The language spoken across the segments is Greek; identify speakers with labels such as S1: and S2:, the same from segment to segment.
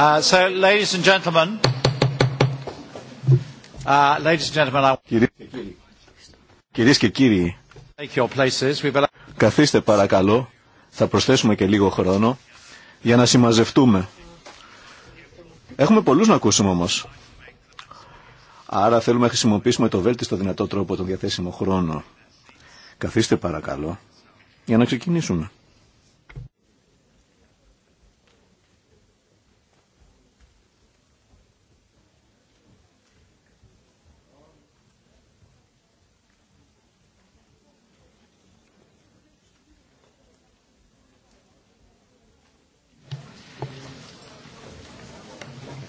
S1: Uh,
S2: uh,
S3: Κυρίες και κύριοι, καθίστε παρακαλώ, θα προσθέσουμε και λίγο χρόνο για να συμμαζευτούμε. Έχουμε πολλούς να ακούσουμε όμως. Άρα θέλουμε να χρησιμοποιήσουμε το βέλτιστο δυνατό τρόπο τον διαθέσιμο χρόνο. Καθίστε παρακαλώ για να ξεκινήσουμε.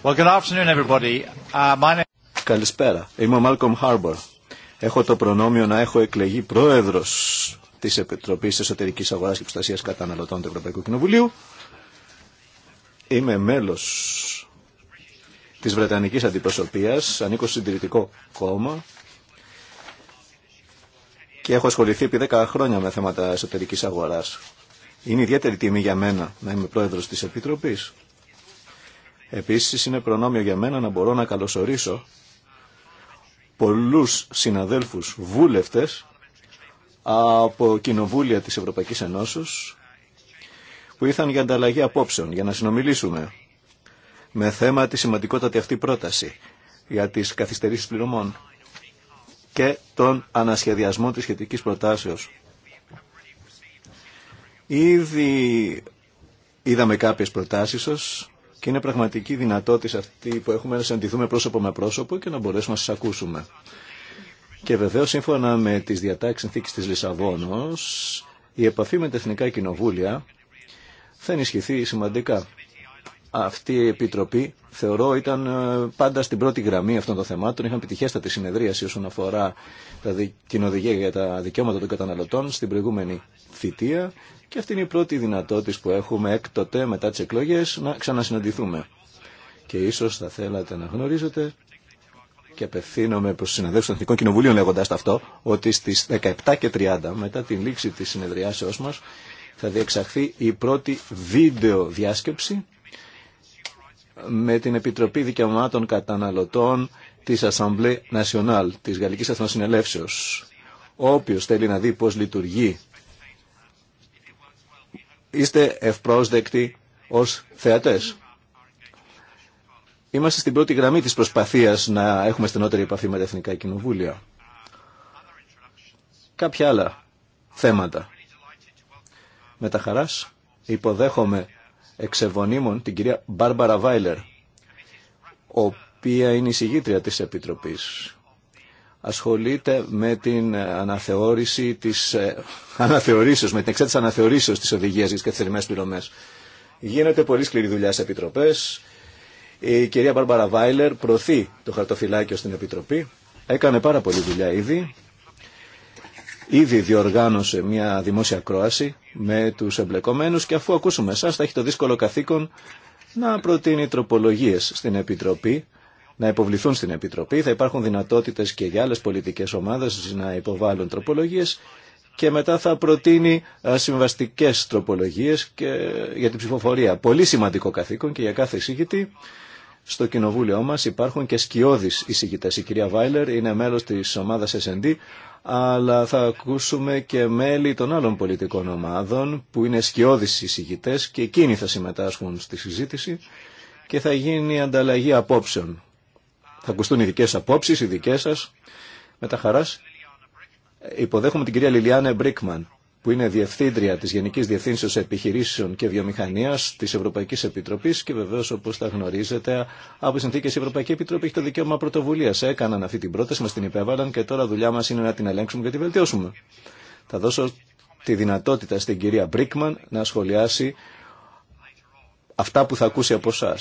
S2: Uh,
S3: Καλησπέρα. Είμαι ο Μάλκομ Χάρμπορ. Έχω το προνόμιο να έχω εκλεγεί πρόεδρο τη Επιτροπή Εσωτερική Αγορά και Προστασία Καταναλωτών του Ευρωπαϊκού Κοινοβουλίου. Είμαι μέλο τη βρετανική αντιπροσωπεία, ανήκω στο συντηρητικό κόμμα και έχω ασχοληθεί επί 10 χρόνια με θέματα εσωτερική αγορά. Είναι ιδιαίτερη τιμή για μένα να είμαι πρόεδρος της Επιτροπής Επίσης είναι προνόμιο για μένα να μπορώ να καλωσορίσω πολλούς συναδέλφους βούλευτες από κοινοβούλια της Ευρωπαϊκής Ενώσεως που ήρθαν για ανταλλαγή απόψεων, για να συνομιλήσουμε με θέμα τη σημαντικότατη αυτή πρόταση για τις καθυστερήσεις πληρωμών και τον ανασχεδιασμό της σχετικής προτάσεως. Ήδη είδαμε κάποιες προτάσεις σας και είναι πραγματική δυνατότητα αυτή που έχουμε να συναντηθούμε πρόσωπο με πρόσωπο και να μπορέσουμε να σα ακούσουμε. Και βεβαίω, σύμφωνα με τι διατάξει συνθήκη τη Λισαβόνο, η επαφή με τα εθνικά κοινοβούλια θα ενισχυθεί σημαντικά. Αυτή η Επιτροπή θεωρώ ήταν ε, πάντα στην πρώτη γραμμή αυτών των θεμάτων. Είχαν επιτυχέστατη συνεδρίαση όσον αφορά τα οδηγία για τα δικαιώματα των καταναλωτών στην προηγούμενη θητεία και αυτή είναι η πρώτη δυνατότητα που έχουμε έκτοτε μετά τις εκλογές να ξανασυναντηθούμε. Και ίσως θα θέλατε να γνωρίζετε και απευθύνομαι προς τους συναδέλφους των Εθνικών Κοινοβουλίων λέγοντας αυτό ότι στις 17 και 30 μετά την λήξη της συνεδριάσεώς μας θα διεξαχθεί η πρώτη βίντεο διάσκεψη με την Επιτροπή Δικαιωμάτων Καταναλωτών της Assemblée Nationale της Γαλλικής Εθνοσυνελεύσεως. Όποιος θέλει να δει πώς λειτουργεί είστε ευπρόσδεκτοι ως θεατές. Είμαστε στην πρώτη γραμμή της προσπαθίας να έχουμε στενότερη επαφή με τα Εθνικά Κοινοβούλια. Κάποια άλλα θέματα. Με τα χαράς υποδέχομαι εξ την κυρία Μπάρμπαρα Βάιλερ, οποία είναι η συγγήτρια της Επιτροπής ασχολείται με την αναθεώρηση της ε, αναθεωρήσεως, με την εξέταση αναθεωρήσεως της οδηγίας για τις καθημερινές πληρωμές. Γίνεται πολύ σκληρή δουλειά σε επιτροπές. Η κυρία Μπάρμπαρα Βάιλερ προωθεί το χαρτοφυλάκιο στην Επιτροπή. Έκανε πάρα πολύ δουλειά ήδη. Ήδη διοργάνωσε μια δημόσια κρόαση με τους εμπλεκομένους και αφού ακούσουμε εσάς θα έχει το δύσκολο καθήκον να προτείνει τροπολογίες στην Επιτροπή να υποβληθούν στην Επιτροπή. Θα υπάρχουν δυνατότητες και για άλλες πολιτικές ομάδες να υποβάλουν τροπολογίες και μετά θα προτείνει συμβαστικές τροπολογίες και για την ψηφοφορία. Πολύ σημαντικό καθήκον και για κάθε εισηγητή. Στο κοινοβούλιο μας υπάρχουν και σκιώδεις εισηγητές. Η κυρία Βάιλερ είναι μέλος της ομάδας S&D, αλλά θα ακούσουμε και μέλη των άλλων πολιτικών ομάδων που είναι σκιώδεις εισηγητές και εκείνοι θα συμμετάσχουν στη συζήτηση και θα γίνει ανταλλαγή απόψεων θα ακουστούν οι απόψει απόψεις, οι δικέ σα. Με τα χαράς υποδέχομαι την κυρία Λιλιάνε Μπρίκμαν που είναι διευθύντρια τη Γενική Διευθύνσεω Επιχειρήσεων και βιομηχανία τη Ευρωπαϊκή Επίτροπή και βεβαίω όπω τα γνωρίζετε από τι συνθήκε η Ευρωπαϊκή Επιτροπή έχει το δικαίωμα πρωτοβουλία. Έκαναν αυτή την πρόταση, μα την υπέβαλαν και τώρα δουλειά μα είναι να την ελέγξουμε και τη βελτιώσουμε. Θα δώσω τη δυνατότητα στην κυρία Μπρίκμαν να σχολιάσει αυτά που θα ακούσει από εσά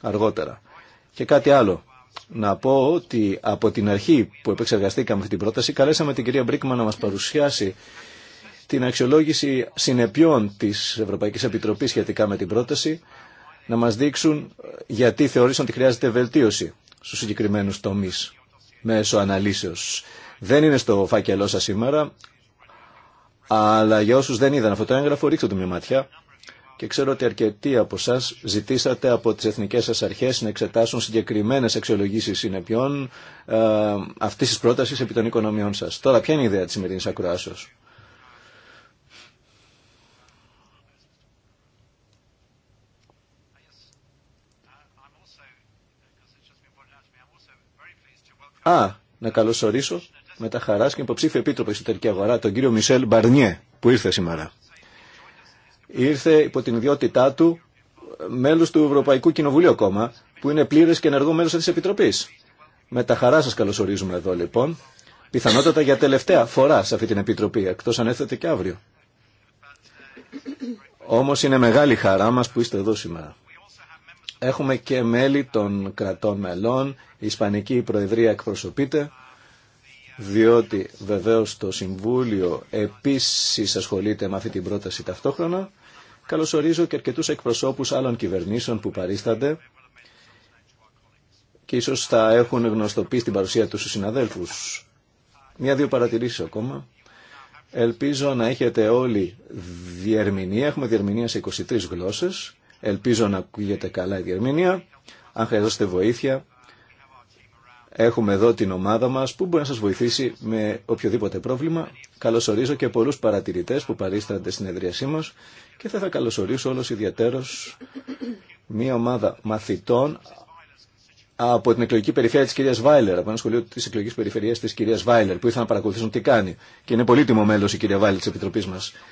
S3: αργότερα. Και κάτι άλλο να πω ότι από την αρχή που επεξεργαστήκαμε αυτή την πρόταση καλέσαμε την κυρία Μπρίκμα να μας παρουσιάσει την αξιολόγηση συνεπιών της Ευρωπαϊκής Επιτροπής σχετικά με την πρόταση να μας δείξουν γιατί θεωρήσαν ότι χρειάζεται βελτίωση στους συγκεκριμένους τομείς μέσω αναλύσεως. Δεν είναι στο φάκελό σας σήμερα, αλλά για όσους δεν είδαν αυτό το έγγραφο ρίξτε το μια ματιά και ξέρω ότι αρκετοί από εσά ζητήσατε από τι εθνικέ σα αρχέ να εξετάσουν συγκεκριμένε αξιολογήσει συνεπιών ε, αυτής της πρότασης επί των οικονομιών σα. Τώρα, ποια είναι η ιδέα τη σημερινή ακροάσεω. Α, να καλωσορίσω με τα χαρά και υποψήφιο επίτροπο εσωτερική αγορά, τον κύριο Μισελ Μπαρνιέ, που ήρθε σήμερα ήρθε υπό την ιδιότητά του μέλος του Ευρωπαϊκού Κοινοβουλίου Κόμμα, που είναι πλήρες και ενεργό μέλος της Επιτροπής. Με τα χαρά σας καλωσορίζουμε εδώ λοιπόν, πιθανότατα για τελευταία φορά σε αυτή την Επιτροπή, εκτός αν έρθετε και αύριο. Όμως είναι μεγάλη χαρά μας που είστε εδώ σήμερα. Έχουμε και μέλη των κρατών μελών, η Ισπανική Προεδρία εκπροσωπείται, διότι βεβαίως το Συμβούλιο επίσης ασχολείται με αυτή την πρόταση ταυτόχρονα Καλωσορίζω και αρκετούς εκπροσώπους άλλων κυβερνήσεων που παρίστανται και ίσως θα έχουν γνωστοποιήσει την παρουσία τους στους συναδέλφους. Μια-δύο παρατηρήσεις ακόμα. Ελπίζω να έχετε όλοι διερμηνία. Έχουμε διερμηνία σε 23 γλώσσες. Ελπίζω να ακούγεται καλά η διερμηνία. Αν χρειαζόστε βοήθεια, Έχουμε εδώ την ομάδα μας που μπορεί να σας βοηθήσει με οποιοδήποτε πρόβλημα. Καλωσορίζω και πολλούς παρατηρητές που παρίστανται στην εδρίασή μας και θα, θα καλωσορίσω όλους ιδιαίτερος μια ομάδα μαθητών από την εκλογική περιφέρεια τη κυρία Βάιλερ, από ένα σχολείο τη εκλογική περιφερεια της κυρίας ήθελαν να παρακολουθήσουν τι κάνει. Και είναι πολύτιμο μέλο η κυρία Βάιλερ της εκλογικής περιφερειάς της κυρίας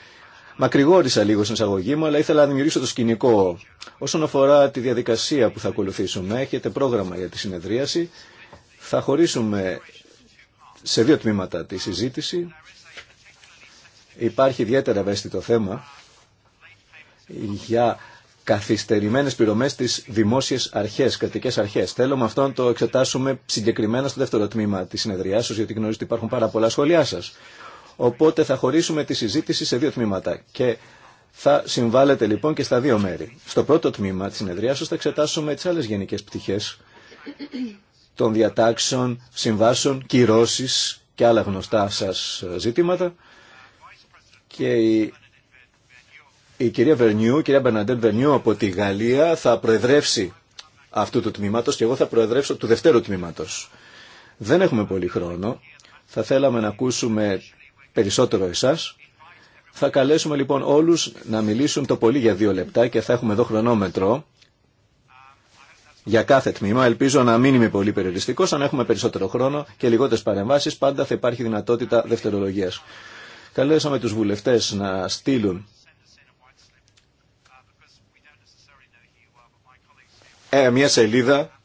S3: βαιλερ που ήθελα να παρακολουθησουν τι κανει και ειναι πολυτιμο μελο η κυρια βαιλερ της Επιτροπής μας. μακρηγορησα λιγο στην εισαγωγη μου αλλα ηθελα να δημιουργησω το σκηνικο οσον αφορα τη διαδικασια που θα ακολουθήσουμε, έχετε πρόγραμμα για τη συνεδρίαση. Θα χωρίσουμε σε δύο τμήματα τη συζήτηση. Υπάρχει ιδιαίτερα ευαίσθητο θέμα για καθυστερημένε πληρωμέ στι δημόσιε αρχέ, κρατικέ αρχέ. Θέλω με αυτό να το εξετάσουμε συγκεκριμένα στο δεύτερο τμήμα τη συνεδριά σα, γιατί γνωρίζετε ότι υπάρχουν πάρα πολλά σχόλιά σα. Οπότε θα χωρίσουμε τη συζήτηση σε δύο τμήματα και θα συμβάλλετε λοιπόν και στα δύο μέρη. Στο πρώτο τμήμα τη συνεδριά σα θα εξετάσουμε τι άλλε γενικέ πτυχέ των διατάξεων, συμβάσεων, κυρώσεις και άλλα γνωστά σας ζητήματα. Και η, η κυρία Βερνιού, η κυρία Μπερναντέν Βερνιού από τη Γαλλία θα προεδρεύσει αυτού του τμήματος και εγώ θα προεδρεύσω του δευτέρου τμήματος. Δεν έχουμε πολύ χρόνο. Θα θέλαμε να ακούσουμε περισσότερο εσάς. Θα καλέσουμε λοιπόν όλους να μιλήσουν το πολύ για δύο λεπτά και θα έχουμε εδώ χρονόμετρο για κάθε τμήμα. Ελπίζω να μην είμαι πολύ περιοριστικό. Αν έχουμε περισσότερο χρόνο και λιγότερε παρεμβάσει, πάντα θα υπάρχει δυνατότητα δευτερολογία. Καλέσαμε του βουλευτέ να στείλουν. Ε, μια σελίδα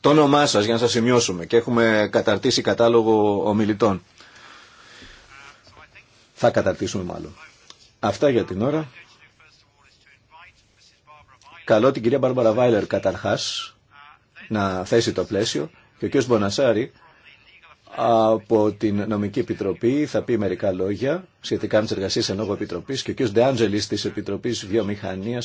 S3: το όνομά σας για να σας σημειώσουμε και έχουμε καταρτήσει κατάλογο ομιλητών. Θα καταρτήσουμε μάλλον. Αυτά για την ώρα. Καλώ την κυρία Μπάρμπαρα Βάιλερ καταρχά να θέσει το πλαίσιο και ο κ. Μπονασάρη από την Νομική Επιτροπή θα πει μερικά λόγια σχετικά με τι εργασίε εν λόγω Επιτροπή και ο κ. Ντεάντζελη τη Επιτροπή Βιομηχανία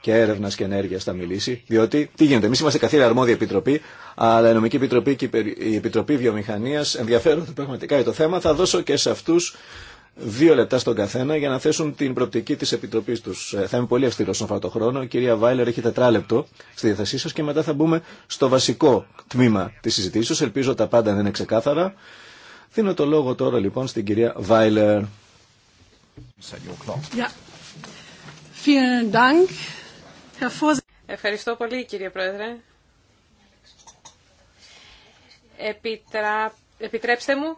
S3: και Έρευνα και Ενέργεια θα μιλήσει. Διότι, τι γίνεται, εμεί είμαστε καθήλια αρμόδια Επιτροπή, αλλά η Νομική Επιτροπή και η Επιτροπή Βιομηχανία ενδιαφέρονται πραγματικά για το θέμα. Θα δώσω και σε αυτού δύο λεπτά στον καθένα για να θέσουν την προπτική τη επιτροπή του. Ε, θα είμαι πολύ αυστηρό στον φαρτοχρόνο. χρόνο. Η κυρία Βάιλερ έχει τετράλεπτο στη διαθεσή σα και μετά θα μπούμε στο βασικό τμήμα τη συζητήσεω. Ελπίζω τα πάντα να είναι ξεκάθαρα. Δίνω το λόγο τώρα λοιπόν στην κυρία Βάιλερ.
S4: Ευχαριστώ πολύ κύριε Πρόεδρε. Επιτρέψτε μου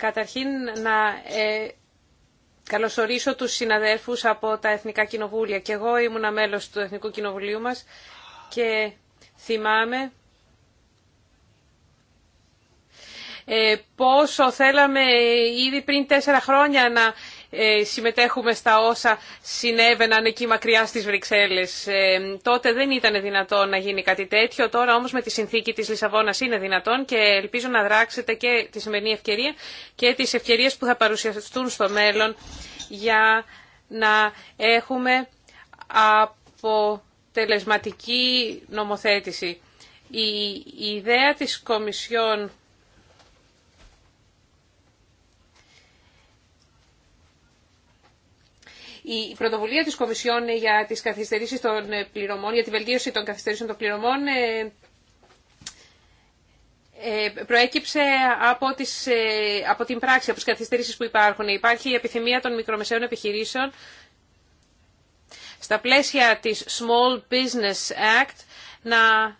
S4: Καταρχήν να ε, καλωσορίσω τους συναδέλφους από τα Εθνικά Κοινοβούλια. Και εγώ ήμουνα μέλος του Εθνικού Κοινοβουλίου μας και θυμάμαι ε, πόσο θέλαμε ήδη πριν τέσσερα χρόνια να ε, συμμετέχουμε στα όσα συνέβαιναν εκεί μακριά στις Βρυξέλλες. Ε, τότε δεν ήταν δυνατόν να γίνει κάτι τέτοιο, τώρα όμως με τη συνθήκη της Λισαβόνας είναι δυνατόν και ελπίζω να δράξετε και τη σημερινή ευκαιρία και τις ευκαιρίες που θα παρουσιαστούν στο μέλλον για να έχουμε αποτελεσματική νομοθέτηση. Η ιδέα της Κομισιόν Η πρωτοβουλία της Κομισιόν ε, για τις καθυστερήσεις των ε, πληρωμών, για τη βελτίωση των καθυστερήσεων των πληρωμών, ε, προέκυψε από, τις, από την πράξη, από τις καθυστερήσεις που υπάρχουν. Υπάρχει η επιθυμία των μικρομεσαίων επιχειρήσεων στα πλαίσια της Small Business Act να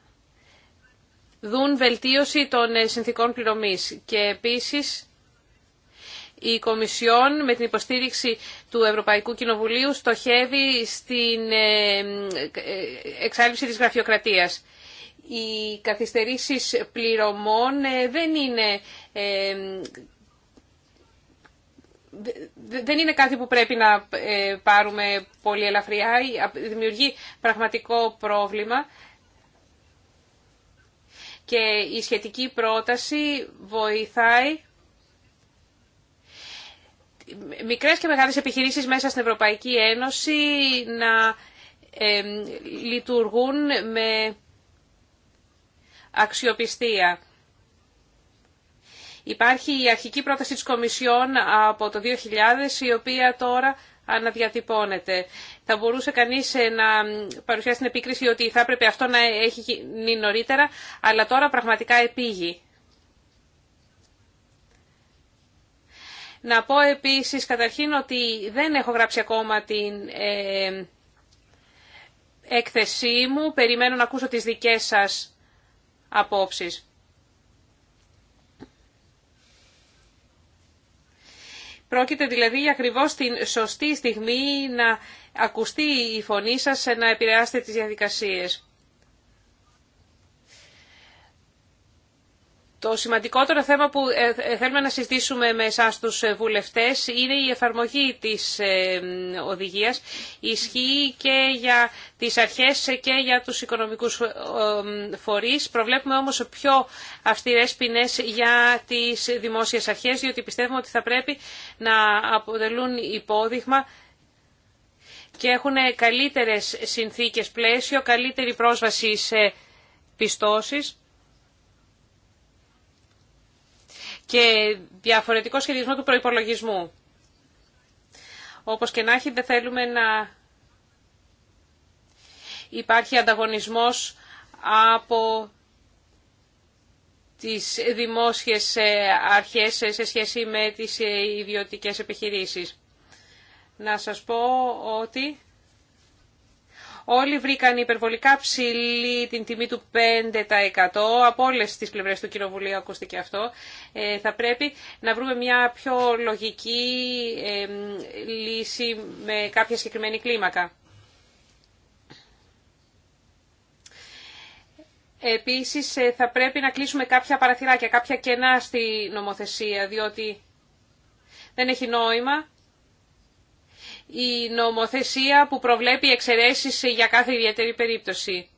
S4: δουν βελτίωση των συνθήκων πληρωμής. Και επίσης η Κομισιόν με την υποστήριξη του Ευρωπαϊκού Κοινοβουλίου στοχεύει στην ε, ε, εξάλληψη της γραφειοκρατίας. Οι καθυστερήσεις πληρωμών ε, δεν είναι δεν είναι κάτι που πρέπει να πάρουμε πολύ ελαφριά. Δημιουργεί πραγματικό πρόβλημα. Και η σχετική πρόταση βοηθάει μικρές και μεγάλες επιχειρήσεις μέσα στην Ευρωπαϊκή Ένωση να ε, λειτουργούν με αξιοπιστία. Υπάρχει η αρχική πρόταση της Κομισιόν από το 2000, η οποία τώρα αναδιατυπώνεται. Θα μπορούσε κανείς ε, να παρουσιάσει την επίκριση ότι θα έπρεπε αυτό να έχει γίνει νωρίτερα, αλλά τώρα πραγματικά επήγει. Να πω επίσης καταρχήν ότι δεν έχω γράψει ακόμα την ε, έκθεσή μου. Περιμένω να ακούσω τις δικές σας απόψεις. Πρόκειται δηλαδή για ακριβώς την σωστή στιγμή να ακουστεί η φωνή σας, να επηρεάσετε τις διαδικασίες. Το σημαντικότερο θέμα που ε, ε, θέλουμε να συζητήσουμε με εσά τους ε, βουλευτές είναι η εφαρμογή της οδηγίας. Ισχύει και για τις αρχές και για τους οικονομικούς φορείς. Προβλέπουμε όμως πιο αυστηρέ ποινέ για τις δημόσιες αρχές, διότι πιστεύουμε ότι θα πρέπει να αποτελούν υπόδειγμα και έχουν καλύτερες συνθήκες πλαίσιο, καλύτερη πρόσβαση σε πιστώσεις και διαφορετικό σχεδιασμό του προϋπολογισμού. Όπως και να έχει, δεν θέλουμε να υπάρχει ανταγωνισμός από τις δημόσιες ε, αρχές σε σχέση με τις ε, ιδιωτικές επιχειρήσεις. Να σας πω ότι Όλοι βρήκαν υπερβολικά ψηλή την τιμή του 5% από όλε τι πλευρέ του Κοινοβουλίου ακούστηκε αυτό. Ε, θα πρέπει να βρούμε μια πιο λογική λύση με κάποια συγκεκριμένη κλίμακα. Επίσης ε, θα πρέπει να κλείσουμε κάποια παραθυράκια, κάποια κενά στη νομοθεσία, διότι δεν έχει νόημα η νομοθεσία που προβλέπει εξαιρέσεις για κάθε ιδιαίτερη περίπτωση.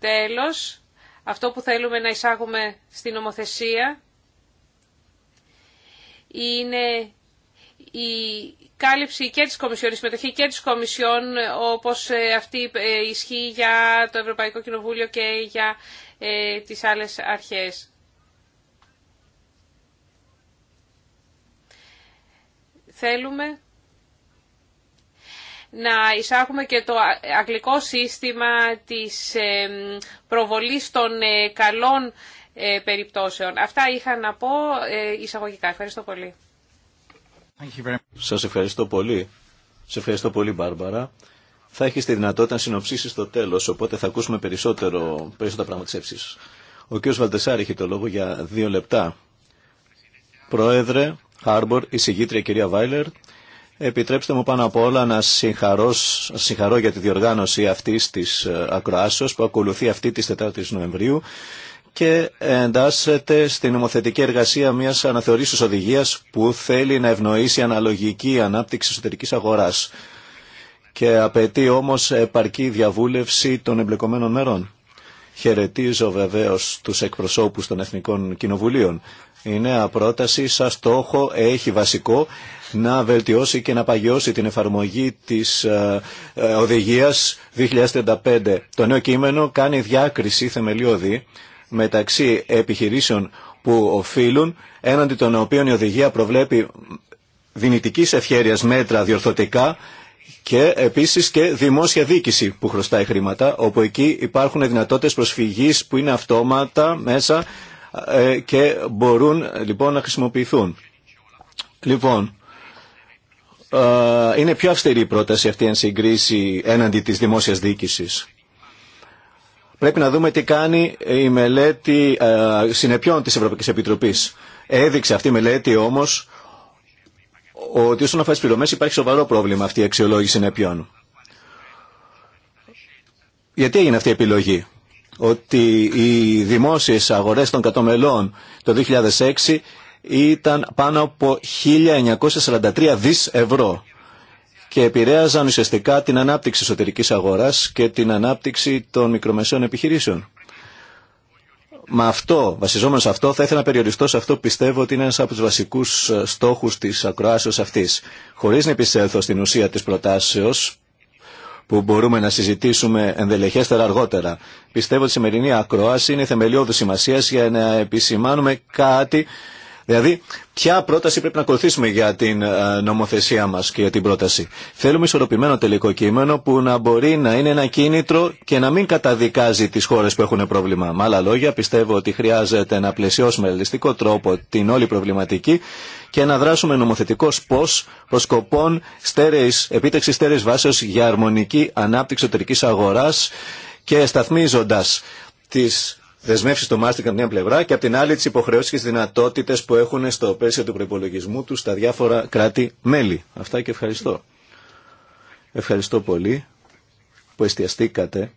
S4: Τέλος, αυτό που θέλουμε να εισάγουμε στην νομοθεσία είναι η κάλυψη και της Κομισιόν, η συμμετοχή και της Κομισιόν, όπως ε, αυτή ε, ισχύει για το Ευρωπαϊκό Κοινοβούλιο και για ε, τις άλλες αρχές. Θέλουμε να εισάγουμε και το αγγλικό σύστημα της ε, προβολής των ε, καλών ε, περιπτώσεων. Αυτά είχα να πω εισαγωγικά. Ευχαριστώ πολύ.
S3: Σας ευχαριστώ πολύ. Σε ευχαριστώ πολύ Μπάρμπαρα. Θα έχεις τη δυνατότητα να συνοψίσεις το τέλος, οπότε θα ακούσουμε περισσότερο, περισσότερα πράγματα της Ο κ. Βαλτεσάρη έχει το λόγο για δύο λεπτά. Πρόεδρε, Χάρμπορ, η κυρία Βάιλερ, Επιτρέψτε μου πάνω απ' όλα να συγχαρώ, συγχαρώ για τη διοργάνωση αυτής της ε, ακροάσεως που ακολουθεί αυτή της 4ης Νοεμβρίου και εντάσσεται στην νομοθετική εργασία μιας αναθεωρήσεως οδηγίας που θέλει να ευνοήσει αναλογική ανάπτυξη εσωτερικής αγοράς και απαιτεί όμως επαρκή διαβούλευση των εμπλεκομένων μέρων. Χαιρετίζω βεβαίως τους εκπροσώπους των Εθνικών Κοινοβουλίων. Η νέα πρόταση σαν στόχο έχει βασικό να βελτιώσει και να παγιώσει την εφαρμογή της ε, ε, οδηγίας 2035. Το νέο κείμενο κάνει διάκριση θεμελιώδη μεταξύ επιχειρήσεων που οφείλουν, έναντι των οποίων η οδηγία προβλέπει δυνητικής ευχέρειας μέτρα διορθωτικά και επίσης και δημόσια δίκηση που χρωστάει χρήματα, όπου εκεί υπάρχουν δυνατότητες προσφυγής που είναι αυτόματα μέσα ε, και μπορούν λοιπόν να χρησιμοποιηθούν. Λοιπόν, ε, είναι πιο αυστηρή η πρόταση αυτή εν συγκρίση έναντι της δημόσιας διοίκησης. Πρέπει να δούμε τι κάνει η μελέτη ε, συνεπιών της Ευρωπαϊκής Επιτροπής. Έδειξε αυτή η μελέτη όμως ότι όσον αφορά τις πληρωμές υπάρχει σοβαρό πρόβλημα αυτή η αξιολόγηση συνεπιών. Γιατί έγινε αυτή η επιλογή ότι οι δημόσιες αγορές των κατομελών το 2006 ήταν πάνω από 1.943 δις ευρώ και επηρέαζαν ουσιαστικά την ανάπτυξη εσωτερικής αγοράς και την ανάπτυξη των μικρομεσαίων επιχειρήσεων. Με αυτό, βασιζόμενο σε αυτό, θα ήθελα να περιοριστώ σε αυτό που πιστεύω ότι είναι ένα από του βασικού ε, στόχου τη ακροάσεω αυτή. Χωρί να επισέλθω στην ουσία τη προτάσεω, που μπορούμε να συζητήσουμε ενδελεχέστερα αργότερα. Πιστεύω ότι η σημερινή ακρόαση είναι θεμελιώδη σημασία για να επισημάνουμε κάτι Δηλαδή, ποια πρόταση πρέπει να ακολουθήσουμε για την ε, νομοθεσία μα και για την πρόταση. Θέλουμε ισορροπημένο τελικό κείμενο που να μπορεί να είναι ένα κίνητρο και να μην καταδικάζει τι χώρε που έχουν πρόβλημα. Με άλλα λόγια, πιστεύω ότι χρειάζεται να πλαισιώσουμε ελιστικό τρόπο την όλη προβληματική και να δράσουμε νομοθετικό πώ προ σκοπών επίτευξη στέρεη βάσεω για αρμονική ανάπτυξη εσωτερική αγορά και σταθμίζοντα τις δεσμεύσει του Μάστρικ από μια πλευρά και από την άλλη τι υποχρεώσει και τι δυνατότητε που έχουν στο πλαίσιο του προπολογισμού του στα διάφορα κράτη-μέλη. Αυτά και ευχαριστώ. Ευχαριστώ πολύ που εστιαστήκατε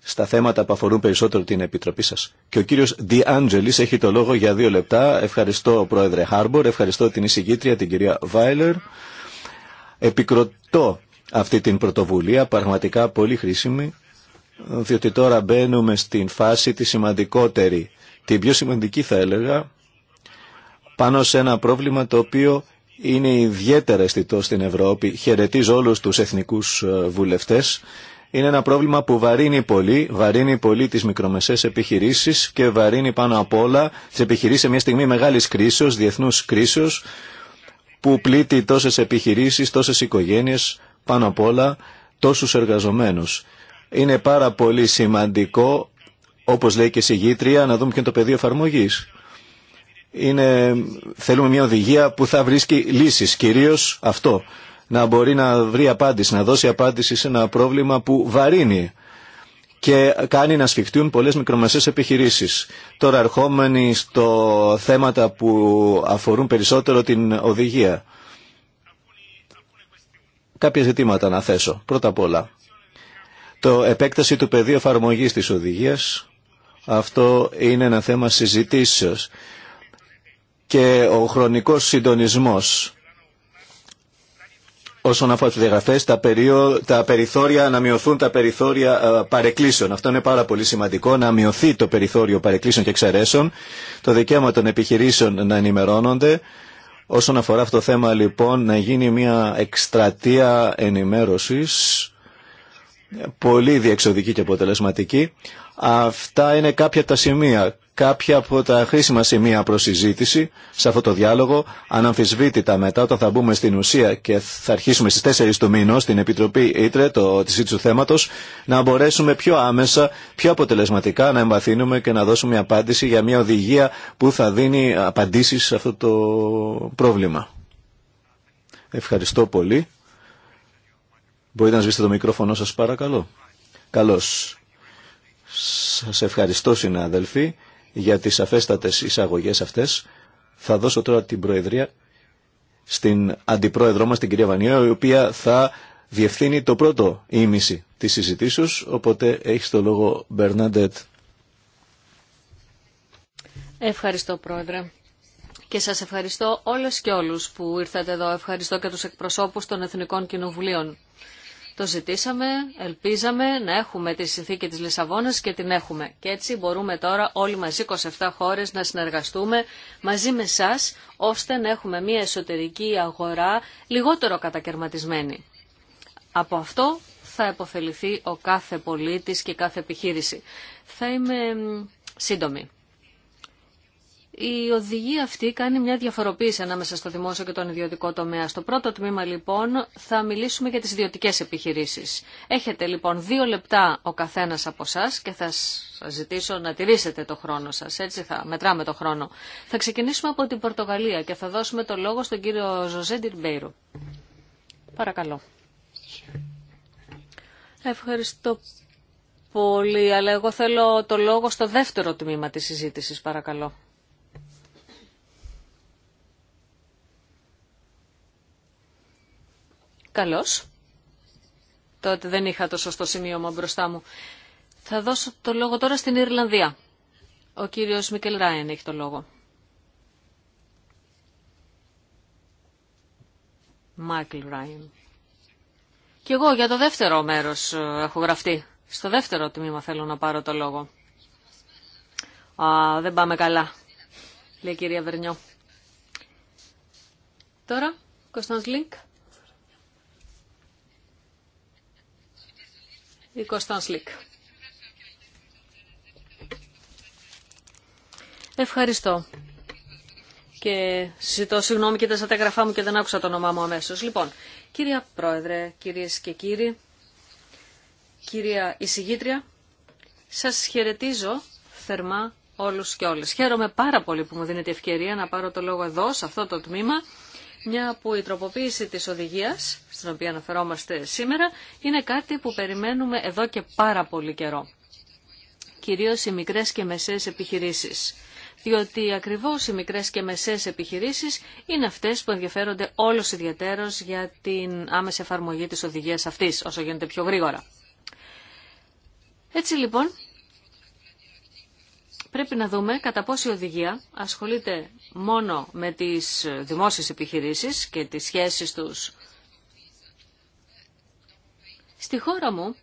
S3: στα θέματα που αφορούν περισσότερο την Επιτροπή σας. Και ο κύριος Ντι Άντζελης έχει το λόγο για δύο λεπτά. Ευχαριστώ ο πρόεδρε Χάρμπορ, ευχαριστώ την εισηγήτρια την κυρία Βάιλερ. Επικροτώ αυτή την πρωτοβουλία, πραγματικά πολύ χρήσιμη διότι τώρα μπαίνουμε στην φάση τη σημαντικότερη, την πιο σημαντική θα έλεγα, πάνω σε ένα πρόβλημα το οποίο είναι ιδιαίτερα αισθητό στην Ευρώπη. Χαιρετίζω όλους τους εθνικούς ε, βουλευτές. Είναι ένα πρόβλημα που βαρύνει πολύ, βαρύνει πολύ τις μικρομεσαίες επιχειρήσεις και βαρύνει πάνω απ' όλα τις επιχειρήσεις σε μια στιγμή μεγάλης κρίσεως, διεθνούς κρίσεως, που πλήττει τόσες επιχειρήσεις, τόσες οικογένειες, πάνω απ' όλα τόσους εργαζομένους. Είναι πάρα πολύ σημαντικό, όπως λέει και η συγγήτρια, να δούμε ποιο είναι το πεδίο εφαρμογή. Είναι, θέλουμε μια οδηγία που θα βρίσκει λύσεις, κυρίως αυτό. Να μπορεί να βρει απάντηση, να δώσει απάντηση σε ένα πρόβλημα που βαρύνει και κάνει να σφιχτούν πολλές μικρομεσαίες επιχειρήσεις. Τώρα ερχόμενοι στο θέματα που αφορούν περισσότερο την οδηγία. Κάποια ζητήματα να θέσω. Πρώτα απ' όλα, το επέκταση του πεδίου εφαρμογή της οδηγίας. Αυτό είναι ένα θέμα συζητήσεως. Και ο χρονικός συντονισμός όσον αφορά τις διαγραφές, τα, περίο, τα περιθώρια, να μειωθούν τα περιθώρια ε, παρεκκλήσεων. Αυτό είναι πάρα πολύ σημαντικό, να μειωθεί το περιθώριο παρεκκλήσεων και εξαιρέσεων, το δικαίωμα των επιχειρήσεων να ενημερώνονται. Όσον αφορά αυτό το θέμα λοιπόν, να γίνει μια εκστρατεία ενημέρωσης πολύ διεξοδική και αποτελεσματική. Αυτά είναι κάποια τα σημεία, κάποια από τα χρήσιμα σημεία προς συζήτηση σε αυτό το διάλογο. Αναμφισβήτητα μετά όταν θα μπούμε στην ουσία και θα αρχίσουμε στις 4 του μήνου στην Επιτροπή Ήτρε το, της του θέματος να μπορέσουμε πιο άμεσα, πιο αποτελεσματικά να εμβαθύνουμε και να δώσουμε απάντηση για μια οδηγία που θα δίνει απαντήσεις σε αυτό το πρόβλημα. Ευχαριστώ πολύ. Μπορείτε να σβήσετε το μικρόφωνο σας παρακαλώ. Καλώς. Σας ευχαριστώ συνάδελφοι για τις αφέστατες εισαγωγές αυτές. Θα δώσω τώρα την Προεδρία στην Αντιπρόεδρό μας την κυρία Βανιέ, η οποία θα διευθύνει το πρώτο ήμιση της συζητήσεως οπότε έχει το λόγο Μπερνάντετ.
S5: Ευχαριστώ Πρόεδρε. Και σας ευχαριστώ όλες και όλους που ήρθατε εδώ. Ευχαριστώ και τους εκπροσώπους των Εθνικών Κοινοβουλίων. Το ζητήσαμε, ελπίζαμε να έχουμε τη συνθήκη της Λισαβόνας και την έχουμε. Και έτσι μπορούμε τώρα όλοι μαζί 27 χώρες να συνεργαστούμε μαζί με εσά ώστε να έχουμε μια εσωτερική αγορά λιγότερο κατακαιρματισμένη. Από αυτό θα επωφεληθεί ο κάθε πολίτης και κάθε επιχείρηση. Θα είμαι σύντομη. Η οδηγία αυτή κάνει μια διαφοροποίηση ανάμεσα στο δημόσιο και τον ιδιωτικό τομέα. Στο πρώτο τμήμα λοιπόν θα μιλήσουμε για τις ιδιωτικές επιχειρήσεις. Έχετε λοιπόν δύο λεπτά ο καθένας από εσά και θα σας ζητήσω να τηρήσετε το χρόνο σας. Έτσι θα μετράμε το χρόνο. Θα ξεκινήσουμε από την Πορτογαλία και θα δώσουμε το λόγο στον κύριο Ζωζέ Ντιρμπέιρου. Παρακαλώ. Ευχαριστώ πολύ, αλλά εγώ θέλω το λόγο στο δεύτερο τμήμα της συζήτησης, παρακαλώ. Καλώς. Τότε δεν είχα το σωστό σημείωμα μπροστά μου. Θα δώσω το λόγο τώρα στην Ιρλανδία. Ο κύριος Μικελ Ράιν έχει το λόγο. Μάικλ Ράιν. Κι εγώ για το δεύτερο μέρος ε, έχω γραφτεί. Στο δεύτερο τμήμα θέλω να πάρω το λόγο. Α, δεν πάμε καλά, λέει η κυρία Βερνιό. Τώρα, Κωνσταντ Λίνκ. Ευχαριστώ. Και ζητώ συγγνώμη και τα γραφά μου και δεν άκουσα το όνομά μου αμέσω. Λοιπόν, κυρία Πρόεδρε, κυρίε και κύριοι, κυρία Ισηγήτρια, σα χαιρετίζω θερμά όλου και όλε. Χαίρομαι πάρα πολύ που μου δίνετε ευκαιρία να πάρω το λόγο εδώ, σε αυτό το τμήμα μια που η τροποποίηση της οδηγίας, στην οποία αναφερόμαστε σήμερα, είναι κάτι που περιμένουμε εδώ και πάρα πολύ καιρό. Κυρίως οι μικρές και μεσαίες επιχειρήσεις. Διότι ακριβώς οι μικρές και μεσαίες επιχειρήσεις είναι αυτές που ενδιαφέρονται όλος ιδιαίτερος για την άμεση εφαρμογή της οδηγίας αυτής, όσο γίνεται πιο γρήγορα. Έτσι λοιπόν, πρέπει να δούμε κατά πόση οδηγία ασχολείται μόνο με τις δημόσιες επιχειρήσεις και τις σχέσεις τους. Στη χώρα μου,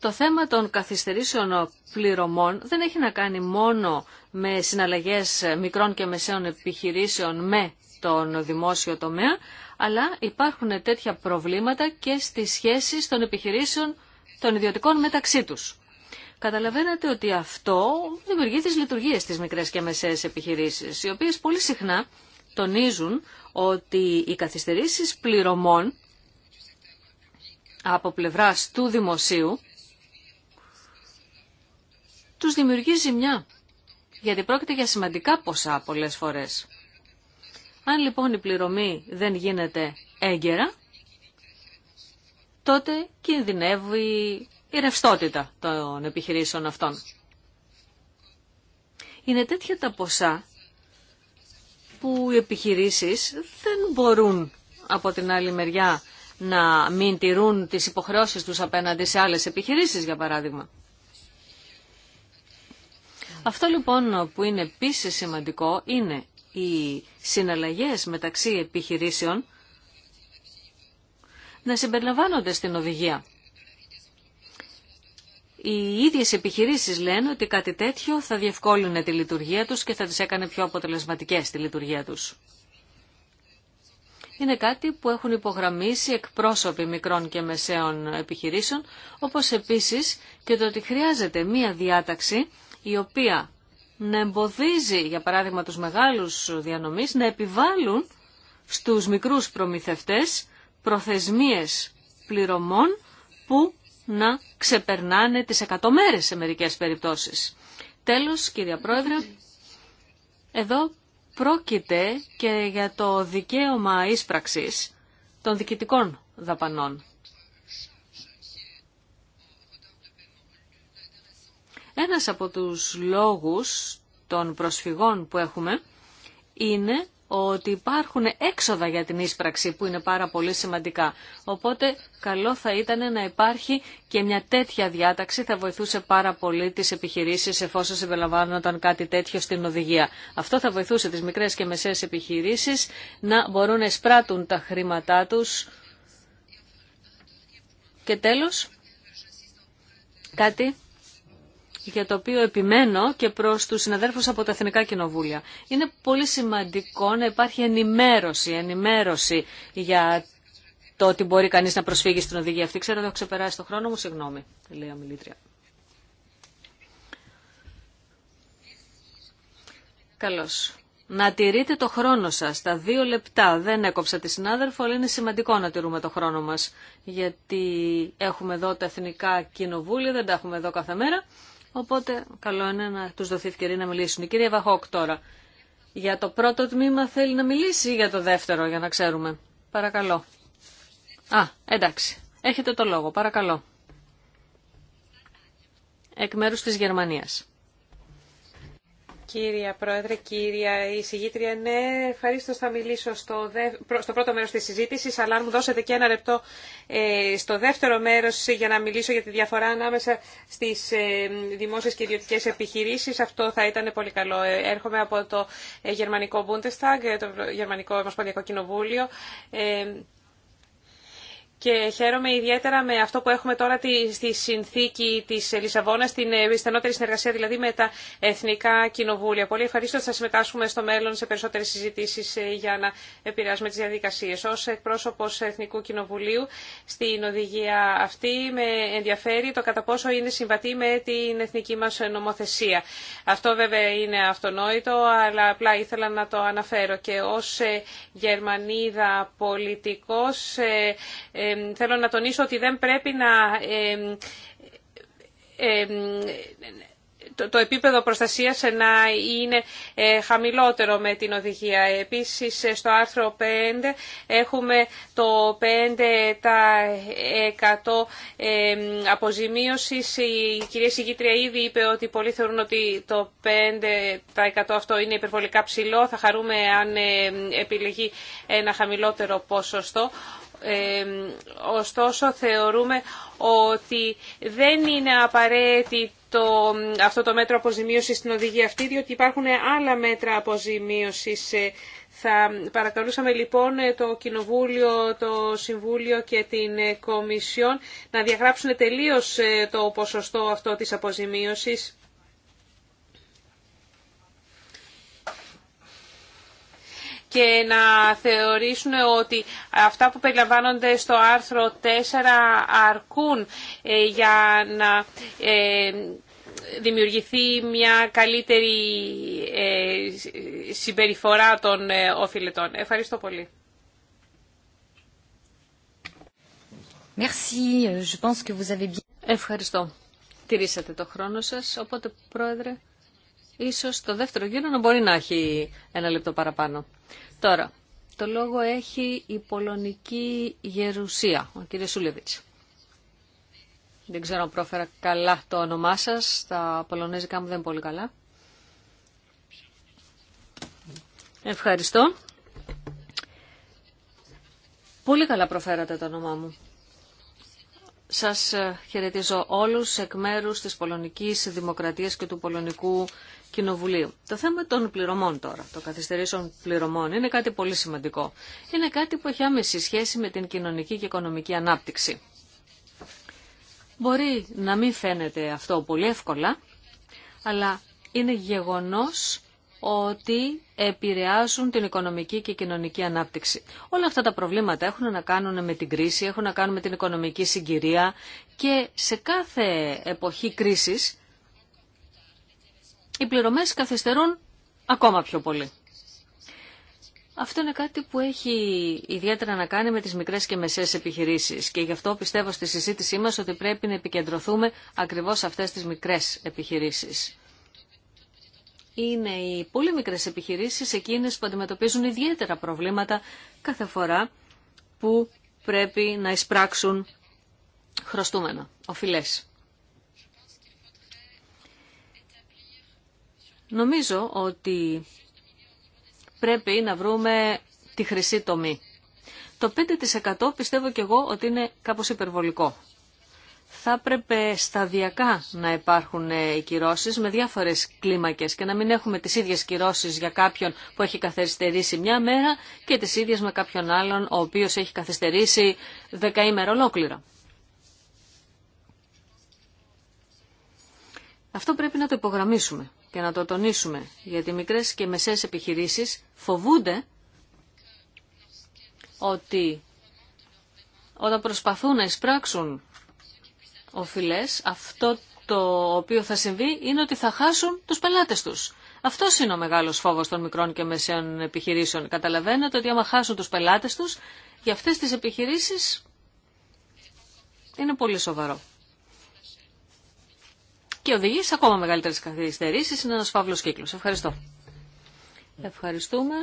S5: το θέμα των καθυστερήσεων πληρωμών δεν έχει να κάνει μόνο με συναλλαγές μικρών και μεσαίων επιχειρήσεων με τον δημόσιο τομέα, αλλά υπάρχουν τέτοια προβλήματα και στις σχέσεις των επιχειρήσεων των ιδιωτικών μεταξύ τους. Καταλαβαίνετε ότι αυτό δημιουργεί τις λειτουργίες στις μικρές και μεσαίες επιχειρήσεις, οι οποίες πολύ συχνά τονίζουν ότι οι καθυστερήσεις πληρωμών από πλευράς του δημοσίου τους δημιουργεί ζημιά, γιατί πρόκειται για σημαντικά ποσά πολλές φορές. Αν λοιπόν η πληρωμή δεν γίνεται έγκαιρα, τότε κινδυνεύει η ρευστότητα των επιχειρήσεων αυτών. Είναι τέτοια τα ποσά που οι επιχειρήσεις δεν μπορούν από την άλλη μεριά να μην τηρούν τις υποχρεώσεις τους απέναντι σε άλλες επιχειρήσεις, για παράδειγμα. Αυτό λοιπόν που είναι επίση σημαντικό είναι οι συναλλαγές μεταξύ επιχειρήσεων να συμπεριλαμβάνονται στην οδηγία. Οι ίδιες επιχειρήσεις λένε ότι κάτι τέτοιο θα διευκόλυνε τη λειτουργία τους και θα τις έκανε πιο αποτελεσματικές στη λειτουργία τους. Είναι κάτι που έχουν υπογραμμίσει εκπρόσωποι μικρών και μεσαίων επιχειρήσεων, όπως επίσης και το ότι χρειάζεται μία διάταξη η οποία να εμποδίζει, για παράδειγμα, τους μεγάλους διανομής να επιβάλλουν στους μικρούς προμηθευτές προθεσμίες πληρωμών που να ξεπερνάνε τις εκατομέρες σε μερικές περιπτώσεις. Τέλος, κυρία Πρόεδρε, εδώ πρόκειται και για το δικαίωμα ίσπραξης των διοικητικών δαπανών. Ένας από τους λόγους των προσφυγών που έχουμε είναι ότι υπάρχουν έξοδα για την ίσπραξη που είναι πάρα πολύ σημαντικά. Οπότε καλό θα ήταν να υπάρχει και μια τέτοια διάταξη θα βοηθούσε πάρα πολύ τις επιχειρήσεις εφόσον συμπεριλαμβάνονταν κάτι τέτοιο στην οδηγία. Αυτό θα βοηθούσε τις μικρές και μεσαίες επιχειρήσεις να μπορούν να εισπράττουν τα χρήματά τους. Και τέλος, κάτι για το οποίο επιμένω και προς τους συναδέρφους από τα Εθνικά Κοινοβούλια. Είναι πολύ σημαντικό να υπάρχει ενημέρωση, ενημέρωση για το ότι μπορεί κανείς να προσφύγει στην οδηγία αυτή. Ξέρω ότι έχω ξεπεράσει το χρόνο μου, συγγνώμη, λέει Μιλήτρια. Καλώς. Να τηρείτε το χρόνο σας, τα δύο λεπτά. Δεν έκοψα τη συνάδελφο, αλλά είναι σημαντικό να τηρούμε το χρόνο μας, γιατί έχουμε εδώ τα εθνικά κοινοβούλια, δεν τα έχουμε εδώ κάθε μέρα. Οπότε καλό είναι να του δοθεί ευκαιρία να μιλήσουν. Η κυρία Βαχόκ τώρα. Για το πρώτο τμήμα θέλει να μιλήσει ή για το δεύτερο, για να ξέρουμε. Παρακαλώ. Α, εντάξει. Έχετε το λόγο, παρακαλώ. Εκ μέρους της Γερμανίας.
S4: Κύρια Πρόεδρε, κύρια εισηγήτρια, ναι, ευχαρίστω θα μιλήσω στο, δε... πρώτο μέρος της συζήτησης, αλλά αν μου δώσετε και ένα λεπτό ε, στο δεύτερο μέρος για να μιλήσω για τη διαφορά ανάμεσα στις ε, δημόσιες και ιδιωτικές επιχειρήσεις, αυτό θα ήταν πολύ καλό. Ε, έρχομαι από το ε, Γερμανικό Bundestag, το Γερμανικό Ομοσπονδιακό Κοινοβούλιο και χαίρομαι ιδιαίτερα με αυτό που έχουμε τώρα στη συνθήκη τη Λισαβόνα, την ε, στενότερη συνεργασία δηλαδή με τα εθνικά κοινοβούλια. Πολύ ευχαρίστω θα συμμετάσχουμε στο μέλλον σε περισσότερες συζητήσεις ε, για να επηρεάσουμε τι διαδικασίες. Ως εκπρόσωπο Εθνικού Κοινοβουλίου στην οδηγία αυτή με ενδιαφέρει το κατά πόσο είναι συμβατή με την εθνική μας νομοθεσία. Αυτό βέβαια είναι αυτονόητο, αλλά απλά ήθελα να το αναφέρω και ως ε, Γερμανίδα πολιτικός θέλω να τονίσω ότι δεν πρέπει να το επίπεδο προστασίας να είναι ε, χαμηλότερο με την οδηγία. Επίσης, ε, στο άρθρο 5 έχουμε το 5% τα αποζημίωσης. Η κυρία Συγήτρια ήδη είπε ότι πολλοί θεωρούν ότι το 5% αυτό είναι υπερβολικά ψηλό. Θα χαρούμε αν ε, επιλεγεί ένα χαμηλότερο ποσοστό ωστόσο θεωρούμε ότι δεν είναι απαραίτητο αυτό το μέτρο αποζημίωσης στην οδηγία αυτή, διότι υπάρχουν άλλα μέτρα αποζημίωσης. Ε, θα παρακαλούσαμε λοιπόν ε, το Κοινοβούλιο, το Συμβούλιο και την ε, Κομισιόν να διαγράψουν τελείως το ποσοστό αυτό της αποζημίωσης και να θεωρήσουν ότι αυτά που περιλαμβάνονται στο άρθρο 4 αρκούν ε, για να ε, δημιουργηθεί μια καλύτερη ε, συμπεριφορά των οφειλετών. Ευχαριστώ πολύ.
S5: Merci. Je pense que vous avez... Ευχαριστώ. Τηρήσατε το χρόνο σας, οπότε πρόεδρε Ίσως το δεύτερο γύρο να μπορεί να έχει ένα λεπτό παραπάνω. Τώρα, το λόγο έχει η πολωνική γερουσία, ο κ. Σούλεβιτς. Δεν ξέρω αν πρόφερα καλά το όνομά σας, τα πολωνέζικά μου δεν είναι πολύ καλά. Ευχαριστώ. Πολύ καλά προφέρατε το όνομά μου. Σας ε, χαιρετίζω όλους εκ μέρους της Πολωνικής Δημοκρατίας και του Πολωνικού Κοινοβουλίου. Το θέμα των πληρωμών τώρα, των καθυστερήσεων πληρωμών, είναι κάτι πολύ σημαντικό. Είναι κάτι που έχει άμεση σχέση με την κοινωνική και οικονομική ανάπτυξη. Μπορεί να μην φαίνεται αυτό πολύ εύκολα, αλλά είναι γεγονός ότι επηρεάζουν την οικονομική και κοινωνική ανάπτυξη. Όλα αυτά τα προβλήματα έχουν να κάνουν με την κρίση, έχουν να κάνουν με την οικονομική συγκυρία και σε κάθε εποχή κρίσης οι πληρωμές καθυστερούν ακόμα πιο πολύ. Αυτό είναι κάτι που έχει ιδιαίτερα να κάνει με τις μικρές και μεσαίες επιχειρήσεις και γι' αυτό πιστεύω στη συζήτησή μας ότι πρέπει να επικεντρωθούμε ακριβώς σε αυτές τις μικρές επιχειρήσεις. Είναι οι πολύ μικρές επιχειρήσεις εκείνες που αντιμετωπίζουν ιδιαίτερα προβλήματα κάθε φορά που πρέπει να εισπράξουν χρωστούμενα, οφειλές. Νομίζω ότι πρέπει να βρούμε τη χρυσή τομή. Το 5% πιστεύω και εγώ ότι είναι κάπως υπερβολικό. Θα έπρεπε σταδιακά να υπάρχουν ε, οι κυρώσεις με διάφορες κλίμακες και να μην έχουμε τις ίδιες κυρώσεις για κάποιον που έχει καθυστερήσει μια μέρα και τις ίδιες με κάποιον άλλον ο οποίος έχει καθυστερήσει δεκαήμερα ολόκληρα. Αυτό πρέπει να το υπογραμμίσουμε και να το τονίσουμε, γιατί μικρές και μεσές επιχειρήσεις φοβούνται ότι όταν προσπαθούν να εισπράξουν οφειλές, αυτό το οποίο θα συμβεί είναι ότι θα χάσουν τους πελάτες τους. Αυτό είναι ο μεγάλος φόβος των μικρών και μεσαίων επιχειρήσεων. Καταλαβαίνετε ότι άμα χάσουν τους πελάτες τους, για αυτές τις επιχειρήσεις είναι πολύ σοβαρό και οδηγεί σε ακόμα μεγαλύτερε καθυστερήσει. Είναι ένα φαύλο κύκλο. Ευχαριστώ. Ευχαριστούμε.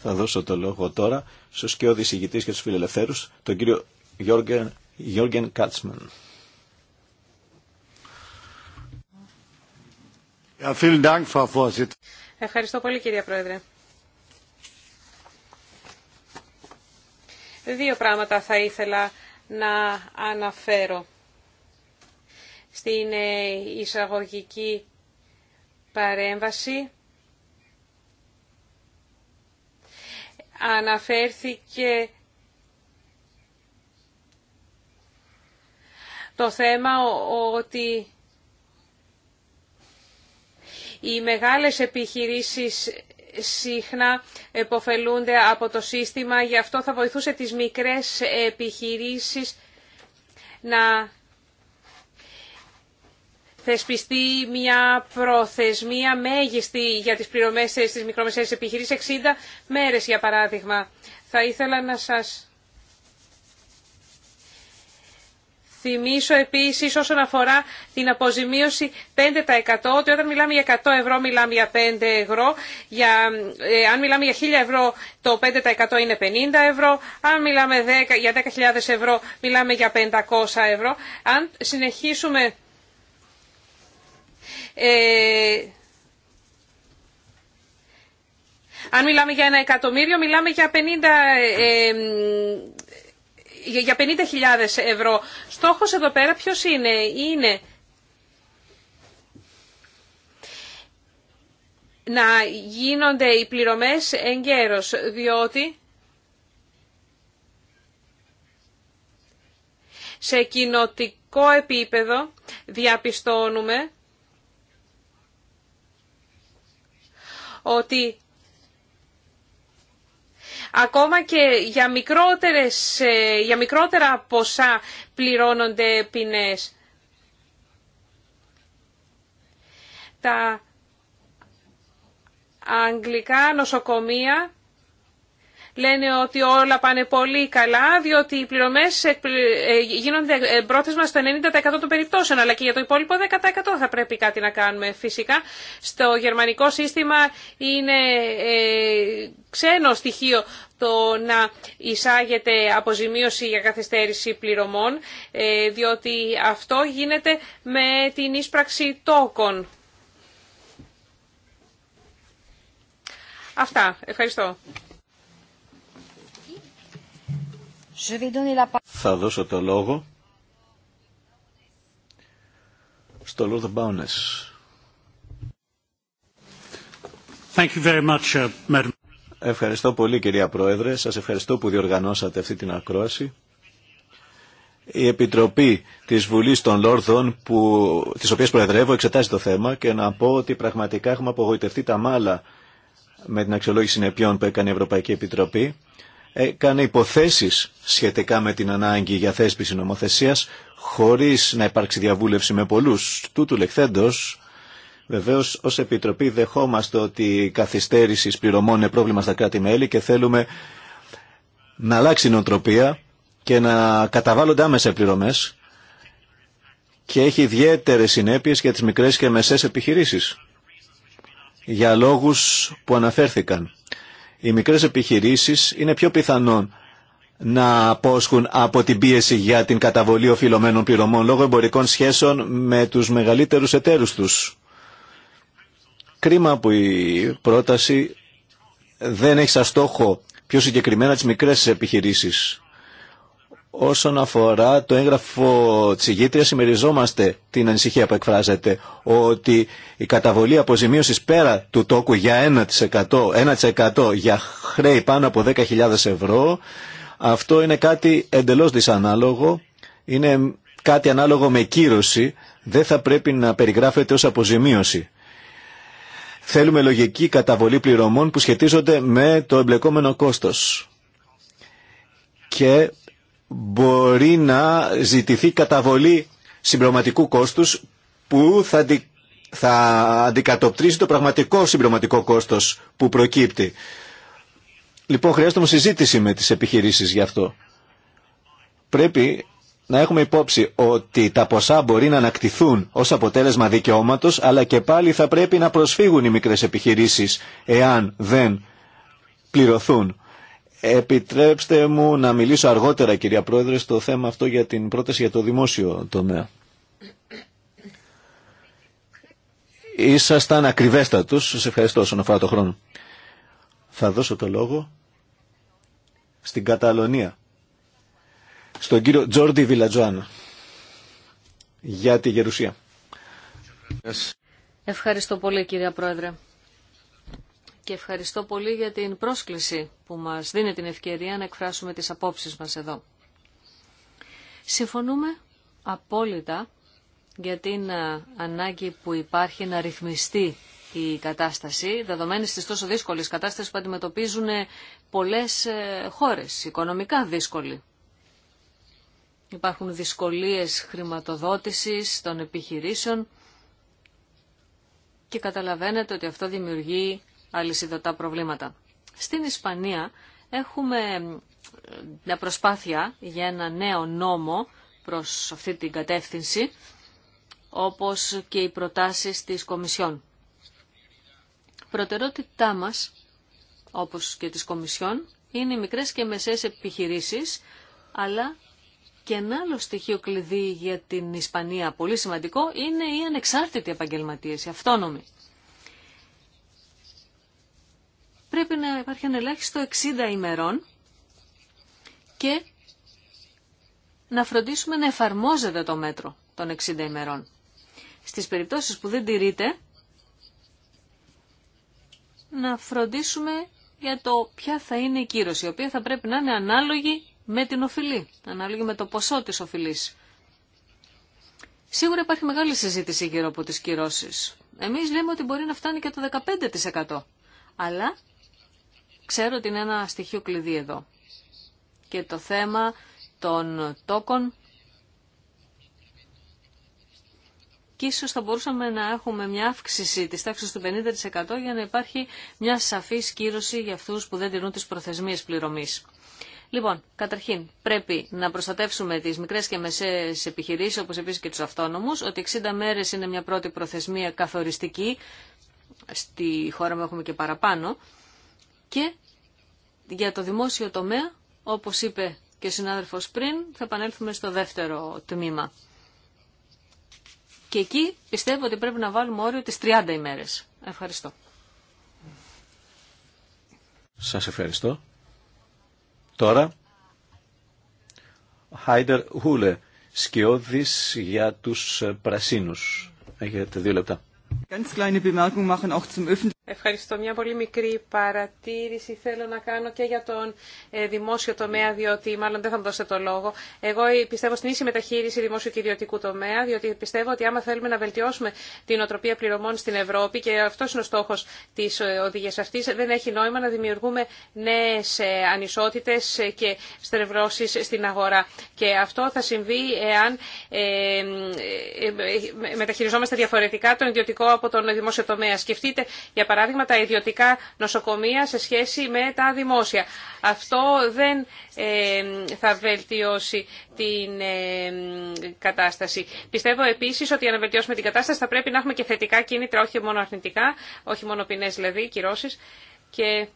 S3: Θα δώσω το λόγο τώρα στου και ηγητή και του φιλελευθέρου, τον κύριο Γιώργεν, Γιώργεν Κάτσμαν.
S4: Ευχαριστώ πολύ κυρία Πρόεδρε. Δύο πράγματα θα ήθελα να αναφέρω στην ε, εισαγωγική παρέμβαση αναφέρθηκε το θέμα ότι οι μεγάλες επιχειρήσεις συχνά εποφελούνται από το σύστημα, γι' αυτό θα βοηθούσε τις μικρές επιχειρήσεις να θεσπιστεί μια προθεσμία μέγιστη για τις πληρωμές στις μικρομεσαίες επιχειρήσεις, 60 μέρες για παράδειγμα. Θα ήθελα να σας θυμίσω επίσης όσον αφορά την αποζημίωση 5% ότι όταν μιλάμε για 100 ευρώ μιλάμε για 5 ευρώ, για, ε, αν μιλάμε για 1000 ευρώ το 5% είναι 50 ευρώ, αν μιλάμε 10, για 10.000 ευρώ μιλάμε για 500 ευρώ. Αν συνεχίσουμε ε, αν μιλάμε για ένα εκατομμύριο, μιλάμε για 50... Ε, ε, για 50.000 ευρώ. Στόχος εδώ πέρα ποιος είναι. Είναι να γίνονται οι πληρωμές εγκαίρως, διότι σε κοινοτικό επίπεδο διαπιστώνουμε ότι ακόμα και για, μικρότερες, ε, για μικρότερα ποσά πληρώνονται ποινές. Τα αγγλικά νοσοκομεία λένε ότι όλα πάνε πολύ καλά, διότι οι πληρωμές ε, γίνονται ε, πρόθεσμα στο 90% των περιπτώσεων, αλλά και για το υπόλοιπο 10% θα πρέπει κάτι να κάνουμε. Φυσικά, στο γερμανικό σύστημα είναι ε, ξένο στοιχείο το να εισάγεται αποζημίωση για καθυστέρηση πληρωμών, διότι αυτό γίνεται με την ίσπραξη τόκων. Αυτά. Ευχαριστώ.
S3: Θα δώσω το λόγο στο Λόρδο Μπάουνες. Uh, ευχαριστώ πολύ κυρία Πρόεδρε. Σας ευχαριστώ που διοργανώσατε αυτή την ακρόαση. Η Επιτροπή της Βουλής των Λόρδων, που, της οποίας προεδρεύω, εξετάζει το θέμα και να πω ότι πραγματικά έχουμε απογοητευτεί τα μάλα με την αξιολόγηση συνεπειών που έκανε η Ευρωπαϊκή Επιτροπή έκανε υποθέσεις σχετικά με την ανάγκη για θέσπιση νομοθεσίας χωρίς να υπάρξει διαβούλευση με πολλούς. Τούτου λεχθέντος, βεβαίως ως Επιτροπή δεχόμαστε ότι η καθυστέρηση πληρωμών είναι πρόβλημα στα κράτη-μέλη και θέλουμε να αλλάξει η νοοτροπία και να καταβάλλονται άμεσα πληρωμές και έχει ιδιαίτερε συνέπειε για τις μικρές και μεσές επιχειρήσεις για λόγους που αναφέρθηκαν οι μικρές επιχειρήσεις είναι πιο πιθανόν να απόσχουν από την πίεση για την καταβολή οφειλωμένων πληρωμών λόγω εμπορικών σχέσεων με τους μεγαλύτερους εταίρους τους. Κρίμα που η πρόταση δεν έχει σαν στόχο πιο συγκεκριμένα τις μικρές επιχειρήσεις. Όσον αφορά το έγγραφο Τσιγήτρια, συμμεριζόμαστε την ανησυχία που εκφράζεται ότι η καταβολή αποζημίωση πέρα του τόκου για 1%, 1% για χρέη πάνω από 10.000 ευρώ, αυτό είναι κάτι εντελώ δυσανάλογο, είναι κάτι ανάλογο με κύρωση, δεν θα πρέπει να περιγράφεται ω αποζημίωση. Θέλουμε λογική καταβολή πληρωμών που σχετίζονται με το εμπλεκόμενο κόστος και μπορεί να ζητηθεί καταβολή συμπληρωματικού κόστους που θα, αντι... θα αντικατοπτρίζει το πραγματικό συμπληρωματικό κόστος που προκύπτει. Λοιπόν, χρειάζεται συζήτηση με τις επιχειρήσεις γι' αυτό. Πρέπει να έχουμε υπόψη ότι τα ποσά μπορεί να ανακτηθούν ως αποτέλεσμα δικαιώματος, αλλά και πάλι θα πρέπει να προσφύγουν οι μικρές επιχειρήσεις εάν δεν πληρωθούν. Επιτρέψτε μου να μιλήσω αργότερα, κυρία Πρόεδρε, στο θέμα αυτό για την πρόταση για το δημόσιο τομέα. Ήσασταν ακριβέστατος. Σας ευχαριστώ όσον αφορά το χρόνο. Θα δώσω το λόγο στην Καταλωνία, στον κύριο Τζόρντι Βιλατζουάνα, για τη Γερουσία.
S5: Ευχαριστώ πολύ, κυρία Πρόεδρε και ευχαριστώ πολύ για την πρόσκληση που μας δίνει την ευκαιρία να εκφράσουμε τις απόψεις μας εδώ. Συμφωνούμε απόλυτα για την ε, ανάγκη που υπάρχει να ρυθμιστεί η κατάσταση, δεδομένη της τόσο δύσκολης κατάστασης που αντιμετωπίζουν ε, πολλές ε, χώρες, οικονομικά δύσκολοι. Υπάρχουν δυσκολίες χρηματοδότησης των επιχειρήσεων και καταλαβαίνετε ότι αυτό δημιουργεί αλυσιδωτά προβλήματα. Στην Ισπανία έχουμε ε, μια προσπάθεια για ένα νέο νόμο προς αυτή την κατεύθυνση, όπως και οι προτάσεις της Κομισιόν. Προτερότητά μας, όπως και της Κομισιόν, είναι οι μικρές και μεσαίες επιχειρήσεις, αλλά και ένα άλλο στοιχείο κλειδί για την Ισπανία, πολύ σημαντικό, είναι οι ανεξάρτητοι επαγγελματίες, οι αυτόνομοι. πρέπει να υπάρχει ένα ελάχιστο 60 ημερών και να φροντίσουμε να εφαρμόζεται το μέτρο των 60 ημερών. Στις περιπτώσεις που δεν τηρείται, να φροντίσουμε για το ποια θα είναι η κύρωση, η οποία θα πρέπει να είναι ανάλογη με την οφειλή, ανάλογη με το ποσό της οφειλής. Σίγουρα υπάρχει μεγάλη συζήτηση γύρω από τις κυρώσεις. Εμείς λέμε ότι μπορεί να φτάνει και το 15%. Αλλά Ξέρω ότι είναι ένα στοιχείο κλειδί εδώ. Και το θέμα των τόκων και ίσως θα μπορούσαμε να έχουμε μια αύξηση της τάξης του 50% για να υπάρχει μια σαφή σκήρωση για αυτούς που δεν τηρούν τις προθεσμίες πληρωμής. Λοιπόν, καταρχήν πρέπει να προστατεύσουμε τις μικρές και μεσαίες επιχειρήσεις όπως επίσης και τους αυτόνομους, ότι 60 μέρες είναι μια πρώτη προθεσμία καθοριστική, στη χώρα μου έχουμε και παραπάνω, και για το δημόσιο τομέα, όπως είπε και ο συνάδελφος πριν, θα επανέλθουμε στο δεύτερο τμήμα. Και εκεί πιστεύω ότι πρέπει να βάλουμε όριο τις 30 ημέρες. Ευχαριστώ.
S3: Σας ευχαριστώ. Τώρα, Χάιντερ Χούλε, σκιώδης για τους πρασίνους. Έχετε δύο λεπτά.
S2: Ευχαριστώ.
S4: Μια πολύ μικρή παρατήρηση θέλω να κάνω και για τον ε, δημόσιο τομέα, διότι μάλλον δεν θα μου δώσετε το λόγο. Εγώ ε, πιστεύω στην ίση μεταχείριση δημόσιου και ιδιωτικού τομέα, διότι πιστεύω ότι άμα θέλουμε να βελτιώσουμε την οτροπία πληρωμών στην Ευρώπη, και αυτό είναι ο στόχο τη ε, οδηγία αυτή, δεν έχει νόημα να δημιουργούμε νέε ανισότητε και στρεβλώσει στην αγορά. Και αυτό θα συμβεί εάν μεταχειριζόμαστε διαφορετικά τον ιδιωτικό από τον δημόσιο τομέα. Σκεφτείτε, για παράδειγμα, τα ιδιωτικά νοσοκομεία σε σχέση με τα δημόσια. Αυτό δεν ε, θα βελτιώσει την ε, κατάσταση. Πιστεύω επίσης ότι για να βελτιώσουμε την κατάσταση θα πρέπει να έχουμε και θετικά κίνητρα, όχι μόνο αρνητικά, όχι μόνο ποινές δηλαδή, κυρώσεις. Και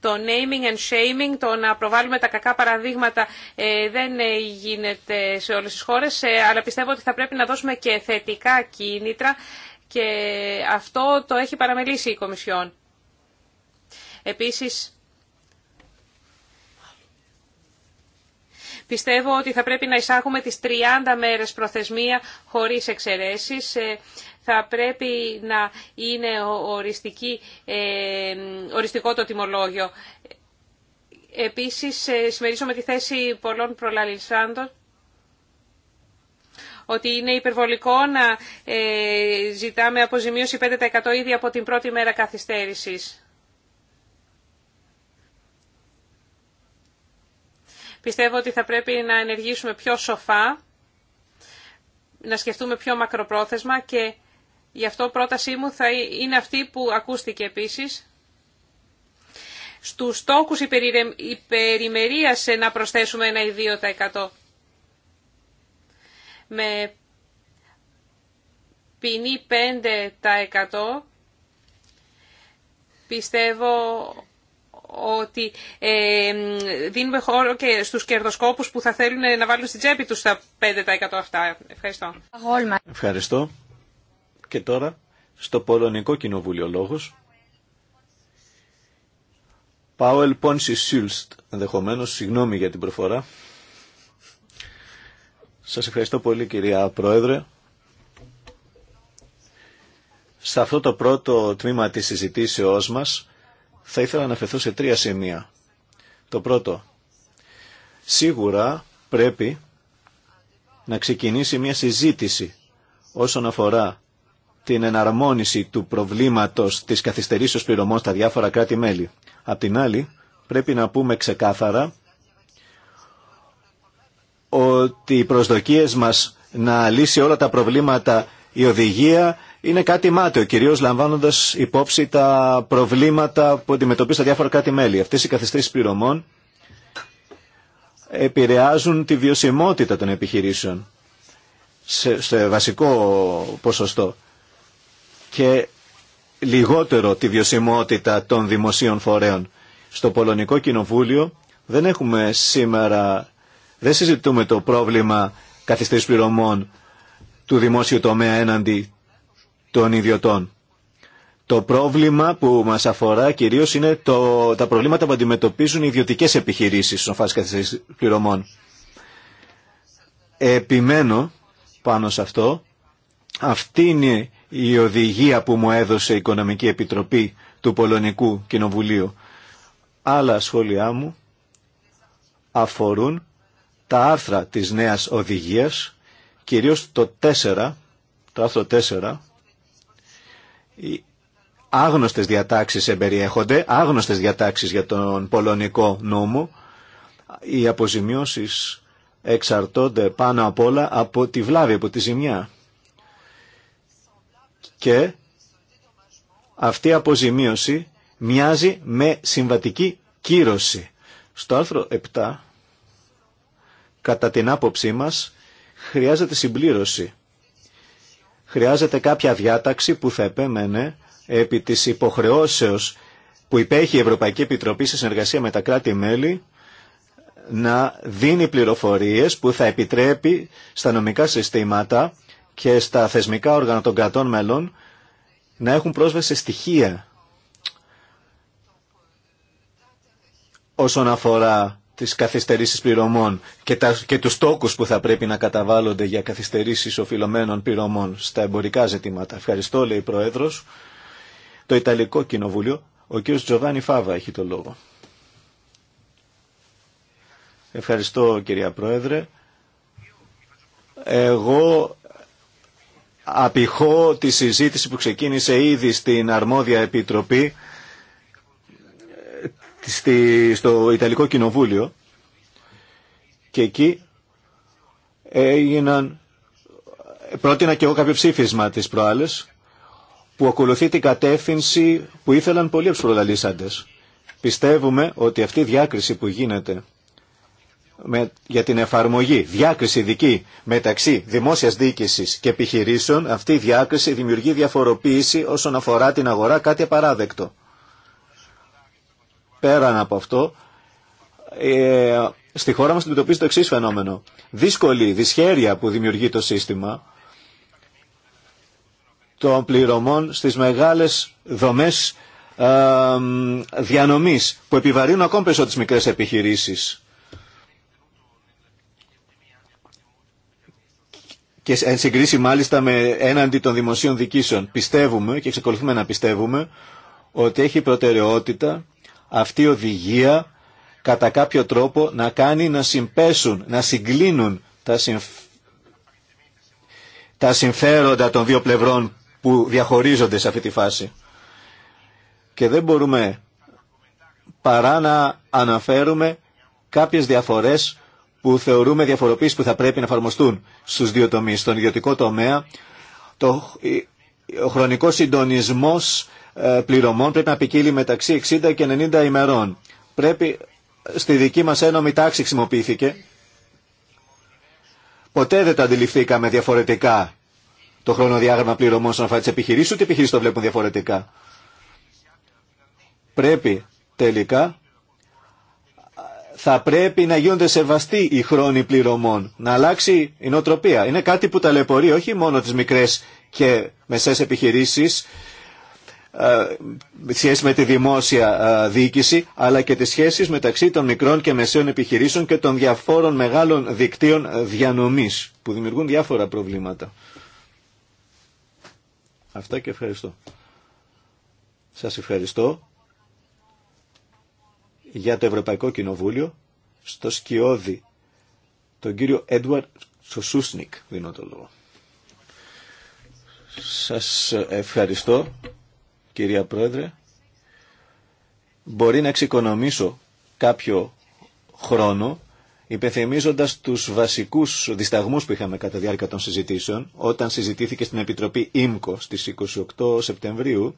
S4: το naming and shaming, το να προβάλλουμε τα κακά παραδείγματα ε, δεν γίνεται σε όλες τις χώρες, αλλά πιστεύω ότι θα πρέπει να δώσουμε και θετικά κίνητρα και αυτό το έχει παραμελήσει η Κομισιόν. Επίσης, πιστεύω ότι θα πρέπει να εισάγουμε τις 30 μέρες προθεσμία χωρίς εξαιρέσεις. Ε, θα πρέπει να είναι οριστική, ε, οριστικό το τιμολόγιο. Επίσης, ε, συμμερίζομαι τη θέση πολλών προλαλισσάντων ότι είναι υπερβολικό να ε, ζητάμε αποζημίωση 5% ήδη από την πρώτη μέρα καθυστέρησης. Πιστεύω ότι θα πρέπει να ενεργήσουμε πιο σοφά, να σκεφτούμε πιο μακροπρόθεσμα και γι' αυτό πρότασή μου θα είναι αυτή που ακούστηκε επίσης. Στους στόχους υπερημερίας να προσθέσουμε ένα ή 2% με ποινή 5% πιστεύω ότι ε, δίνουμε χώρο και στους κερδοσκόπους που θα θέλουν να βάλουν στην τσέπη τους τα 5% αυτά. Ευχαριστώ.
S3: Ευχαριστώ. Και τώρα στο Πολωνικό Κοινοβούλιο Λόγος. Πάουελ Πόνσι Σίλστ, ενδεχομένως, συγγνώμη για την προφορά. Σας ευχαριστώ πολύ κυρία Πρόεδρε. Σε αυτό το πρώτο τμήμα της συζητήσεώς μας θα ήθελα να αφαιθώ σε τρία σημεία. Το πρώτο, σίγουρα πρέπει να ξεκινήσει μια συζήτηση όσον αφορά την εναρμόνιση του προβλήματος της καθυστερήσεως πληρωμών στα διάφορα κράτη-μέλη. Απ' την άλλη, πρέπει να πούμε ξεκάθαρα ότι οι προσδοκίες μας να λύσει όλα τα προβλήματα η οδηγία είναι κάτι μάταιο, κυρίως λαμβάνοντας υπόψη τα προβλήματα που αντιμετωπίζουν τα διαφορα κάτι κράτη-μέλη. Αυτές οι καθυστέρησεις πληρωμών επηρεάζουν τη βιωσιμότητα των επιχειρήσεων σε, σε βασικό ποσοστό και λιγότερο τη βιωσιμότητα των δημοσίων φορέων. Στο Πολωνικό Κοινοβούλιο δεν έχουμε σήμερα δεν συζητούμε το πρόβλημα καθιστής πληρωμών του δημόσιου τομέα έναντι των ιδιωτών. Το πρόβλημα που μας αφορά κυρίως είναι το, τα προβλήματα που αντιμετωπίζουν οι ιδιωτικές επιχειρήσεις στον φάση καθυστέρησης πληρωμών. Επιμένω πάνω σε αυτό. Αυτή είναι η οδηγία που μου έδωσε η Οικονομική Επιτροπή του Πολωνικού Κοινοβουλίου. Άλλα σχόλιά μου αφορούν τα άρθρα της νέας οδηγίας, κυρίως το 4, το άρθρο 4, οι άγνωστες διατάξεις εμπεριέχονται, άγνωστες διατάξεις για τον πολωνικό νόμο, οι αποζημιώσεις εξαρτώνται πάνω απ' όλα από τη βλάβη, από τη ζημιά. Και αυτή η αποζημίωση μοιάζει με συμβατική κύρωση. Στο άρθρο 7 Κατά την άποψή μας, χρειάζεται συμπλήρωση. Χρειάζεται κάποια διάταξη που θα επέμενε επί της υποχρεώσεως που υπέχει η Ευρωπαϊκή Επιτροπή σε συνεργασία με τα κράτη-μέλη να δίνει πληροφορίες που θα επιτρέπει στα νομικά συστήματα και στα θεσμικά όργανα των κρατών μελών να έχουν πρόσβαση σε στοιχεία όσον αφορά τις καθυστερήσεις πληρωμών και, τα, και τους τόκους που θα πρέπει να καταβάλλονται για καθυστερήσεις οφειλωμένων πληρωμών στα εμπορικά ζητήματα. Ευχαριστώ, λέει η Πρόεδρος. Το Ιταλικό Κοινοβούλιο, ο κ. Τζοβάνι Φάβα έχει το λόγο. Ευχαριστώ, κυρία Πρόεδρε. Εγώ απηχώ τη συζήτηση που ξεκίνησε ήδη στην αρμόδια επιτροπή στη, στο Ιταλικό Κοινοβούλιο και εκεί έγιναν, πρότεινα και εγώ κάποιο ψήφισμα τις προάλλες που ακολουθεί την κατεύθυνση που ήθελαν πολλοί από προλαλήσαντες. Πιστεύουμε ότι αυτή η διάκριση που γίνεται με, για την εφαρμογή, διάκριση δική μεταξύ δημόσιας διοίκησης και επιχειρήσεων, αυτή η διάκριση δημιουργεί διαφοροποίηση όσον αφορά την αγορά, κάτι απαράδεκτο. Πέραν από αυτό, ε, στη χώρα μας αντιμετωπίζει το εξή φαινόμενο. Δύσκολη δυσχέρεια που δημιουργεί το σύστημα των πληρωμών στις μεγάλες δομές ε, διανομής που επιβαρύνουν ακόμη περισσότερο τις μικρές επιχειρήσεις. και εν συγκρίση μάλιστα με έναντι των δημοσίων δικήσεων. Πιστεύουμε και εξεκολουθούμε να πιστεύουμε ότι έχει προτεραιότητα αυτή η οδηγία κατά κάποιο τρόπο να κάνει να συμπέσουν, να συγκλίνουν τα, τα συμφέροντα των δύο πλευρών που διαχωρίζονται σε αυτή τη φάση. Και δεν μπορούμε παρά να αναφέρουμε κάποιες διαφορές που θεωρούμε διαφοροποίησεις που θα πρέπει να εφαρμοστούν στους δύο τομείς. Στον ιδιωτικό τομέα, το, ο χρονικός συντονισμός ε, πληρωμών πρέπει να ποικίλει μεταξύ 60 και 90 ημερών. Πρέπει στη δική μας ένωμη τάξη χρησιμοποιήθηκε. Ποτέ δεν το αντιληφθήκαμε διαφορετικά το χρονοδιάγραμμα πληρωμών στον αφορά τις επιχειρήσεις, ούτε επιχειρήσεις το βλέπουν διαφορετικά. Πρέπει τελικά θα πρέπει να γίνονται σεβαστοί οι χρόνοι πληρωμών, να αλλάξει η νοοτροπία. Είναι κάτι που ταλαιπωρεί όχι μόνο τις μικρές και μεσές επιχειρήσεις, ε, σχέση με τη δημόσια ε, διοίκηση, αλλά και τις σχέσεις μεταξύ των μικρών και μεσαίων επιχειρήσεων και των διαφόρων μεγάλων δικτύων ε, διανομής, που δημιουργούν διάφορα προβλήματα. Αυτά και ευχαριστώ. Σας ευχαριστώ για το Ευρωπαϊκό Κοινοβούλιο, στο σκιώδη, τον κύριο Έντουαρτ Σοσούσνικ, δίνω το λόγο. Σας ευχαριστώ κυρία Πρόεδρε, μπορεί να εξοικονομήσω κάποιο χρόνο υπενθυμίζοντας τους βασικούς δισταγμούς που είχαμε κατά διάρκεια των συζητήσεων όταν συζητήθηκε στην Επιτροπή ΙΜΚΟ στις 28 Σεπτεμβρίου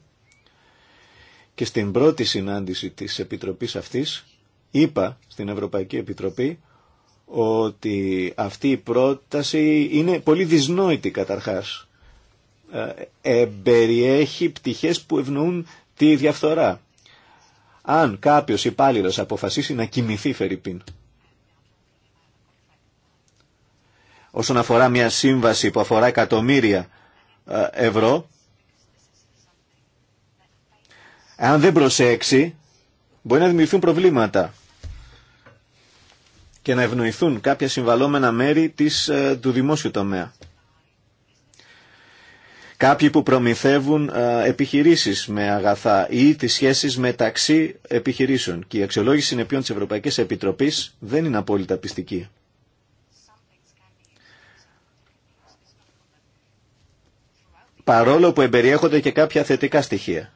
S3: και στην πρώτη συνάντηση της Επιτροπής αυτής είπα στην Ευρωπαϊκή Επιτροπή ότι αυτή η πρόταση είναι πολύ δυσνόητη καταρχάς ε, εμπεριέχει πτυχές που ευνοούν τη διαφθορά. Αν κάποιος υπάλληλο αποφασίσει να κοιμηθεί Φερρυπίν, όσον αφορά μια σύμβαση που αφορά εκατομμύρια ε, ευρώ, αν δεν προσέξει, μπορεί να δημιουργηθούν προβλήματα και να ευνοηθούν κάποια συμβαλόμενα μέρη της, ε, του δημόσιου τομέα. Κάποιοι που προμηθεύουν επιχειρήσεις με αγαθά ή τις σχέσεις μεταξύ επιχειρήσεων και η αξιολόγηση συνεπειών της Ευρωπαϊκής Επιτροπής δεν είναι απόλυτα πιστική. Παρόλο που εμπεριέχονται και κάποια θετικά στοιχεία.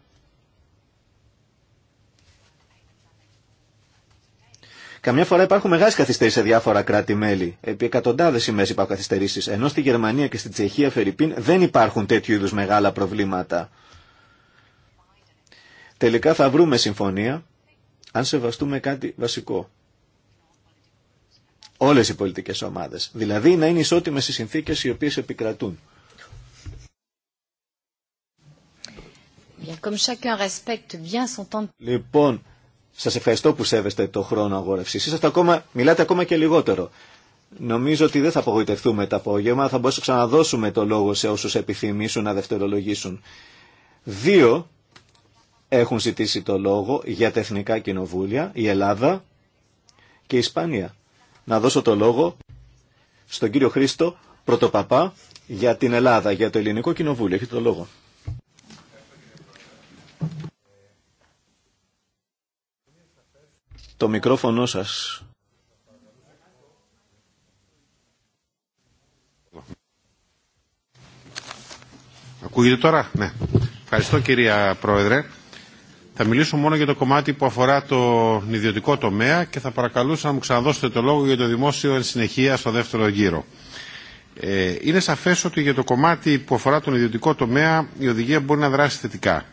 S3: Καμιά φορά υπάρχουν μεγάλε καθυστερήσει σε διάφορα κράτη-μέλη. Επί εκατοντάδε ημέρε υπάρχουν καθυστερήσει. Ενώ στη Γερμανία και στη Τσεχία, Φερρυπίν, δεν υπάρχουν τέτοιου είδου μεγάλα προβλήματα. Τελικά θα βρούμε συμφωνία αν σεβαστούμε κάτι βασικό. Όλες οι πολιτικές ομάδες. Δηλαδή να είναι ισότιμες οι συνθήκες οι οποίες επικρατούν. Λοιπόν, Σα ευχαριστώ που σέβεστε το χρόνο αγορευσή. Είσαστε ακόμα, μιλάτε ακόμα και λιγότερο. Νομίζω ότι δεν θα απογοητευτούμε το απόγευμα, θα μπορούσαμε να ξαναδώσουμε το λόγο σε όσου επιθυμήσουν να δευτερολογήσουν. Δύο έχουν ζητήσει το λόγο για τα εθνικά κοινοβούλια, η Ελλάδα και η Ισπανία. Να δώσω το λόγο στον κύριο Χρήστο Πρωτοπαπά για την Ελλάδα, για το Ελληνικό Κοινοβούλιο. Έχετε το λόγο. το μικρόφωνο
S2: σας. Ακούγεται τώρα, ναι. Ευχαριστώ κυρία Πρόεδρε. Θα μιλήσω μόνο για το κομμάτι που αφορά το ιδιωτικό τομέα και θα παρακαλούσα να μου ξαναδώσετε το λόγο για το δημόσιο εν συνεχεία στο δεύτερο γύρο. Ε, είναι σαφές ότι για το κομμάτι που αφορά τον ιδιωτικό τομέα η οδηγία μπορεί να δράσει θετικά.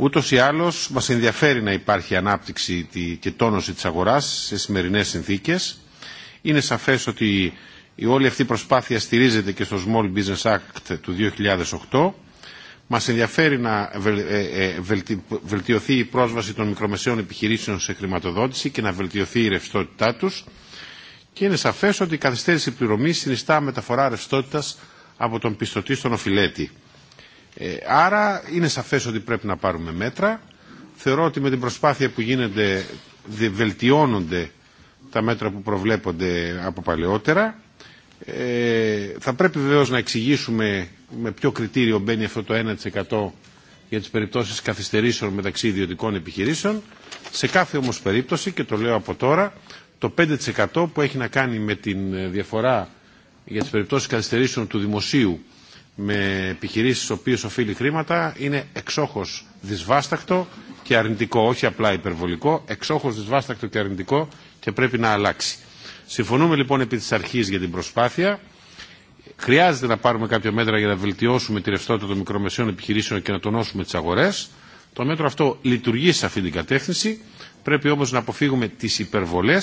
S2: Ούτω ή άλλω, μα ενδιαφέρει να υπάρχει ανάπτυξη και τόνωση τη αγορά σε σημερινέ συνθήκε. Είναι σαφέ ότι η αλλω μας ενδιαφερει να υπαρχει αναπτυξη αυτή σημερινέ συνθηκες ειναι σαφες οτι στηρίζεται και στο Small Business Act του 2008. Μας ενδιαφέρει να ε- ε- ε- βελτιωθεί η πρόσβαση των μικρομεσαίων επιχειρήσεων σε χρηματοδότηση και να βελτιωθεί η ρευστότητά τους. Και είναι σαφές ότι η καθυστέρηση πληρωμής συνιστά μεταφορά ρευστότητας από τον πιστωτή στον οφηλέτη. Ε, άρα είναι σαφές ότι πρέπει να πάρουμε μέτρα. Θεωρώ ότι με την προσπάθεια που γίνεται βελτιώνονται τα μέτρα που προβλέπονται από παλαιότερα. Ε, θα πρέπει βεβαίω να εξηγήσουμε με ποιο κριτήριο μπαίνει αυτό το 1% για τις περιπτώσεις καθυστερήσεων μεταξύ ιδιωτικών επιχειρήσεων. Σε κάθε όμως περίπτωση, και το λέω από τώρα, το 5% που έχει να κάνει με την ε, διαφορά για τις περιπτώσεις καθυστερήσεων του δημοσίου με επιχειρήσει στι οποίε οφείλει χρήματα είναι εξόχω δυσβάστακτο και αρνητικό, όχι απλά υπερβολικό, εξόχω δυσβάστακτο και αρνητικό και πρέπει να αλλάξει. Συμφωνούμε λοιπόν επί της αρχής για την προσπάθεια. Χρειάζεται να πάρουμε κάποια μέτρα για να βελτιώσουμε τη ρευστότητα των μικρομεσαίων επιχειρήσεων και να τονώσουμε τι αγορέ. Το μέτρο αυτό λειτουργεί σε αυτή την κατεύθυνση. Πρέπει όμω να αποφύγουμε τι υπερβολέ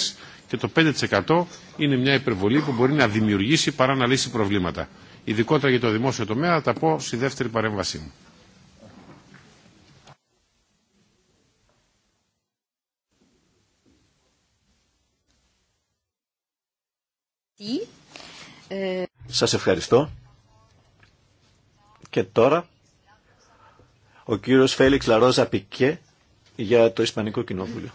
S2: και το 5% είναι μια υπερβολή που μπορεί να δημιουργήσει παρά να λύσει προβλήματα ειδικότερα για το δημόσιο τομέα, θα τα πω στη δεύτερη παρέμβασή μου.
S3: Σας ευχαριστώ. Και τώρα ο κύριος Φέλιξ Λαρόζα Πικέ για το Ισπανικό Κοινόβουλιο.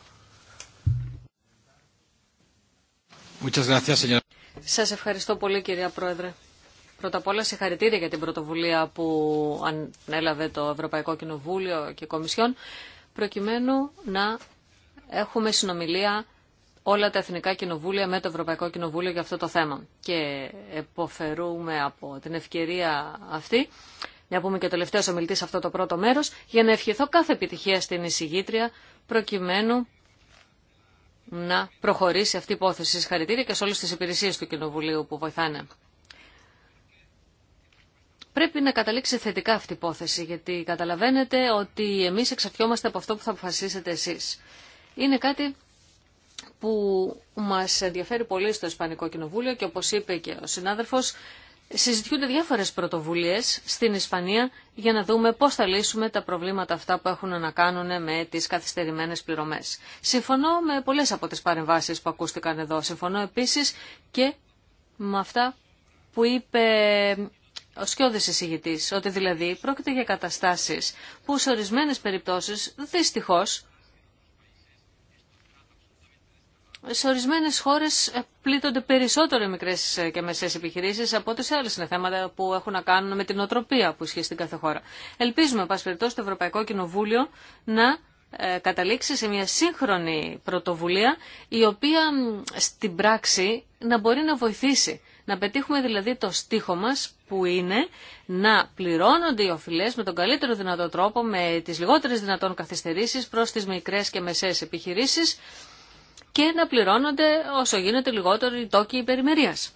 S5: Σας ευχαριστώ πολύ κυρία Πρόεδρε. Πρώτα απ' όλα συγχαρητήρια για την πρωτοβουλία που ανέλαβε το Ευρωπαϊκό Κοινοβούλιο και Κομισιόν, προκειμένου να έχουμε συνομιλία όλα τα εθνικά κοινοβούλια με το Ευρωπαϊκό Κοινοβούλιο για αυτό το θέμα. Και εποφερούμε από την ευκαιρία αυτή, να πούμε και και τελευταίο ομιλητή σε αυτό το πρώτο μέρος, για να ευχηθώ κάθε επιτυχία στην εισηγήτρια, προκειμένου να προχωρήσει αυτή η υπόθεση. Συγχαρητήρια και σε όλε τι υπηρεσίε του Κοινοβουλίου που βοηθάνε. Πρέπει να καταλήξει θετικά αυτή η υπόθεση, γιατί καταλαβαίνετε ότι εμείς εξαρτιόμαστε από αυτό που θα αποφασίσετε εσείς. Είναι κάτι που μας ενδιαφέρει πολύ στο Ισπανικό Κοινοβούλιο και όπως είπε και ο συνάδελφος, συζητιούνται διάφορες πρωτοβουλίες στην Ισπανία για να δούμε πώς θα λύσουμε τα προβλήματα αυτά που έχουν να κάνουν με τις καθυστερημένες πληρωμές. Συμφωνώ με πολλές από τις παρεμβάσεις που ακούστηκαν εδώ. Συμφωνώ επίσης και με αυτά που είπε ο σκιώδης εισηγητής, ότι δηλαδή πρόκειται για καταστάσεις που σε ορισμένες περιπτώσεις δυστυχώς σε ορισμένες χώρες πλήττονται περισσότερο οι μικρές και μεσές επιχειρήσεις από ό,τι σε άλλες είναι θέματα που έχουν να κάνουν με την οτροπία που ισχύει στην κάθε χώρα. Ελπίζουμε, πας περιπτώσει, το Ευρωπαϊκό Κοινοβούλιο να ε, καταλήξει σε μια σύγχρονη πρωτοβουλία η οποία στην πράξη να μπορεί να βοηθήσει να πετύχουμε δηλαδή το στίχο μας που είναι να πληρώνονται οι οφειλές με τον καλύτερο δυνατό τρόπο, με τις λιγότερες δυνατόν καθυστερήσεις προς τις μικρές και μεσαίες επιχειρήσεις και να πληρώνονται όσο γίνεται λιγότερο οι τόκοι υπερημερίας.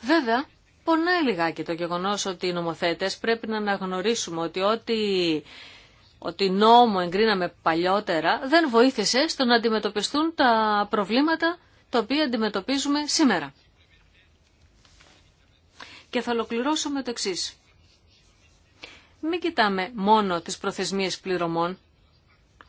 S5: Βέβαια, πονάει λιγάκι το γεγονός ότι οι νομοθέτες πρέπει να αναγνωρίσουμε ότι ό,τι ότι νόμο εγκρίναμε παλιότερα δεν βοήθησε στο να αντιμετωπιστούν τα προβλήματα το οποίο αντιμετωπίζουμε σήμερα. Και θα ολοκληρώσω με το εξή. Μην κοιτάμε μόνο τις προθεσμίες πληρωμών,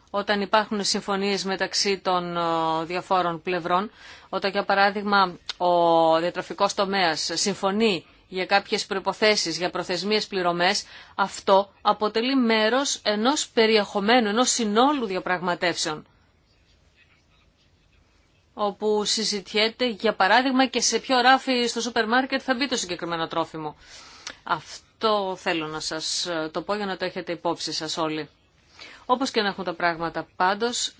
S5: όταν υπάρχουν συμφωνίες μεταξύ των ε, διαφόρων πλευρών, όταν για παράδειγμα ο διατροφικός τομέας συμφωνεί για κάποιες προϋποθέσεις, για προθεσμίες πληρωμές, αυτό αποτελεί μέρος ενός περιεχομένου, ενός συνόλου διαπραγματεύσεων όπου συζητιέται για παράδειγμα και σε ποιο ράφι στο σούπερ μάρκετ θα μπει το συγκεκριμένο τρόφιμο. Αυτό θέλω να σας ε, το πω για να το έχετε υπόψη σας όλοι. Όπως και να έχουν τα πράγματα πάντως,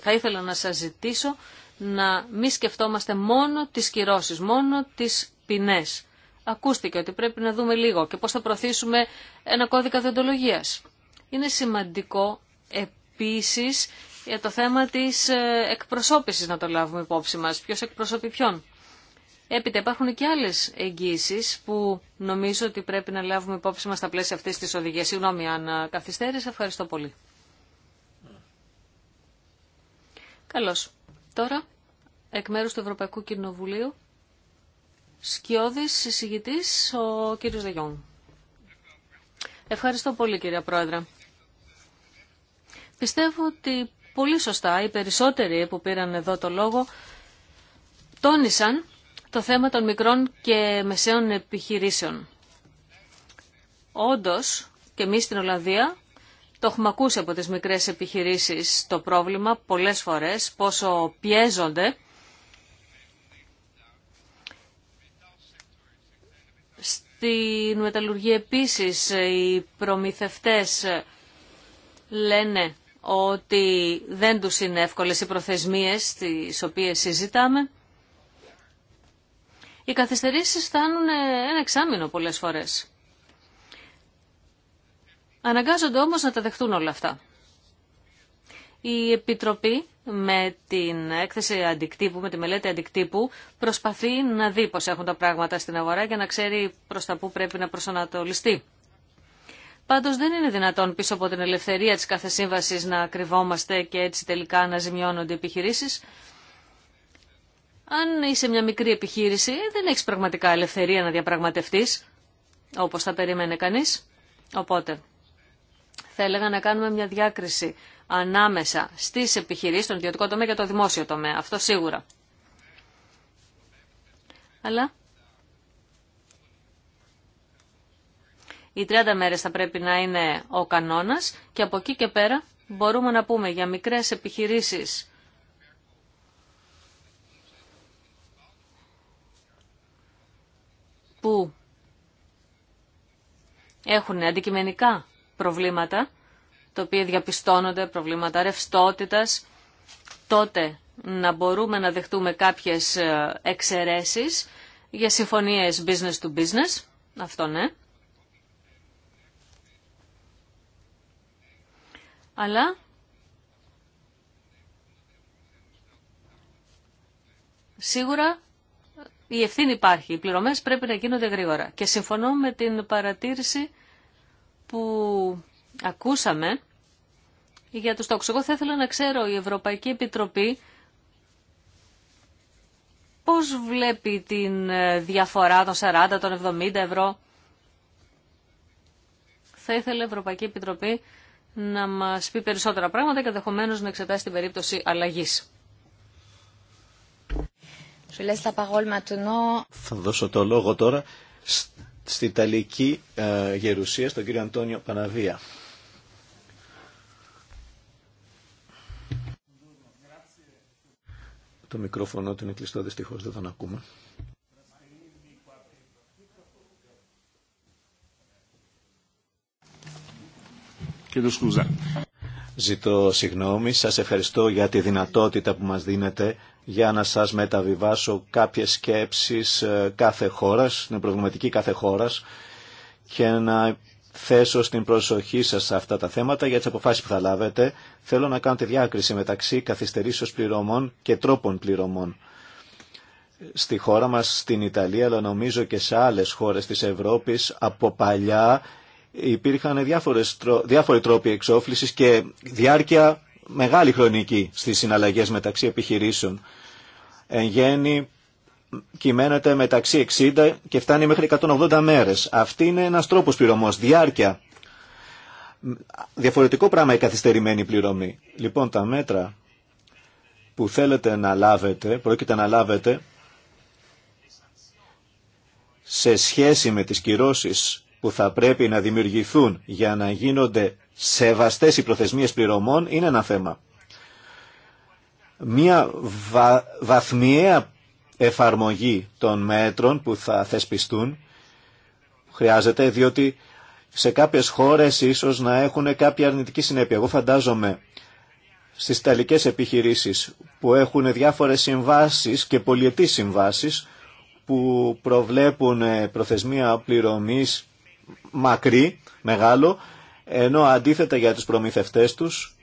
S5: θα ήθελα να σας ζητήσω να μη σκεφτόμαστε μόνο τις κυρώσεις, μόνο τις ποινές. Ακούστηκε ότι πρέπει να δούμε λίγο και πώς θα προωθήσουμε ένα κώδικα διοντολογίας. Είναι σημαντικό επίσης για το θέμα της ε, εκπροσώπησης να το λάβουμε υπόψη μας. Ποιος εκπροσωπεί ποιον. Έπειτα υπάρχουν και άλλες εγγύσεις που νομίζω ότι πρέπει να λάβουμε υπόψη μας στα πλαίσια αυτής της οδηγίας. Συγγνώμη αν ε, καθυστέρησα. Ευχαριστώ πολύ. Καλώς. Τώρα, εκ μέρους του Ευρωπαϊκού Κοινοβουλίου, σκιώδης συζητητής, ο κύριος Δεγιόν. Ευχαριστώ πολύ, κυρία Πρόεδρε. Πιστεύω ότι Πολύ σωστά, οι περισσότεροι που πήραν εδώ το λόγο τόνισαν το θέμα των μικρών και μεσαίων επιχειρήσεων. Όντως, και εμείς στην Ολλανδία το έχουμε ακούσει από τις μικρές επιχειρήσεις το πρόβλημα πολλές φορές, πόσο πιέζονται Στην μεταλλουργία επίσης οι προμηθευτές λένε ότι δεν τους είναι εύκολες οι προθεσμίες τις οποίες συζητάμε. Οι καθυστερήσεις φτάνουν ε, ένα εξάμεινο πολλές φορές. Αναγκάζονται όμως να τα δεχτούν όλα αυτά. Η Επιτροπή με την έκθεση αντικτύπου, με τη μελέτη αντικτύπου, προσπαθεί να δει πώς έχουν τα πράγματα στην αγορά και να ξέρει προς τα πού πρέπει να προσανατολιστεί. Πάντω δεν είναι δυνατόν πίσω από την ελευθερία της κάθε σύμβαση να κρυβόμαστε και έτσι τελικά να ζημιώνονται οι επιχειρήσεις. Αν είσαι μια μικρή επιχείρηση δεν έχει πραγματικά ελευθερία να διαπραγματευτείς όπως θα περίμενε κανείς. Οπότε θα έλεγα να κάνουμε μια διάκριση ανάμεσα στις επιχειρήσει τον ιδιωτικό τομέα και το δημόσιο τομέα. Αυτό σίγουρα. Αλλά Οι 30 μέρες θα πρέπει να είναι ο κανόνας και από εκεί και πέρα μπορούμε να πούμε για μικρές επιχειρήσεις που έχουν αντικειμενικά προβλήματα, τα οποία διαπιστώνονται, προβλήματα ρευστότητας, τότε να μπορούμε να δεχτούμε κάποιες ε, εξαιρέσεις για συμφωνίες business to business, αυτό ναι, αλλά σίγουρα η ευθύνη υπάρχει. Οι πληρωμές πρέπει να γίνονται γρήγορα. Και συμφωνώ με την παρατήρηση που ακούσαμε για τους τόξους. Εγώ θα ήθελα να ξέρω η Ευρωπαϊκή Επιτροπή πώς βλέπει την ε, διαφορά των 40, των 70 ευρώ. Θα ήθελε η Ευρωπαϊκή Επιτροπή να μας πει περισσότερα πράγματα και ενδεχομένω να εξετάσει την περίπτωση αλλαγής. Θα
S3: δώσω το λόγο τώρα στην Ιταλική ε, Γερουσία, στον κύριο Αντώνιο Παναβία. Το μικρόφωνο του είναι κλειστό, δυστυχώς δεν τον ακούμε. Σκούζα. Ζητώ συγγνώμη, σας ευχαριστώ για τη δυνατότητα που μας δίνετε για να σας μεταβιβάσω κάποιες σκέψεις ε, κάθε χώρας, την προβληματική κάθε χώρας και να θέσω στην προσοχή σας αυτά τα θέματα για τις αποφάσεις που θα λάβετε. Θέλω να κάνω διάκριση μεταξύ καθυστερήσεως πληρωμών και τρόπων πληρωμών. Στη χώρα μας, στην Ιταλία, αλλά νομίζω και σε άλλες χώρες της Ευρώπης, από παλιά υπήρχαν διάφορες, διάφοροι τρόποι εξόφλησης και διάρκεια μεγάλη χρονική στις συναλλαγές μεταξύ επιχειρήσεων. Εν γέννη κυμαίνεται μεταξύ 60 και φτάνει μέχρι 180 μέρες. Αυτή είναι ένας τρόπος πληρωμός, διάρκεια. Διαφορετικό πράγμα η καθυστερημένη πληρωμή. Λοιπόν, τα μέτρα που θέλετε να λάβετε, πρόκειται να λάβετε, σε σχέση με τις κυρώσεις που θα πρέπει να δημιουργηθούν για να γίνονται σεβαστές οι προθεσμίες πληρωμών είναι ένα θέμα. Μία βα... βαθμιαία εφαρμογή των μέτρων που θα θεσπιστούν χρειάζεται διότι σε κάποιες χώρες ίσως να έχουν κάποια αρνητική συνέπεια. Εγώ φαντάζομαι στις ταλικές επιχειρήσεις που έχουν διάφορες συμβάσεις και πολιετή συμβάσεις που προβλέπουν ε, προθεσμία πληρωμής μακρύ, μεγάλο, ενώ αντίθετα για τους προμηθευτές τους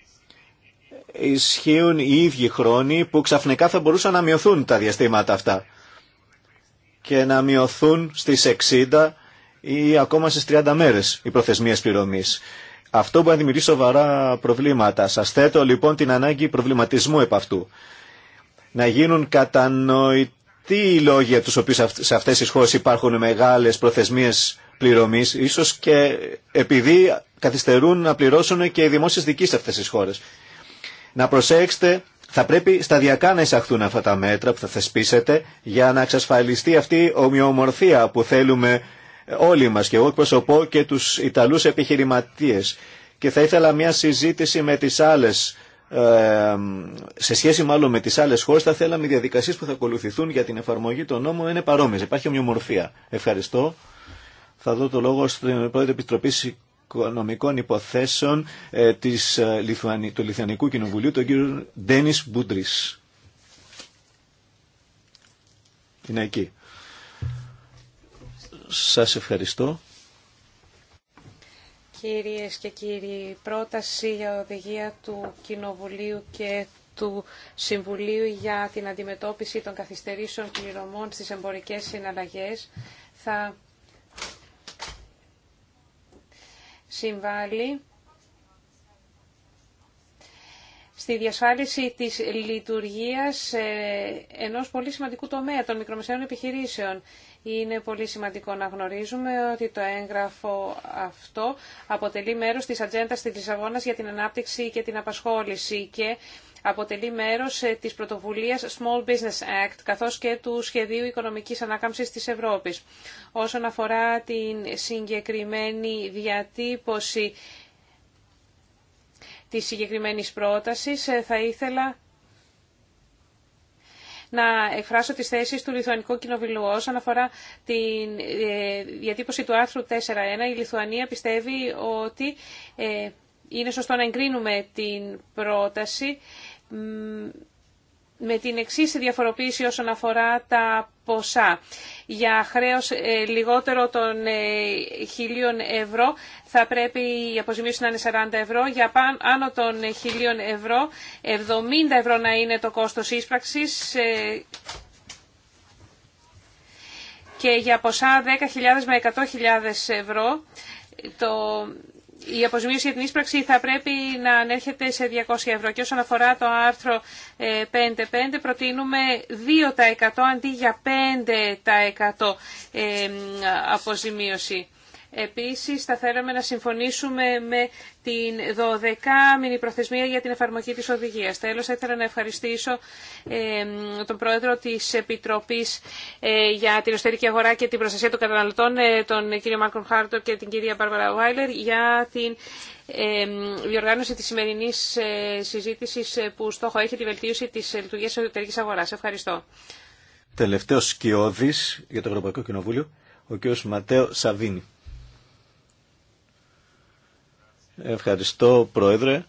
S3: ισχύουν οι ίδιοι χρόνοι που ξαφνικά θα μπορούσαν να μειωθούν τα διαστήματα αυτά και να μειωθούν στις 60 ή ακόμα στις 30 μέρες οι προθεσμίες πληρωμής. Αυτό μπορεί να δημιουργήσει σοβαρά προβλήματα. Σας θέτω λοιπόν την ανάγκη προβληματισμού επ' αυτού. Να γίνουν κατανοητοί τι λόγια λόγοι τους οποίους σε αυτές τις χώρες υπάρχουν μεγάλες προθεσμίες πληρωμής, ίσως και επειδή καθυστερούν να πληρώσουν και οι δημόσιες δικής σε αυτές τις χώρες. Να προσέξετε, θα πρέπει σταδιακά να εισαχθούν αυτά τα μέτρα που θα θεσπίσετε για να εξασφαλιστεί αυτή η ομοιομορφία που θέλουμε όλοι μας και εγώ εκπροσωπώ και τους Ιταλούς επιχειρηματίες. Και θα ήθελα μια συζήτηση με τις άλλες ε, σε σχέση μάλλον με τις άλλες χώρε, θα θέλαμε οι διαδικασίες που θα ακολουθηθούν για την εφαρμογή των νόμων είναι παρόμοιε. Υπάρχει ομοιομορφία. Ευχαριστώ. Θα δω το λόγο στην Πρόεδρο Επιτροπής Οικονομικών Υποθέσεων ε, της, ε, του Λιθουανικού Κοινοβουλίου, τον κύριο Ντένις Μπούντρι. Είναι εκεί. Σας ευχαριστώ.
S4: Κυρίες και κύριοι, πρόταση για οδηγία του Κοινοβουλίου και του Συμβουλίου για την αντιμετώπιση των καθυστερήσεων πληρωμών στις εμπορικές συναλλαγές θα συμβάλλει στη διασφάλιση της λειτουργίας ε, ενός πολύ σημαντικού τομέα των μικρομεσαίων επιχειρήσεων. Είναι πολύ σημαντικό να γνωρίζουμε ότι το έγγραφο αυτό αποτελεί μέρος της ατζέντα της Λισαβόνας για την ανάπτυξη και την απασχόληση και αποτελεί μέρος ε, της πρωτοβουλίας Small Business Act, καθώς και του Σχεδίου Οικονομικής Ανάκαμψης της Ευρώπης. Όσον αφορά την συγκεκριμένη διατύπωση της συγκεκριμένης πρότασης, ε, θα ήθελα να εκφράσω τις θέσεις του Λιθουανικού Κοινοβουλίου όσον αφορά τη ε, διατύπωση του άρθρου 4.1. Η Λιθουανία πιστεύει ότι ε, είναι σωστό να εγκρίνουμε την πρόταση με την εξή διαφοροποίηση όσον αφορά τα ποσά. Για χρέος ε, λιγότερο των 1.000 ε, ευρώ θα πρέπει η αποζημίωση να είναι 40 ευρώ. Για πάνω, άνω των 1.000 ε, ευρώ, 70 ευρώ να είναι το κόστος ίσπραξης και για ποσά 10.000 με 100.000 ευρώ το η αποζημίωση για την ίσπραξη θα πρέπει να ανέρχεται σε 200 ευρώ. Και όσον αφορά το άρθρο 5.5 ε, προτείνουμε 2% αντί για 5% ε, αποζημίωση. Επίσης, θα θέλαμε να συμφωνήσουμε με την 12η προθεσμία για την εφαρμογή της οδηγίας. Τέλος, θα ήθελα να ευχαριστήσω τον Πρόεδρο της Επιτροπής ε, για την Οστερική Αγορά και την Προστασία των Καταναλωτών, ε, τον κύριο Μάρκον Χάρτο και την κυρία Μπάρβαρα Βάιλερ, για την διοργάνωση της σημερινής ε, συζήτησης που στόχο έχει τη βελτίωση της λειτουργίας της εσωτερικής αγοράς. Ευχαριστώ.
S3: Τελευταίος σκιώδης για το Ευρωπαϊκό Κοινοβούλιο, ο κ. Ματέο Σαβίνη. Ευχαριστώ, Πρόεδρε.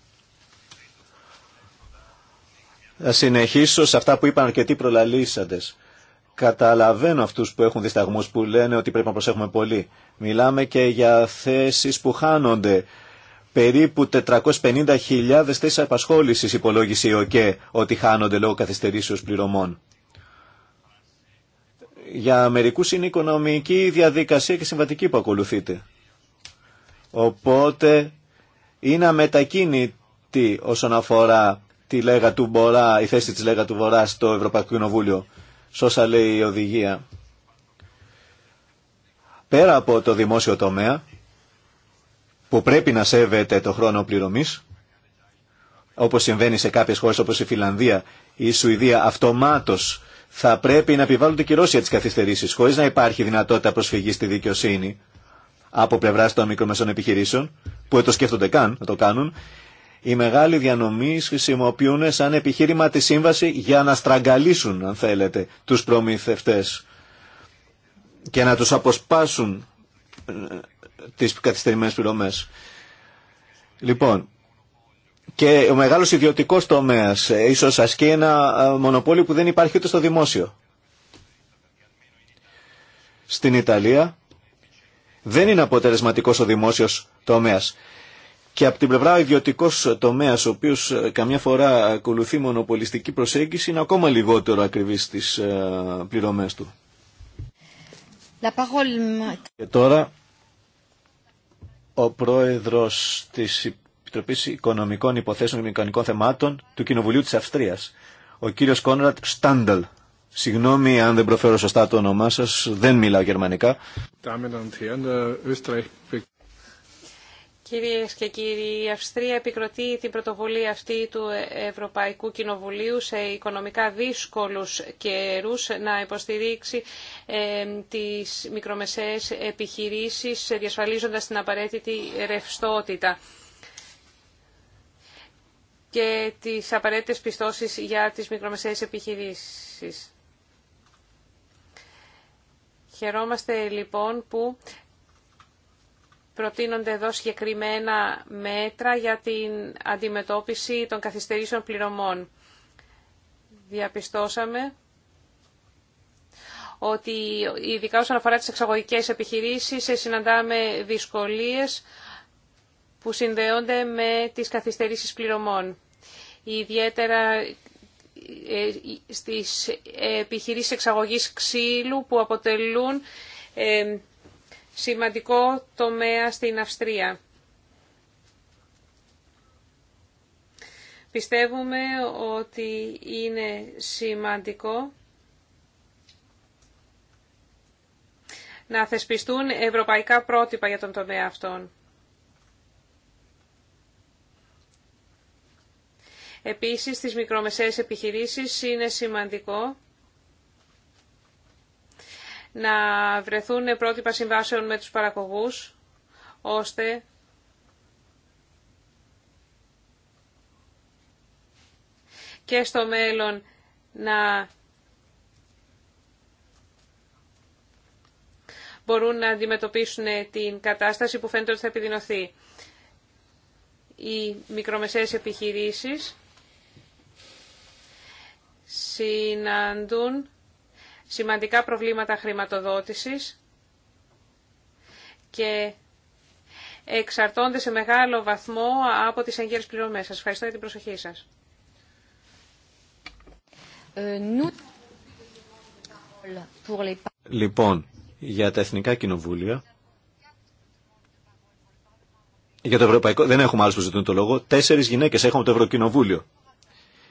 S3: Θα συνεχίσω σε αυτά που είπαν αρκετοί προλαλήσαντες. Καταλαβαίνω αυτούς που έχουν δισταγμούς που λένε ότι πρέπει να προσέχουμε πολύ. Μιλάμε και για θέσεις που χάνονται. Περίπου 450.000 θέσεις απασχόλησης υπολόγισε η ΟΚΕ ότι χάνονται λόγω καθυστερήσεως πληρωμών. Για μερικούς είναι οικονομική διαδικασία και συμβατική που ακολουθείτε. Οπότε είναι αμετακίνητη όσον αφορά τη Λέγα του Μπορά, η θέση της Λέγα του Βορρά στο Ευρωπαϊκό Κοινοβούλιο, σ' όσα λέει η οδηγία. Πέρα από το δημόσιο τομέα, που πρέπει να σέβεται το χρόνο πληρωμής, όπως συμβαίνει σε κάποιες χώρες όπως η Φιλανδία ή η Σουηδία, αυτομάτως θα πρέπει να επιβάλλονται τη για τις καθυστερήσεις, χωρίς να υπάρχει δυνατότητα προσφυγής στη δικαιοσύνη από πλευρά των μικρομεσών επιχειρήσεων, που δεν το σκέφτονται καν να το κάνουν, οι μεγάλοι διανομή χρησιμοποιούν σαν επιχείρημα τη σύμβαση για να στραγγαλίσουν, αν θέλετε, τους προμηθευτές και να τους αποσπάσουν ε, τις καθυστερημένε πληρωμέ. Λοιπόν, και ο μεγάλος ιδιωτικό τομέα ε, ίσω ασκεί ένα ε, μονοπόλιο που δεν υπάρχει ούτε στο δημόσιο. Στην Ιταλία δεν είναι αποτελεσματικός ο δημόσιος τομέας. Και από την πλευρά ο ιδιωτικό τομέα, ο οποίος ε, καμιά φορά ακολουθεί μονοπολιστική προσέγγιση, είναι ακόμα λιγότερο ακριβής στις ε, πληρωμές του. Και τώρα ο πρόεδρος της Επιτροπής Οικονομικών Υποθέσεων και Μηχανικών Θεμάτων του Κοινοβουλίου της Αυστρίας, ο κύριο Κόνραντ Στάνταλ. Συγγνώμη αν δεν προφέρω σωστά το όνομά σα, δεν μιλάω γερμανικά.
S1: Κυρίε
S4: και κύριοι, η Αυστρία επικροτεί την πρωτοβουλία αυτή του Ευρωπαϊκού Κοινοβουλίου σε οικονομικά δύσκολου καιρού να υποστηρίξει ε, τις μικρομεσαίες επιχειρήσεις διασφαλίζοντας την απαραίτητη ρευστότητα και τις απαραίτητες πιστώσεις για τις μικρομεσαίες επιχειρήσεις. Χαιρόμαστε λοιπόν που προτείνονται εδώ συγκεκριμένα μέτρα για την αντιμετώπιση των καθυστερήσεων πληρωμών. Διαπιστώσαμε ότι ειδικά όσον αφορά τις εξαγωγικές επιχειρήσεις ε, συναντάμε δυσκολίες που συνδέονται με τις καθυστερήσεις πληρωμών. Ιδιαίτερα ε, στις επιχειρήσεις εξαγωγής ξύλου που αποτελούν ε, σημαντικό τομέα στην Αυστρία. Πιστεύουμε ότι είναι σημαντικό να θεσπιστούν ευρωπαϊκά πρότυπα για τον τομέα αυτόν. Επίσης, στις μικρομεσαίες επιχειρήσεις είναι σημαντικό να βρεθούν πρότυπα συμβάσεων με τους παραγωγούς, ώστε και στο μέλλον να μπορούν να αντιμετωπίσουν την κατάσταση που φαίνεται ότι θα επιδεινωθεί. Οι μικρομεσαίες επιχειρήσεις συναντούν σημαντικά προβλήματα χρηματοδότησης και εξαρτώνται σε μεγάλο βαθμό από τις εγγύρες πληρωμές. Σας ευχαριστώ για την προσοχή σας.
S1: Ε,
S3: λοιπόν, για τα εθνικά κοινοβούλια, για το ευρωπαϊκό, δεν έχουμε άλλους που ζητούν το λόγο, τέσσερις γυναίκες έχουμε το Ευρωκοινοβούλιο.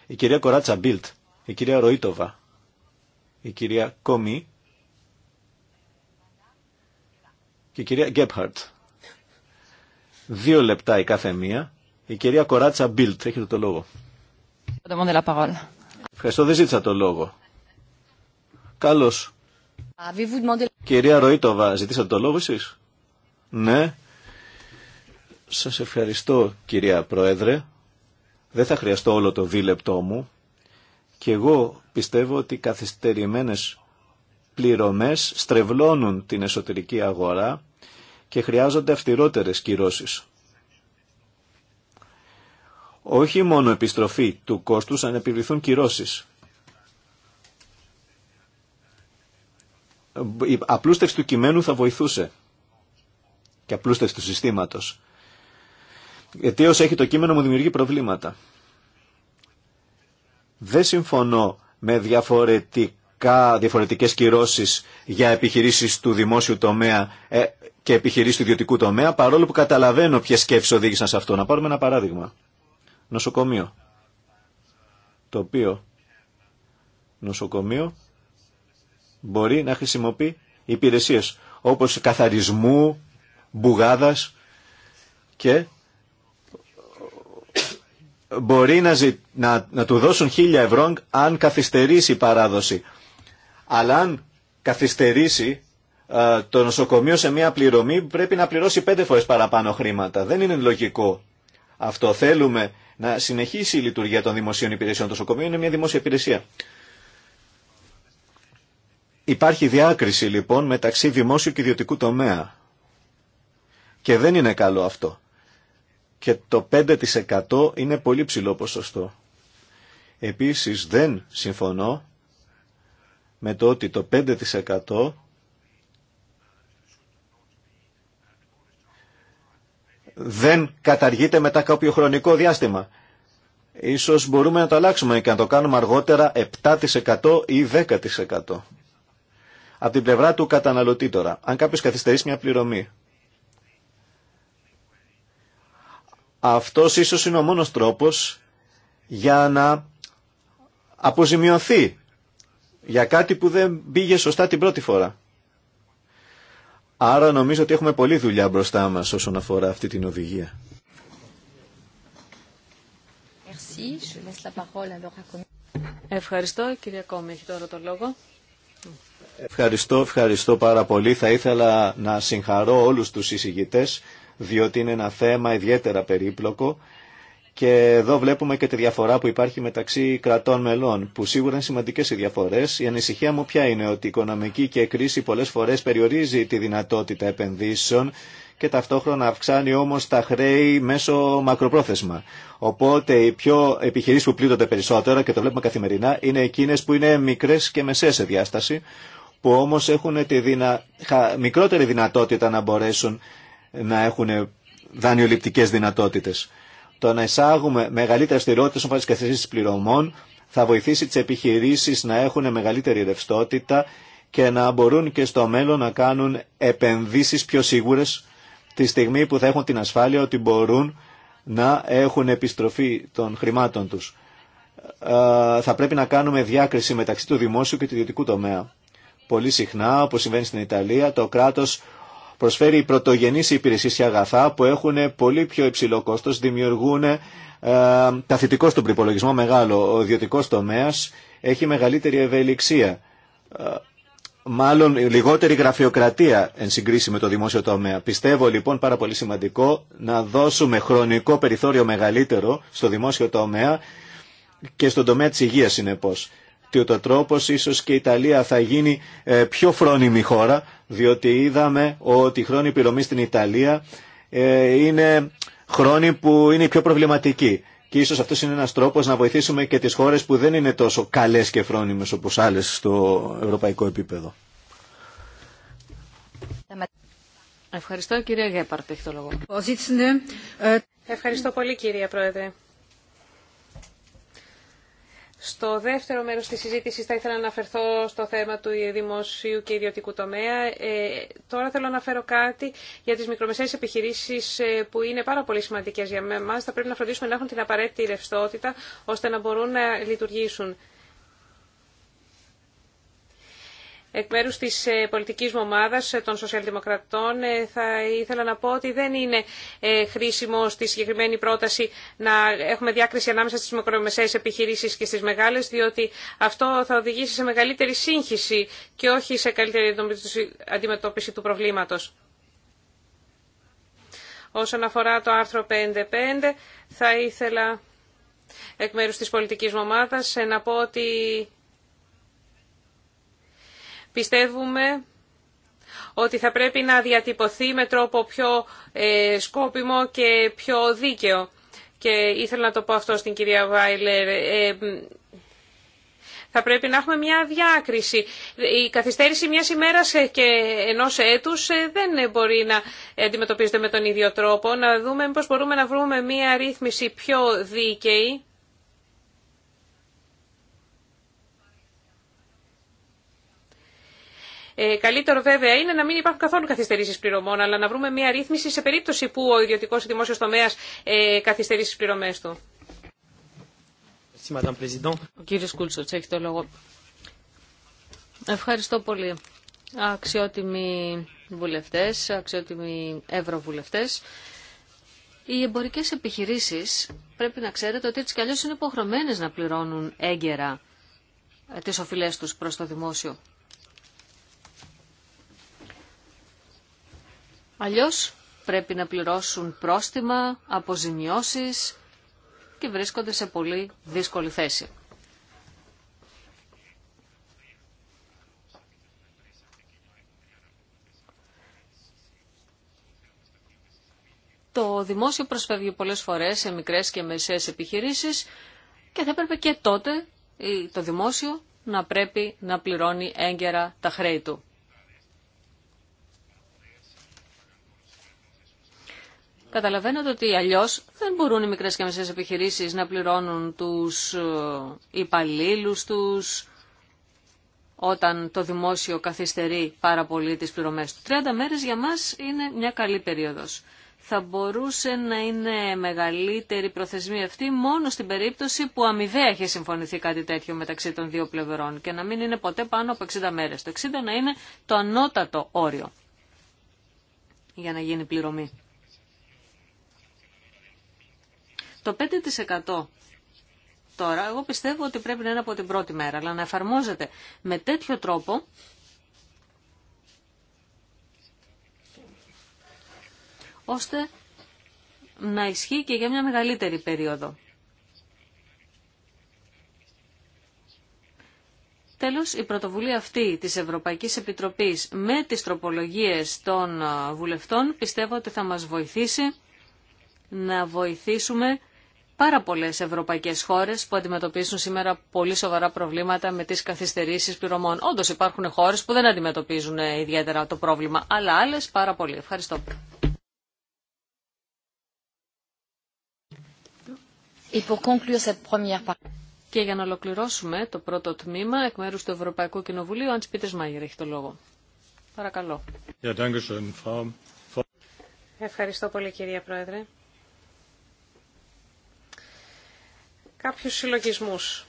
S3: Η κυρία Κοράτσα Μπίλτ η κυρία Ροήτοβα, η κυρία Κόμι και η κυρία Γκέπχαρτ. Δύο λεπτά η κάθε μία. Η κυρία Κοράτσα Μπίλτ, έχετε το λόγο. Ευχαριστώ, δεν ζήτησα το λόγο. Καλώς. Κυρία Ροΐτοβα, ζητήσατε το λόγο εσείς. Ναι. Σας ευχαριστώ κυρία Πρόεδρε. Δεν θα χρειαστώ όλο το δίλεπτό μου. Και εγώ πιστεύω ότι οι καθυστερημένες πληρωμές στρεβλώνουν την εσωτερική αγορά και χρειάζονται αυτηρότερες κυρώσεις. Όχι μόνο επιστροφή του κόστους, αν επιβληθούν κυρώσεις. Η απλούστευση του κειμένου θα βοηθούσε και απλούστευση του συστήματος. Γιατί όσο έχει το κείμενο μου δημιουργεί προβλήματα. Δεν συμφωνώ με διαφορετικά, διαφορετικές κυρώσεις για επιχειρήσεις του δημόσιου τομέα ε, και επιχειρήσεις του ιδιωτικού τομέα, παρόλο που καταλαβαίνω ποιες σκέψεις οδήγησαν σε αυτό. Να πάρουμε ένα παράδειγμα. Νοσοκομείο. Το οποίο νοσοκομείο μπορεί να χρησιμοποιεί υπηρεσίες όπως καθαρισμού, μπουγάδας και μπορεί να, να... του δώσουν χίλια ευρώ αν καθυστερήσει η παράδοση. Αλλά αν καθυστερήσει ε, το νοσοκομείο σε μια πληρωμή πρέπει να πληρώσει πέντε φορές παραπάνω χρήματα. Δεν είναι λογικό αυτό. Θέλουμε να συνεχίσει η λειτουργία των δημοσίων υπηρεσιών. Το νοσοκομείο είναι μια δημόσια υπηρεσία. Υπάρχει διάκριση λοιπόν μεταξύ δημόσιου και ιδιωτικού τομέα. Και δεν είναι καλό αυτό και το 5% είναι πολύ ψηλό ποσοστό. Επίσης δεν συμφωνώ με το ότι το 5% δεν καταργείται μετά κάποιο χρονικό διάστημα. Ίσως μπορούμε να το αλλάξουμε και να το κάνουμε αργότερα 7% ή 10%. Από την πλευρά του καταναλωτή τώρα, αν κάποιος καθυστερήσει μια πληρωμή, Αυτός ίσως είναι ο μόνος τρόπος για να αποζημιωθεί για κάτι που δεν πήγε σωστά την πρώτη φορά. Άρα νομίζω ότι έχουμε πολλή δουλειά μπροστά μας όσον αφορά αυτή την οδηγία.
S5: Ευχαριστώ. Κυρία Κόμη, έχει τώρα το λόγο.
S3: Ευχαριστώ, ευχαριστώ πάρα πολύ. Θα ήθελα να συγχαρώ όλους τους εισηγητές διότι είναι ένα θέμα ιδιαίτερα περίπλοκο και εδώ βλέπουμε και τη διαφορά που υπάρχει μεταξύ κρατών μελών, που σίγουρα είναι σημαντικέ οι διαφορέ. Η ανησυχία μου ποια είναι ότι η οικονομική και η κρίση πολλέ φορέ περιορίζει τη δυνατότητα επενδύσεων και ταυτόχρονα αυξάνει όμω τα χρέη μέσω μακροπρόθεσμα. Οπότε οι πιο επιχειρήσει που πλήττονται περισσότερα και το βλέπουμε καθημερινά είναι εκείνε που είναι μικρέ και μεσαίε σε διάσταση, που όμω έχουν τη μικρότερη δυνατότητα να μπορέσουν να έχουν δανειοληπτικέ δυνατότητε. Το να εισάγουμε μεγαλύτερη αυστηρότητα στον πληρωμών θα βοηθήσει τι επιχειρήσει να έχουν μεγαλύτερη ρευστότητα και να μπορούν και στο μέλλον να κάνουν επενδύσει πιο σίγουρε τη στιγμή που θα έχουν την ασφάλεια ότι μπορούν να έχουν επιστροφή των χρημάτων τους. Ε, θα πρέπει να κάνουμε διάκριση μεταξύ του δημόσιου και του ιδιωτικού τομέα. Πολύ συχνά, όπως συμβαίνει στην Ιταλία, το κράτος προσφέρει πρωτογενείς υπηρεσίες και αγαθά που έχουν πολύ πιο υψηλό κόστος, δημιουργούν ε, ταθητικό στον προπολογισμό μεγάλο. Ο ιδιωτικό τομέας έχει μεγαλύτερη ευελιξία. Ε, μάλλον λιγότερη γραφειοκρατία εν συγκρίση με το δημόσιο τομέα. Πιστεύω λοιπόν πάρα πολύ σημαντικό να δώσουμε χρονικό περιθώριο μεγαλύτερο στο δημόσιο τομέα και στον τομέα της υγείας συνεπώς. Τι ο τρόπος ίσως και η Ιταλία θα γίνει ε, πιο φρόνιμη χώρα διότι είδαμε ότι η χρόνια πληρωμή στην Ιταλία ε, είναι χρόνο που είναι η πιο προβληματική. Και ίσως αυτός είναι ένας τρόπος να βοηθήσουμε και τις χώρες που δεν είναι τόσο καλές και φρόνιμες όπως άλλες στο ευρωπαϊκό επίπεδο.
S5: Ευχαριστώ κύριε Γέπαρτ, έχει το λόγο. Ευχαριστώ πολύ κυρία Πρόεδρε. Στο
S4: δεύτερο μέρος της συζήτησης θα ήθελα να αναφερθώ στο θέμα του δημοσίου και ιδιωτικού τομέα. Ε, τώρα θέλω να αναφέρω κάτι για τις μικρομεσαίες επιχειρήσεις ε, που είναι πάρα πολύ σημαντικές για εμάς. Θα πρέπει να φροντίσουμε να έχουν την απαραίτητη ρευστότητα ώστε να μπορούν να λειτουργήσουν. Εκ μέρους της ε, πολιτικής μου ομάδας ε, των Σοσιαλδημοκρατών ε, θα ήθελα να πω ότι δεν είναι χρήσιμο στη συγκεκριμένη πρόταση να έχουμε διάκριση ανάμεσα στις μικρομεσαίες επιχειρήσεις και στις μεγάλες διότι αυτό θα οδηγήσει σε μεγαλύτερη σύγχυση και όχι σε καλύτερη αντιμετώπιση του προβλήματος. Όσον αφορά το άρθρο 5.5 θα ήθελα εκ μέρους της πολιτικής μου ομάδας να πω ότι Πιστεύουμε ότι θα πρέπει να διατυπωθεί με τρόπο πιο ε, σκόπιμο και πιο δίκαιο. Και ήθελα να το πω αυτό στην κυρία Βάιλερ. Ε, θα πρέπει να έχουμε μια διάκριση. Η καθυστέρηση μια ημέρα και ενό έτου ε, δεν μπορεί να αντιμετωπίζεται με τον ίδιο τρόπο. Να δούμε πώ μπορούμε να βρούμε μια ρύθμιση πιο δίκαιη Ε, καλύτερο βέβαια είναι να μην υπάρχουν καθόλου καθυστερήσει πληρωμών, αλλά να βρούμε μια ρύθμιση σε περίπτωση που ο ιδιωτικό ή δημόσιο τομέα ε, καθυστερεί πληρωμέ του.
S5: Ο κύριο Κούλτσοτ έχει το λόγο. Ευχαριστώ πολύ. Αξιότιμοι βουλευτέ, αξιότιμοι ευρωβουλευτέ. Οι εμπορικέ επιχειρήσει πρέπει να ξέρετε ότι έτσι κι αλλιώ είναι υποχρεωμένες να πληρώνουν έγκαιρα τι οφείλε του προ το δημόσιο. Αλλιώς πρέπει να πληρώσουν πρόστιμα, αποζημιώσεις και βρίσκονται σε πολύ δύσκολη θέση. Το δημόσιο προσφεύγει πολλές φορές σε μικρές και μεσαίες επιχειρήσεις και θα έπρεπε και τότε το δημόσιο να πρέπει να πληρώνει έγκαιρα τα χρέη του. Καταλαβαίνετε ότι αλλιώ δεν μπορούν οι μικρέ και μεσαίε επιχειρήσει να πληρώνουν του ε, υπαλλήλου του όταν το δημόσιο καθυστερεί πάρα πολύ τι πληρωμέ του. 30 μέρε για μα είναι μια καλή περίοδο. Θα μπορούσε να είναι μεγαλύτερη προθεσμία αυτή μόνο στην περίπτωση που αμοιβαία έχει συμφωνηθεί κάτι τέτοιο μεταξύ των δύο πλευρών και να μην είναι ποτέ πάνω από 60 μέρε. Το 60 να είναι το ανώτατο όριο για να γίνει πληρωμή. Το 5% τώρα, εγώ πιστεύω ότι πρέπει να είναι από την πρώτη μέρα, αλλά να εφαρμόζεται με τέτοιο τρόπο ώστε να ισχύει και για μια μεγαλύτερη περίοδο. Τέλος, η πρωτοβουλία αυτή της Ευρωπαϊκής Επιτροπής με τις τροπολογίες των ε, βουλευτών πιστεύω ότι θα μας βοηθήσει να βοηθήσουμε πάρα πολλές ευρωπαϊκές χώρες που αντιμετωπίζουν σήμερα πολύ σοβαρά προβλήματα με τις καθυστερήσεις πληρωμών. Όντως υπάρχουν χώρες που δεν αντιμετωπίζουν ε, ιδιαίτερα το πρόβλημα, αλλά άλλες πάρα πολύ. Ευχαριστώ. Και για να ολοκληρώσουμε το πρώτο τμήμα, εκ μέρους του Ευρωπαϊκού Κοινοβουλίου, Αντς Πίτες Μάγερ έχει το λόγο. Παρακαλώ.
S4: Ευχαριστώ πολύ κυρία Πρόεδρε. κάποιους συλλογισμούς.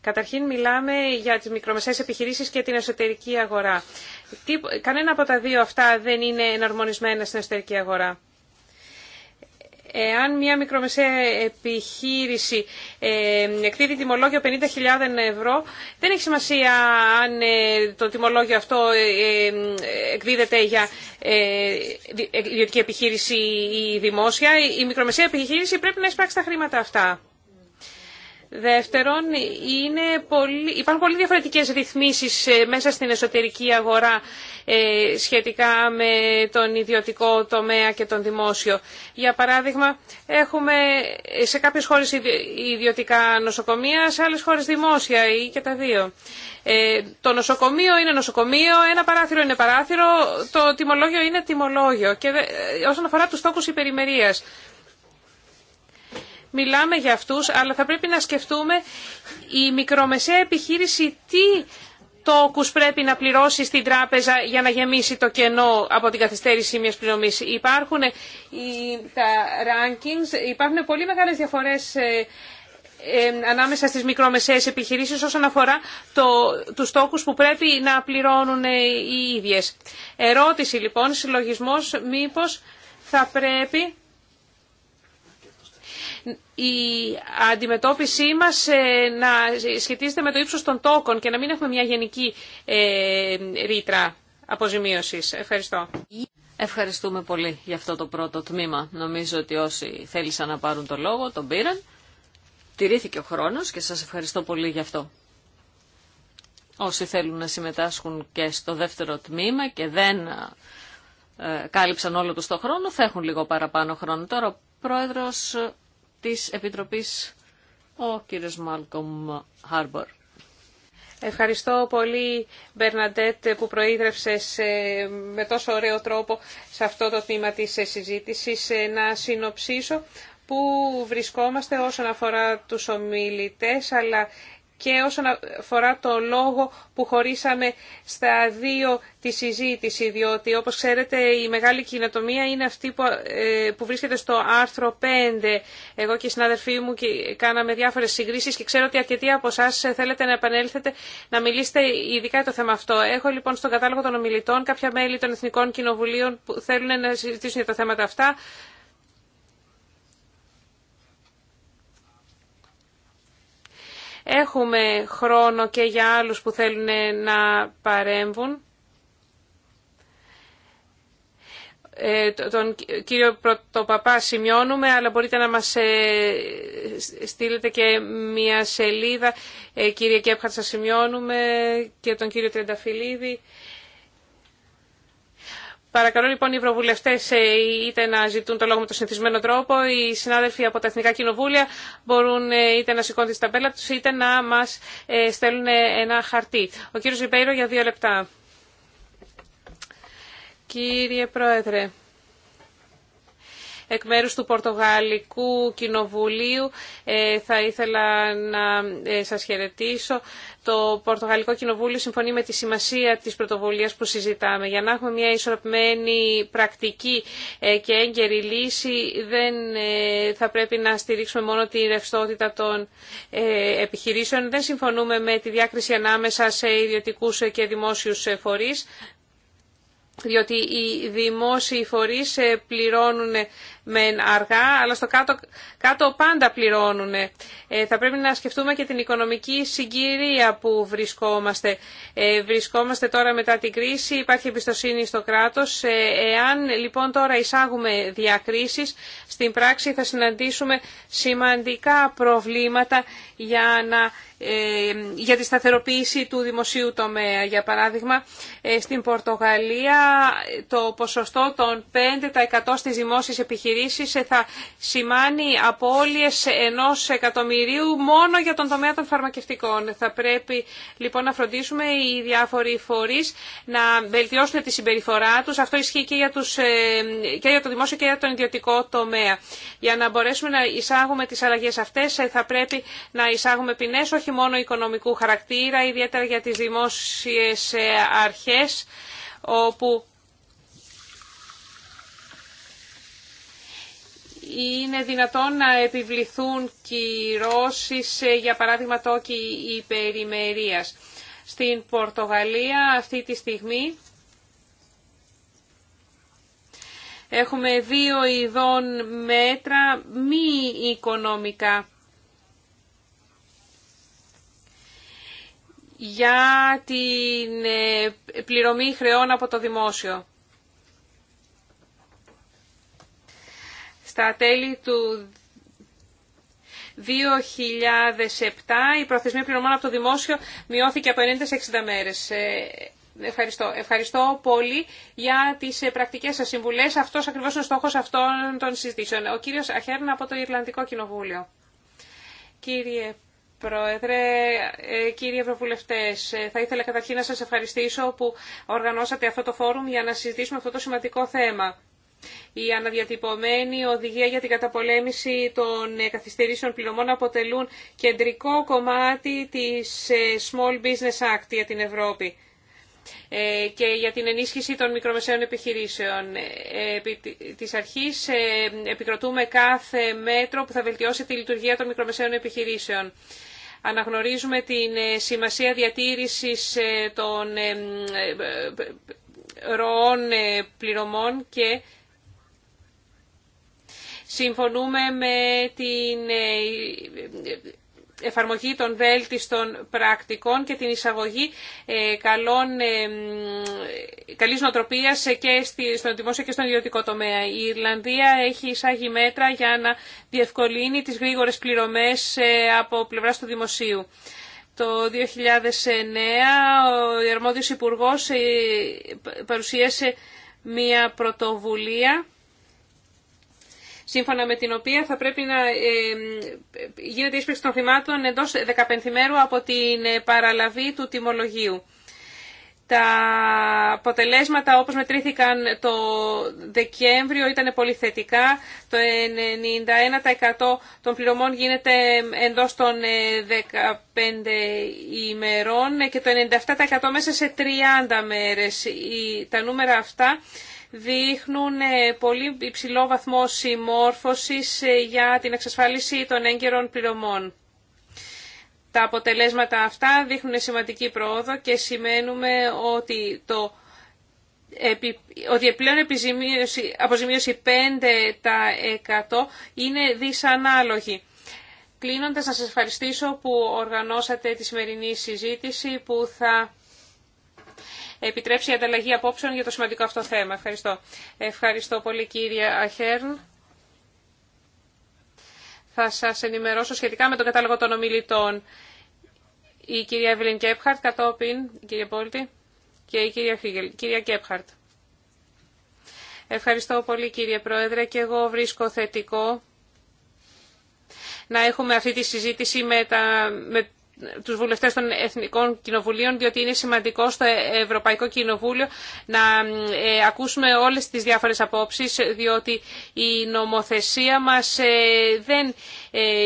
S4: Καταρχήν μιλάμε για τις μικρομεσαίες επιχειρήσεις και την εσωτερική αγορά. Τι, κανένα από τα δύο αυτά δεν είναι εναρμονισμένα στην εσωτερική αγορά. Εάν μια μικρομεσαία επιχείρηση ε, εκδίδει τιμολόγιο 50.000 ευρώ, δεν έχει σημασία αν ε, το τιμολόγιο αυτό ε, εκδίδεται για ιδιωτική επιχείρηση ή δημόσια. Η μικρομεσαία επιχείρηση πρέπει να εισπράξει τα χρήματα αυτά. Δεύτερον, είναι πολύ, υπάρχουν πολύ διαφορετικές ρυθμίσεις ε, μέσα στην εσωτερική αγορά ε, σχετικά με τον ιδιωτικό τομέα και τον δημόσιο. Για παράδειγμα, έχουμε σε κάποιες χώρες ιδιωτικά νοσοκομεία, σε άλλες χώρες δημόσια ή και τα δύο. Ε, το νοσοκομείο είναι νοσοκομείο, ένα παράθυρο είναι παράθυρο, το τιμολόγιο είναι τιμολόγιο. Και όσον αφορά τους στόχους υπερημερίας, μιλάμε για αυτούς, αλλά θα πρέπει να σκεφτούμε η μικρομεσαία επιχείρηση τι τόκους πρέπει να πληρώσει στην τράπεζα για να γεμίσει το κενό από την καθυστέρηση μιας πληρωμής. Υπάρχουν ε, τα rankings, υπάρχουν πολύ μεγάλες διαφορές ε, ε, ανάμεσα στις μικρομεσαίες επιχειρήσεις όσον αφορά το, τους τόκους που πρέπει να πληρώνουν οι ίδιες. Ερώτηση λοιπόν, συλλογισμός, μήπως θα πρέπει η αντιμετώπιση μας ε, να σχετίζεται με το ύψος των τόκων και να μην έχουμε μια γενική ε, ρήτρα
S5: αποζημίωσης. Ευχαριστώ. Ευχαριστούμε πολύ για αυτό το πρώτο τμήμα. Νομίζω ότι όσοι θέλησαν να πάρουν το λόγο τον πήραν. Τηρήθηκε ο χρόνος και σας ευχαριστώ πολύ γι' αυτό. Όσοι θέλουν να συμμετάσχουν και στο δεύτερο τμήμα και δεν ε, κάλυψαν όλο τους το χρόνο θα έχουν λίγο παραπάνω χρόνο. Τώρα ο Πρόεδρος της ο κύριος Ευχαριστώ πολύ, Μπερναντέτ, που προείδρευσες
S4: με τόσο ωραίο τρόπο σε αυτό το τμήμα της συζήτηση, ε, Να συνοψίσω που βρισκόμαστε όσον αφορά τους ομιλητές, αλλά και όσον αφορά το λόγο που χωρίσαμε στα δύο τη συζήτηση, διότι όπως ξέρετε η μεγάλη κοινοτομία είναι αυτή που, ε, που βρίσκεται στο άρθρο 5. Εγώ και οι συνάδελφοί μου και κάναμε διάφορες συγκρίσεις και ξέρω ότι αρκετοί από εσά θέλετε να επανέλθετε να μιλήσετε ειδικά το θέμα αυτό. Έχω λοιπόν στον κατάλογο των ομιλητών κάποια μέλη των Εθνικών Κοινοβουλίων που θέλουν να συζητήσουν για τα θέματα αυτά. Έχουμε χρόνο και για άλλους που θέλουν να παρέμβουν. Ε, τον κύριο Πρωτοπαπά σημειώνουμε, αλλά μπορείτε να μας ε, στείλετε και μία σελίδα. Ε, κύριε Κέπχαρτ, σας σημειώνουμε και τον κύριο Τρενταφυλλίδη. Παρακαλώ λοιπόν οι ευρωβουλευτέ ε, είτε να ζητούν το λόγο με τον συνηθισμένο τρόπο, οι συνάδελφοι από τα εθνικά κοινοβούλια μπορούν ε, είτε να σηκώνουν τη ταμπέλα του είτε να μα ε, στέλνουν ένα χαρτί. Ο κύριο Ριπέιρο για δύο λεπτά. Κύριε Πρόεδρε εκ μέρους του Πορτογαλικού Κοινοβουλίου ε, θα ήθελα να ε, σας χαιρετήσω. Το Πορτογαλικό Κοινοβούλιο συμφωνεί με τη σημασία της πρωτοβουλίας που συζητάμε. Για να έχουμε μια ισορροπημένη πρακτική ε, και έγκαιρη λύση δεν θα πρέπει να στηρίξουμε μόνο τη ρευστότητα των επιχειρήσεων. Δεν συμφωνούμε με τη διάκριση ανάμεσα σε ιδιωτικούς και δημόσιους φορείς διότι οι δημόσιοι φορείς πληρώνουν μεν αργά, αλλά στο κάτω, κάτω πάντα πληρώνουν. Ε, θα πρέπει να σκεφτούμε και την οικονομική συγκυρία που βρισκόμαστε. Ε, βρισκόμαστε τώρα μετά την κρίση, υπάρχει εμπιστοσύνη στο κράτος. Ε, εάν λοιπόν τώρα εισάγουμε διακρίσεις, στην πράξη θα συναντήσουμε σημαντικά προβλήματα για να για τη σταθεροποίηση του δημοσίου τομέα. Για παράδειγμα, στην Πορτογαλία το ποσοστό των 5% στις δημόσιες επιχειρήσεις επιχειρήσεις ε, θα σημάνει απώλειες ενός εκατομμυρίου μόνο για τον τομέα των φαρμακευτικών. Θα πρέπει λοιπόν να φροντίσουμε οι διάφοροι φορείς να βελτιώσουν τη συμπεριφορά τους. Αυτό ισχύει και για, τους, ε, και για το δημόσιο και για τον ιδιωτικό τομέα. Για να μπορέσουμε να εισάγουμε τις αλλαγές αυτές ε, θα πρέπει να εισάγουμε ποινές όχι μόνο οικονομικού χαρακτήρα, ιδιαίτερα για τις δημόσιες αρχές όπου είναι δυνατόν να επιβληθούν κυρώσεις, ε, για παράδειγμα τόκοι υπερημερίας. Στην Πορτογαλία αυτή τη στιγμή έχουμε δύο ειδών μέτρα μη οικονομικά. για την ε, πληρωμή χρεών από το δημόσιο. Στα τέλη του 2007 η προθεσμία πληρωμών από το δημόσιο μειώθηκε από 90 σε 60 μέρες. Ε, ευχαριστώ. Ευχαριστώ πολύ για τις ε, πρακτικές σας συμβουλές. Αυτός ακριβώς είναι ο στόχος αυτών των συζητήσεων. Ο κύριος Αχέρνα από το Ιρλανδικό Κοινοβούλιο. Κύριε Πρόεδρε, ε, κύριοι Ευρωβουλευτέ, θα ήθελα καταρχήν να σας ευχαριστήσω που οργανώσατε αυτό το φόρουμ για να συζητήσουμε αυτό το σημαντικό θέμα. Η αναδιατυπωμένη οδηγία για την καταπολέμηση των ε, καθυστερήσεων πληρωμών αποτελούν κεντρικό κομμάτι της ε, Small Business Act για την Ευρώπη ε, και για την ενίσχυση των μικρομεσαίων επιχειρήσεων. Επί της αρχής επικροτούμε κάθε μέτρο που θα βελτιώσει τη λειτουργία των μικρομεσαίων επιχειρήσεων. Αναγνωρίζουμε την σημασία διατήρησης των ροών πληρωμών και Συμφωνούμε με την ε, εφαρμογή των βέλτιστων πρακτικών και την εισαγωγή ε, καλών, ε, καλής νοοτροπίας και στον δημόσιο και στον ιδιωτικό τομέα. Η Ιρλανδία έχει εισάγει μέτρα για να διευκολύνει τις γρήγορες πληρωμές από πλευράς του δημοσίου. Το 2009 ο Αρμόδιος Υπουργός παρουσίασε μια πρωτοβουλία σύμφωνα με την οποία θα πρέπει να ε, γίνεται ίσπραξη των χρηματων εντός 15 μέρου από την ε, παραλαβή του τιμολογίου. Τα αποτελέσματα όπως μετρήθηκαν το Δεκέμβριο ήταν πολύ θετικά. Το 91% των πληρωμών γίνεται εντός των 15 ε, ημερών και το 97% μέσα σε 30 μέρες. Τα νούμερα αυτά δείχνουν ε, πολύ υψηλό βαθμό συμμόρφωσης ε, για την εξασφάλιση των έγκαιρων πληρωμών. Τα αποτελέσματα αυτά δείχνουν σημαντική πρόοδο και σημαίνουμε ότι το ότι αποζημίωση 5% είναι δυσανάλογη. Κλείνοντας, να σας ευχαριστήσω που οργανώσατε τη σημερινή συζήτηση που θα επιτρέψει η ανταλλαγή απόψεων για το σημαντικό αυτό θέμα. Ευχαριστώ. Ευχαριστώ πολύ κύριε Αχέρν. Θα σας ενημερώσω σχετικά με τον κατάλογο των ομιλητών. Η κυρία Ευλίν Κέπχαρτ, κατόπιν η Πόλτη και η κυρία Κυρία Κέπχαρτ. Ευχαριστώ πολύ κύριε Πρόεδρε και εγώ βρίσκω θετικό να έχουμε αυτή τη συζήτηση με, τα, με τους βουλευτές των Εθνικών Κοινοβουλίων, διότι είναι σημαντικό στο Ευρωπαϊκό Κοινοβούλιο να ε, ακούσουμε όλες τις διάφορες απόψεις, διότι η νομοθεσία μας ε, δεν ε,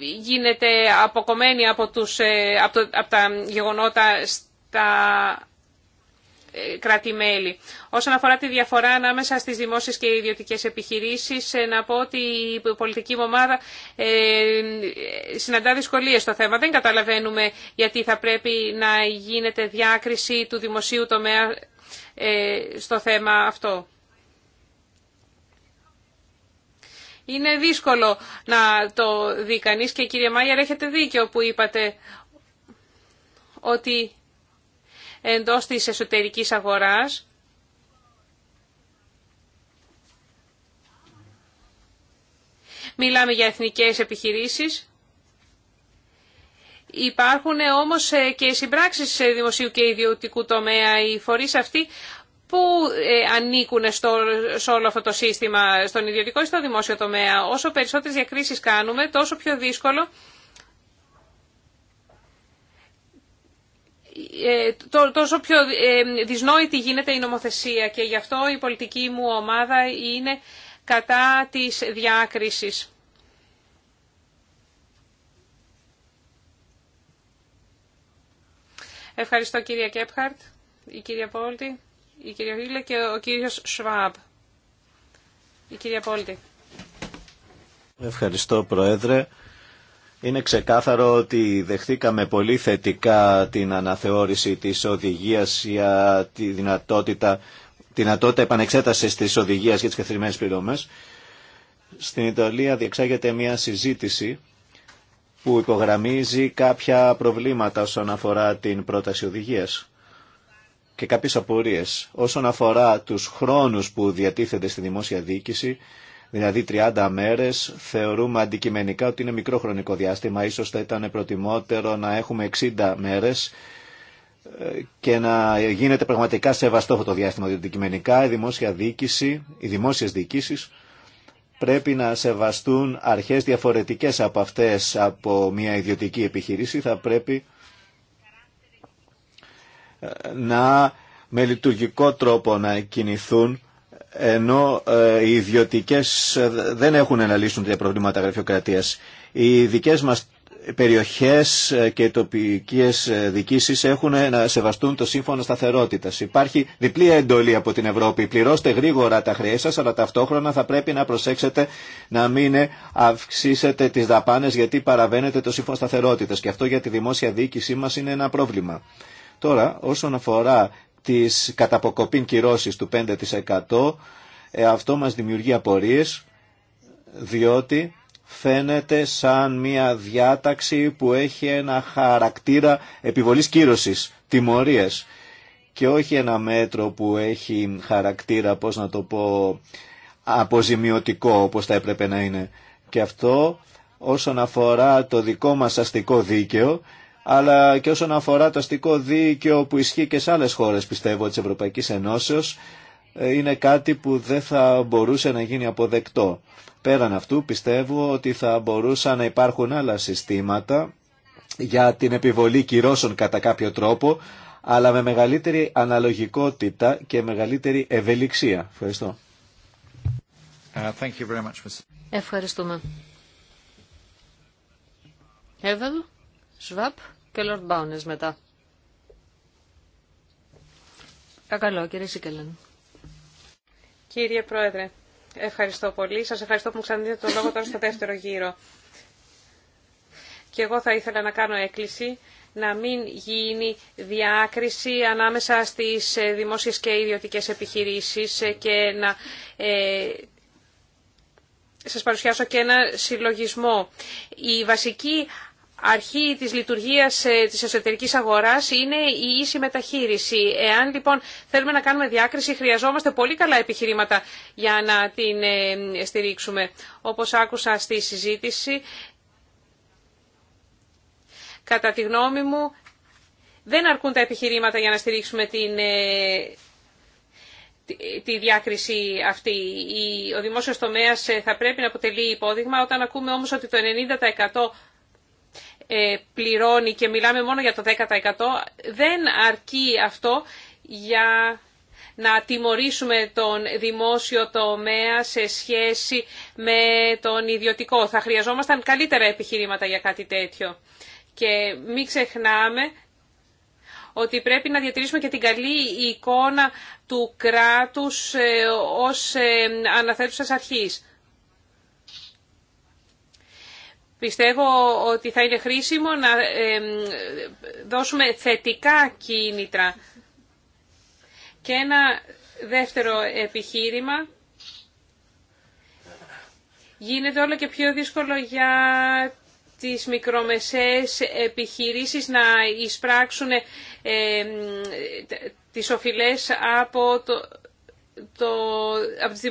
S4: γίνεται αποκομμένη από, τους, από, τα γεγονότα στα κρατη Όσον αφορά τη διαφορά ανάμεσα στις δημόσιες και ιδιωτικές επιχειρήσεις, ε, να πω ότι η πολιτική ομάδα ε, συναντά δυσκολίες στο θέμα. Δεν καταλαβαίνουμε γιατί θα πρέπει να γίνεται διάκριση του δημοσίου τομέα ε, στο θέμα αυτό. Είναι δύσκολο να το δει κανείς και κύριε Μάγερ έχετε δίκιο που είπατε ότι εντός της εσωτερικής αγοράς. Μιλάμε για εθνικές επιχειρήσεις. Υπάρχουν όμως ε, και συμπράξεις σε δημοσίου και ιδιωτικού τομέα. Οι φορείς αυτοί που ε, ανήκουν στο, σε όλο αυτό το σύστημα, στον ιδιωτικό ή στο δημόσιο τομέα. Όσο περισσότερες διακρίσεις κάνουμε, τόσο πιο δύσκολο Ε, τόσο πιο ε, δυσνόητη γίνεται η νομοθεσία και γι' αυτό η πολιτική μου ομάδα είναι κατά της διάκρισης. Ευχαριστώ κυρία Κέπχαρτ, η κυρία Πόλτη, η κυρία Χίλε και ο κύριος Σβάμπ. Η κυρία Πόλτη.
S3: Ευχαριστώ Πρόεδρε. Είναι ξεκάθαρο ότι δεχθήκαμε πολύ θετικά την αναθεώρηση της οδηγίας για τη δυνατότητα, τη δυνατότητα επανεξέτασης της οδηγίας για τις καθημερινές πληρώμες. Στην Ιταλία διεξάγεται μια συζήτηση που υπογραμμίζει κάποια προβλήματα όσον αφορά την πρόταση οδηγίας και κάποιες απορίες όσον αφορά τους χρόνους που διατίθεται στη δημόσια διοίκηση δηλαδή 30 μέρες, θεωρούμε αντικειμενικά ότι είναι μικρό χρονικό διάστημα. Ίσως θα ήταν προτιμότερο να έχουμε 60 μέρες ε, και να γίνεται πραγματικά σεβαστό αυτό το διάστημα. Διότι αντικειμενικά η δημόσια διοίκηση, οι δημόσιες διοικήσεις πρέπει να σεβαστούν αρχές διαφορετικές από αυτές από μια ιδιωτική επιχειρήση. Θα πρέπει ε, να με λειτουργικό τρόπο να κινηθούν ενώ ε, οι ιδιωτικές ε, δεν έχουν να λύσουν τα προβλήματα γραφειοκρατίας. Οι δικές μας περιοχές ε, και οι τοπικές διοικήσει έχουν να σεβαστούν το σύμφωνο σταθερότητα. Υπάρχει διπλή εντολή από την Ευρώπη. Πληρώστε γρήγορα τα χρέη σας, αλλά ταυτόχρονα θα πρέπει να προσέξετε να μην αυξήσετε τις δαπάνες γιατί παραβαίνετε το σύμφωνο σταθερότητα. Και αυτό για τη δημόσια διοίκησή μα είναι ένα πρόβλημα. Τώρα, όσον αφορά της καταποκοπήν κυρώσεις του 5% ε, αυτό μας δημιουργεί απορίες διότι φαίνεται σαν μια διάταξη που έχει ένα χαρακτήρα επιβολής κύρωσης, τιμωρίες και όχι ένα μέτρο που έχει χαρακτήρα, πώς να το πω, αποζημιωτικό όπως θα έπρεπε να είναι. Και αυτό όσον αφορά το δικό μας αστικό δίκαιο αλλά και όσον αφορά το αστικό δίκαιο που ισχύει και σε άλλες χώρες πιστεύω της Ευρωπαϊκής Ενώσεως ε, είναι κάτι που δεν θα μπορούσε να γίνει αποδεκτό. Πέραν αυτού πιστεύω ότι θα μπορούσαν να υπάρχουν άλλα συστήματα για την επιβολή κυρώσεων κατά κάποιο τρόπο αλλά με μεγαλύτερη αναλογικότητα και μεγαλύτερη ευελιξία. Ευχαριστώ.
S2: Uh,
S5: Ευχαριστούμε. Σβάπ και Λορτ Μπάουνες μετά. Καλό, κύριε Σίκελεν.
S4: Κύριε Πρόεδρε, ευχαριστώ πολύ. Σας ευχαριστώ που μου ξαναδίνετε το λόγο τώρα στο δεύτερο γύρο. Και εγώ θα ήθελα να κάνω έκκληση να μην γίνει διάκριση ανάμεσα στις ε, δημόσιες και ιδιωτικές επιχειρήσεις ε, και να ε, σας παρουσιάσω και ένα συλλογισμό. Η βασική αρχή της λειτουργίας ε, της εσωτερικής αγοράς είναι η ίση μεταχείριση. Εάν λοιπόν θέλουμε να κάνουμε διάκριση χρειαζόμαστε πολύ καλά επιχειρήματα για να την ε, στηρίξουμε. Όπως άκουσα στη συζήτηση, κατά τη γνώμη μου δεν αρκούν τα επιχειρήματα για να στηρίξουμε την ε, τη διάκριση αυτή. Ο δημόσιος τομέας θα πρέπει να αποτελεί υπόδειγμα. Όταν ακούμε όμως ότι το 90% ε, πληρώνει και μιλάμε μόνο για το 10%, δεν αρκεί αυτό για να τιμωρήσουμε τον δημόσιο τομέα σε σχέση με τον ιδιωτικό. Θα χρειαζόμασταν καλύτερα επιχειρήματα για κάτι τέτοιο. Και μην ξεχνάμε ότι πρέπει να διατηρήσουμε και την καλή εικόνα του κράτους ε, ως ε, αναθέτουσας αρχής. Πιστεύω ότι θα είναι χρήσιμο να δώσουμε θετικά κίνητρα. Και ένα δεύτερο επιχείρημα γίνεται όλο και πιο δύσκολο για τις μικρομεσαίες επιχειρήσεις να εισπράξουν ε, τις οφειλές από, το, το, από τις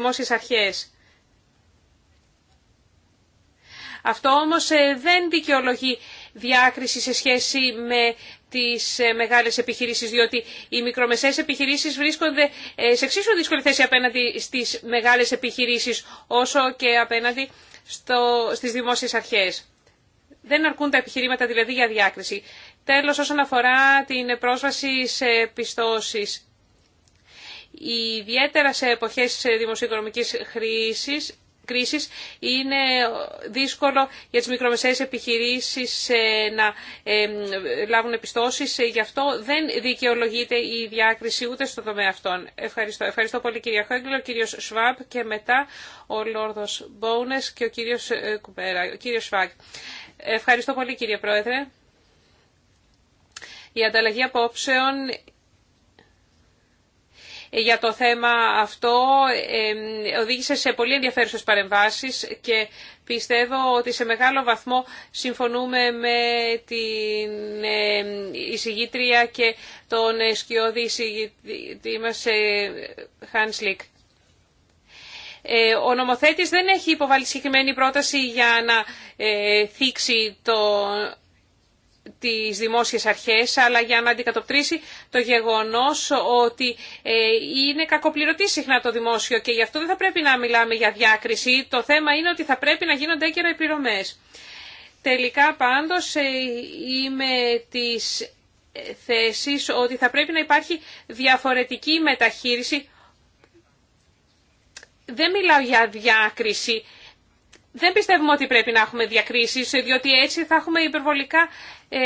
S4: αυτό όμως ε, δεν δικαιολογεί διάκριση σε σχέση με τις ε, μεγάλες επιχειρήσεις, διότι οι μικρομεσαίες επιχειρήσεις βρίσκονται ε, σε εξίσου δύσκολη θέση απέναντι στις μεγάλες επιχειρήσεις, όσο και απέναντι στο, στις δημόσιες αρχές. Δεν αρκούν τα επιχειρήματα δηλαδή για διάκριση. Τέλος, όσον αφορά την πρόσβαση σε πιστώσεις, ιδιαίτερα σε εποχές δημοσιοοικονομικής χρήσης, είναι δύσκολο για τις μικρομεσαίες επιχειρήσεις ε, να ε, λάβουν επιστώσει. Ε, γι' αυτό δεν δικαιολογείται η διάκριση ούτε στο τομέα αυτών. Ευχαριστώ. Ευχαριστώ πολύ κυρία Χόγκλη, ο κύριος Σβάμπ και μετά ο Λόρδος Μπόουνες και ο κύριος Κουμπέρα, ο κύριος Ευχαριστώ πολύ κύριε Πρόεδρε. Η ανταλλαγή απόψεων για το θέμα αυτό οδήγησε σε πολύ ενδιαφέρουσες παρεμβάσεις και πιστεύω ότι σε μεγάλο βαθμό συμφωνούμε με την εισηγήτρια και τον σκιώδη εισηγητή μας Χάνσλικ. Ε, ε, ο νομοθέτης δεν έχει υποβάλει συγκεκριμένη πρόταση για να ε, θίξει το τις δημόσιες αρχές, αλλά για να αντικατοπτρίσει το γεγονός ότι ε, είναι κακοπληρωτή συχνά το δημόσιο και γι' αυτό δεν θα πρέπει να μιλάμε για διάκριση. Το θέμα είναι ότι θα πρέπει να γίνονται έγκαιρα οι Τελικά πάντως ε, είμαι της θέσης ότι θα πρέπει να υπάρχει διαφορετική μεταχείριση. Δεν μιλάω για διάκριση δεν πιστεύουμε ότι πρέπει να έχουμε διακρίσεις, διότι έτσι θα έχουμε υπερβολικά ε,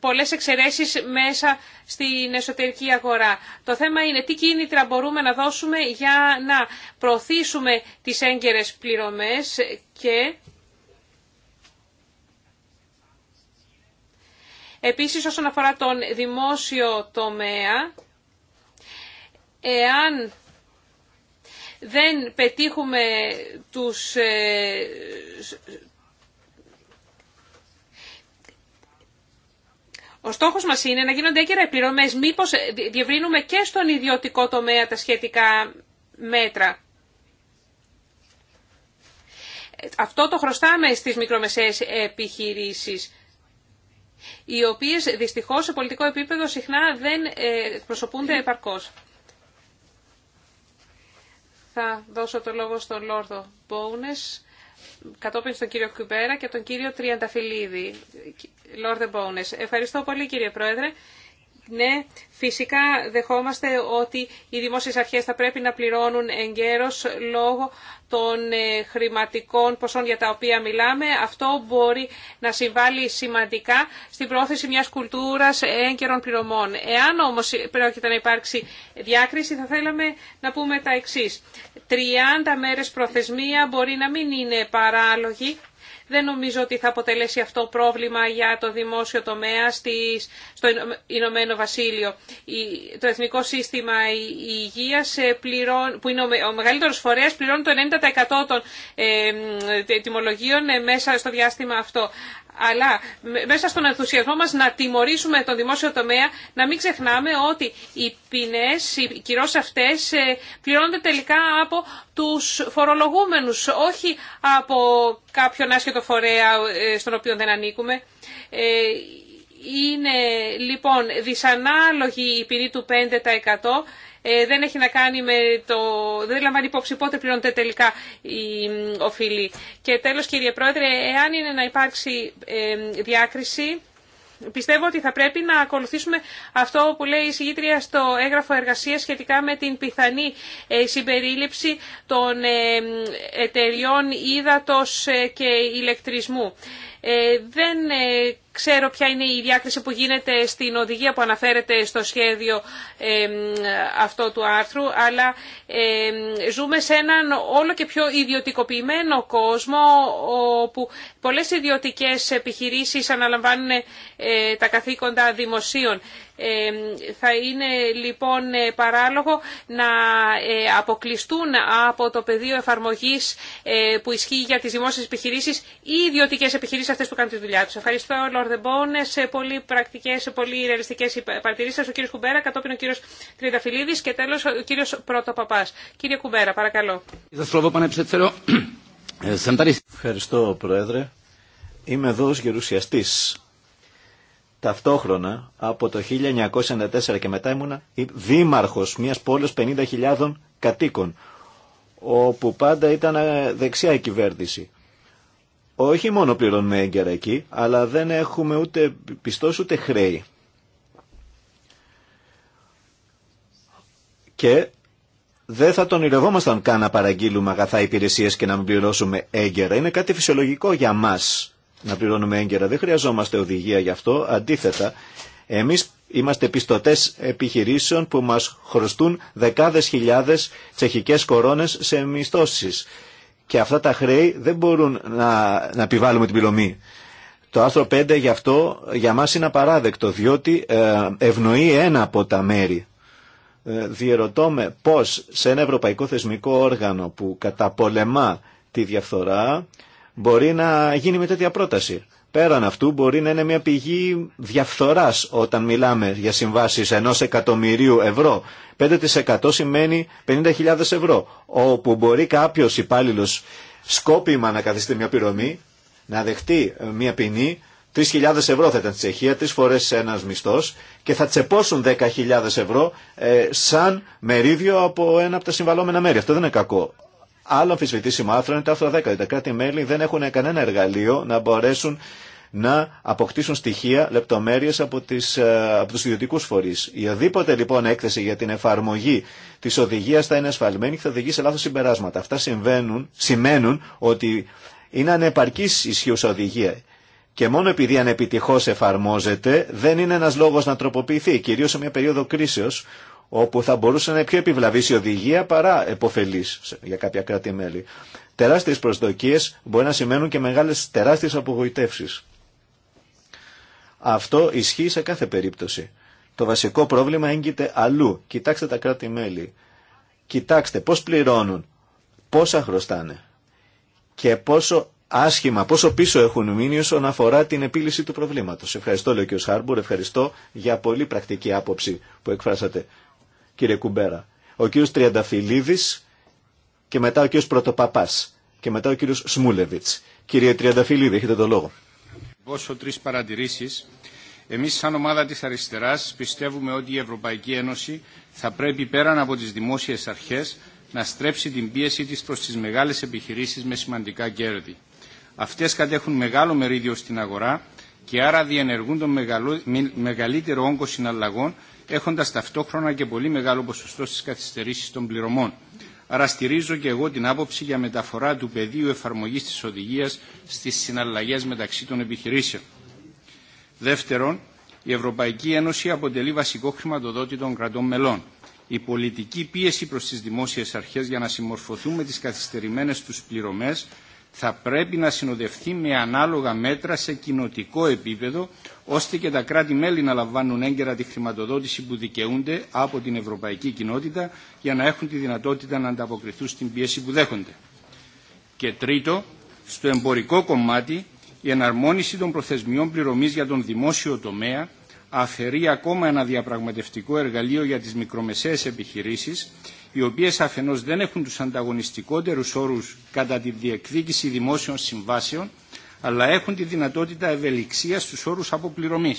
S4: πολλές εξαιρέσεις μέσα στην εσωτερική αγορά. Το θέμα είναι τι κίνητρα μπορούμε να δώσουμε για να προωθήσουμε τις έγκαιρε πληρωμέ. και... Επίσης, όσον αφορά τον δημόσιο τομέα, εάν δεν πετύχουμε τους, ε, Ο στόχος μας είναι να γίνονται έγκαιρα πληρωμέ. μήπως διευρύνουμε και στον ιδιωτικό τομέα τα σχετικά μέτρα. Αυτό το χρωστάμε στις μικρομεσαίες επιχειρήσεις, οι οποίες δυστυχώς σε πολιτικό επίπεδο συχνά δεν ε, εκπροσωπούνται ε, επαρκώς θα δώσω το λόγο στον Λόρδο Μπόουνες, κατόπιν στον κύριο Κουμπέρα και τον κύριο Τριανταφυλλίδη. Λόρδε Μπόουνες. Ευχαριστώ πολύ κύριε Πρόεδρε. Ναι, φυσικά δεχόμαστε ότι οι δημόσιες αρχές θα πρέπει να πληρώνουν εγκαίρως λόγω των ε, χρηματικών ποσών για τα οποία μιλάμε. Αυτό μπορεί να συμβάλλει σημαντικά στην πρόθεση μιας κουλτούρας έγκαιρων πληρωμών. Εάν όμως πρόκειται να υπάρξει διάκριση θα θέλαμε να πούμε τα εξής. 30 μέρες προθεσμία μπορεί να μην είναι παράλογη δεν νομίζω ότι θα αποτελέσει αυτό πρόβλημα για το δημόσιο τομέα στο Ηνωμένο Βασίλειο. Το Εθνικό Σύστημα υγεία, ε, που είναι ο μεγαλύτερο φορέας, πληρώνει το 90% των ε, τιμολογίων ε, μέσα στο διάστημα αυτό αλλά μέσα στον ενθουσιασμό μας να τιμωρήσουμε τον δημόσιο τομέα, να μην ξεχνάμε ότι οι ποινές, οι κυρώσεις αυτές ε, πληρώνονται τελικά από τους φορολογούμενους, όχι από κάποιον άσχετο φορέα ε, στον οποίο δεν ανήκουμε. Ε, είναι λοιπόν δυσανάλογη η ποινή του 5% ε, δεν έχει να κάνει με το... δεν λαμβάνει υπόψη πότε πληρώνεται τελικά η οφειλή. Και τέλος κύριε Πρόεδρε, εάν είναι να υπάρξει ε, διάκριση, πιστεύω ότι θα πρέπει να ακολουθήσουμε αυτό που λέει η συγγήτρια στο έγγραφο εργασία σχετικά με την πιθανή ε, συμπερίληψη των εταιριών ύδατος και ηλεκτρισμού. Δεν Ξέρω ποια είναι η διάκριση που γίνεται στην οδηγία που αναφέρεται στο σχέδιο αυτό του άρθρου, αλλά ζούμε σε έναν όλο και πιο ιδιωτικοποιημένο κόσμο, όπου πολλές ιδιωτικές επιχειρήσεις αναλαμβάνουν ε, τα καθήκοντα δημοσίων. Θα είναι λοιπόν ε, παράλογο να ε, αποκλειστούν από το πεδίο εφαρμογής ε, που ισχύει για τις δημόσιες επιχειρήσεις ή ιδιωτικές επιχειρήσεις αυτές που κάνουν τη δουλειά τους. Ευχαριστώ, Λόρδε Μπόνε, σε πολύ πρακτικές, σε πολύ ρεαλιστικές παρατηρήσεις. Ο κύριος Κουμπέρα, κατόπιν ο κύριος Τρινταφυλλίδη και τέλος ο κύριος Πρωτοπαπάς. Κύριε Κουμπέρα, παρακαλώ.
S3: Ευχαριστώ, Πρόεδρε. Είμαι εδώ ως γερουσιαστής Ταυτόχρονα από το 1994 και μετά ήμουνα δήμαρχος μιας πόλης 50.000 κατοίκων όπου πάντα ήταν ε, δεξιά η κυβέρνηση. Όχι μόνο πληρώνουμε έγκαιρα εκεί, αλλά δεν έχουμε ούτε πιστός ούτε χρέη. Και δεν θα τον ηρευόμασταν καν να παραγγείλουμε αγαθά υπηρεσίες και να μην πληρώσουμε έγκαιρα. Είναι κάτι φυσιολογικό για μας να πληρώνουμε έγκαιρα. Δεν χρειαζόμαστε οδηγία γι' αυτό. Αντίθετα, εμείς είμαστε πιστωτέ επιχειρήσεων που μας χρωστούν δεκάδες χιλιάδες τσεχικές κορώνες σε μισθώσει. Και αυτά τα χρέη δεν μπορούν να, να επιβάλλουμε την πληρωμή. Το άρθρο 5 γι' αυτό για μα είναι απαράδεκτο, διότι ε, ευνοεί ένα από τα μέρη. Ε, διερωτώ με πώς σε ένα ευρωπαϊκό θεσμικό όργανο που καταπολεμά τη διαφθορά μπορεί να γίνει με τέτοια πρόταση. Πέραν αυτού μπορεί να είναι μια πηγή διαφθοράς όταν μιλάμε για συμβάσεις ενός εκατομμυρίου ευρώ. 5% σημαίνει 50.000 ευρώ, όπου μπορεί κάποιος υπάλληλο σκόπιμα να καθιστεί μια πυρομή, να δεχτεί μια ποινή, 3.000 ευρώ θα ήταν στη Τσεχία, τρεις φορές ένας μισθός και θα τσεπώσουν 10.000 ευρώ ε, σαν μερίδιο από ένα από τα συμβαλόμενα μέρη. Αυτό δεν είναι κακό. Άλλο αμφισβητήσιμο άρθρο είναι το άρθρο 10. Τα κράτη-μέλη δεν έχουν κανένα εργαλείο να μπορέσουν να αποκτήσουν στοιχεία, λεπτομέρειες από, τις, ε, από τους ιδιωτικούς φορείς. Η οδήποτε λοιπόν έκθεση για την εφαρμογή της οδηγίας θα είναι ασφαλμένη και θα οδηγεί σε λάθος συμπεράσματα. Αυτά συμβαίνουν, σημαίνουν ότι είναι ανεπαρκής ισχύουσα οδηγία. Και μόνο επειδή ανεπιτυχώς εφαρμόζεται δεν είναι ένας λόγος να τροποποιηθεί, κυρίως σε μια περίοδο κρίσεως όπου θα μπορούσε να είναι πιο επιβλαβής η οδηγία παρά εποφελής για κάποια κράτη-μέλη. Τεράστιες προσδοκίες μπορεί να σημαίνουν και μεγάλες τεράστιες απογοητεύσεις. Αυτό ισχύει σε κάθε περίπτωση. Το βασικό πρόβλημα έγκυται αλλού. Κοιτάξτε τα κράτη-μέλη. Κοιτάξτε πώς πληρώνουν, πόσα χρωστάνε και πόσο άσχημα, πόσο πίσω έχουν μείνει όσον αφορά την επίλυση του προβλήματος. Ευχαριστώ, λέει ο κ. Χάρμπουρ, ευχαριστώ για πολύ πρακτική άποψη που εκφράσατε κύριε Κουμπέρα. Ο κύριος Τριανταφυλλίδη και μετά ο κύριος Πρωτοπαπά, και μετά ο κύριος Σμούλεβιτς. Κύριε Τριανταφυλλίδη, έχετε το λόγο.
S1: Όσο τρεις παρατηρήσεις. Εμείς σαν ομάδα της αριστεράς πιστεύουμε ότι η Ευρωπαϊκή Ένωση θα πρέπει πέραν από τις δημόσιες αρχές να στρέψει την πίεση της προς τις μεγάλες επιχειρήσεις με σημαντικά κέρδη. Αυτές κατέχουν μεγάλο μερίδιο στην αγορά και άρα διενεργούν τον μεγαλύτερο όγκο συναλλαγών έχοντας ταυτόχρονα και πολύ μεγάλο ποσοστό στις καθυστερήσεις των πληρωμών. Άρα στηρίζω και εγώ την άποψη για μεταφορά του πεδίου εφαρμογής της οδηγίας στις συναλλαγές μεταξύ των επιχειρήσεων. Δεύτερον, η Ευρωπαϊκή Ένωση αποτελεί βασικό χρηματοδότη των κρατών μελών. Η πολιτική πίεση προς τις δημόσιες αρχές για να συμμορφωθούν με τις καθυστερημένες τους πληρωμές θα πρέπει να συνοδευτεί με ανάλογα μέτρα σε κοινοτικό επίπεδο ώστε και τα κράτη-μέλη να λαμβάνουν έγκαιρα τη χρηματοδότηση που δικαιούνται από την Ευρωπαϊκή Κοινότητα για να έχουν τη δυνατότητα να ανταποκριθούν στην πίεση που δέχονται. Και τρίτο, στο εμπορικό κομμάτι, η εναρμόνιση των προθεσμιών πληρωμής για τον δημόσιο τομέα αφαιρεί ακόμα ένα διαπραγματευτικό εργαλείο για τις μικρομεσαίες επιχειρήσεις, οι οποίες αφενός δεν έχουν τους ανταγωνιστικότερους όρους κατά τη διεκδίκηση δημόσιων συμβάσεων, αλλά έχουν τη δυνατότητα ευελιξία στου όρου αποπληρωμή.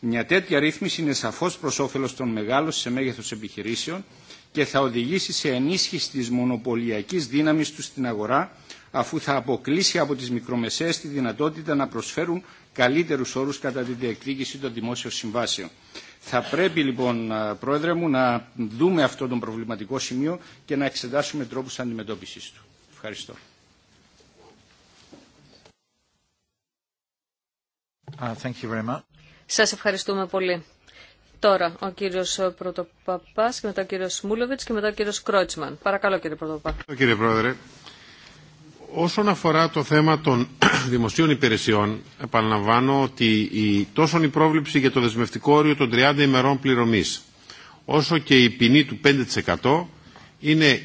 S1: Μια τέτοια ρύθμιση είναι σαφώ προ όφελο των μεγάλων σε μέγεθο επιχειρήσεων και θα οδηγήσει σε ενίσχυση τη μονοπωλιακή δύναμη του στην αγορά, αφού θα αποκλείσει από τι μικρομεσαίε τη δυνατότητα να προσφέρουν καλύτερου όρου κατά τη διεκδίκηση των δημόσιων συμβάσεων. Θα πρέπει λοιπόν, Πρόεδρε μου, να δούμε αυτό τον προβληματικό σημείο και να εξετάσουμε τρόπους αντιμετώπισή του. Ευχαριστώ.
S2: Uh, thank
S5: Σας ευχαριστούμε πολύ. Τώρα ο κύριος Πρωτοπαπάς και μετά ο κύριος Μούλοβιτς και μετά ο κύριος Κρότσμαν. Παρακαλώ κύριε Πρωτοπαπά.
S2: Κύριε Πρόεδρε, όσον αφορά το θέμα των δημοσίων υπηρεσιών, επαναλαμβάνω ότι η, τόσο η πρόβληψη για το δεσμευτικό όριο των 30 ημερών πληρωμής, όσο και η ποινή του 5% είναι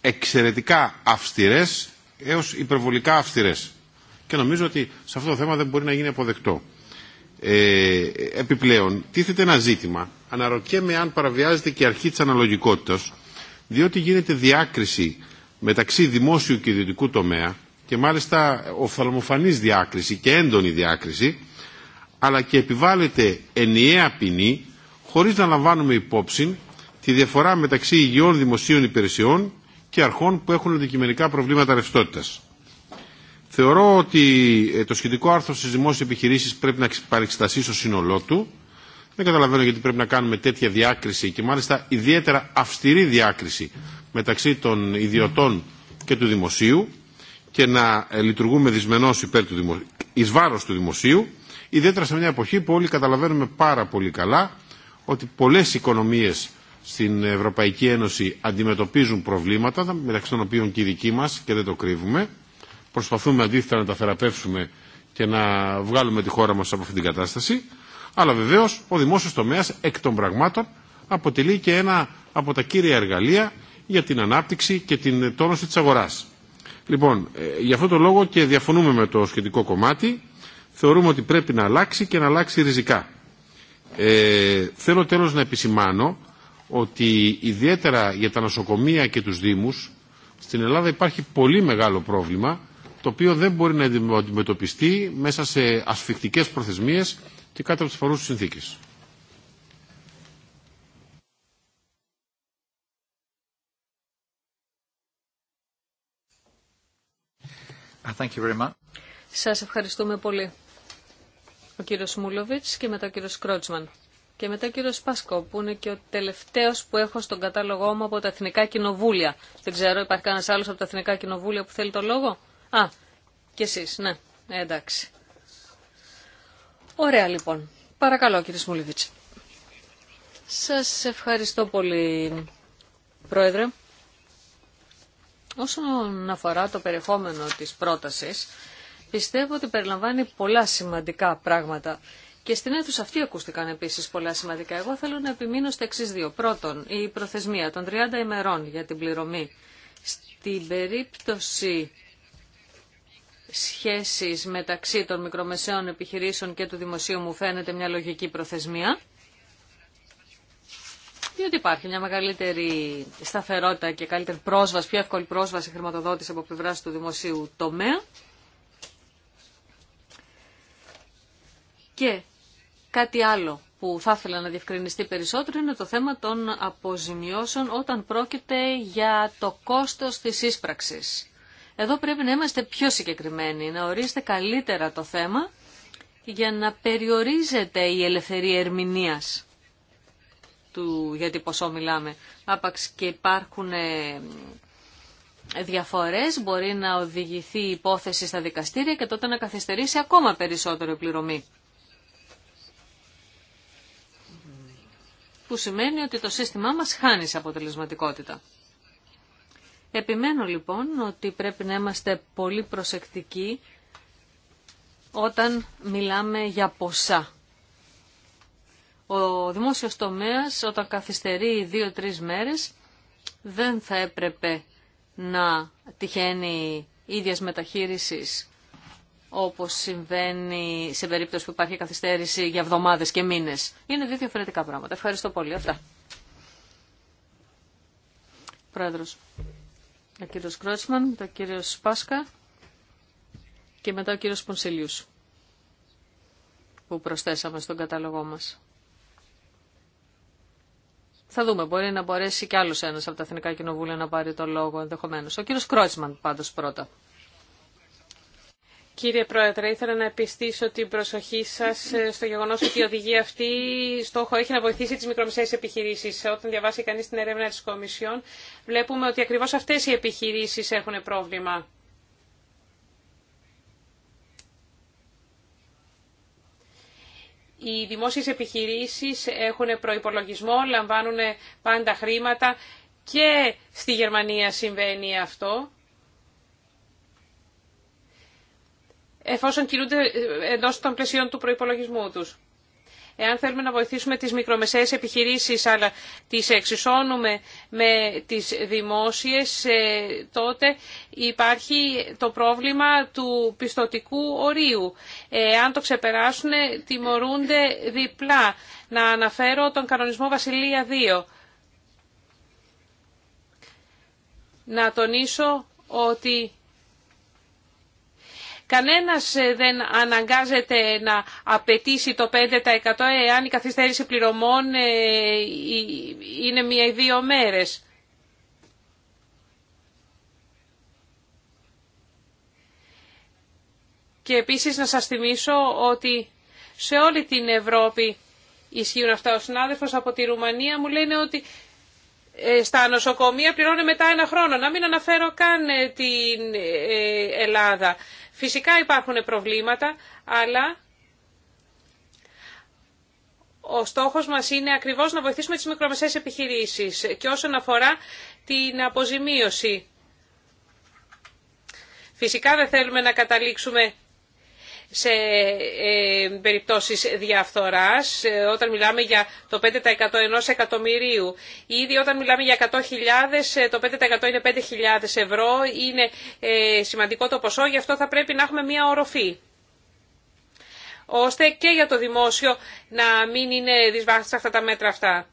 S2: εξαιρετικά αυστηρές έως υπερβολικά αυστηρές και νομίζω ότι σε αυτό το θέμα δεν μπορεί να γίνει αποδεκτό. Ε, επιπλέον, τίθεται ένα ζήτημα. Αναρωτιέμαι αν παραβιάζεται και η αρχή τη αναλογικότητα, διότι γίνεται διάκριση μεταξύ δημόσιου και ιδιωτικού τομέα και μάλιστα οφθαλμοφανής διάκριση και έντονη διάκριση, αλλά και επιβάλλεται ενιαία ποινή χωρίς να λαμβάνουμε υπόψη τη διαφορά μεταξύ υγιών δημοσίων υπηρεσιών και αρχών που έχουν αντικειμενικά προβλήματα ρευστότητας. Θεωρώ ότι ε, το σχετικό άρθρο στι δημόσιε επιχειρήσει πρέπει να παρεξεταστεί στο σύνολό του. Δεν καταλαβαίνω γιατί πρέπει να κάνουμε τέτοια διάκριση και μάλιστα ιδιαίτερα αυστηρή διάκριση μεταξύ των ιδιωτών και του δημοσίου και να ε, λειτουργούμε δυσμενώ υπέρ του δημοσίου, εις βάρος του δημοσίου, ιδιαίτερα σε μια εποχή που όλοι καταλαβαίνουμε πάρα πολύ καλά ότι πολλές οικονομίες στην Ευρωπαϊκή Ένωση αντιμετωπίζουν προβλήματα, μεταξύ των οποίων και η δική μας και δεν το κρύβουμε, προσπαθούμε αντίθετα να τα θεραπεύσουμε και να βγάλουμε τη χώρα μας από αυτήν την κατάσταση. Αλλά βεβαίως ο δημόσιος τομέας εκ των πραγμάτων αποτελεί και ένα από τα κύρια εργαλεία για την ανάπτυξη και την τόνωση της αγοράς. Λοιπόν, ε, γι' αυτό το λόγο και διαφωνούμε με το σχετικό κομμάτι. Θεωρούμε ότι πρέπει να αλλάξει και να αλλάξει ριζικά. Ε, θέλω τέλος να επισημάνω ότι ιδιαίτερα για τα νοσοκομεία και τους Δήμους στην Ελλάδα υπάρχει πολύ μεγάλο πρόβλημα το οποίο δεν μπορεί να αντιμετωπιστεί μέσα σε ασφιχτικές προθεσμίες και κάτω από τις φορούς συνθήκες. Uh, thank you very much.
S5: Σας ευχαριστούμε πολύ. Ο κύριος Μούλοβιτς και μετά ο κύριος Κρότσμαν. Και μετά ο κύριος Πάσκο, που είναι και ο τελευταίος που έχω στον κατάλογό μου από τα Εθνικά Κοινοβούλια. Δεν ξέρω, υπάρχει κανένας άλλος από τα Εθνικά Κοινοβούλια που θέλει το λόγο. Α, κι εσείς, ναι, εντάξει. Ωραία λοιπόν. Παρακαλώ κύριε Σμουλίβιτς. Σας ευχαριστώ πολύ, Πρόεδρε. Όσον αφορά το περιεχόμενο της πρότασης, πιστεύω ότι περιλαμβάνει πολλά σημαντικά πράγματα. Και στην αίθουσα αυτή ακούστηκαν επίσης πολλά σημαντικά. Εγώ θέλω να επιμείνω στα εξή δύο. Πρώτον, η προθεσμία των 30 ημερών για την πληρωμή. Στην περίπτωση σχέσεις μεταξύ των μικρομεσαίων επιχειρήσεων και του δημοσίου μου φαίνεται μια λογική προθεσμία. Διότι υπάρχει μια μεγαλύτερη σταθερότητα και καλύτερη πρόσβαση, πιο εύκολη πρόσβαση χρηματοδότηση από πλευρά του δημοσίου τομέα. Και κάτι άλλο που θα ήθελα να διευκρινιστεί περισσότερο είναι το θέμα των αποζημιώσεων όταν πρόκειται για το κόστος της ίσπραξης. Εδώ πρέπει να είμαστε πιο συγκεκριμένοι, να ορίσετε καλύτερα το θέμα για να περιορίζεται η ελευθερία ερμηνείας του γιατί ποσό μιλάμε. Άπαξ και υπάρχουν ε, διαφορές, μπορεί να οδηγηθεί η υπόθεση στα δικαστήρια και τότε να καθυστερήσει ακόμα περισσότερο η πληρωμή. Που σημαίνει ότι το σύστημά μας χάνει σε αποτελεσματικότητα. Επιμένω λοιπόν ότι πρέπει να είμαστε πολύ προσεκτικοί όταν μιλάμε για ποσά. Ο δημόσιος τομέας όταν καθυστερεί δύο-τρεις μέρες δεν θα έπρεπε να τυχαίνει ίδιας μεταχείρισης όπως συμβαίνει σε περίπτωση που υπάρχει καθυστέρηση για εβδομάδες και μήνες. Είναι δύο διαφορετικά πράγματα. Ευχαριστώ πολύ. Αυτά ο κύριος Κρότσμαν, ο κύριος Πάσκα και μετά ο κύριος Πονσιλίους που προσθέσαμε στον κατάλογό μας. Θα δούμε, μπορεί να μπορέσει κι άλλος ένας από τα Εθνικά Κοινοβούλια να πάρει το λόγο ενδεχομένως. Ο κύριος Κρότσμαν πάντως πρώτα. Κύριε Πρόεδρε, ήθελα να επιστήσω την προσοχή σας ε, στο
S4: γεγονός ότι η οδηγία αυτή στόχο έχει να βοηθήσει τις μικρομεσαίες επιχειρήσεις. Όταν διαβάσει κανεί την ερεύνα της Κομισιόν, βλέπουμε ότι ακριβώς αυτές οι επιχειρήσεις έχουν πρόβλημα. Οι δημόσιες επιχειρήσεις έχουν προϋπολογισμό, λαμβάνουν πάντα χρήματα και στη Γερμανία συμβαίνει αυτό. εφόσον κινούνται εντό των πλαισίων του προπολογισμού τους. Εάν θέλουμε να βοηθήσουμε τις μικρομεσαίες επιχειρήσεις αλλά τις εξισώνουμε με τις δημόσιες, ε, τότε υπάρχει το πρόβλημα του πιστοτικού ορίου. Εάν το ξεπεράσουν, τιμωρούνται διπλά. Να αναφέρω τον κανονισμό Βασιλεία 2. Να τονίσω ότι Κανένας ε, δεν αναγκάζεται να απαιτήσει το 5% εάν ε, η καθυστέρηση πληρωμών ε, είναι μία ή δύο μέρες. Και επίσης να σας θυμίσω ότι σε όλη την Ευρώπη ισχύουν αυτά. Ο συνάδελφος από τη Ρουμανία μου λένε ότι στα νοσοκομεία πληρώνει μετά ένα χρόνο. Να μην αναφέρω καν την Ελλάδα. Φυσικά υπάρχουν προβλήματα, αλλά ο στόχος μας είναι ακριβώς να βοηθήσουμε τις μικρομεσαίες επιχειρήσεις και όσον αφορά την αποζημίωση. Φυσικά δεν θέλουμε να καταλήξουμε σε ε, περιπτώσεις διαφθοράς, ε, όταν μιλάμε για το 5% ενός εκατομμυρίου. Ήδη όταν μιλάμε για 100.000, ε, το 5% είναι 5.000 ευρώ, είναι σημαντικό το ποσό, γι' αυτό θα πρέπει να έχουμε μία οροφή ώστε και για το δημόσιο να μην είναι δυσβάστητα αυτά τα μέτρα αυτά.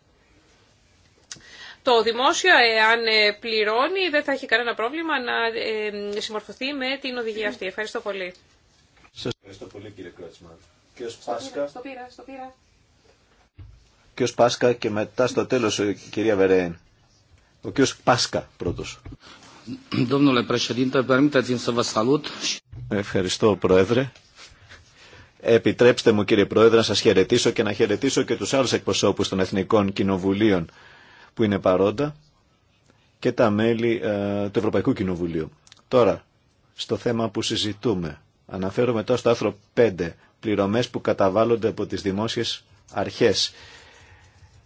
S4: Το δημόσιο, αν πληρώνει, δεν θα έχει κανένα πρόβλημα να συμμορφωθεί με την οδηγία αυτή. Ευχαριστώ πολύ.
S3: Σας ευχαριστώ πολύ κύριε Κρότσμαν. Κύριος Πάσκα. Στο πήρα, στο πήρα. Πάσκα και μετά στο τέλο, η ε, κυρία Βερέν. Ο κύριο Πάσκα πρώτος. Ευχαριστώ Πρόεδρε. Επιτρέψτε μου κύριε Πρόεδρε να σα χαιρετήσω και να χαιρετήσω και του άλλου εκπροσώπου των Εθνικών Κοινοβουλίων που είναι παρόντα και τα μέλη ε, του Ευρωπαϊκού Κοινοβουλίου. Τώρα, στο θέμα που συζητούμε. Αναφέρομαι τώρα στο άρθρο 5, πληρωμές που καταβάλλονται από τις δημόσιες αρχές.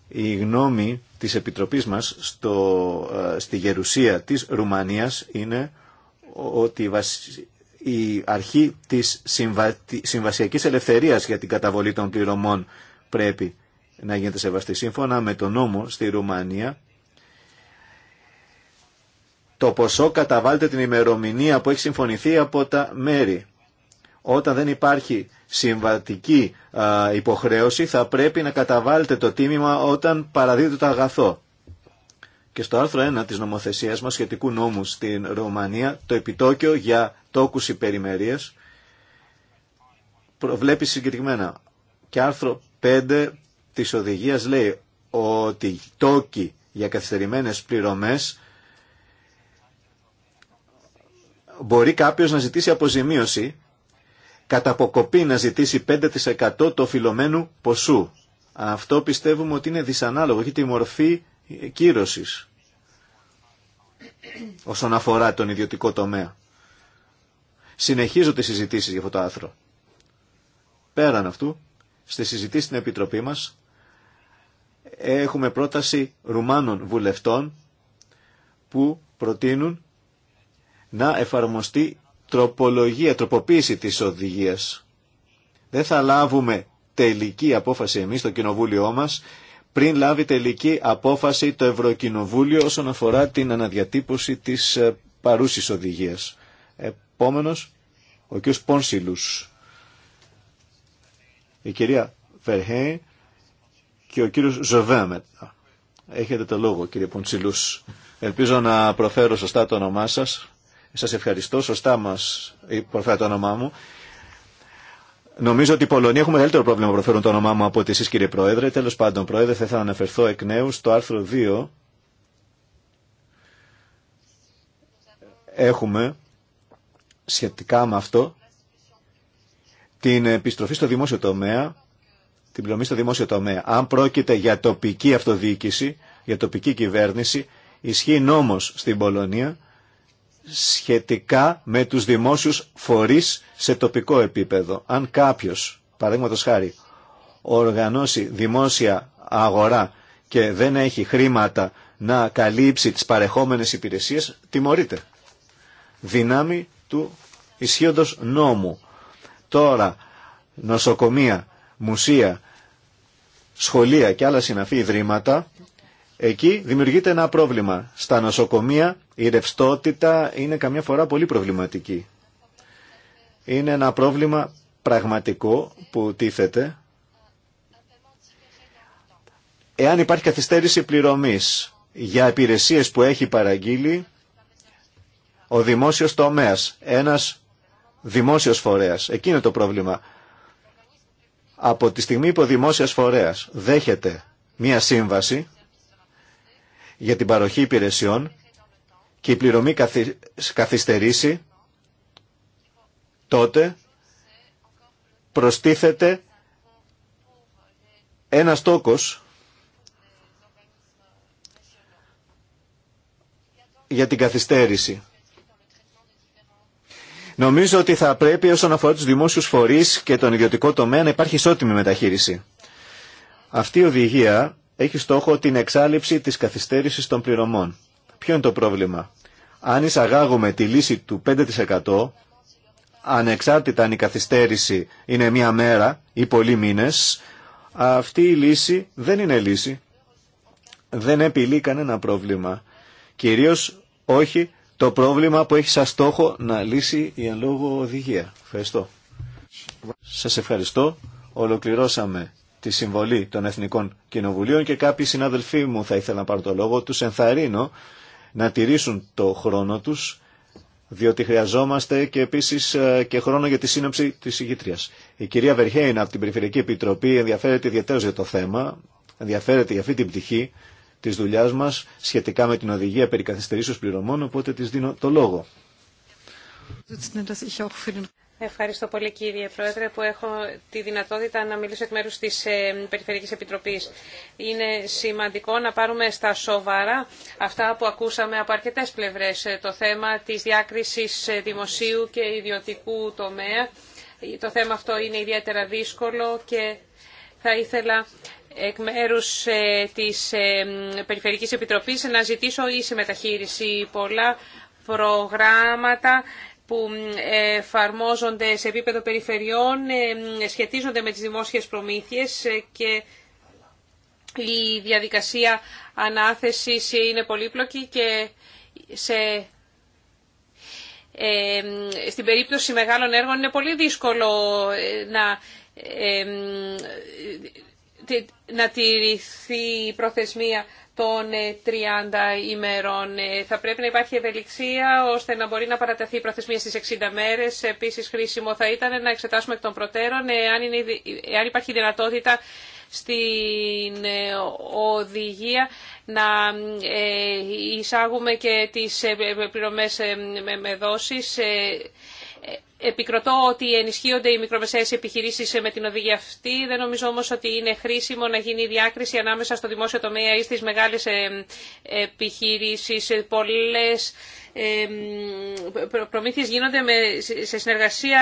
S3: Η γνώμη της Επιτροπής μας στο, ε, στη γερουσία της Ρουμανίας είναι ότι η αρχή της συμβα... συμβασιακής ελευθερίας για την καταβολή των πληρωμών πρέπει να γίνεται σεβαστή. Σύμφωνα με τον νόμο στη Ρουμανία, το ποσό καταβάλλεται την ημερομηνία που έχει συμφωνηθεί από τα μέρη. Όταν δεν υπάρχει συμβατική υποχρέωση θα πρέπει να καταβάλλετε το τίμημα όταν παραδίδετε το αγαθό. Και στο άρθρο 1 της νομοθεσίας μας σχετικού νόμου στην Ρωμανία το επιτόκιο για τόκους υπερημερίες προβλέπει συγκεκριμένα. Και άρθρο 5 της οδηγίας λέει ότι τόκοι για καθυστερημένες πληρωμές μπορεί κάποιος να ζητήσει αποζημίωση κατά αποκοπή να ζητήσει 5% του οφειλωμένου ποσού. Αυτό πιστεύουμε ότι είναι δυσανάλογο, έχει τη μορφή κύρωσης όσον αφορά τον ιδιωτικό τομέα. Συνεχίζω τις συζητήσεις για αυτό το άθρο. Πέραν αυτού, στη συζητήση στην Επιτροπή μας, έχουμε πρόταση Ρουμάνων βουλευτών που προτείνουν να εφαρμοστεί τροπολογία, τροποποίηση της οδηγίας. Δεν θα λάβουμε τελική απόφαση εμείς στο Κοινοβούλιο μας πριν λάβει τελική απόφαση το Ευρωκοινοβούλιο όσον αφορά την αναδιατύπωση της ε, παρούσης οδηγίας. Επόμενος, ο κ. Πόνσιλους, η κυρία Βερχέ και ο κύριος Ζωβέ Έχετε το λόγο κύριε Πονσιλούς. Ελπίζω να προφέρω σωστά το όνομά σας. Σας ευχαριστώ, σωστά μας προφέρατε το όνομά μου. Νομίζω ότι η Πολωνία έχουμε μεγαλύτερο πρόβλημα προφέρουν το όνομά μου από ότι εσείς κύριε Πρόεδρε. Τέλος πάντων, Πρόεδρε, θα αναφερθώ εκ νέου στο άρθρο 2. Έχουμε σχετικά με αυτό την επιστροφή στο δημόσιο τομέα, την πληρωμή στο δημόσιο τομέα. Αν πρόκειται για τοπική αυτοδιοίκηση, για τοπική κυβέρνηση, ισχύει νόμος στην Πολωνία σχετικά με τους δημόσιους φορείς σε τοπικό επίπεδο. Αν κάποιος, παραδείγματο χάρη, οργανώσει δημόσια αγορά και δεν έχει χρήματα να καλύψει τις παρεχόμενες υπηρεσίες, τιμωρείται. Δυνάμει του ισχύοντος νόμου. Τώρα, νοσοκομεία, μουσεία, σχολεία και άλλα συναφή ιδρύματα Εκεί δημιουργείται ένα πρόβλημα. Στα νοσοκομεία η ρευστότητα είναι καμιά φορά πολύ προβληματική. Είναι ένα πρόβλημα πραγματικό που τίθεται εάν υπάρχει καθυστέρηση πληρωμής για υπηρεσίες που έχει παραγγείλει ο δημόσιος τομέας, ένας δημόσιος φορέας. Εκεί είναι το πρόβλημα. Από τη στιγμή που ο δημόσιος φορέας δέχεται μία σύμβαση για την παροχή υπηρεσιών και η πληρωμή καθυστερήσει, τότε προστίθεται ένας τόκος για την καθυστέρηση. Νομίζω ότι θα πρέπει όσον αφορά τους δημόσιους φορείς και τον ιδιωτικό τομέα να υπάρχει ισότιμη μεταχείριση. Αυτή η οδηγία έχει στόχο την εξάλληψη της καθυστέρησης των πληρωμών. Ποιο είναι το πρόβλημα. Αν εισαγάγουμε τη λύση του 5% ανεξάρτητα αν η καθυστέρηση είναι μία μέρα ή πολλοί μήνες, αυτή η λύση δεν είναι λύση. Δεν επιλύει κανένα πρόβλημα. Κυρίως όχι το πρόβλημα που έχει σαν στόχο να λύσει η εν λόγω οδηγία. Ευχαριστώ. Σας ευχαριστώ. Ολοκληρώσαμε τη συμβολή των Εθνικών Κοινοβουλίων και κάποιοι συναδελφοί μου θα ήθελα να πάρω το λόγο, τους ενθαρρύνω να τηρήσουν το χρόνο τους, διότι χρειαζόμαστε και επίσης ε, και χρόνο για τη σύνοψη της ηγήτριας. Η κυρία Βερχέιν από την Περιφερειακή Επιτροπή ενδιαφέρεται ιδιαίτερως για το θέμα, ενδιαφέρεται για αυτή την πτυχή της δουλειά μας σχετικά με την οδηγία περί καθυστερήσεως πληρωμών, οπότε της δίνω το λόγο.
S4: Ευχαριστώ πολύ κύριε Πρόεδρε που έχω τη δυνατότητα να μιλήσω εκ μέρους της ε, Περιφερειακής Επιτροπής. Είναι σημαντικό να πάρουμε στα σοβαρά αυτά που ακούσαμε από αρκετές πλευρές. Ε, το θέμα της διάκρισης ε, δημοσίου και ιδιωτικού τομέα. Το θέμα αυτό είναι ιδιαίτερα δύσκολο και θα ήθελα εκ μέρους της Περιφερειακής Επιτροπής να ζητήσω ίση μεταχείριση πολλά προγράμματα που εφαρμόζονται σε επίπεδο περιφερειών ε, σχετίζονται με τις δημόσιες προμήθειες ε, και η διαδικασία ανάθεσης είναι πολύπλοκη και σε... Ε, στην περίπτωση μεγάλων έργων είναι πολύ δύσκολο ε, να, να τηρηθεί η προθεσμία των 30 ε, ημερών. Ε, θα πρέπει να υπάρχει ευελιξία ώστε να μπορεί να παρατεθεί η προθεσμία στις 60 μέρες. Επίσης χρήσιμο θα ήταν να εξετάσουμε εκ των προτέρων εάν, είναι, ε, υπάρχει δυνατότητα στην οδηγία να εισάγουμε και τις πληρωμές με δόσεις Επικροτώ ότι ενισχύονται οι μικρομεσαίες επιχειρήσει με την οδηγία αυτή. Δεν νομίζω όμως ότι είναι χρήσιμο να γίνει διάκριση ανάμεσα στο δημόσιο τομέα ή στις μεγάλες ε, επιχειρήσεις. Πολλές ε, προμήθειες γίνονται σε συνεργασία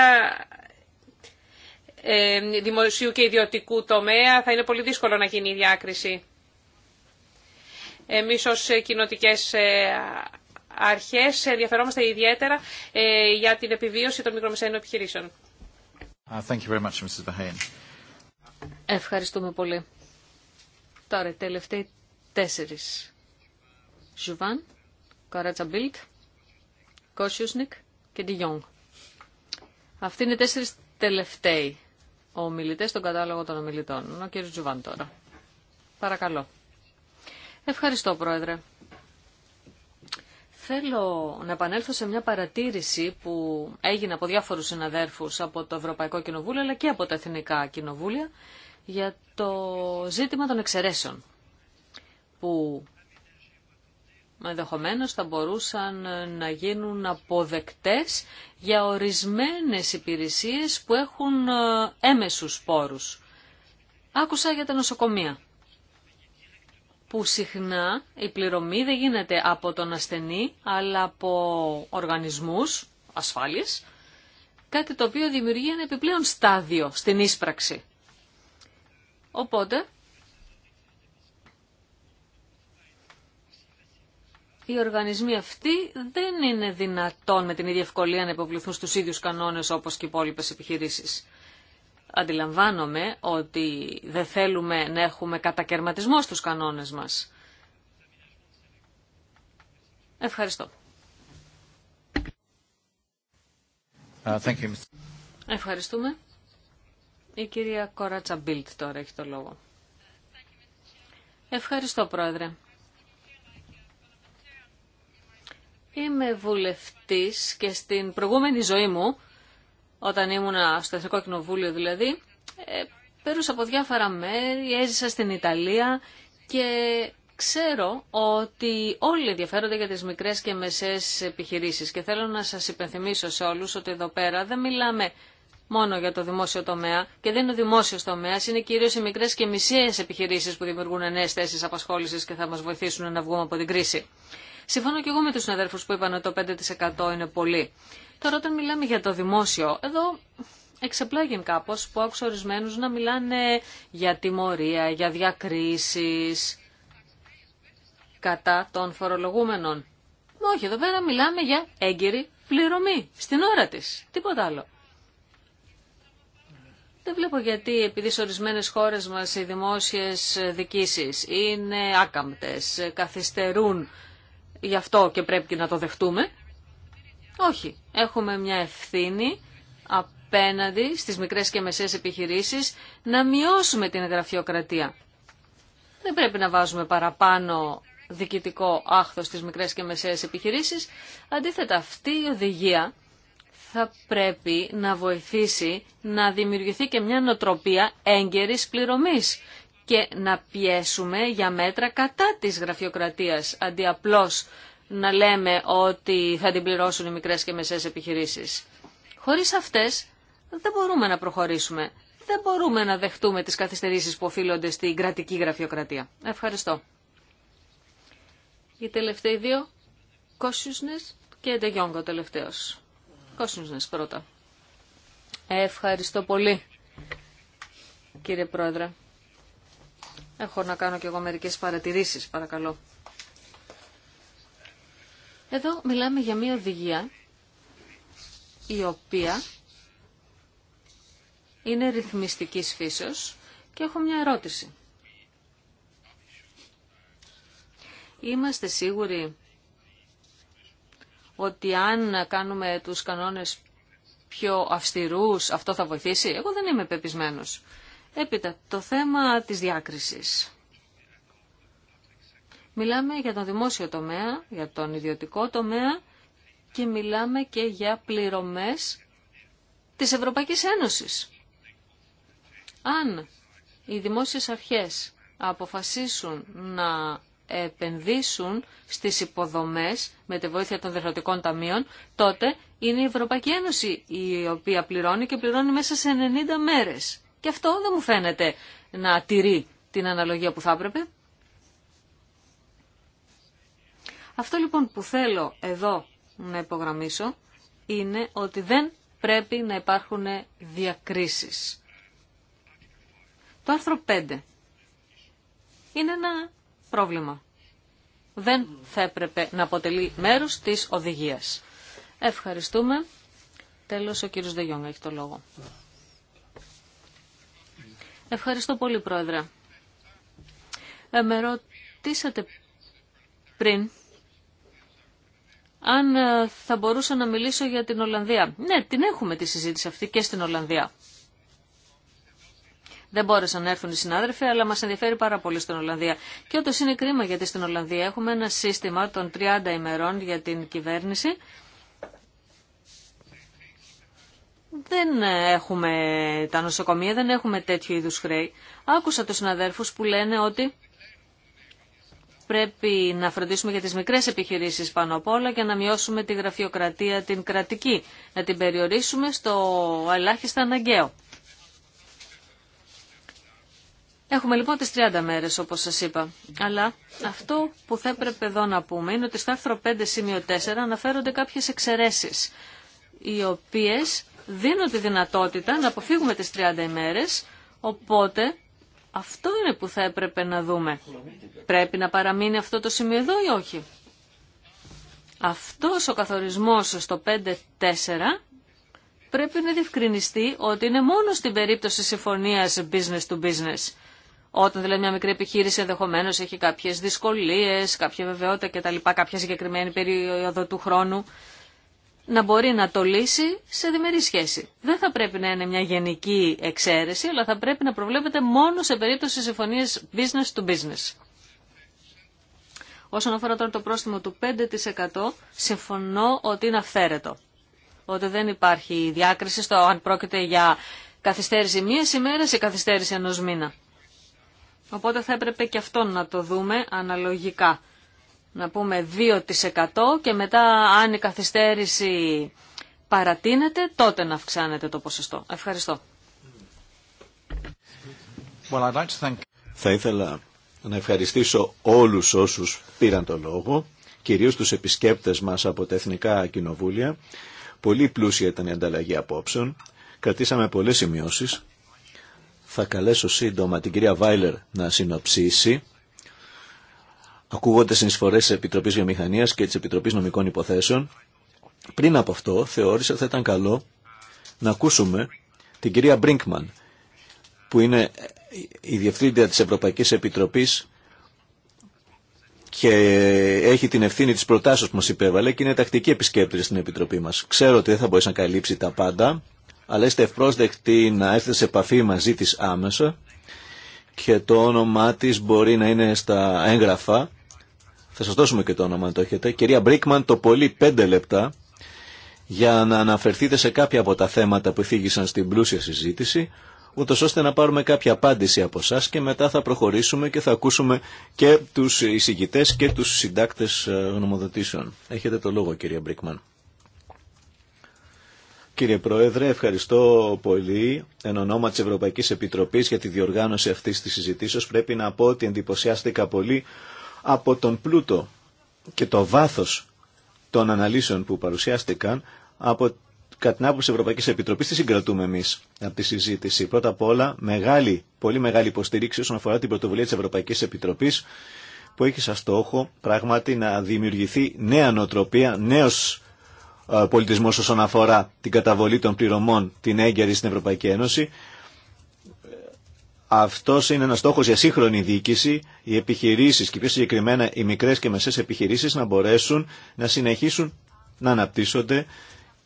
S4: ε, δημοσίου και ιδιωτικού τομέα. Θα είναι πολύ δύσκολο να γίνει η στις μεγαλες επιχειρησεις πολλε προμηθειε γινονται σε συνεργασια δημοσιου και ιδιωτικου Εμείς ως κοινοτικές αρχές ενδιαφερόμαστε ιδιαίτερα ε, για την επιβίωση
S5: των μικρομεσαίων επιχειρήσεων.
S2: Uh, much,
S5: Ευχαριστούμε πολύ. Τώρα, τελευταίοι τέσσερις. Ζουβάν, Καράτσα Μπίλτ, Κόσιουσνικ και Ντιγιόνγκ. Αυτοί είναι τέσσερις τελευταίοι ομιλητέ στον κατάλογο των ομιλητών. Ο κύριος Τζουβάν τώρα. Παρακαλώ. Ευχαριστώ, Πρόεδρε. Θέλω να επανέλθω σε μια παρατήρηση που έγινε από διάφορους συναδέρφους από το Ευρωπαϊκό Κοινοβούλιο αλλά και από τα Εθνικά Κοινοβούλια για το ζήτημα των εξαιρέσεων που ενδεχομένω θα μπορούσαν να γίνουν αποδεκτές για ορισμένες υπηρεσίες που έχουν ε, έμεσους πόρους. Άκουσα για τα νοσοκομεία που συχνά η πληρωμή δεν γίνεται από τον ασθενή, αλλά από οργανισμούς ασφάλειες, κάτι το οποίο δημιουργεί ένα επιπλέον στάδιο στην ίσπραξη. Οπότε, οι οργανισμοί αυτοί δεν είναι δυνατόν με την ίδια ευκολία να υποβληθούν στους ίδιους κανόνες όπως και οι υπόλοιπε επιχειρήσεις. Αντιλαμβάνομαι ότι δεν θέλουμε να έχουμε κατακαιρματισμό στους κανόνες μας. Ευχαριστώ. Uh, you. Ευχαριστούμε. Η κυρία Κοράτσα Μπίλτ τώρα έχει το λόγο. Ευχαριστώ, Πρόεδρε. Είμαι βουλευτής και στην προηγούμενη ζωή μου όταν ήμουνα στο Εθνικό Κοινοβούλιο δηλαδή, ε, από διάφορα μέρη, έζησα στην Ιταλία και ξέρω ότι όλοι ενδιαφέρονται για τις μικρές και μεσές επιχειρήσεις και θέλω να σας υπενθυμίσω σε όλους ότι εδώ πέρα δεν μιλάμε μόνο για το δημόσιο τομέα και δεν είναι ο δημόσιος τομέας, είναι κυρίω οι μικρές και μισέ επιχειρήσεις που δημιουργούν νέες θέσεις απασχόλησης και θα μας βοηθήσουν να βγούμε από την κρίση. Συμφωνώ και εγώ με τους συναδέλφους που είπαν ότι το 5% είναι πολύ. Τώρα όταν μιλάμε για το δημόσιο, εδώ εξεπλάγει κάπως που άκουσα ορισμένους να μιλάνε για τιμωρία, για διακρίσεις κατά των φορολογούμενων. όχι, εδώ πέρα μιλάμε για έγκυρη πληρωμή στην ώρα της, τίποτα άλλο. Δεν βλέπω γιατί επειδή σε ορισμένες χώρες μας οι δημόσιες δικήσεις είναι άκαμπτες, καθυστερούν γι' αυτό και πρέπει και να το δεχτούμε. Όχι έχουμε μια ευθύνη απέναντι στις μικρές και μεσαίες επιχειρήσεις να μειώσουμε την γραφειοκρατία. Δεν πρέπει να βάζουμε παραπάνω διοικητικό άχθος στις μικρές και μεσαίες επιχειρήσεις. Αντίθετα, αυτή η οδηγία θα πρέπει να βοηθήσει να δημιουργηθεί και μια νοτροπία έγκαιρης πληρωμής και να πιέσουμε για μέτρα κατά της γραφειοκρατίας, αντί απλώς να λέμε ότι θα την πληρώσουν οι μικρές και μεσές επιχειρήσεις. Χωρίς αυτές δεν μπορούμε να προχωρήσουμε. Δεν μπορούμε να δεχτούμε τις καθυστερήσεις που οφείλονται στην κρατική γραφειοκρατία. Ευχαριστώ. Οι τελευταίοι δύο, Κόσιουσνες και Ντεγιόγκο τελευταίος. Κόσιουσνες πρώτα. Ευχαριστώ πολύ, κύριε Πρόεδρε. Έχω να κάνω κι εγώ μερικές παρατηρήσεις, παρακαλώ. Εδώ μιλάμε για μια οδηγία η οποία είναι ρυθμιστικής φύσεως και έχω μια ερώτηση. Είμαστε σίγουροι ότι αν κάνουμε τους κανόνες πιο αυστηρούς αυτό θα βοηθήσει. Εγώ δεν είμαι πεπισμένος. Έπειτα, το θέμα της διάκρισης. Μιλάμε για τον δημόσιο τομέα, για τον ιδιωτικό τομέα και μιλάμε και για πληρωμές της Ευρωπαϊκής Ένωσης. Αν οι δημόσιες αρχές αποφασίσουν να επενδύσουν στις υποδομές με τη βοήθεια των δημοτικών ταμείων, τότε είναι η Ευρωπαϊκή Ένωση η οποία πληρώνει και πληρώνει μέσα σε 90 μέρες. Και αυτό δεν μου φαίνεται να τηρεί την αναλογία που θα έπρεπε. Αυτό λοιπόν που θέλω εδώ να υπογραμμίσω είναι ότι δεν πρέπει να υπάρχουν διακρίσεις. Το άρθρο 5 είναι ένα πρόβλημα. Δεν θα έπρεπε να αποτελεί μέρος της οδηγίας. Ευχαριστούμε. Τέλος, ο κύριος Δεγιόνγκ έχει το λόγο. Ευχαριστώ πολύ, Πρόεδρε. Ε, με ρωτήσατε πριν αν ε, θα μπορούσα να μιλήσω για την Ολλανδία. Ναι, την έχουμε τη συζήτηση αυτή και στην Ολλανδία. Δεν μπόρεσαν να έρθουν οι συνάδελφοι, αλλά μα ενδιαφέρει πάρα πολύ στην Ολλανδία. Και όντω είναι κρίμα γιατί στην Ολλανδία έχουμε ένα σύστημα των 30 ημερών για την κυβέρνηση. Δεν έχουμε τα νοσοκομεία, δεν έχουμε τέτοιου είδου χρέη. Άκουσα του συναδέλφου που λένε ότι πρέπει να φροντίσουμε για τις μικρές επιχειρήσεις πάνω απ' όλα και να μειώσουμε τη γραφειοκρατία την κρατική, να την περιορίσουμε στο ελάχιστα αναγκαίο. Έχουμε λοιπόν τις 30 μέρες όπως σας είπα, αλλά αυτό που θα έπρεπε εδώ να πούμε είναι ότι στο άρθρο 5 σημείο 4 αναφέρονται κάποιες εξαιρεσει οι οποίες δίνουν τη δυνατότητα να αποφύγουμε τις 30 ημέρες, οπότε αυτό είναι που θα έπρεπε να δούμε. Πρέπει να παραμείνει αυτό το σημείο εδώ ή όχι. Αυτός ο καθορισμός στο 5-4 πρέπει να διευκρινιστεί ότι είναι μόνο στην περίπτωση συμφωνίας business to business. Όταν δηλαδή μια μικρή επιχείρηση ενδεχομένω έχει κάποιες δυσκολίε, κάποια βεβαιότητα κτλ. κάποια συγκεκριμένη περίοδο του χρόνου να μπορεί να το λύσει σε διμερή σχέση. Δεν θα πρέπει να είναι μια γενική εξαίρεση, αλλά θα πρέπει να προβλέπεται μόνο σε περίπτωση συμφωνίε business to business. Όσον αφορά τώρα το πρόστιμο του 5%, συμφωνώ ότι είναι αυθαίρετο. Ότι δεν υπάρχει διάκριση στο αν πρόκειται για καθυστέρηση μία ημέρα ή καθυστέρηση ενό μήνα. Οπότε θα έπρεπε και αυτό να το δούμε αναλογικά να πούμε 2% και μετά αν η καθυστέρηση παρατείνεται, τότε να αυξάνεται το ποσοστό. Ευχαριστώ.
S2: Well,
S3: Θα ήθελα να ευχαριστήσω όλους όσους πήραν το λόγο, κυρίως τους επισκέπτες μας από τα Εθνικά Κοινοβούλια. Πολύ πλούσια ήταν η ανταλλαγή απόψεων. Κρατήσαμε πολλές σημειώσεις. Θα καλέσω σύντομα την κυρία Βάιλερ να συνοψίσει ακούγονται συνεισφορές της Επιτροπής Βιομηχανίας και της Επιτροπής Νομικών Υποθέσεων. Πριν από αυτό θεώρησα ότι θα ήταν καλό να ακούσουμε την κυρία Μπρίνκμαν που είναι η Διευθύντρια της Ευρωπαϊκής Επιτροπής και έχει την ευθύνη της προτάσεως που μας υπέβαλε και είναι τακτική επισκέπτη στην Επιτροπή μας. Ξέρω ότι δεν θα μπορέσει να καλύψει τα πάντα, αλλά είστε ευπρόσδεκτοι να έρθετε σε επαφή μαζί της άμεσα και το όνομά της μπορεί να είναι στα έγγραφα θα σας δώσουμε και το όνομα αν το έχετε. Κυρία Μπρίκμαν, το πολύ πέντε λεπτά για να αναφερθείτε σε κάποια από τα θέματα που θίγησαν στην πλούσια συζήτηση, ούτω ώστε να πάρουμε κάποια απάντηση από εσά και μετά θα προχωρήσουμε και θα ακούσουμε και τους εισηγητές και τους συντάκτες ε, γνωμοδοτήσεων. Έχετε το λόγο κυρία Μπρίκμαν. Κύριε Πρόεδρε, ευχαριστώ πολύ. Εν ονόμα της Ευρωπαϊκής Επιτροπής για τη διοργάνωση αυτή τη συζητήσεω, πρέπει να πω ότι εντυπωσιάστηκα πολύ από τον πλούτο και το βάθος των αναλύσεων που παρουσιάστηκαν από κατά την άποψη Ευρωπαϊκή Επιτροπή, τι συγκρατούμε εμεί από τη συζήτηση. Πρώτα απ' όλα, μεγάλη, πολύ μεγάλη υποστήριξη όσον αφορά την πρωτοβουλία τη Ευρωπαϊκή Επιτροπή, που έχει σαν στόχο πράγματι να δημιουργηθεί νέα νοοτροπία, νέο ε, πολιτισμό όσον αφορά την καταβολή των πληρωμών την έγκαιρη στην Ευρωπαϊκή Ένωση αυτό είναι ένα στόχο για σύγχρονη διοίκηση, οι επιχειρήσει και πιο συγκεκριμένα οι μικρέ και μεσέ επιχειρήσει να μπορέσουν να συνεχίσουν να αναπτύσσονται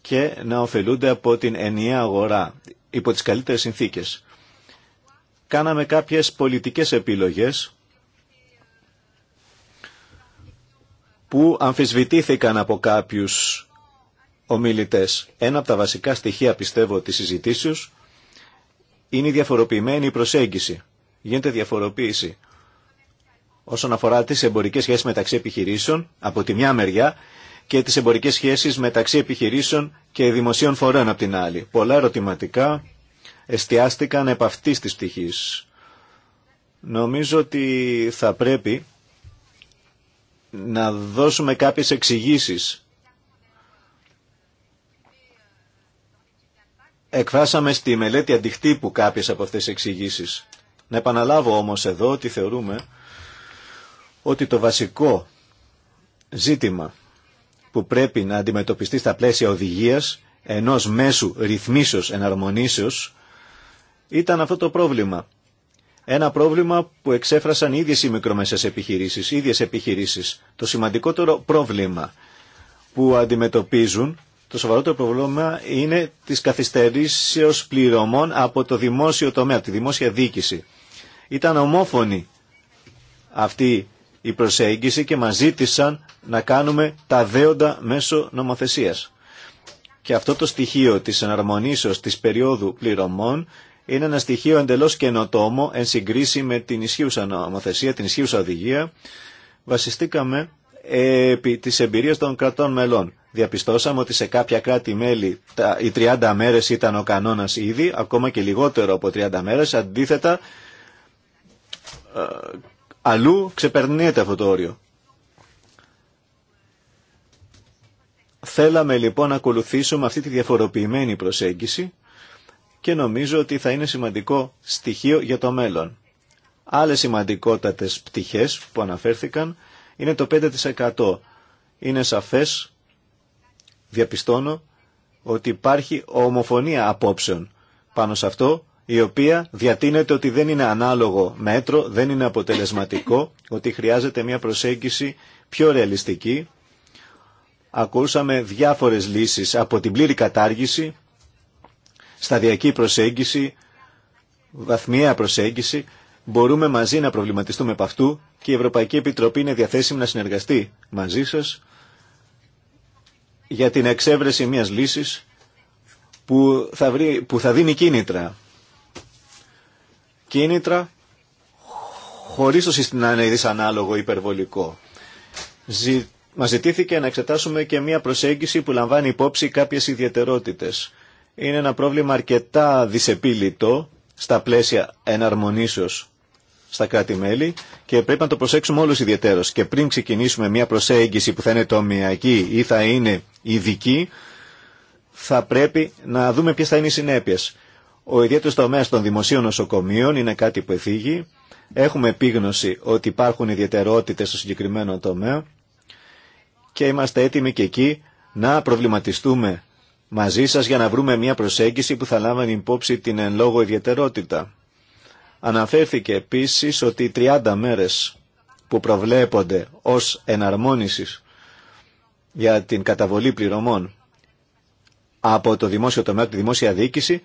S3: και να ωφελούνται από την ενιαία αγορά υπό τις καλύτερες συνθήκες. Κάναμε κάποιες πολιτικές επιλογές που αμφισβητήθηκαν από κάποιους ομιλητές. Ένα από τα βασικά στοιχεία πιστεύω της συζητήσεως είναι η διαφοροποιημένη προσέγγιση. Γίνεται διαφοροποίηση όσον αφορά τις εμπορικές σχέσεις μεταξύ επιχειρήσεων από τη μια μεριά και τις εμπορικές σχέσεις μεταξύ επιχειρήσεων και δημοσίων φορέων από την άλλη. Πολλά ερωτηματικά εστιάστηκαν επ' αυτής της πτυχής. Νομίζω ότι θα πρέπει να δώσουμε κάποιες εξηγήσεις Εκφράσαμε στη μελέτη αντιχτύπου κάποιες από αυτές τις εξηγήσεις. Να επαναλάβω όμως εδώ ότι θεωρούμε ότι το βασικό ζήτημα που πρέπει να αντιμετωπιστεί στα πλαίσια οδηγίας ενός μέσου ρυθμίσεως εναρμονίσεως ήταν αυτό το πρόβλημα. Ένα πρόβλημα που εξέφρασαν οι ίδιες οι μικρομεσαίες επιχειρήσεις, οι ίδιες επιχειρήσεις. Το σημαντικότερο πρόβλημα που αντιμετωπίζουν το σοβαρότερο πρόβλημα είναι της καθυστερήσεως πληρωμών από το δημόσιο τομέα, τη δημόσια διοίκηση. Ήταν ομόφωνη αυτή η προσέγγιση και μας ζήτησαν να κάνουμε τα δέοντα μέσω νομοθεσίας. Και αυτό το στοιχείο της εναρμονίσεως της περίοδου πληρωμών είναι ένα στοιχείο εντελώς καινοτόμο εν συγκρίση με την ισχύουσα νομοθεσία, την ισχύουσα οδηγία. Βασιστήκαμε επί της εμπειρίας των κρατών μελών διαπιστώσαμε ότι σε κάποια κράτη-μέλη οι 30 μέρες ήταν ο κανόνας ήδη, ακόμα και λιγότερο από 30 μέρες. Αντίθετα, ε, αλλού ξεπερνιέται αυτό το όριο. Θέλαμε λοιπόν να ακολουθήσουμε αυτή τη διαφοροποιημένη προσέγγιση και νομίζω ότι θα είναι σημαντικό στοιχείο για το μέλλον. Άλλες σημαντικότατες πτυχές που αναφέρθηκαν είναι το 5%. Είναι σαφές διαπιστώνω ότι υπάρχει ομοφωνία απόψεων πάνω σε αυτό, η οποία διατείνεται ότι δεν είναι ανάλογο μέτρο, δεν είναι αποτελεσματικό, ότι χρειάζεται μια προσέγγιση πιο ρεαλιστική. Ακούσαμε διάφορες λύσεις από την πλήρη κατάργηση, σταδιακή προσέγγιση, βαθμιαία προσέγγιση. Μπορούμε μαζί να προβληματιστούμε από αυτού και η Ευρωπαϊκή Επιτροπή είναι διαθέσιμη να συνεργαστεί μαζί σας για την εξέβρεση μιας λύσης που θα, βρει, δίνει κίνητρα. Κίνητρα χωρίς το σύστημα να είναι υπερβολικό. Ζη, μας ζητήθηκε να εξετάσουμε και μια προσέγγιση που λαμβάνει υπόψη κάποιες ιδιαιτερότητες. Είναι ένα πρόβλημα αρκετά δυσεπίλητο στα πλαίσια εναρμονίσεως στα κράτη-μέλη και πρέπει να το προσέξουμε όλους ιδιαίτερος. Και πριν ξεκινήσουμε μια προσέγγιση που θα είναι τομιακή ή θα είναι ειδική, θα πρέπει να δούμε ποιες θα είναι οι συνέπειες. Ο ιδιαίτερος τομέας των δημοσίων νοσοκομείων είναι κάτι που εφήγει. Έχουμε επίγνωση ότι υπάρχουν ιδιαιτερότητες στο συγκεκριμένο τομέα και είμαστε έτοιμοι και εκεί να προβληματιστούμε μαζί σας για να βρούμε μια προσέγγιση που θα λάβει υπόψη την εν λόγω ιδιαιτερότητα. Αναφέρθηκε επίσης ότι οι 30 μέρες που προβλέπονται ως εναρμόνισης για την καταβολή πληρωμών από το δημόσιο τομέα, τη δημόσια διοίκηση,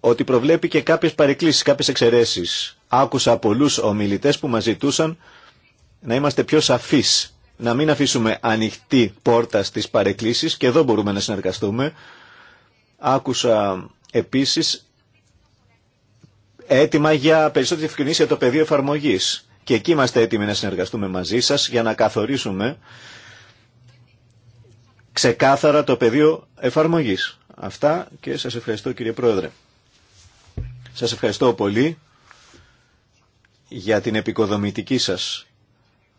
S3: ότι προβλέπει και κάποιες παρεκκλήσεις, κάποιες εξαιρέσεις. Άκουσα πολλούς ομιλητές που μας ζητούσαν να είμαστε πιο σαφείς, να μην αφήσουμε ανοιχτή πόρτα στις παρεκκλήσεις και εδώ μπορούμε να συνεργαστούμε. Άκουσα επίσης έτοιμα για περισσότερη ευκαιρία για το πεδίο εφαρμογή. Και εκεί είμαστε έτοιμοι να συνεργαστούμε μαζί σα για να καθορίσουμε ξεκάθαρα το πεδίο εφαρμογή. Αυτά και σα ευχαριστώ κύριε Πρόεδρε. Σα ευχαριστώ πολύ για την επικοδομητική σας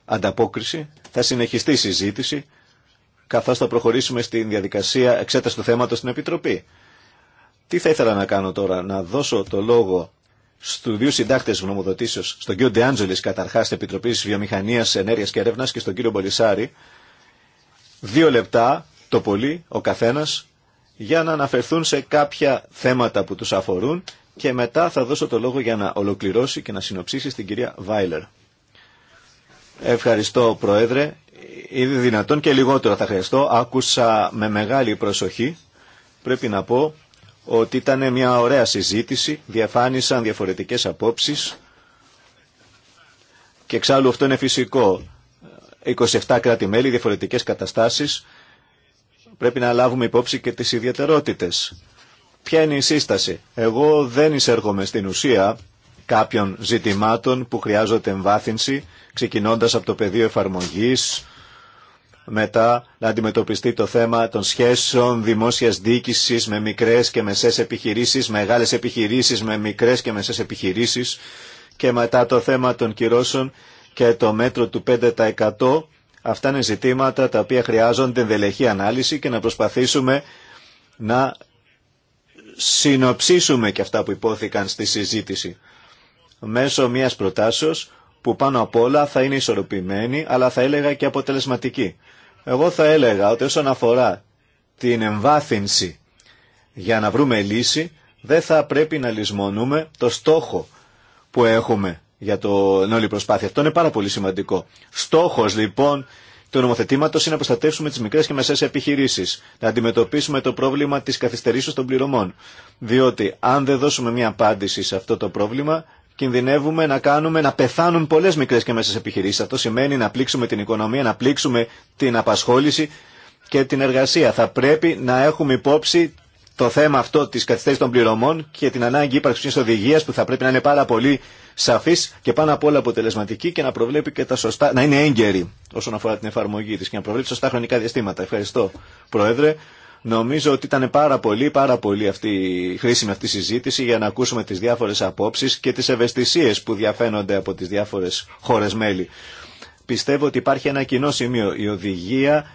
S3: ανταπόκριση. Θα συνεχιστεί η συζήτηση καθώς θα προχωρήσουμε στην διαδικασία εξέταση του θέματος στην Επιτροπή. Τι θα ήθελα να κάνω τώρα, να δώσω το λόγο στου δύο συντάκτε γνωμοδοτήσεω, στον κύριο Ντεάντζολη, καταρχά τη Επιτροπή Βιομηχανία, Ενέργεια και Έρευνα και στον κύριο Μπολισάρη, δύο λεπτά το πολύ ο καθένα για να αναφερθούν σε κάποια θέματα που του αφορούν και μετά θα δώσω το λόγο για να ολοκληρώσει και να συνοψίσει στην κυρία Βάιλερ. Ευχαριστώ Πρόεδρε. Ήδη δυνατόν και λιγότερο θα χρειαστώ. Άκουσα με μεγάλη προσοχή, πρέπει να πω, ότι ήταν μια ωραία συζήτηση, διαφάνησαν διαφορετικές απόψεις και εξάλλου αυτό είναι φυσικό. 27 κράτη-μέλη, διαφορετικές καταστάσεις, πρέπει να λάβουμε υπόψη και τις ιδιαιτερότητες. Ποια είναι η σύσταση. Εγώ δεν εισέρχομαι στην ουσία κάποιων ζητημάτων που χρειάζονται εμβάθυνση, ξεκινώντας από το πεδίο εφαρμογής, μετά να αντιμετωπιστεί το θέμα των σχέσεων δημόσιας διοίκησης με μικρές και μεσές επιχειρήσεις, μεγάλες επιχειρήσεις με μικρές και μεσές επιχειρήσεις και μετά το θέμα των κυρώσεων και το μέτρο του 5%. Αυτά είναι ζητήματα τα οποία χρειάζονται ενδελεχή ανάλυση και να προσπαθήσουμε να συνοψίσουμε και αυτά που υπόθηκαν στη συζήτηση μέσω μιας προτάσεως που πάνω απ' όλα θα είναι ισορροπημένη, αλλά θα έλεγα και αποτελεσματική. Εγώ θα έλεγα ότι όσον αφορά την εμβάθυνση για να βρούμε λύση, δεν θα πρέπει να λησμονούμε το στόχο που έχουμε για το, την όλη προσπάθεια. Αυτό είναι πάρα πολύ σημαντικό. Στόχος λοιπόν του νομοθετήματο είναι να προστατεύσουμε τι μικρέ και μεσαίε επιχειρήσει, να αντιμετωπίσουμε το πρόβλημα τη καθυστερήσεω των πληρωμών. Διότι αν δεν δώσουμε μια απάντηση σε αυτό το πρόβλημα, κινδυνεύουμε να κάνουμε να πεθάνουν πολλέ μικρέ και μέσα επιχειρήσει. Αυτό σημαίνει να πλήξουμε την οικονομία, να πλήξουμε την απασχόληση και την εργασία. Θα πρέπει να έχουμε υπόψη το θέμα αυτό τη καθυστέρηση των πληρωμών και την ανάγκη ύπαρξη μια οδηγία που θα πρέπει να είναι πάρα πολύ σαφή και πάνω απ' όλα αποτελεσματική και να προβλέπει και τα σωστά, να είναι έγκαιρη όσον αφορά την εφαρμογή τη και να προβλέπει σωστά χρονικά διαστήματα. Ευχαριστώ Πρόεδρε. Νομίζω ότι ήταν πάρα πολύ, πάρα πολύ αυτή, χρήσιμη αυτή η συζήτηση για να ακούσουμε τις διάφορες απόψεις και τις ευαισθησίες που διαφαίνονται από τις διάφορες χώρες μέλη. Πιστεύω ότι υπάρχει ένα κοινό σημείο. Η οδηγία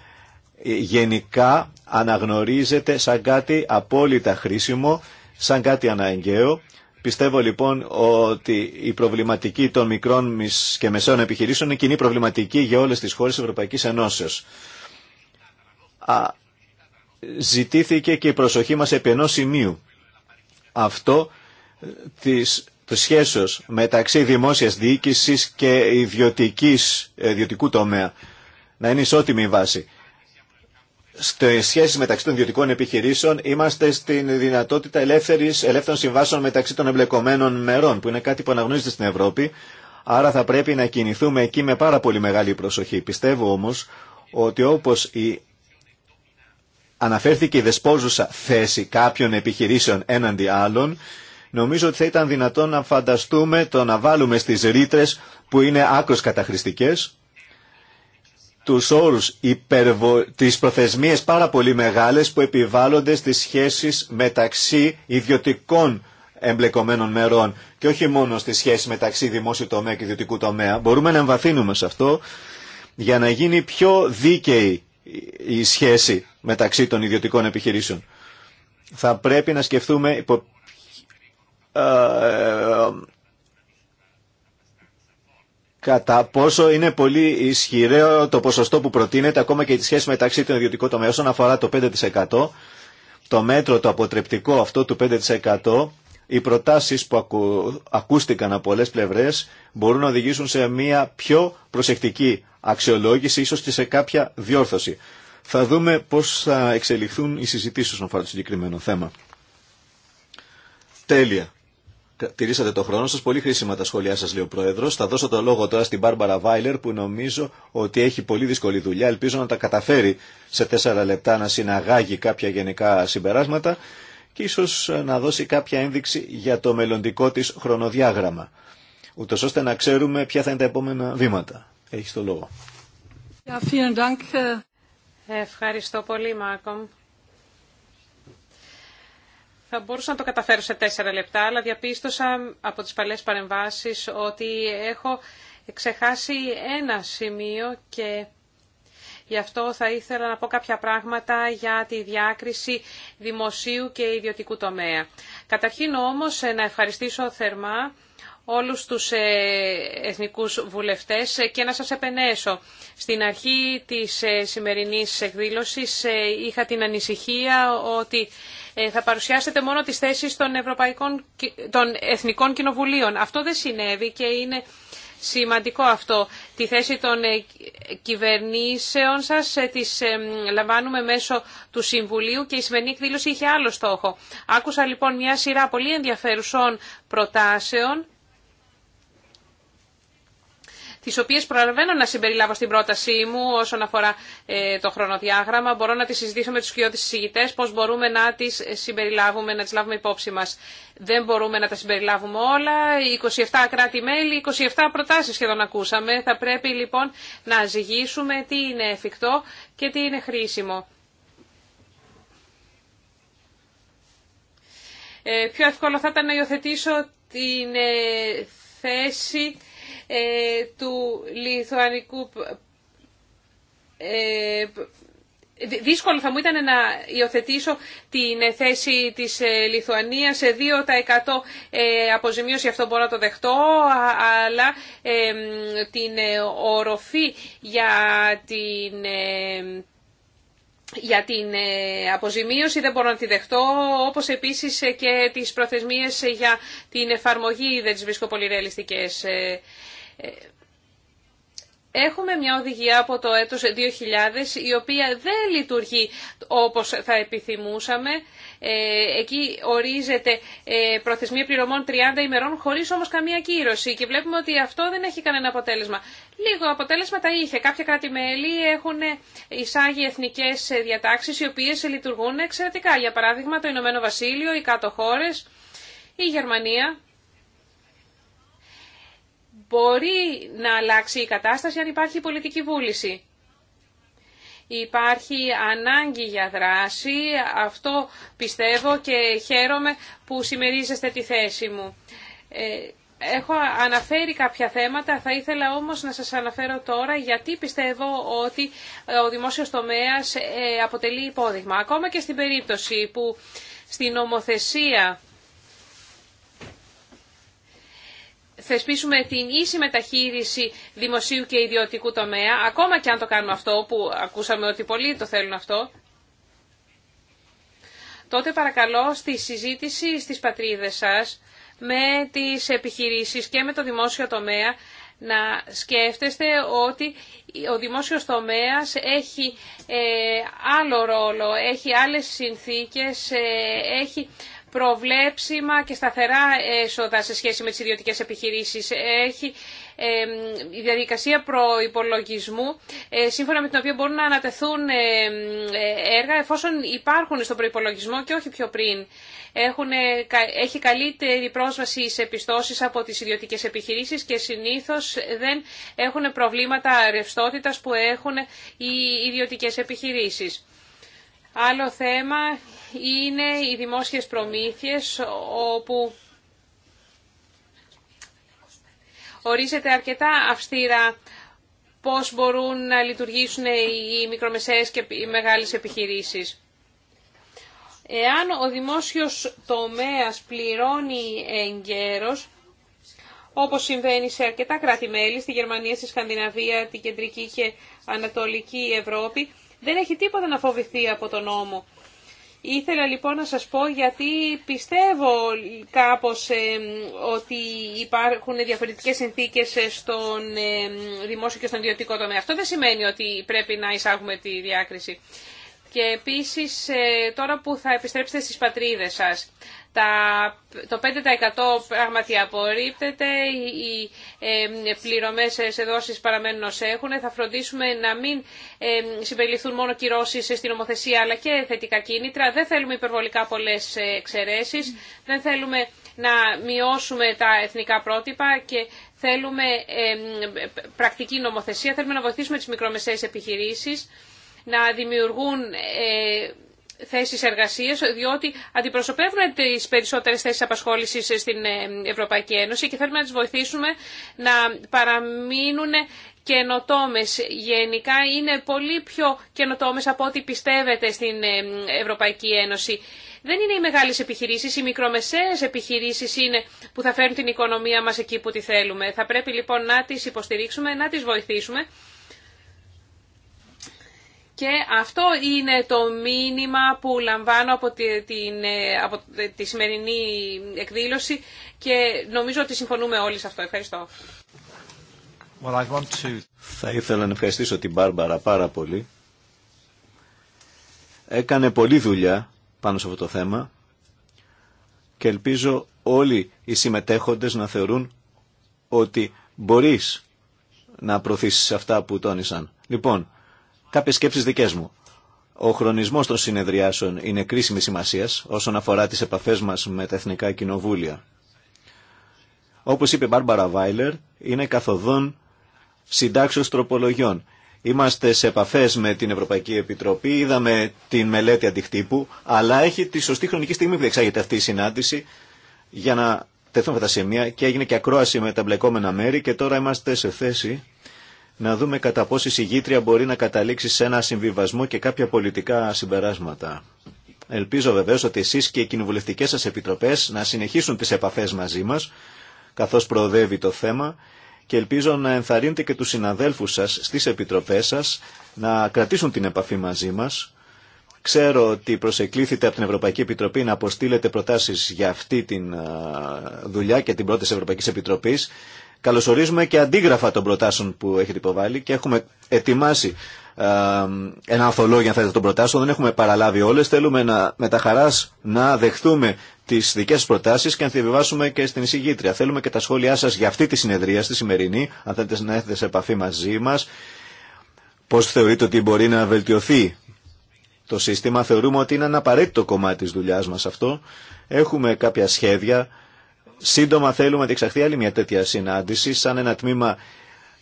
S3: ε, γενικά αναγνωρίζεται σαν κάτι απόλυτα χρήσιμο, σαν κάτι αναγκαίο. Πιστεύω λοιπόν ότι η προβληματική των μικρών και μεσαίων επιχειρήσεων είναι κοινή προβληματική για όλες τις χώρες της Ευρωπαϊκής Ενώσεως ζητήθηκε και η προσοχή μας επί ενός σημείου. Αυτό ε, της της σχέσεως μεταξύ δημόσιας διοίκησης και ιδιωτικής, ε, ιδιωτικού τομέα. Να είναι ισότιμη η βάση. Στι σχέσει μεταξύ των ιδιωτικών επιχειρήσεων είμαστε στην δυνατότητα ελεύθερης, ελεύθερων συμβάσεων μεταξύ των εμπλεκομένων μερών, που είναι κάτι που αναγνωρίζεται στην Ευρώπη. Άρα θα πρέπει να κινηθούμε εκεί με πάρα πολύ μεγάλη προσοχή. Πιστεύω όμως ότι όπως η αναφέρθηκε η δεσπόζουσα θέση κάποιων επιχειρήσεων έναντι άλλων, νομίζω ότι θα ήταν δυνατόν να φανταστούμε το να βάλουμε στις ρήτρε που είναι άκρως καταχρηστικές, τους όρους υπερβο... τις προθεσμίες πάρα πολύ μεγάλες που επιβάλλονται στις σχέσεις μεταξύ ιδιωτικών εμπλεκομένων μερών και όχι μόνο στις σχέσεις μεταξύ δημόσιου τομέα και ιδιωτικού τομέα. Μπορούμε να εμβαθύνουμε σε αυτό για να γίνει πιο δίκαιη η σχέση μεταξύ των ιδιωτικών επιχειρήσεων. Θα πρέπει να σκεφτούμε ε, κατά πόσο είναι πολύ ισχυρό το ποσοστό που προτείνεται ακόμα και τη σχέση μεταξύ των ιδιωτικών τομέων όσον αφορά το 5% το μέτρο το αποτρεπτικό αυτό του 5% οι προτάσεις που ακούστηκαν από πολλές πλευρές μπορούν να οδηγήσουν σε μια πιο προσεκτική αξιολόγηση, ίσως και σε κάποια διόρθωση. Θα δούμε πώς θα εξελιχθούν οι συζητήσεις όσον αφορά το συγκεκριμένο θέμα. Τέλεια. Τηρήσατε το χρόνο σας, πολύ χρήσιμα τα σχόλιά σας λέει ο Προεδρο. Θα δώσω το λόγο τώρα στην Μπάρμπαρα Βάιλερ που νομίζω ότι έχει πολύ δύσκολη δουλειά. Ελπίζω να τα καταφέρει σε τέσσερα λεπτά να συναγάγει κάποια γενικά συμπεράσματα και ίσως ε, να δώσει κάποια ένδειξη για το μελλοντικό της χρονοδιάγραμμα, ούτω ώστε να ξέρουμε ποια θα είναι τα επόμενα βήματα. Έχεις το λόγο.
S1: Ε,
S4: Ευχαριστώ πολύ, Μάκομ. Θα μπορούσα να το καταφέρω σε τέσσερα λεπτά, αλλά διαπίστωσα από τις παλές παρεμβάσεις ότι έχω ξεχάσει ένα σημείο και γι' αυτό θα ήθελα να πω κάποια πράγματα για τη διάκριση δημοσίου και ιδιωτικού τομέα. Καταρχήν όμως ε, να ευχαριστήσω θερμά όλους τους ε, εθνικούς βουλευτές ε, και να σας επενέσω. Στην αρχή της σημερινής εκδήλωσης είχα την ανησυχία ότι θα παρουσιάσετε μόνο τις θέσεις των, Ευρωπαϊκών, των Εθνικών Κοινοβουλίων. Αυτό δεν συνέβη και είναι σημαντικό αυτό. Τη θέση των ε, κυβερνήσεων σας ε, τις ε, λαμβάνουμε μέσω του Συμβουλίου και η σημερινή εκδήλωση είχε άλλο στόχο. Άκουσα λοιπόν μια σειρά πολύ ενδιαφέρουσων προτάσεων τις οποίες προλαβαίνω να συμπεριλάβω στην πρότασή μου όσον αφορά ε, το χρονοδιάγραμμα. Μπορώ να τις συζητήσω με τους κοιότητες συζητητές, πώς μπορούμε να τις συμπεριλάβουμε, να τις λάβουμε υπόψη μας. Δεν μπορούμε να τα συμπεριλάβουμε όλα. 27 κράτη-μέλη, 27 προτάσεις σχεδόν ακούσαμε. Θα πρέπει λοιπόν να ζυγίσουμε τι είναι εφικτό και τι είναι χρήσιμο. Ε, πιο εύκολο θα ήταν να υιοθετήσω την ε, θέση ε, του λιθουανικού ε, Δύσκολο θα μου ήταν να υιοθετήσω την ε, θέση της Λιθουανίας σε 2% αποζημίωση, αυτό μπορώ να το δεχτώ, αλλά την οροφή για την για την ε, αποζημίωση δεν μπορώ να τη δεχτώ, όπως επίσης ε, και τις προθεσμίες ε, για την εφαρμογή δεν τις βρίσκω πολύ ρεαλιστικές. Έχουμε μια οδηγία από το έτος 2000 η οποία δεν λειτουργεί όπως θα επιθυμούσαμε. Ε, εκεί ορίζεται ε, προθεσμία πληρωμών 30 ημερών χωρίς όμως καμία κύρωση και βλέπουμε ότι αυτό δεν έχει κανένα αποτέλεσμα. Λίγο αποτέλεσμα τα είχε. Κάποια κράτη-μέλη έχουν εισάγει εθνικές διατάξεις οι οποίες λειτουργούν εξαιρετικά. Για παράδειγμα το Ηνωμένο Βασίλειο, οι κάτω χώρες, η Γερμανία μπορεί να αλλάξει η κατάσταση αν υπάρχει πολιτική βούληση. Υπάρχει ανάγκη για δράση, αυτό πιστεύω και χαίρομαι που συμμερίζεστε τη θέση μου. Ε, έχω αναφέρει κάποια θέματα, θα ήθελα όμως να σας αναφέρω τώρα γιατί πιστεύω ότι ε, ο δημόσιος τομέας ε, αποτελεί υπόδειγμα. Ακόμα και στην περίπτωση που στην ομοθεσία θεσπίσουμε την ίση μεταχείριση δημοσίου και ιδιωτικού τομέα, ακόμα και αν το κάνουμε αυτό, που ακούσαμε ότι πολλοί το θέλουν αυτό, τότε παρακαλώ στη συζήτηση στις πατρίδες σας με τις επιχειρήσεις και με το δημόσιο τομέα να σκέφτεστε ότι ο δημόσιος τομέας έχει ε, άλλο ρόλο, έχει άλλες συνθήκες, ε, έχει προβλέψιμα και σταθερά έσοδα σε σχέση με τις ιδιωτικές επιχειρήσεις. Έχει η διαδικασία προϋπολογισμού, ε, σύμφωνα με την οποία μπορούν να ανατεθούν ε, ε, έργα εφόσον υπάρχουν στον προϋπολογισμό και όχι πιο πριν. Έχουν, έχει καλύτερη πρόσβαση σε πιστώσεις από τις ιδιωτικές επιχειρήσεις και συνήθως δεν έχουν προβλήματα ρευστότητας που έχουν οι ιδιωτικές επιχειρήσεις. Άλλο θέμα είναι οι δημόσιες προμήθειες όπου ορίζεται αρκετά αυστήρα πώς μπορούν να λειτουργήσουν οι μικρομεσαίες και οι μεγάλες επιχειρήσεις. Εάν ο δημόσιος τομέας πληρώνει εγκαίρος, όπως συμβαίνει σε αρκετά κράτη-μέλη, στη Γερμανία, στη Σκανδιναβία, την Κεντρική και Ανατολική Ευρώπη, δεν έχει τίποτα να φοβηθεί από τον νόμο. Ήθελα λοιπόν να σας πω γιατί πιστεύω κάπως ότι υπάρχουν διαφορετικές συνθήκες ε, στον δημόσιο και στον ιδιωτικό τομέα. Αυτό δεν σημαίνει ότι πρέπει να εισάγουμε τη διάκριση. Και επίσης ε, τώρα που θα επιστρέψετε στις πατρίδες σας, το 5% πράγματι απορρίπτεται, οι πληρωμές σε δόσεις παραμένουν ως έχουν. Θα φροντίσουμε να μην συμπεριληφθούν μόνο κυρώσεις στην νομοθεσία αλλά και θετικά κίνητρα. Δεν θέλουμε υπερβολικά πολλές εξαιρέσεις, δεν θέλουμε να μειώσουμε τα εθνικά πρότυπα και θέλουμε πρακτική νομοθεσία, θέλουμε να βοηθήσουμε τις μικρομεσαίες επιχειρήσεις να δημιουργούν ε, θέσεις εργασίας, διότι αντιπροσωπεύουν τις περισσότερες θέσεις απασχόλησης στην ε, Ευρωπαϊκή Ένωση και θέλουμε να τις βοηθήσουμε να παραμείνουν καινοτόμε. Γενικά είναι πολύ πιο καινοτόμε από ό,τι πιστεύετε στην ε, Ευρωπαϊκή Ένωση. Δεν είναι οι μεγάλε επιχειρήσει, οι μικρομεσαίε επιχειρήσει είναι που θα φέρουν την οικονομία μα εκεί που τη θέλουμε. Θα πρέπει λοιπόν να τι υποστηρίξουμε, να τι βοηθήσουμε και αυτό είναι το μήνυμα που λαμβάνω από τη, την, ε, από σημερινή εκδήλωση και νομίζω ότι συμφωνούμε όλοι σε αυτό. Ευχαριστώ.
S3: Θα ήθελα να ευχαριστήσω την Μπάρμπαρα πάρα πολύ. Έκανε πολλή δουλειά πάνω σε αυτό το θέμα και ελπίζω όλοι οι συμμετέχοντες να θεωρούν ότι μπορείς να προωθήσεις αυτά που τόνισαν. Λοιπόν, Κάποιε σκέψει δικέ μου. Ο χρονισμό των συνεδριάσεων είναι κρίσιμη σημασία όσον αφορά τι επαφέ μα με τα εθνικά κοινοβούλια. Όπω είπε η Μπάρμπαρα Βάιλερ, είναι καθοδόν συντάξεω τροπολογιών. Είμαστε σε επαφέ με την Ευρωπαϊκή Επιτροπή, είδαμε την μελέτη αντιχτύπου, αλλά έχει τη σωστή χρονική στιγμή που διεξάγεται αυτή η συνάντηση για να τεθούν αυτά τα σημεία και έγινε και ακρόαση με τα μπλεκόμενα μέρη και τώρα είμαστε σε θέση να δούμε κατά πόσο η συγγήτρια μπορεί να καταλήξει σε ένα συμβιβασμό και κάποια πολιτικά συμπεράσματα. Ελπίζω βεβαίως ότι εσείς και οι κοινοβουλευτικές σας επιτροπές να συνεχίσουν τις επαφές μαζί μας, καθώς προοδεύει το θέμα, και ελπίζω να ενθαρρύνετε και τους συναδέλφους σας στις επιτροπές σας να κρατήσουν την επαφή μαζί μας. Ξέρω ότι προσεκλήθητε από την Ευρωπαϊκή Επιτροπή να αποστείλετε προτάσεις για αυτή τη δουλειά και την πρώτη Ευρωπαϊκή Επιτροπής Καλωσορίζουμε και αντίγραφα των προτάσεων που έχετε υποβάλει και έχουμε ετοιμάσει ένα ανθολόγιο αν θέλετε των προτάσεων. Δεν έχουμε παραλάβει όλε. Θέλουμε να, με τα χαρά να δεχτούμε τι δικέ προτάσει και να τι διαβιβάσουμε και στην εισηγήτρια. Θέλουμε και τα σχόλιά σα για αυτή τη συνεδρία, στη σημερινή, αν θέλετε να έρθετε σε επαφή μαζί μα. Πώ θεωρείτε ότι μπορεί να βελτιωθεί το σύστημα. Θεωρούμε ότι είναι ένα απαραίτητο κομμάτι τη δουλειά μα αυτό. Έχουμε κάποια σχέδια σύντομα θέλουμε να διεξαχθεί άλλη μια τέτοια συνάντηση σαν ένα τμήμα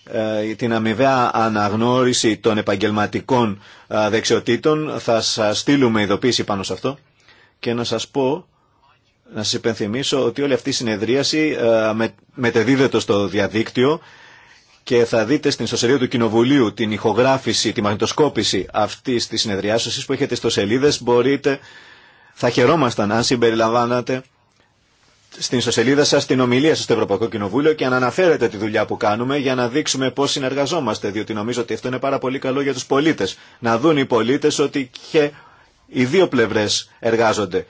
S3: ε, την αμοιβαία αναγνώριση των επαγγελματικών ε, δεξιοτήτων. Θα σας στείλουμε ειδοποίηση πάνω σε αυτό και να σας πω, να σας υπενθυμίσω ότι όλη αυτή η συνεδρίαση ε, μετεδίδεται στο διαδίκτυο και θα δείτε στην ιστοσελίδα του Κοινοβουλίου την ηχογράφηση, τη μαγνητοσκόπηση αυτής της συνεδριάσεως που έχετε στο σελίδες μπορείτε, θα χαιρόμασταν αν συμπεριλαμβάνατε στην ισοσελίδα σας την ομιλία σας στο Ευρωπαϊκό Κοινοβούλιο και να αναφέρετε τη δουλειά που κάνουμε για να δείξουμε πώς συνεργαζόμαστε, διότι νομίζω ότι αυτό είναι πάρα πολύ καλό για τους πολίτες. Να δουν οι πολίτες ότι και οι δύο πλευρές εργάζονται.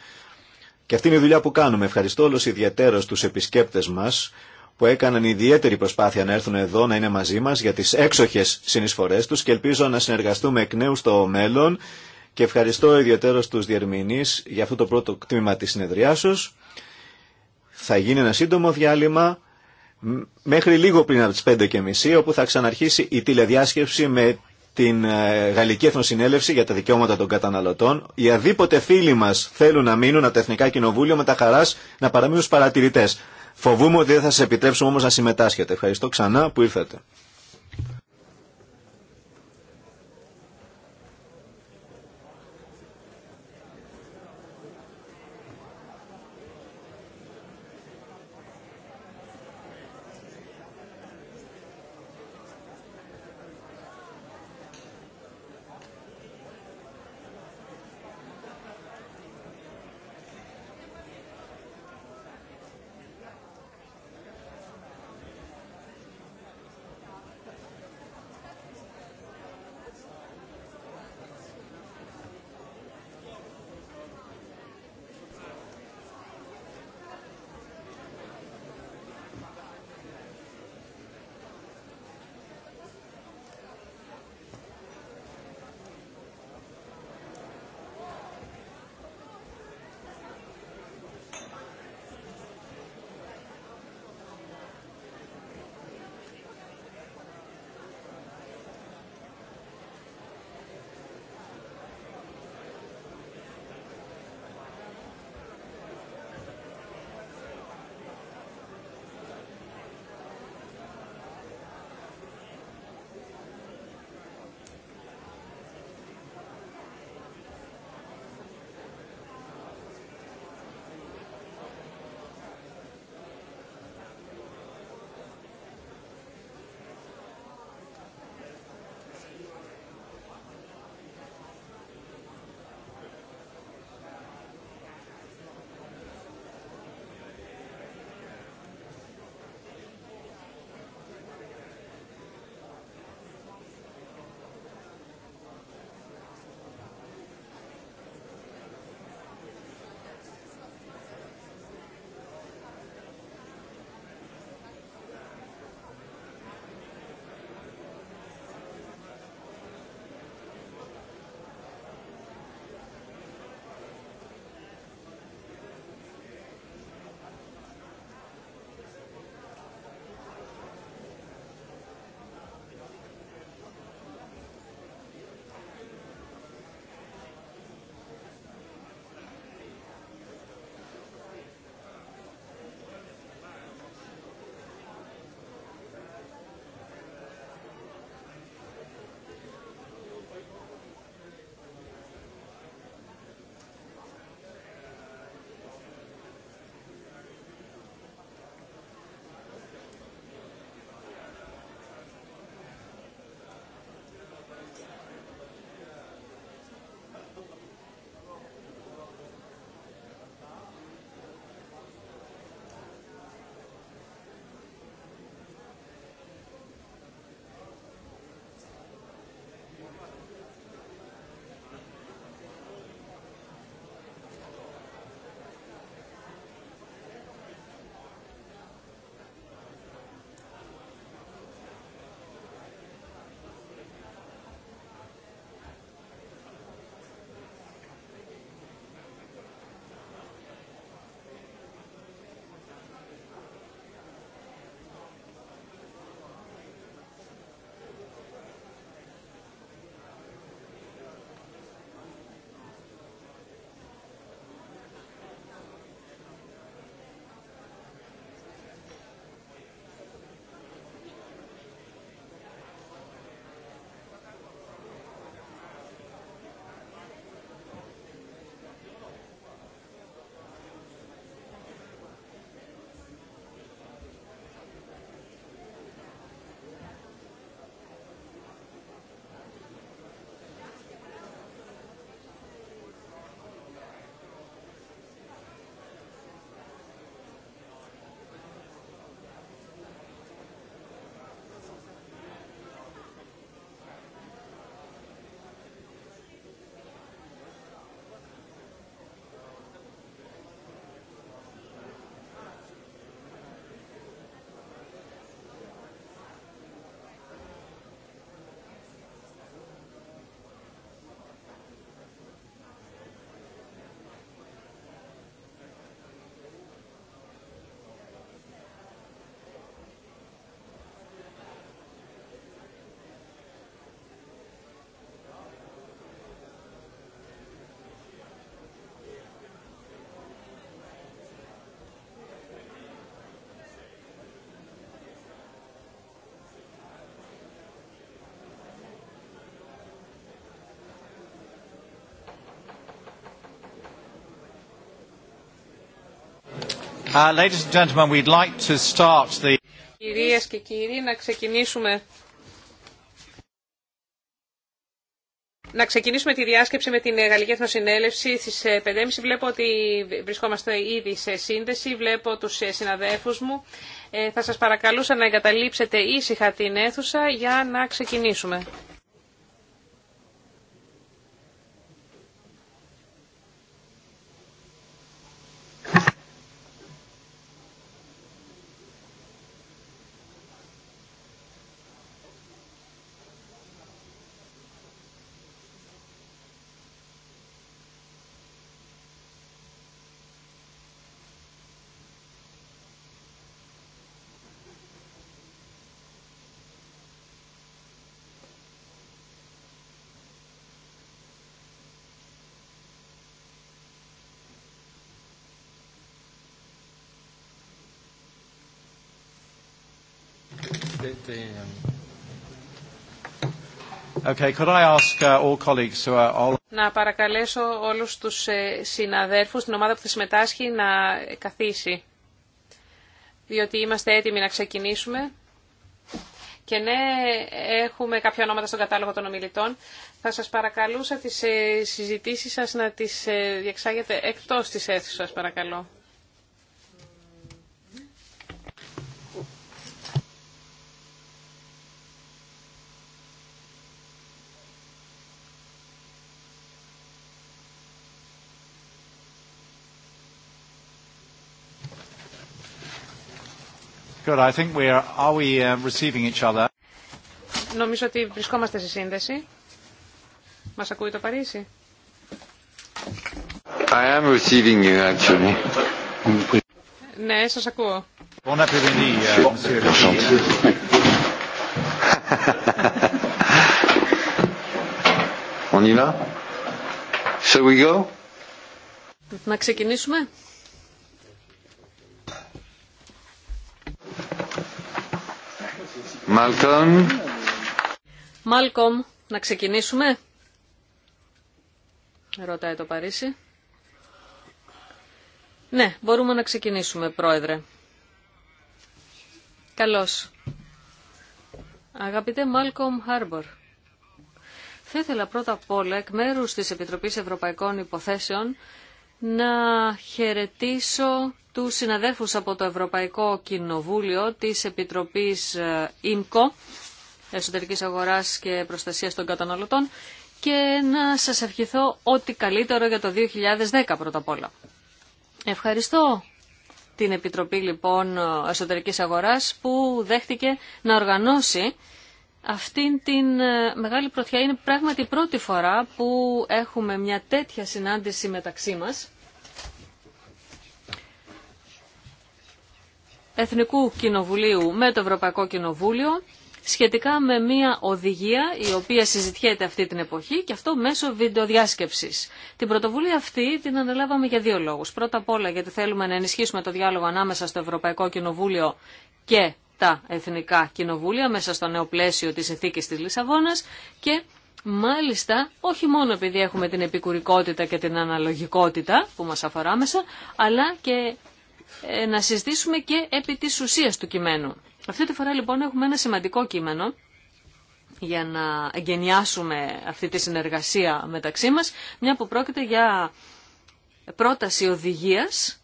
S3: Και αυτή είναι η δουλειά που κάνουμε. Ευχαριστώ όλους ιδιαίτερω τους επισκέπτες μας που έκαναν ιδιαίτερη προσπάθεια να έρθουν εδώ να είναι μαζί μας για τις έξοχες συνεισφορές τους και ελπίζω να συνεργαστούμε εκ νέου στο μέλλον και ευχαριστώ ιδιαίτερος τους διερμηνείς για αυτό το πρώτο κτήμα της θα γίνει ένα σύντομο διάλειμμα μέχρι λίγο πριν από τις 5.30 όπου θα ξαναρχίσει η τηλεδιάσκεψη με την ε, Γαλλική Εθνοσυνέλευση για τα δικαιώματα των καταναλωτών. Οι αδίποτε φίλοι μας θέλουν να μείνουν από τα Εθνικά Κοινοβούλια με τα χαράς να παραμείνουν στους παρατηρητές. Φοβούμαι ότι δεν θα σας επιτρέψουμε όμως να συμμετάσχετε. Ευχαριστώ ξανά που ήρθατε.
S2: Uh, ladies and gentlemen, we'd like to start the...
S4: Κυρίες και κύριοι, να ξεκινήσουμε... Να ξεκινήσουμε τη διάσκεψη με την Γαλλική Εθνοσυνέλευση στις 5.30. Ε, βλέπω ότι βρισκόμαστε ήδη σε σύνδεση, βλέπω τους ε, συναδέφους μου. Ε, θα σας παρακαλούσα να εγκαταλείψετε ήσυχα την αίθουσα για να ξεκινήσουμε. Να παρακαλέσω όλους τους ε, συναδέρφους την ομάδα που θα συμμετάσχει να καθίσει. Διότι είμαστε έτοιμοι να ξεκινήσουμε. Και ναι, έχουμε κάποια ονόματα στον κατάλογο των ομιλητών. Θα σας παρακαλούσα τις ε, συζητήσεις σας να τις ε, διεξάγετε εκτός της αίθουσας, παρακαλώ.
S2: Νομίζω
S4: ότι βρισκόμαστε σε σύνδεση. Μας ακούει το Παρίσι.
S2: I am receiving you actually.
S4: Ναι, σας ακούω.
S5: Να ξεκινήσουμε. Μάλκομ, να ξεκινήσουμε. Ρωτάει το Παρίσι. Ναι, μπορούμε να ξεκινήσουμε, Πρόεδρε. Καλώς. Αγαπητέ Μάλκομ Χάρμπορ, θα ήθελα πρώτα απ' όλα εκ μέρους της Επιτροπής Ευρωπαϊκών Υποθέσεων να χαιρετήσω τους συναδέλφους από το Ευρωπαϊκό Κοινοβούλιο της Επιτροπής ε, ΙΜΚΟ, Εσωτερικής Αγοράς και Προστασίας των Καταναλωτών και να σας ευχηθώ ό,τι καλύτερο για το 2010 πρώτα απ' όλα. Ευχαριστώ την Επιτροπή λοιπόν Εσωτερικής Αγοράς που δέχτηκε να οργανώσει αυτήν την ε, μεγάλη πρωτιά. Είναι πράγματι η πρώτη φορά που έχουμε μια τέτοια συνάντηση μεταξύ μας Εθνικού Κοινοβουλίου με το Ευρωπαϊκό Κοινοβούλιο σχετικά με μια οδηγία η οποία συζητιέται αυτή την εποχή και αυτό μέσω βιντεοδιάσκεψης. Την πρωτοβουλία αυτή την αναλάβαμε για δύο λόγους. Πρώτα απ' όλα γιατί θέλουμε να ενισχύσουμε το διάλογο ανάμεσα στο Ευρωπαϊκό Κοινοβούλιο και τα Εθνικά Κοινοβούλια μέσα στο νέο πλαίσιο της συνθήκης της Λισαβόνας και Μάλιστα, όχι μόνο επειδή έχουμε την επικουρικότητα και την αναλογικότητα που μας αφορά μέσα, αλλά και ε, να συζητήσουμε και επί της ουσίας του κειμένου. Αυτή τη φορά λοιπόν έχουμε ένα σημαντικό κείμενο για να εγκαινιάσουμε αυτή τη συνεργασία μεταξύ μας, μια που πρόκειται για πρόταση οδηγίας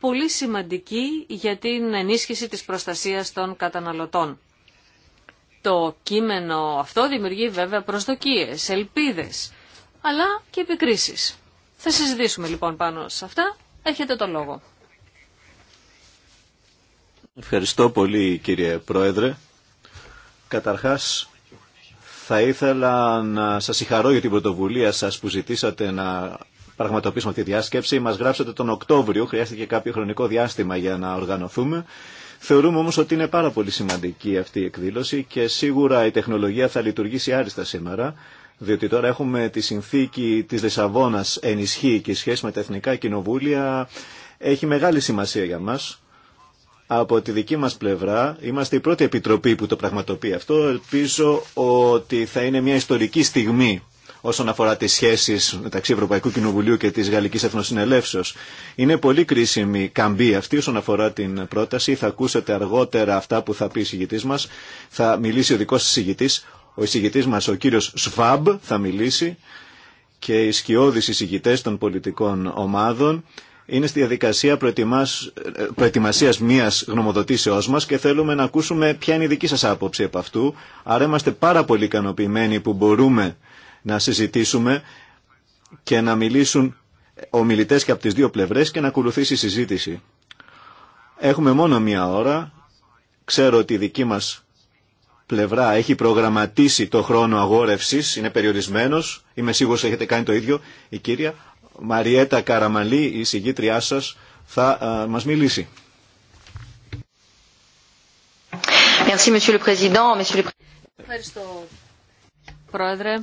S5: πολύ σημαντική για την ενίσχυση της προστασίας των καταναλωτών. Το κείμενο αυτό δημιουργεί βέβαια προσδοκίες, ελπίδες, αλλά και επικρίσεις. Θα συζητήσουμε λοιπόν πάνω σε αυτά Έχετε το λόγο.
S3: Ευχαριστώ πολύ κύριε Πρόεδρε. Καταρχάς θα ήθελα να σας συγχαρώ για την πρωτοβουλία σας που ζητήσατε να πραγματοποιήσουμε αυτή τη διάσκεψη. Μας γράψατε τον Οκτώβριο, χρειάστηκε κάποιο χρονικό διάστημα για να οργανωθούμε. Θεωρούμε όμως ότι είναι πάρα πολύ σημαντική αυτή η εκδήλωση και σίγουρα η τεχνολογία θα λειτουργήσει άριστα σήμερα διότι τώρα έχουμε τη συνθήκη της Λισαβόνας ενισχύει και η σχέση με τα εθνικά κοινοβούλια έχει μεγάλη σημασία για μας. Από τη δική μας πλευρά είμαστε η πρώτη επιτροπή που το πραγματοποιεί αυτό. Ελπίζω ότι θα είναι μια ιστορική στιγμή όσον αφορά τις σχέσεις μεταξύ Ευρωπαϊκού Κοινοβουλίου και της Γαλλικής Εθνοσυνελεύσεως. Είναι πολύ κρίσιμη καμπή αυτή όσον αφορά την πρόταση. Θα ακούσετε αργότερα αυτά που θα πει η συγητής μας. Θα μιλήσει ο δικός της συγητής. Ο εισηγητής μας, ο κύριος Σφαμπ, θα μιλήσει και οι σκιώδεις εισηγητές των πολιτικών ομάδων είναι στη διαδικασία προετοιμασία ε, προετοιμασίας μιας γνωμοδοτήσεώς μας και θέλουμε να ακούσουμε ποια είναι η δική σας άποψη από αυτού. Άρα είμαστε πάρα πολύ ικανοποιημένοι που μπορούμε να συζητήσουμε και να μιλήσουν ομιλητές και από τις δύο πλευρές και να ακολουθήσει η συζήτηση. Έχουμε μόνο μία ώρα. Ξέρω ότι η δική μας πλευρά έχει προγραμματίσει το χρόνο αγόρευση, είναι περιορισμένο, είμαι ότι έχετε κάνει το ίδιο, η κυρία Μαριέτα Καραμαλή, η συγγήτριά σα, θα ε, μας μιλήσει.
S5: Ευχαριστώ, Πρόεδρε,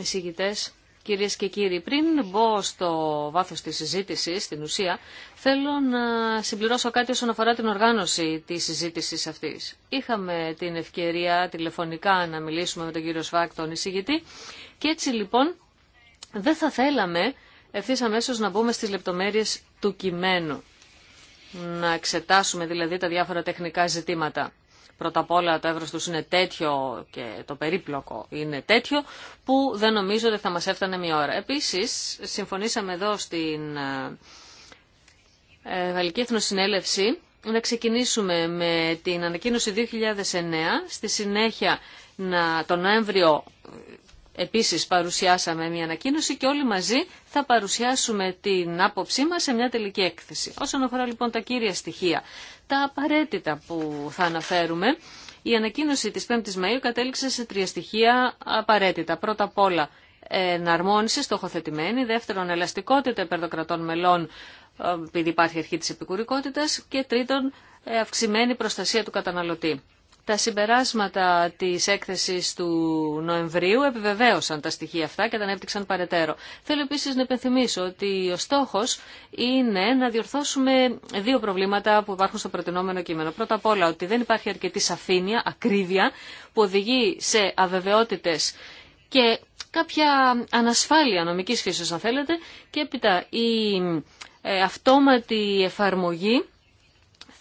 S5: εισηγητές. Κυρίε και κύριοι, πριν μπω στο βάθο της συζήτηση στην ουσία, θέλω να συμπληρώσω κάτι όσον αφορά την οργάνωση τη συζήτηση αυτής. Είχαμε την ευκαιρία τηλεφωνικά να μιλήσουμε με τον κύριο Σφάκ, τον εισηγητή, και έτσι λοιπόν δεν θα θέλαμε ευθύ αμέσω να μπούμε στις λεπτομέρειες του κειμένου. Να εξετάσουμε δηλαδή τα διάφορα τεχνικά ζητήματα πρώτα απ' όλα το εύρος τους είναι τέτοιο και το περίπλοκο είναι τέτοιο που δεν νομίζω ότι θα μας έφτανε μία ώρα. Επίσης, συμφωνήσαμε εδώ στην ε, Γαλλική Εθνοσυνέλευση να ξεκινήσουμε με την ανακοίνωση 2009, στη συνέχεια να, τον Νοέμβριο Επίσης παρουσιάσαμε μια ανακοίνωση και όλοι μαζί θα παρουσιάσουμε την άποψή μας σε μια τελική έκθεση. Όσον αφορά λοιπόν τα κύρια στοιχεία, τα απαραίτητα που θα αναφέρουμε, η ανακοίνωση της 5ης Μαΐου κατέληξε σε τρία στοιχεία απαραίτητα. Πρώτα απ' όλα εναρμόνιση στοχοθετημένη, δεύτερον ελαστικότητα υπερδοκρατών μελών ε, επειδή υπάρχει αρχή της επικουρικότητας και τρίτον ε, αυξημένη προστασία του καταναλωτή. Τα συμπεράσματα της έκθεσης του Νοεμβρίου επιβεβαίωσαν τα στοιχεία αυτά και τα ανέπτυξαν παρετέρω. Θέλω επίσης να υπενθυμίσω ότι ο στόχος είναι να διορθώσουμε δύο προβλήματα που υπάρχουν στο προτινόμενο κείμενο. Πρώτα απ' όλα ότι δεν υπάρχει αρκετή σαφήνεια, ακρίβεια, που οδηγεί σε αβεβαιότητες και κάποια ανασφάλεια νομικής φύσης αν θέλετε και έπειτα η ε, αυτόματη εφαρμογή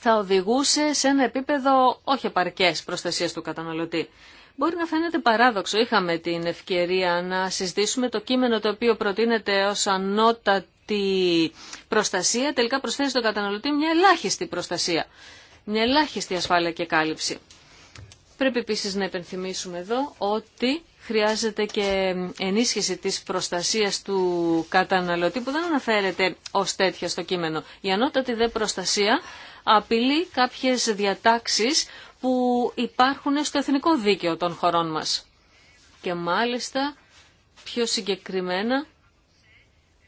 S5: θα οδηγούσε σε ένα επίπεδο όχι επαρκές προστασία του καταναλωτή. Μπορεί να φαίνεται παράδοξο. Είχαμε την ευκαιρία να συζητήσουμε το κείμενο το οποίο προτείνεται ως ανώτατη προστασία. Τελικά προσθέτει στον καταναλωτή μια ελάχιστη προστασία, μια ελάχιστη ασφάλεια και κάλυψη. Πρέπει επίσης να επενθυμίσουμε εδώ ότι χρειάζεται και ενίσχυση της προστασίας του καταναλωτή που δεν αναφέρεται ως τέτοια στο κείμενο. Η ανώτατη δε προστασία απειλεί κάποιες διατάξεις που υπάρχουν στο εθνικό δίκαιο των χωρών μας. Και μάλιστα πιο συγκεκριμένα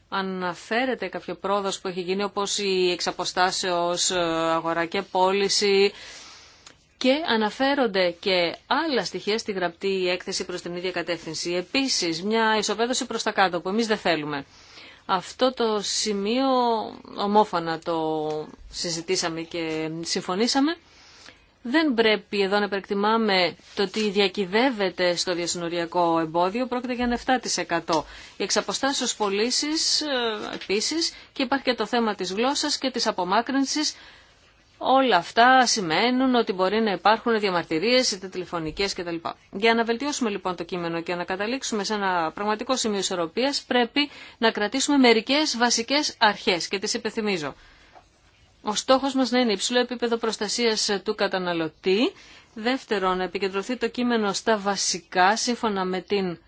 S5: αναφέρεται κάποιο πρόοδος που έχει γίνει όπως η εξαποστάσεως ε, αγορά και πώληση και αναφέρονται και άλλα στοιχεία στη γραπτή έκθεση προς την ίδια κατεύθυνση. Επίσης μια ισοπαίδωση προς τα κάτω που εμείς δεν θέλουμε. Αυτό το σημείο ομόφωνα το συζητήσαμε και συμφωνήσαμε. Δεν πρέπει εδώ να επεκτιμάμε το ότι διακυβεύεται στο διασυνοριακό εμπόδιο, πρόκειται για ένα 7%. Οι εξαποστάσεις πωλήσει ε, επίσης και υπάρχει και το θέμα της γλώσσας και της απομάκρυνσης Όλα αυτά σημαίνουν ότι μπορεί να υπάρχουν διαμαρτυρίες, είτε τηλεφωνικές κτλ. Για να βελτιώσουμε λοιπόν το κείμενο και να καταλήξουμε σε ένα πραγματικό σημείο ισορροπία, πρέπει να κρατήσουμε μερικές βασικές αρχές και τι υπενθυμίζω. Ο στόχος μας να είναι υψηλό επίπεδο προστασίας του καταναλωτή. Δεύτερον, να επικεντρωθεί το κείμενο στα βασικά σύμφωνα με την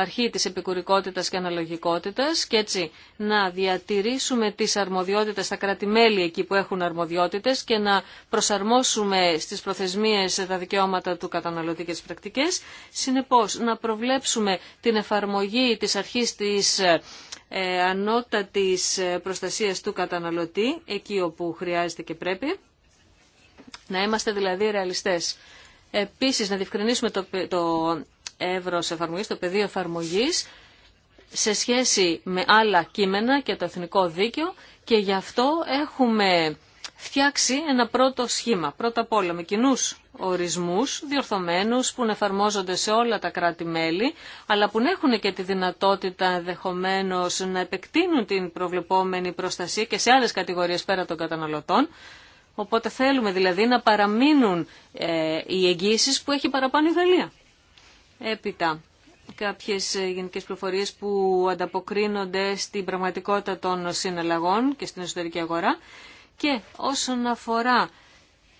S5: αρχή της επικουρικότητας και αναλογικότητας και έτσι να διατηρήσουμε τις αρμοδιότητες στα κρατημέλη εκεί που έχουν αρμοδιότητες και να προσαρμόσουμε στις προθεσμίες τα δικαιώματα του καταναλωτή και τις πρακτικές. Συνεπώς, να προβλέψουμε την εφαρμογή της αρχής της ε, ανώτατης προστασίας του καταναλωτή, εκεί όπου χρειάζεται και πρέπει, να είμαστε δηλαδή ρεαλιστές. Επίσης, να διευκρινίσουμε το εύρος εφαρμογής, το πεδίο εφαρμογής σε σχέση με άλλα κείμενα και το εθνικό δίκαιο και γι' αυτό έχουμε φτιάξει ένα πρώτο σχήμα. Πρώτα απ' όλα με κοινού ορισμούς διορθωμένους που εφαρμόζονται σε όλα τα κράτη-μέλη αλλά που έχουν και τη δυνατότητα ενδεχομένω να επεκτείνουν την προβλεπόμενη προστασία και σε άλλες κατηγορίες πέρα των καταναλωτών. Οπότε θέλουμε δηλαδή να παραμείνουν ε, οι εγγύσεις που έχει παραπάνω η Έπειτα, κάποιες ε, γενικές πληροφορίες που ανταποκρίνονται στην πραγματικότητα των συναλλαγών και στην εσωτερική αγορά και όσον αφορά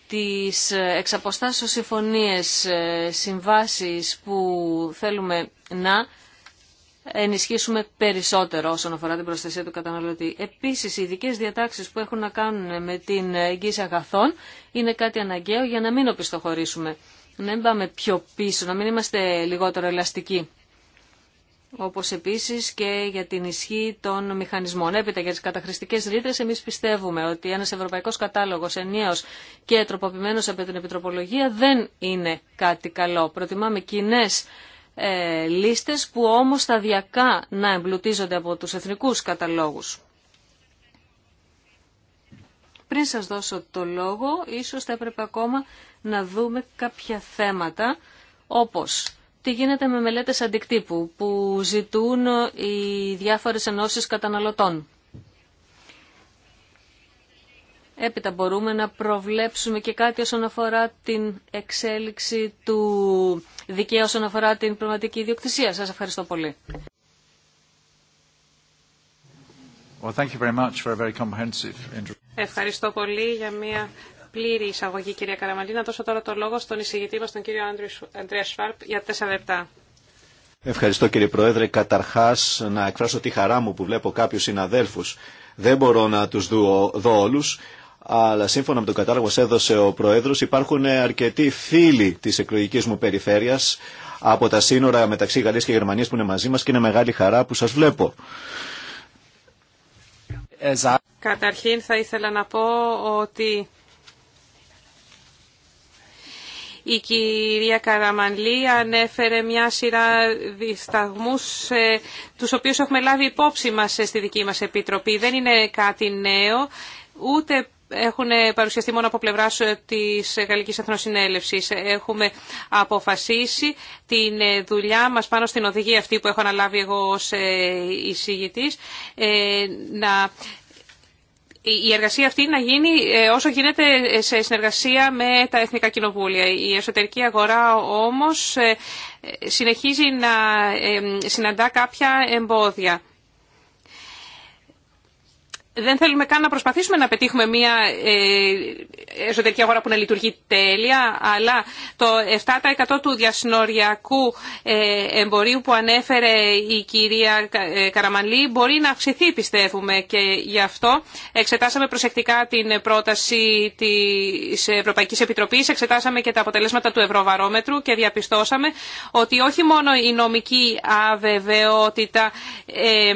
S5: τις ε, εξαποστάσεως συμφωνίες, ε, συμβάσεις που θέλουμε να ενισχύσουμε περισσότερο όσον αφορά την προστασία του καταναλωτή. Επίσης, οι ειδικέ διατάξεις που έχουν να κάνουν με την εγγύηση αγαθών είναι κάτι αναγκαίο για να μην οπισθοχωρήσουμε να μην πάμε πιο πίσω, να μην είμαστε λιγότερο ελαστικοί. Όπως επίσης και για την ισχύ των μηχανισμών. Έπειτα για τις καταχρηστικές ρήτρες εμείς πιστεύουμε ότι ένας ευρωπαϊκός κατάλογος ενιαίος και τροποποιημένος από την Επιτροπολογία δεν είναι κάτι καλό. Προτιμάμε κοινέ ε, λίστες που όμως σταδιακά να εμπλουτίζονται από τους εθνικούς καταλόγους. Πριν σας δώσω το λόγο, ίσως θα έπρεπε ακόμα να δούμε κάποια θέματα όπως τι γίνεται με μελέτες αντικτύπου που ζητούν οι διάφορες ενώσεις καταναλωτών. Έπειτα μπορούμε να προβλέψουμε και κάτι όσον αφορά την εξέλιξη του δικαίου όσον αφορά την πραγματική ιδιοκτησία. Σας ευχαριστώ πολύ.
S2: Well,
S4: Ευχαριστώ πολύ για μια πλήρη εισαγωγή, κυρία Καραμαλή. Να δώσω τώρα το λόγο στον εισηγητή μας, τον κύριο Αντρέα Σφάρπ, για τέσσερα λεπτά.
S2: Ευχαριστώ
S3: κύριε Πρόεδρε. Καταρχάς να εκφράσω τη χαρά μου που βλέπω κάποιους συναδέλφους. Δεν μπορώ να τους δω, δω όλους, αλλά σύμφωνα με τον κατάλογο που έδωσε ο Προεδρο, υπάρχουν αρκετοί φίλοι τη εκλογική μου περιφέρεια από τα σύνορα μεταξύ Γαλλία και Γερμανία που είναι μαζί μα και είναι μεγάλη χαρά που σα βλέπω.
S4: Καταρχήν θα ήθελα να πω ότι Η κυρία Καραμανλή ανέφερε μια σειρά δισταγμούς ε, τους οποίους έχουμε λάβει υπόψη μας ε, στη δική μας Επιτροπή. Δεν είναι κάτι νέο, ούτε έχουν παρουσιαστεί μόνο από πλευρά ε, τη Γαλλική Εθνοσυνέλευση. Έχουμε αποφασίσει την δουλειά μα πάνω στην οδηγία αυτή που έχω αναλάβει εγώ ω εισηγητή να η εργασία αυτή να γίνει ε, όσο γίνεται ε, σε συνεργασία με τα Εθνικά Κοινοβούλια. Η εσωτερική αγορά όμως ε, συνεχίζει να συναντά κάποια εμπόδια. Δεν θέλουμε καν να προσπαθήσουμε να πετύχουμε μια εσωτερική αγορά που να λειτουργεί τέλεια, αλλά το 7% του διασυνοριακού ε, εμπορίου που ανέφερε η κυρία ε, Καραμαλή μπορεί να αυξηθεί πιστεύουμε και γι' αυτό εξετάσαμε προσεκτικά την πρόταση της Ευρωπαϊκής Επιτροπής, εξετάσαμε και τα αποτελέσματα του Ευρωβαρόμετρου και διαπιστώσαμε ότι όχι μόνο η νομική αβεβαιότητα ε,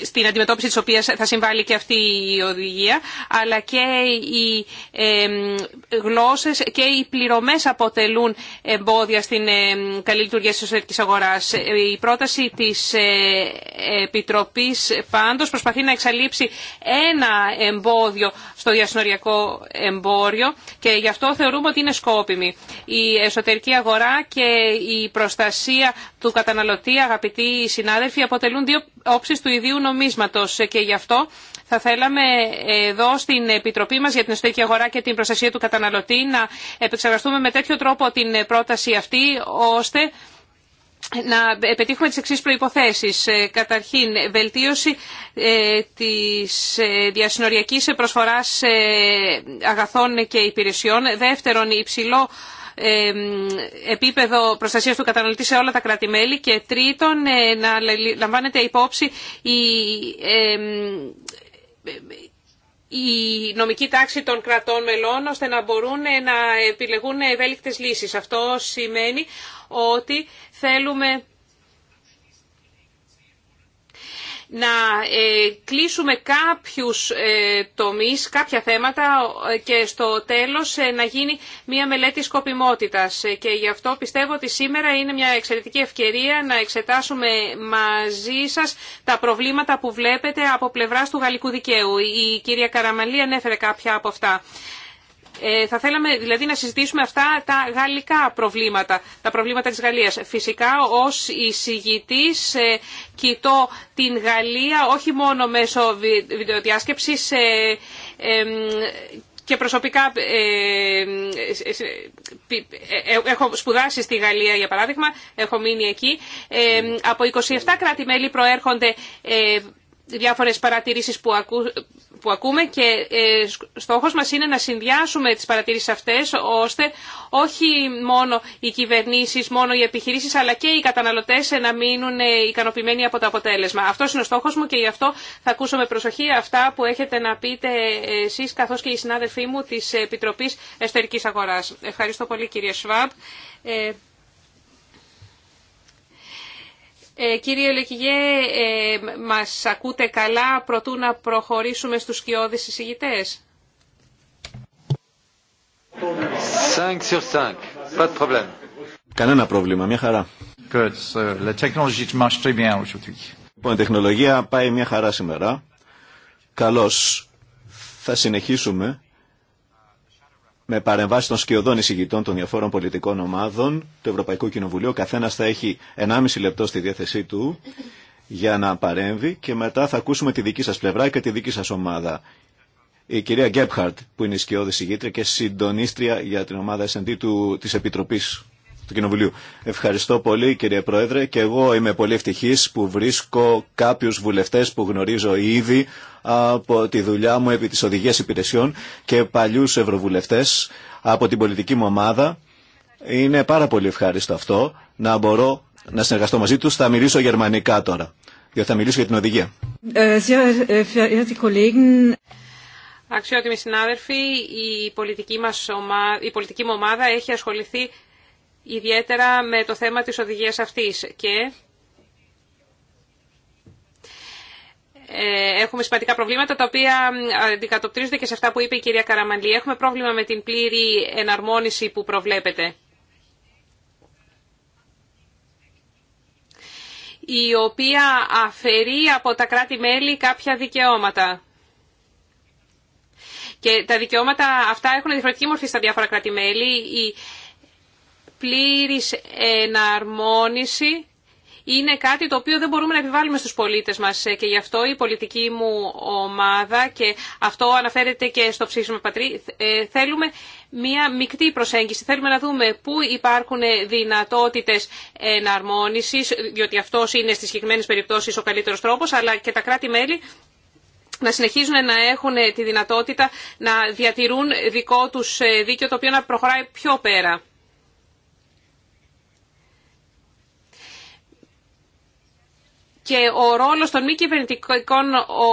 S4: στην αντιμετώπιση της οποίας θα συμβάλλει και αυτή η οδηγία, αλλά και οι γλώσσες και οι πληρωμές αποτελούν εμπόδια στην καλή λειτουργία της εσωτερικής αγοράς. Η πρόταση της ε, Επιτροπής πάντως προσπαθεί να εξαλείψει ένα εμπόδιο στο διασυνοριακό εμπόριο και γι' αυτό θεωρούμε ότι είναι σκόπιμη. Η εσωτερική αγορά και η προστασία του καταναλωτή, αγαπητοί συνάδελφοι, αποτελούν δύο όψεις του ιδίου νομίσματος ε, και γι' αυτό θα θέλαμε ε, εδώ στην Επιτροπή μας για την Εσωτερική Αγορά και την Προστασία του Καταναλωτή να επεξεργαστούμε με τέτοιο τρόπο την ε, πρόταση αυτή ώστε να πετύχουμε τις εξής προϋποθέσεις. Καταρχήν, βελτίωση της διασυνοριακής προσφοράς αγαθών και υπηρεσιών. Δεύτερον, υψηλό επίπεδο προστασίας του καταναλωτή σε όλα τα κράτη-μέλη και τρίτον ε, να λαμβάνεται υπόψη η, η νομική τάξη των κρατών μελών ώστε να μπορούν ε, να επιλεγούν ευέλικτες λύσεις. Αυτό σημαίνει ότι θέλουμε να ε, κλείσουμε κάποιους ε, τομείς, κάποια θέματα ε, και στο τέλος να γίνει μια μελέτη σκοπιμότητας. Και γι' αυτό πιστεύω ότι σήμερα είναι μια εξαιρετική ευκαιρία να εξετάσουμε μαζί σας τα προβλήματα που βλέπετε από πλευράς του γαλλικού δικαίου. Η κυρία Καραμαλή ανέφερε κάποια από αυτά. Ε, θα θέλαμε δηλαδή να συζητήσουμε αυτά τα γαλλικά προβλήματα, τα προβλήματα της Γαλλίας. Φυσικά ως εισηγητής ε, κοιτώ την Γαλλία όχι μόνο μέσω βιντεοδιάσκεψης ε, και προσωπικά έχω σπουδάσει στη Γαλλία για παράδειγμα, έχω μείνει εκεί. από 27 κράτη-μέλη προέρχονται διάφορες παρατηρήσεις που, ακού, που ακούμε και ε, στόχος μας είναι να συνδυάσουμε τις παρατηρήσεις αυτές ώστε όχι μόνο οι κυβερνήσεις, μόνο οι επιχειρήσεις αλλά και οι καταναλωτές να μείνουν ε, ικανοποιημένοι από το αποτέλεσμα. Αυτός είναι ο στόχος μου και γι' αυτό θα ακούσω με προσοχή αυτά που έχετε να πείτε ε, εσείς καθώς και οι συνάδελφοί μου της Επιτροπής Εσωτερικής Αγοράς. Ευχαριστώ πολύ κύριε Σβάμπ. Ε, κύριε Λεκυγέ, ε, μας ακούτε καλά προτού να προχωρήσουμε στους σκιώδεις εισηγητές.
S2: 5 sur 5, pas de problème.
S3: Κανένα πρόβλημα, μια χαρά. Good. So, la technologie
S2: marche très bien aujourd'hui.
S3: Λοιπόν, η τεχνολογία πάει μια χαρά σήμερα. Καλώς. Θα συνεχίσουμε με παρεμβάσει των σκιωδών εισηγητών των διαφόρων πολιτικών ομάδων του Ευρωπαϊκού Κοινοβουλίου. Ο καθένα θα έχει 1,5 λεπτό στη διάθεσή του για να παρέμβει και μετά θα ακούσουμε τη δική σα πλευρά και τη δική σα ομάδα. Η κυρία Γκέπχαρτ, που είναι η σκιώδη εισηγήτρια και συντονίστρια για την ομάδα S&D της Επιτροπή του Κοινοβουλίου. Ευχαριστώ πολύ κύριε Πρόεδρε και εγώ είμαι πολύ ευτυχής που βρίσκω κάποιους βουλευτές που γνωρίζω ήδη από τη δουλειά μου επί της οδηγίας υπηρεσιών και παλιούς ευρωβουλευτές από την πολιτική μου ομάδα. Είναι πάρα πολύ ευχάριστο αυτό να μπορώ να συνεργαστώ μαζί τους. Θα μιλήσω γερμανικά τώρα, διότι θα μιλήσω για την οδηγία.
S5: Ε, ε,
S4: Αξιότιμοι συνάδελφοι, η πολιτική, μας η πολιτική μου ομάδα έχει ασχοληθεί ιδιαίτερα με το θέμα της οδηγίας αυτής και ε, έχουμε σημαντικά προβλήματα τα οποία αντικατοπτρίζονται και σε αυτά που είπε η κυρία Καραμανλή. Έχουμε πρόβλημα με την πλήρη εναρμόνιση που προβλέπεται. η οποία αφαιρεί από τα κράτη-μέλη κάποια δικαιώματα. Και τα δικαιώματα αυτά έχουν διαφορετική μορφή στα διάφορα κράτη-μέλη πλήρης εναρμόνιση είναι κάτι το οποίο δεν μπορούμε να επιβάλλουμε στους πολίτες μας ε, και γι' αυτό η πολιτική μου ομάδα και αυτό αναφέρεται και στο ψήφισμα πατρί, ε, θέλουμε μία μεικτή προσέγγιση. Θέλουμε να δούμε πού υπάρχουν δυνατότητες εναρμόνισης, διότι αυτός είναι στις συγκεκριμένες περιπτώσεις ο καλύτερος τρόπος, αλλά και τα κράτη-μέλη να συνεχίζουν να έχουν τη δυνατότητα να διατηρούν δικό τους ε, δίκαιο το οποίο να προχωράει πιο πέρα. και ο ρόλος των μη κυβερνητικών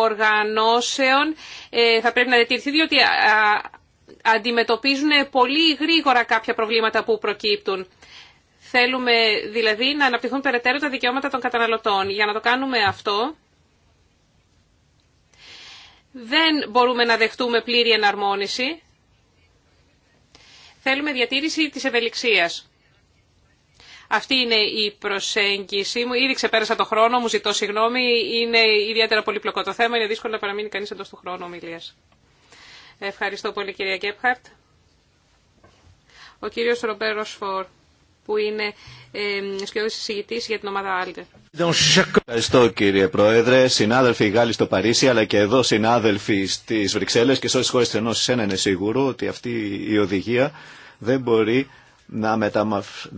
S4: οργανώσεων ε, θα πρέπει να διατηρηθεί διότι αντιμετωπίζουν πολύ γρήγορα κάποια προβλήματα που προκύπτουν. Θέλουμε δηλαδή να αναπτυχθούν περαιτέρω τα δικαιώματα των καταναλωτών. Για να το κάνουμε αυτό, δεν μπορούμε να δεχτούμε πλήρη εναρμόνιση. Θέλουμε διατήρηση της ευελιξίας. Αυτή είναι η προσέγγιση μου. Ήδη ξεπέρασα το χρόνο μου, ζητώ συγγνώμη. Είναι ιδιαίτερα πολύπλοκο το θέμα, είναι δύσκολο να παραμείνει κανεί εντό του χρόνου ομιλία. Ευχαριστώ πολύ κυρία Γκέπχαρτ. Ο κύριο Ρομπέρο Φορ, που είναι ε, σκιώδη για την ομάδα Άλτερ.
S3: Ευχαριστώ κύριε Πρόεδρε, συνάδελφοι Γάλλοι στο Παρίσι αλλά και εδώ συνάδελφοι στι Βρυξέλλε και σε όλε τι χώρε τη Ενώση, είναι σίγουρο ότι αυτή η οδηγία δεν μπορεί να,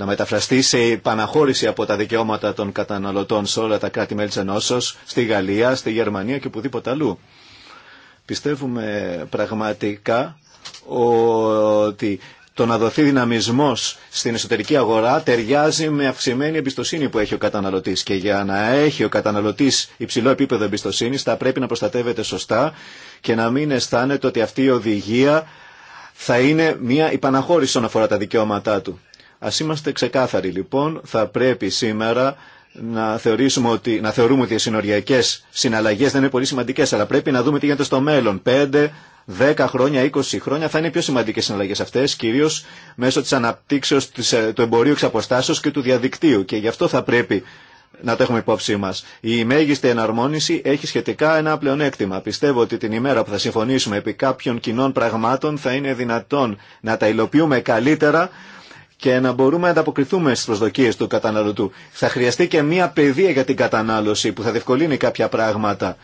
S3: μεταφραστεί σε επαναχώρηση από τα δικαιώματα των καταναλωτών σε όλα τα κράτη-μέλη της στη Γαλλία, στη Γερμανία και οπουδήποτε αλλού. Πιστεύουμε πραγματικά ότι το να δοθεί δυναμισμός στην εσωτερική αγορά ταιριάζει με αυξημένη εμπιστοσύνη που έχει ο καταναλωτής και για να έχει ο καταναλωτής υψηλό επίπεδο εμπιστοσύνης θα πρέπει να προστατεύεται σωστά και να μην αισθάνεται ότι αυτή η οδηγία θα είναι μια υπαναχώρηση όσον αφορά τα δικαιώματά του. Α είμαστε ξεκάθαροι λοιπόν, θα πρέπει σήμερα να, θεωρήσουμε ότι, να θεωρούμε ότι οι συνοριακέ συναλλαγέ δεν είναι πολύ σημαντικέ, αλλά πρέπει να δούμε τι γίνεται στο μέλλον. 5, 10 χρόνια, 20 χρόνια θα είναι πιο σημαντικέ συναλλαγέ αυτέ, κυρίω μέσω τη αναπτύξεως ε, του εμπορίου εξ και του διαδικτύου. Και γι' αυτό θα πρέπει να το έχουμε υπόψη μα. Η μέγιστη εναρμόνιση έχει σχετικά ένα πλεονέκτημα. Πιστεύω ότι την ημέρα που θα συμφωνήσουμε επί κάποιων κοινών πραγμάτων θα είναι δυνατόν να τα υλοποιούμε καλύτερα και να μπορούμε να ανταποκριθούμε στι προσδοκίε του καταναλωτού. Θα χρειαστεί και μία παιδεία για την κατανάλωση που θα διευκολύνει κάποια πράγματα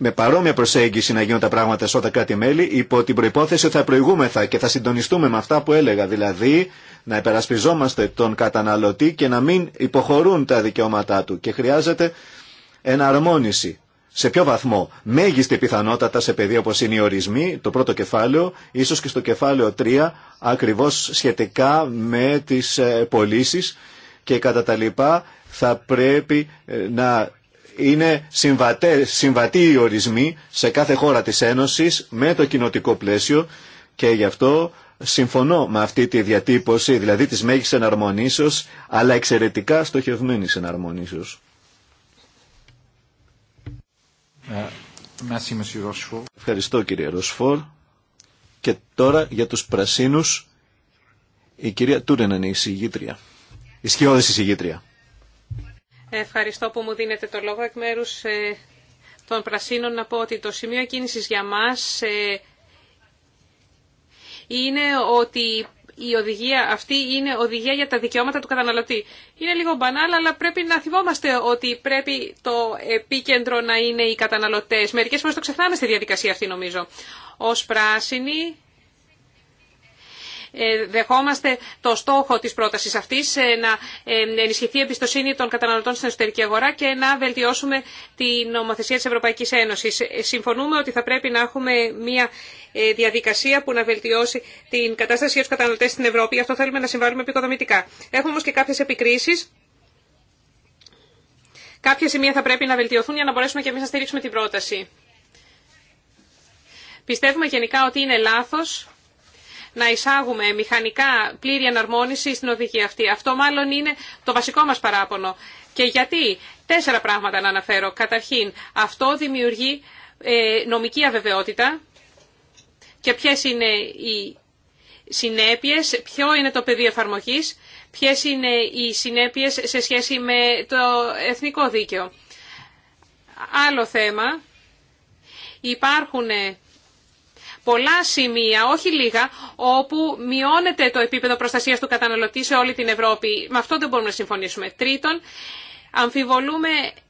S3: με παρόμοια προσέγγιση να γίνουν τα πράγματα σε όλα κράτη-μέλη, υπό την προπόθεση ότι θα προηγούμεθα και θα συντονιστούμε με αυτά που έλεγα. Δηλαδή, να υπερασπιζόμαστε τον καταναλωτή και να μην υποχωρούν τα δικαιώματά του. Και χρειάζεται εναρμόνιση. Σε ποιο βαθμό, μέγιστη πιθανότατα σε πεδίο όπω είναι οι ορισμοί, το πρώτο κεφάλαιο, ίσω και στο κεφάλαιο 3, ακριβώ σχετικά με τι ε, πωλήσει και κατά τα λοιπά θα πρέπει ε, να είναι συμβατή συμβατοί οι ορισμοί σε κάθε χώρα της Ένωσης με το κοινοτικό πλαίσιο και γι' αυτό συμφωνώ με αυτή τη διατύπωση, δηλαδή της μέγιστης εναρμονίσεως, αλλά εξαιρετικά στοχευμένης εναρμονίσεως.
S2: Ε,
S3: Ευχαριστώ κύριε Ροσφόρ. Και τώρα για τους πρασίνους η κυρία είναι η συγγήτρια. Η
S4: Ευχαριστώ που μου δίνετε το λόγο εκ μέρους ε, των Πρασίνων να πω ότι το σημείο κίνησης για μας ε, είναι ότι η οδηγία αυτή είναι οδηγία για τα δικαιώματα του καταναλωτή. Είναι λίγο μπανάλα, αλλά πρέπει να θυμόμαστε ότι πρέπει το επίκεντρο να είναι οι καταναλωτές. Μερικές φορές το ξεχνάμε στη διαδικασία αυτή νομίζω. Ως πράσινοι ε, δεχόμαστε το στόχο της πρότασης αυτής ε, να ε, ενισχυθεί η εμπιστοσύνη των καταναλωτών στην εσωτερική αγορά και να βελτιώσουμε την νομοθεσία της Ευρωπαϊκής Ένωσης. Συμφωνούμε ότι θα πρέπει να έχουμε μια διαδικασία που να βελτιώσει την κατάσταση για τους καταναλωτές στην Ευρώπη. Γι' αυτό θέλουμε να συμβάλλουμε επικοδομητικά. Έχουμε όμως και κάποιες επικρίσεις. Κάποια σημεία θα πρέπει να βελτιωθούν για να μπορέσουμε και εμείς να στηρίξουμε την πρόταση. Πιστεύουμε γενικά ότι είναι λάθος να εισάγουμε μηχανικά πλήρη εναρμόνιση στην οδηγία αυτή. Αυτό μάλλον είναι το βασικό μας παράπονο. Και γιατί τέσσερα πράγματα να αναφέρω. Καταρχήν, αυτό δημιουργεί ε, νομική αβεβαιότητα και ποιες είναι οι συνέπειες, ποιο είναι το πεδίο εφαρμογής, ποιες είναι οι συνέπειες σε σχέση με το εθνικό δίκαιο. Άλλο θέμα, υπάρχουν ε, πολλά σημεία, όχι λίγα, όπου μειώνεται το επίπεδο προστασίας του καταναλωτή σε όλη την Ευρώπη. Με αυτό δεν μπορούμε να συμφωνήσουμε. Τρίτον, αμφιβολούμε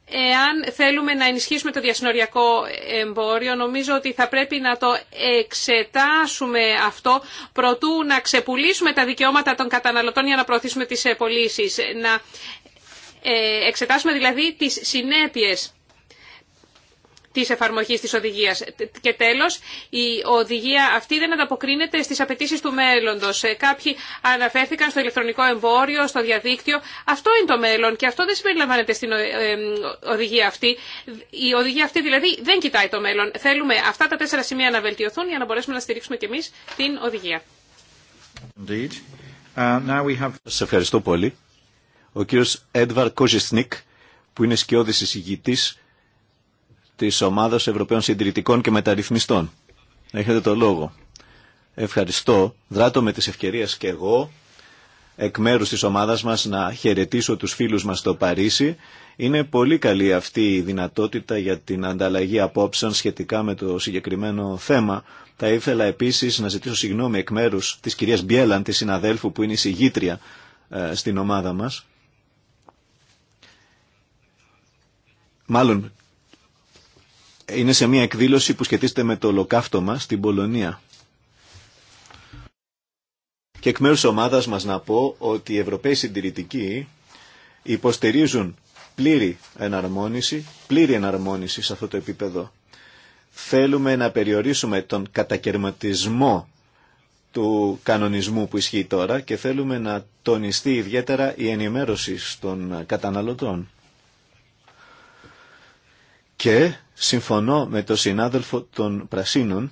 S4: εάν θέλουμε να ενισχύσουμε το διασυνοριακό εμπόριο. Νομίζω ότι θα πρέπει να το εξετάσουμε αυτό προτού να ξεπουλήσουμε τα δικαιώματα των καταναλωτών για να προωθήσουμε τις πωλήσει. Να ε, εξετάσουμε δηλαδή τις συνέπειες Τη εφαρμογή τη οδηγία. Και τέλο, η οδηγία αυτή δεν ανταποκρίνεται στι απαιτήσει του μέλλοντος. Ε, κάποιοι αναφέρθηκαν στο ηλεκτρονικό εμπόριο, στο διαδίκτυο. Αυτό είναι το μέλλον και αυτό δεν συμπεριλαμβάνεται στην ε, οδηγία αυτή. Η οδηγία αυτή δηλαδή δεν κοιτάει το μέλλον. Θέλουμε αυτά τα τέσσερα σημεία να βελτιωθούν για να μπορέσουμε να στηρίξουμε κι εμεί την οδηγία.
S2: Uh, have...
S3: Σας ευχαριστώ πολύ. Ο κύριος Έντβαρ Κόζιστνικ που είναι σκιώδης εισηγητής της Ομάδας Ευρωπαίων Συντηρητικών και Μεταρρυθμιστών. Έχετε το λόγο. Ευχαριστώ. Δράτω με τις ευκαιρίες και εγώ εκ μέρου της ομάδας μας να χαιρετήσω τους φίλους μας στο Παρίσι. Είναι πολύ καλή αυτή η δυνατότητα για την ανταλλαγή απόψεων σχετικά με το συγκεκριμένο θέμα. Θα ήθελα επίσης να ζητήσω συγγνώμη εκ μέρου τη κυρία Μπιέλαν, τη συναδέλφου που είναι η συγγήτρια ε, στην ομάδα μα. Μάλλον είναι σε μια εκδήλωση που σχετίζεται με το ολοκαύτωμα στην Πολωνία. Και εκ μέρους ομάδας μας να πω ότι οι Ευρωπαίοι συντηρητικοί υποστηρίζουν πλήρη εναρμόνιση, πλήρη εναρμόνιση σε αυτό το επίπεδο. Θέλουμε να περιορίσουμε τον κατακαιρματισμό του κανονισμού που ισχύει τώρα και θέλουμε να τονιστεί ιδιαίτερα η ενημέρωση των καταναλωτών. Και Συμφωνώ με τον συνάδελφο των Πρασίνων,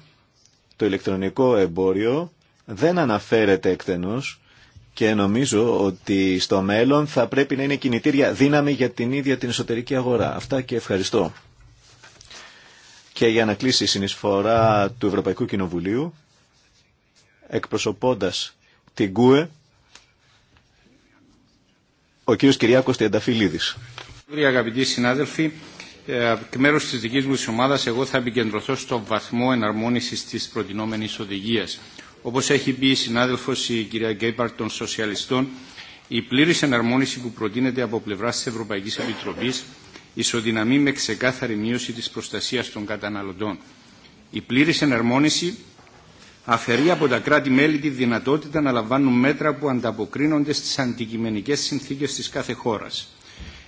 S3: το ηλεκτρονικό εμπόριο δεν αναφέρεται εκτενώς και νομίζω ότι στο μέλλον θα πρέπει να είναι κινητήρια δύναμη για την ίδια την εσωτερική αγορά. Αυτά και ευχαριστώ. Και για να κλείσει η συνεισφορά του Ευρωπαϊκού Κοινοβουλίου, εκπροσωπώντας την ΚΟΕ, ο κύριος Κυριάκος Τιανταφυλίδης.
S1: Κύριε αγαπητοί συνάδελφοι, ε, εκ μέρους της δικής μου ομάδας εγώ θα επικεντρωθώ στο βαθμό εναρμόνισης της προτινόμενης οδηγίας. Όπως έχει πει η συνάδελφος η κυρία Γκέιπαρτ των Σοσιαλιστών, η πλήρης εναρμόνιση που προτείνεται από πλευρά της Ευρωπαϊκής Επιτροπής ισοδυναμεί με ξεκάθαρη μείωση της προστασίας των καταναλωτών. Η πλήρης εναρμόνιση αφαιρεί από τα κράτη-μέλη τη δυνατότητα να λαμβάνουν μέτρα που ανταποκρίνονται στις αντικειμενικές συνθήκες τη κάθε χώρα.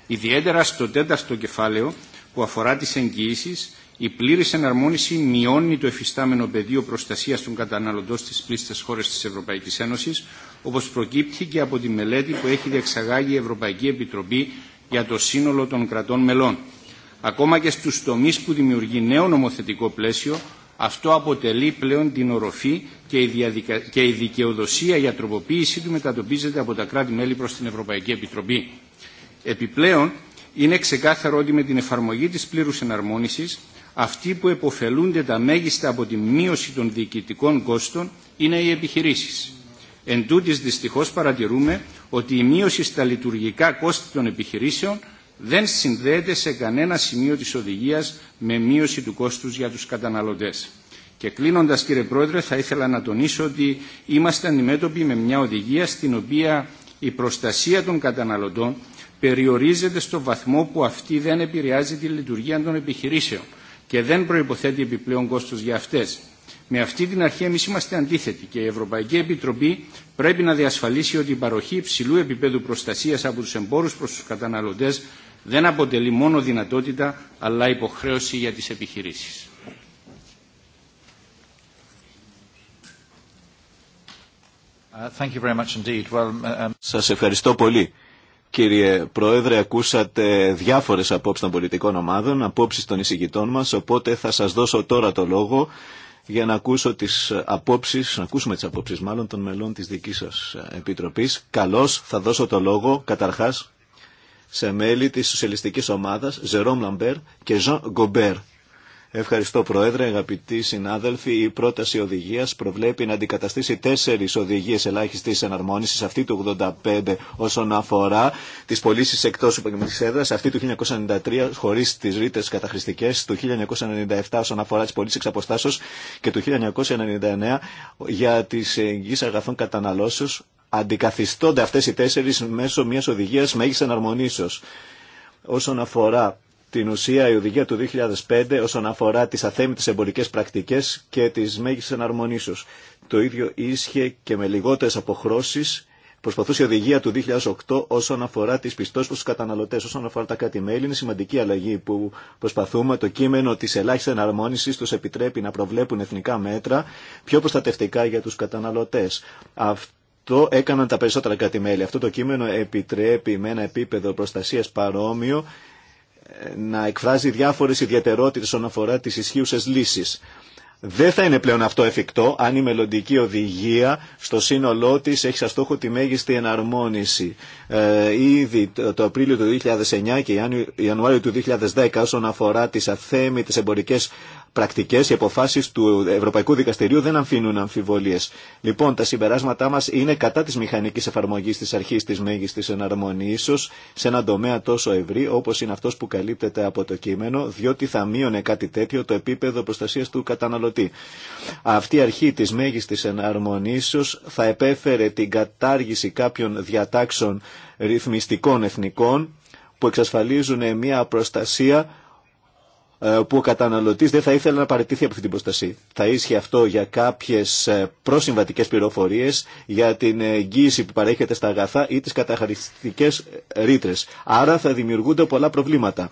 S1: Ιδιαίτερα στο τέταρτο κεφάλαιο που αφορά τις εγγυήσεις, η πλήρης εναρμόνιση μειώνει το εφιστάμενο πεδίο προστασία των καταναλωτών στις πλήστες χώρες της Ευρωπαϊκής Ένωσης, όπως προκύπτει και από τη μελέτη που έχει διεξαγάγει η Ευρωπαϊκή Επιτροπή για το σύνολο των κρατών μελών. Ακόμα και στους τομείς που δημιουργεί νέο νομοθετικό πλαίσιο, αυτό αποτελεί πλέον την οροφή και η, διαδικα... και η δικαιοδοσία για τροποποίησή του μετατοπίζεται από τα κράτη-μέλη προς την Ευρωπαϊκή Επιτροπή. Επιπλέον, είναι ξεκάθαρο ότι με την εφαρμογή της πλήρους εναρμόνισης αυτοί που εποφελούνται τα μέγιστα από τη μείωση των διοικητικών κόστων είναι οι επιχειρήσεις. Εν τούτης δυστυχώς παρατηρούμε ότι η μείωση στα λειτουργικά κόστη των επιχειρήσεων δεν συνδέεται σε κανένα σημείο της οδηγίας με μείωση του κόστους για τους καταναλωτές. Και κλείνοντα, κύριε Πρόεδρε, θα ήθελα να τονίσω ότι είμαστε αντιμέτωποι με μια οδηγία στην οποία η προστασία των καταναλωτών περιορίζεται στο βαθμό που αυτή δεν επηρεάζει τη λειτουργία των επιχειρήσεων και δεν προϋποθέτει επιπλέον κόστος για αυτές. Με αυτή την αρχή εμείς είμαστε αντίθετοι και η Ευρωπαϊκή Επιτροπή πρέπει να διασφαλίσει ότι η παροχή υψηλού επίπεδου προστασίας από τους εμπόρους προς τους καταναλωτές δεν αποτελεί μόνο δυνατότητα αλλά υποχρέωση για τις επιχειρήσεις.
S2: Uh, thank uh, um,
S3: Σας ευχαριστώ πολύ. Κύριε Πρόεδρε, ακούσατε διάφορες απόψεις των πολιτικών ομάδων, απόψεις των εισηγητών μας, οπότε θα σας δώσω τώρα το λόγο για να ακούσω τις απόψεις, να ακούσουμε τις απόψεις μάλλον των μελών της δικής σας επιτροπής. Καλώς θα δώσω το λόγο καταρχάς σε μέλη της σοσιαλιστικής ομάδας Ζερόμ Λαμπέρ και Ζαν Γκομπέρ Ευχαριστώ Πρόεδρε, αγαπητοί συνάδελφοι. Η πρόταση οδηγία προβλέπει να αντικαταστήσει τέσσερι οδηγίε ελάχιστη εναρμόνιση, αυτή του 85 όσον αφορά τι πωλήσει εκτό επαγγελματική έδρα, αυτή του 1993 χωρί τι ρήτε καταχρηστικέ, του 1997 όσον αφορά τι πωλήσει εξ και του 1999 για τι εγγύσει αγαθών καταναλώσεω. Αντικαθιστώνται αυτέ οι τέσσερι μέσω μια οδηγία μέγιστη εναρμονίσεω. Όσον αφορά την ουσία η οδηγία του 2005 όσον αφορά τις αθέμητες εμπορικές πρακτικές και τις μέγιστες εναρμονίσεως. Το ίδιο ίσχυε και με λιγότερες αποχρώσεις Προσπαθούσε η οδηγία του 2008 όσον αφορά τι πιστώσει προ του καταναλωτέ, όσον αφορά τα κράτη-μέλη. Είναι σημαντική αλλαγή που προσπαθούμε. Το κείμενο τη ελάχιστη εναρμόνιση του επιτρέπει να προβλέπουν εθνικά μέτρα πιο προστατευτικά για του καταναλωτέ. Αυτό έκαναν τα περισσότερα κράτη-μέλη. Αυτό το κείμενο επιτρέπει με ένα επίπεδο προστασία παρόμοιο να εκφράζει διάφορες ιδιαιτερότητες όσον αφορά τις ισχύουσες λύσεις. Δεν θα είναι πλέον αυτό εφικτό αν η μελλοντική οδηγία στο σύνολό τη έχει σαν στόχο τη μέγιστη εναρμόνιση. Ε, ήδη το, Απρίλιο του 2009 και Ιανουάριο του 2010 όσον αφορά τις αθέμητες εμπορικές πρακτικές, οι αποφάσεις του Ευρωπαϊκού Δικαστηρίου δεν αφήνουν αμφιβολίες. Λοιπόν, τα συμπεράσματά μας είναι κατά της μηχανικής εφαρμογής της αρχής της μέγιστης εναρμονίσεως σε έναν τομέα τόσο ευρύ όπως είναι αυτός που καλύπτεται από το κείμενο, διότι θα μείωνε κάτι τέτοιο το επίπεδο προστασίας του καταναλωτή. Αυτή η αρχή της μέγιστης εναρμονίσεως θα επέφερε την κατάργηση κάποιων διατάξεων ρυθμιστικών εθνικών που εξασφαλίζουν μια προστασία ε, που ο καταναλωτή δεν θα ήθελε να παραιτηθεί από αυτή την προστασία. Θα ίσχυε αυτό για κάποιε προσυμβατικέ πληροφορίε, για την εγγύηση που παρέχεται στα αγαθά ή τι καταχαριστικέ ρήτρε. Άρα θα δημιουργούνται πολλά προβλήματα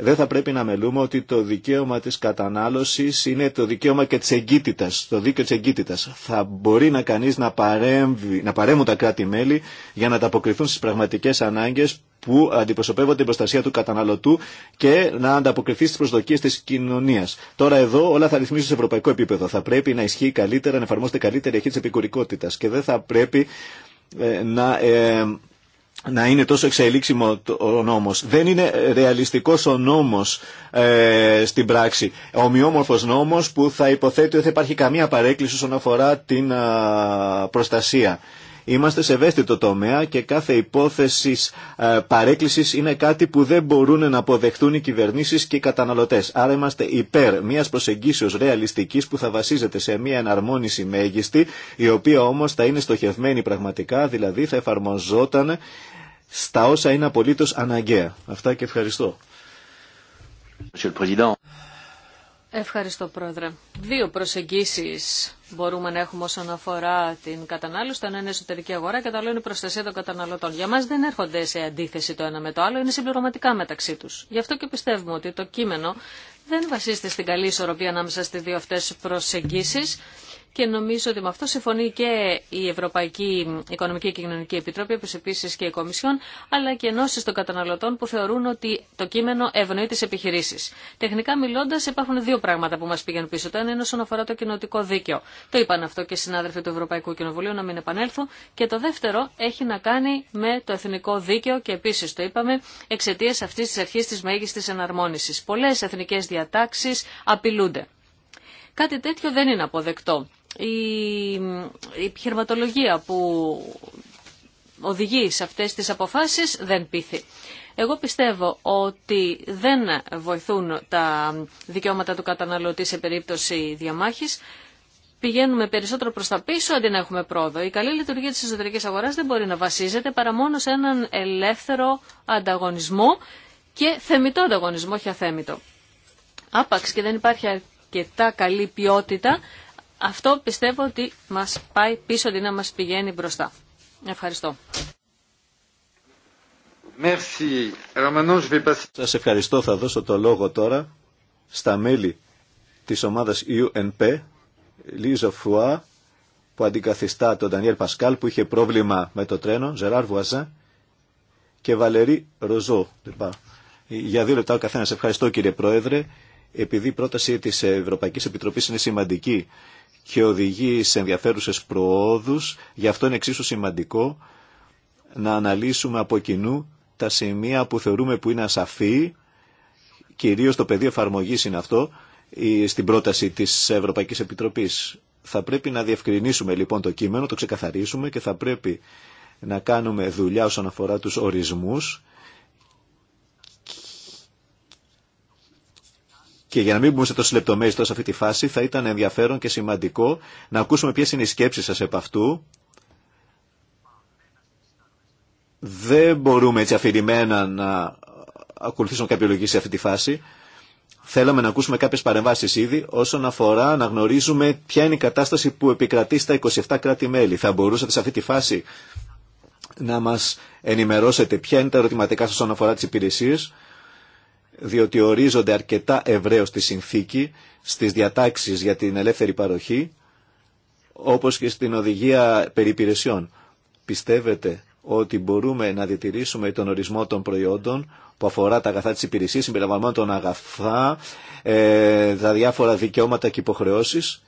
S3: δεν θα πρέπει να μελούμε ότι το δικαίωμα της κατανάλωσης είναι το δικαίωμα και της εγκύτητας, το δίκαιο της εγκύτητας. Θα μπορεί να κανείς να, παρέμβει, να παρέμουν τα κράτη-μέλη για να τα αποκριθούν στις πραγματικές ανάγκες που αντιπροσωπεύονται την προστασία του καταναλωτού και να ανταποκριθεί στις προσδοκίε τη κοινωνία. Τώρα εδώ όλα θα ρυθμίσουν σε ευρωπαϊκό επίπεδο. Θα πρέπει να ισχύει καλύτερα, να εφαρμόζεται καλύτερη αρχή τη επικουρικότητα και δεν θα πρέπει ε, να ε, να είναι τόσο εξελίξιμο ο νόμος. Δεν είναι ρεαλιστικός ο νόμος ε, στην πράξη. Ομοιόμορφος νόμος που θα υποθέτει ότι δεν υπάρχει καμία παρέκκληση όσον αφορά την ε, προστασία. Είμαστε σε ευαίσθητο τομέα και κάθε υπόθεση ε, παρέκκληση είναι κάτι που δεν μπορούν να αποδεχτούν οι κυβερνήσει και οι καταναλωτέ. Άρα είμαστε υπέρ μια προσεγγίσεω ρεαλιστική που θα βασίζεται σε μια εναρμόνιση μέγιστη, η οποία όμω θα είναι στοχευμένη πραγματικά, δηλαδή θα εφαρμοζόταν στα όσα είναι απολύτω αναγκαία. Αυτά και ευχαριστώ.
S5: Ευχαριστώ, Πρόεδρε. Δύο προσεγγίσεις μπορούμε να έχουμε όσον αφορά την κατανάλωση. Το ένα είναι εσωτερική αγορά και το άλλο είναι προστασία των καταναλωτών. Για μας δεν έρχονται σε αντίθεση το ένα με το άλλο, είναι συμπληρωματικά μεταξύ τους. Γι' αυτό και πιστεύουμε ότι το κείμενο δεν βασίζεται στην καλή ισορροπία ανάμεσα στι δύο αυτές προσεγγίσει και νομίζω ότι με αυτό συμφωνεί και η Ευρωπαϊκή Οικονομική και Κοινωνική Επιτροπή, όπω επίση και η Κομισιόν, αλλά και ενώσει των καταναλωτών που θεωρούν ότι το κείμενο ευνοεί τι επιχειρήσει. Τεχνικά μιλώντα, υπάρχουν δύο πράγματα που μα πήγαν πίσω. Το ένα είναι όσον αφορά το κοινοτικό δίκαιο. Το είπαν αυτό και οι συνάδελφοι του Ευρωπαϊκού Κοινοβουλίου, να μην επανέλθω. Και το δεύτερο έχει να κάνει με το εθνικό δίκαιο και επίση το είπαμε εξαιτία αυτή τη αρχή τη μέγιστη εναρμόνισης. Πολλέ εθνικέ διατάξει απειλούνται. Κάτι τέτοιο δεν είναι αποδεκτό η επιχειρηματολογία που οδηγεί σε αυτές τις αποφάσεις δεν πείθει. Εγώ πιστεύω ότι δεν βοηθούν τα δικαιώματα του καταναλωτή σε περίπτωση διαμάχης. Πηγαίνουμε περισσότερο προς τα πίσω αντί να έχουμε πρόοδο. Η καλή λειτουργία της εσωτερικής αγοράς δεν μπορεί να βασίζεται παρά μόνο σε έναν ελεύθερο ανταγωνισμό και θεμητό ανταγωνισμό, όχι αθέμητο. Άπαξ και δεν υπάρχει αρκετά καλή ποιότητα, αυτό πιστεύω ότι μας πάει πίσω ότι να μας πηγαίνει μπροστά. Ευχαριστώ.
S2: Merci.
S3: ευχαριστώ. Θα δώσω το λόγο τώρα στα μέλη της ομάδας UNP, Λίζο Φουά, που αντικαθιστά τον Ντανιέλ Πασκάλ, που είχε πρόβλημα με το τρένο, Ζεράρ Βουαζά και Βαλερή Ροζό. Για δύο λεπτά ο καθένας. Ευχαριστώ κύριε Πρόεδρε. Επειδή η πρόταση της Ευρωπαϊκής Επιτροπής είναι σημαντική και οδηγεί σε ενδιαφέρουσες προόδους. Γι' αυτό είναι εξίσου σημαντικό να αναλύσουμε από κοινού τα σημεία που θεωρούμε που είναι ασαφή, κυρίως το πεδίο εφαρμογή είναι αυτό, στην πρόταση της Ευρωπαϊκής Επιτροπής. Θα πρέπει να διευκρινίσουμε λοιπόν το κείμενο, το ξεκαθαρίσουμε και θα πρέπει να κάνουμε δουλειά όσον αφορά τους ορισμούς Και για να μην μπούμε σε τόσε λεπτομέρειε τώρα σε αυτή τη φάση, θα ήταν ενδιαφέρον και σημαντικό να ακούσουμε ποιε είναι οι σκέψει σα επ' αυτού. Δεν μπορούμε έτσι αφηρημένα να ακολουθήσουμε κάποια λογική σε αυτή τη φάση. Θέλαμε να ακούσουμε κάποιε παρεμβάσει ήδη όσον αφορά να γνωρίζουμε ποια είναι η κατάσταση που επικρατεί στα 27 κράτη-μέλη. Θα μπορούσατε σε αυτή τη φάση να μα ενημερώσετε ποια είναι τα ερωτηματικά σα όσον αφορά τις υπηρεσίες διότι ορίζονται αρκετά ευρέω στη συνθήκη, στις διατάξεις για την ελεύθερη παροχή, όπως και στην οδηγία περιπηρεσιών. Πιστεύετε ότι μπορούμε να διατηρήσουμε τον ορισμό των προϊόντων που αφορά τα αγαθά της υπηρεσίας, συμπεριλαμβανομένων των αγαθά, ε, τα διάφορα δικαιώματα και υποχρεώσεις.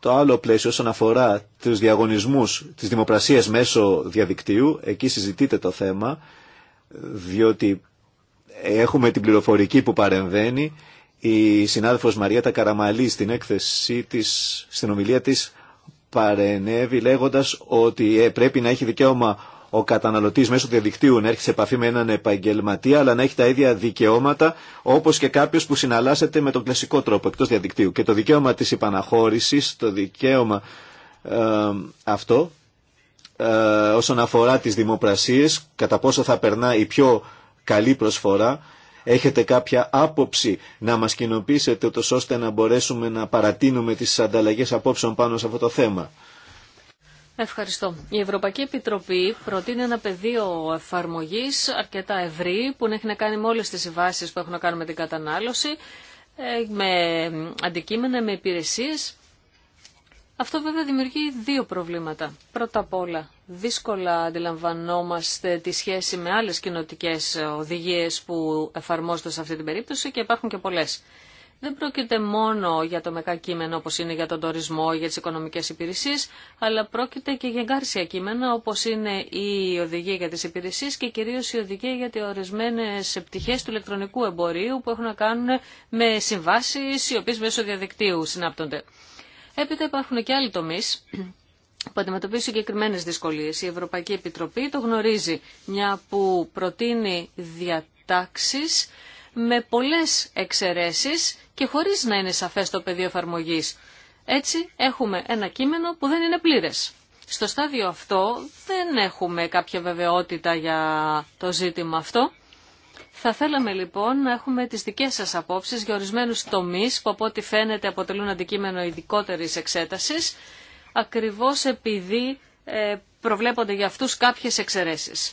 S3: Το άλλο πλαίσιο όσον αφορά τους διαγωνισμούς, τις δημοπρασίες μέσω διαδικτύου, εκεί συζητείτε το θέμα, διότι Έχουμε την πληροφορική που παρεμβαίνει. Η συνάδελφος Μαρία Τακαραμαλή στην έκθεσή της, στην ομιλία της παρενέβη λέγοντας ότι ε, πρέπει να έχει δικαίωμα ο καταναλωτής μέσω του διαδικτύου να έρχεται σε επαφή με έναν επαγγελματία αλλά να έχει τα ίδια δικαιώματα όπως και κάποιος που συναλλάσσεται με τον κλασικό τρόπο εκτός διαδικτύου. Και το δικαίωμα της υπαναχώρησης, το δικαίωμα ε, αυτό ε, όσον αφορά τις δημοπρασίες, κατά πόσο θα περνά η πιο καλή προσφορά. Έχετε κάποια άποψη να μας κοινοποιήσετε ούτως ώστε να μπορέσουμε να παρατείνουμε τις ανταλλαγές απόψεων πάνω σε αυτό το θέμα.
S5: Ευχαριστώ. Η Ευρωπαϊκή Επιτροπή προτείνει ένα πεδίο εφαρμογή αρκετά ευρύ που έχει να κάνει με όλε τι συμβάσει που έχουν να κάνουν με την κατανάλωση, ε, με αντικείμενα, με υπηρεσίε. Αυτό βέβαια δημιουργεί δύο προβλήματα. Πρώτα απ' όλα, δύσκολα αντιλαμβανόμαστε τη σχέση με άλλες κοινοτικέ οδηγίες που εφαρμόζονται σε αυτή την περίπτωση και υπάρχουν και πολλές. Δεν πρόκειται μόνο για το μεκά κείμενο όπως είναι για τον ή για τις οικονομικές υπηρεσίες, αλλά πρόκειται και για εγκάρσια κείμενα όπως είναι η οδηγία για τις υπηρεσίες και κυρίως η οδηγία για τις ορισμένες πτυχές του ηλεκτρονικού εμπορίου που έχουν να κάνουν με συμβάσεις οι οποίες μέσω διαδικτύου συνάπτονται. Έπειτα υπάρχουν και άλλοι τομεί που αντιμετωπίζουν συγκεκριμένε δυσκολίε. Η Ευρωπαϊκή Επιτροπή το γνωρίζει, μια που προτείνει διατάξει με πολλέ εξαιρέσει και χωρί να είναι σαφέ το πεδίο εφαρμογή. Έτσι έχουμε ένα κείμενο που δεν είναι πλήρε. Στο στάδιο αυτό δεν έχουμε κάποια βεβαιότητα για το ζήτημα αυτό θα θέλαμε λοιπόν να έχουμε τις δικές σας απόψεις για ορισμένους τομείς που από ό,τι φαίνεται αποτελούν αντικείμενο ειδικότερη εξέτασης, ακριβώς επειδή ε, προβλέπονται για αυτούς κάποιες εξαιρέσεις.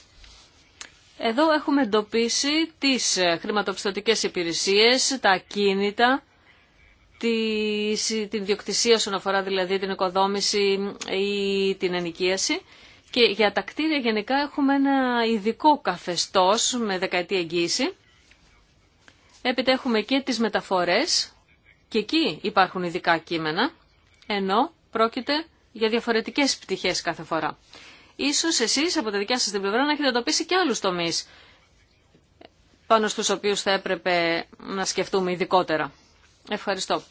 S5: Εδώ έχουμε εντοπίσει τις ε, χρηματοπιστωτικές υπηρεσίες, τα ακίνητα, την διοκτησία όσον αφορά δηλαδή την οικοδόμηση ή την ενοικίαση και για τα κτίρια γενικά έχουμε ένα ειδικό καθεστώς με δεκαετή εγγύηση. Έπειτα έχουμε και τις μεταφορές και εκεί υπάρχουν ειδικά κείμενα, ενώ πρόκειται για διαφορετικές πτυχές κάθε φορά. Ίσως εσείς από τα δικιά σας την πλευρά να έχετε εντοπίσει και άλλους τομείς πάνω στους οποίους θα έπρεπε να σκεφτούμε ειδικότερα. Ευχαριστώ.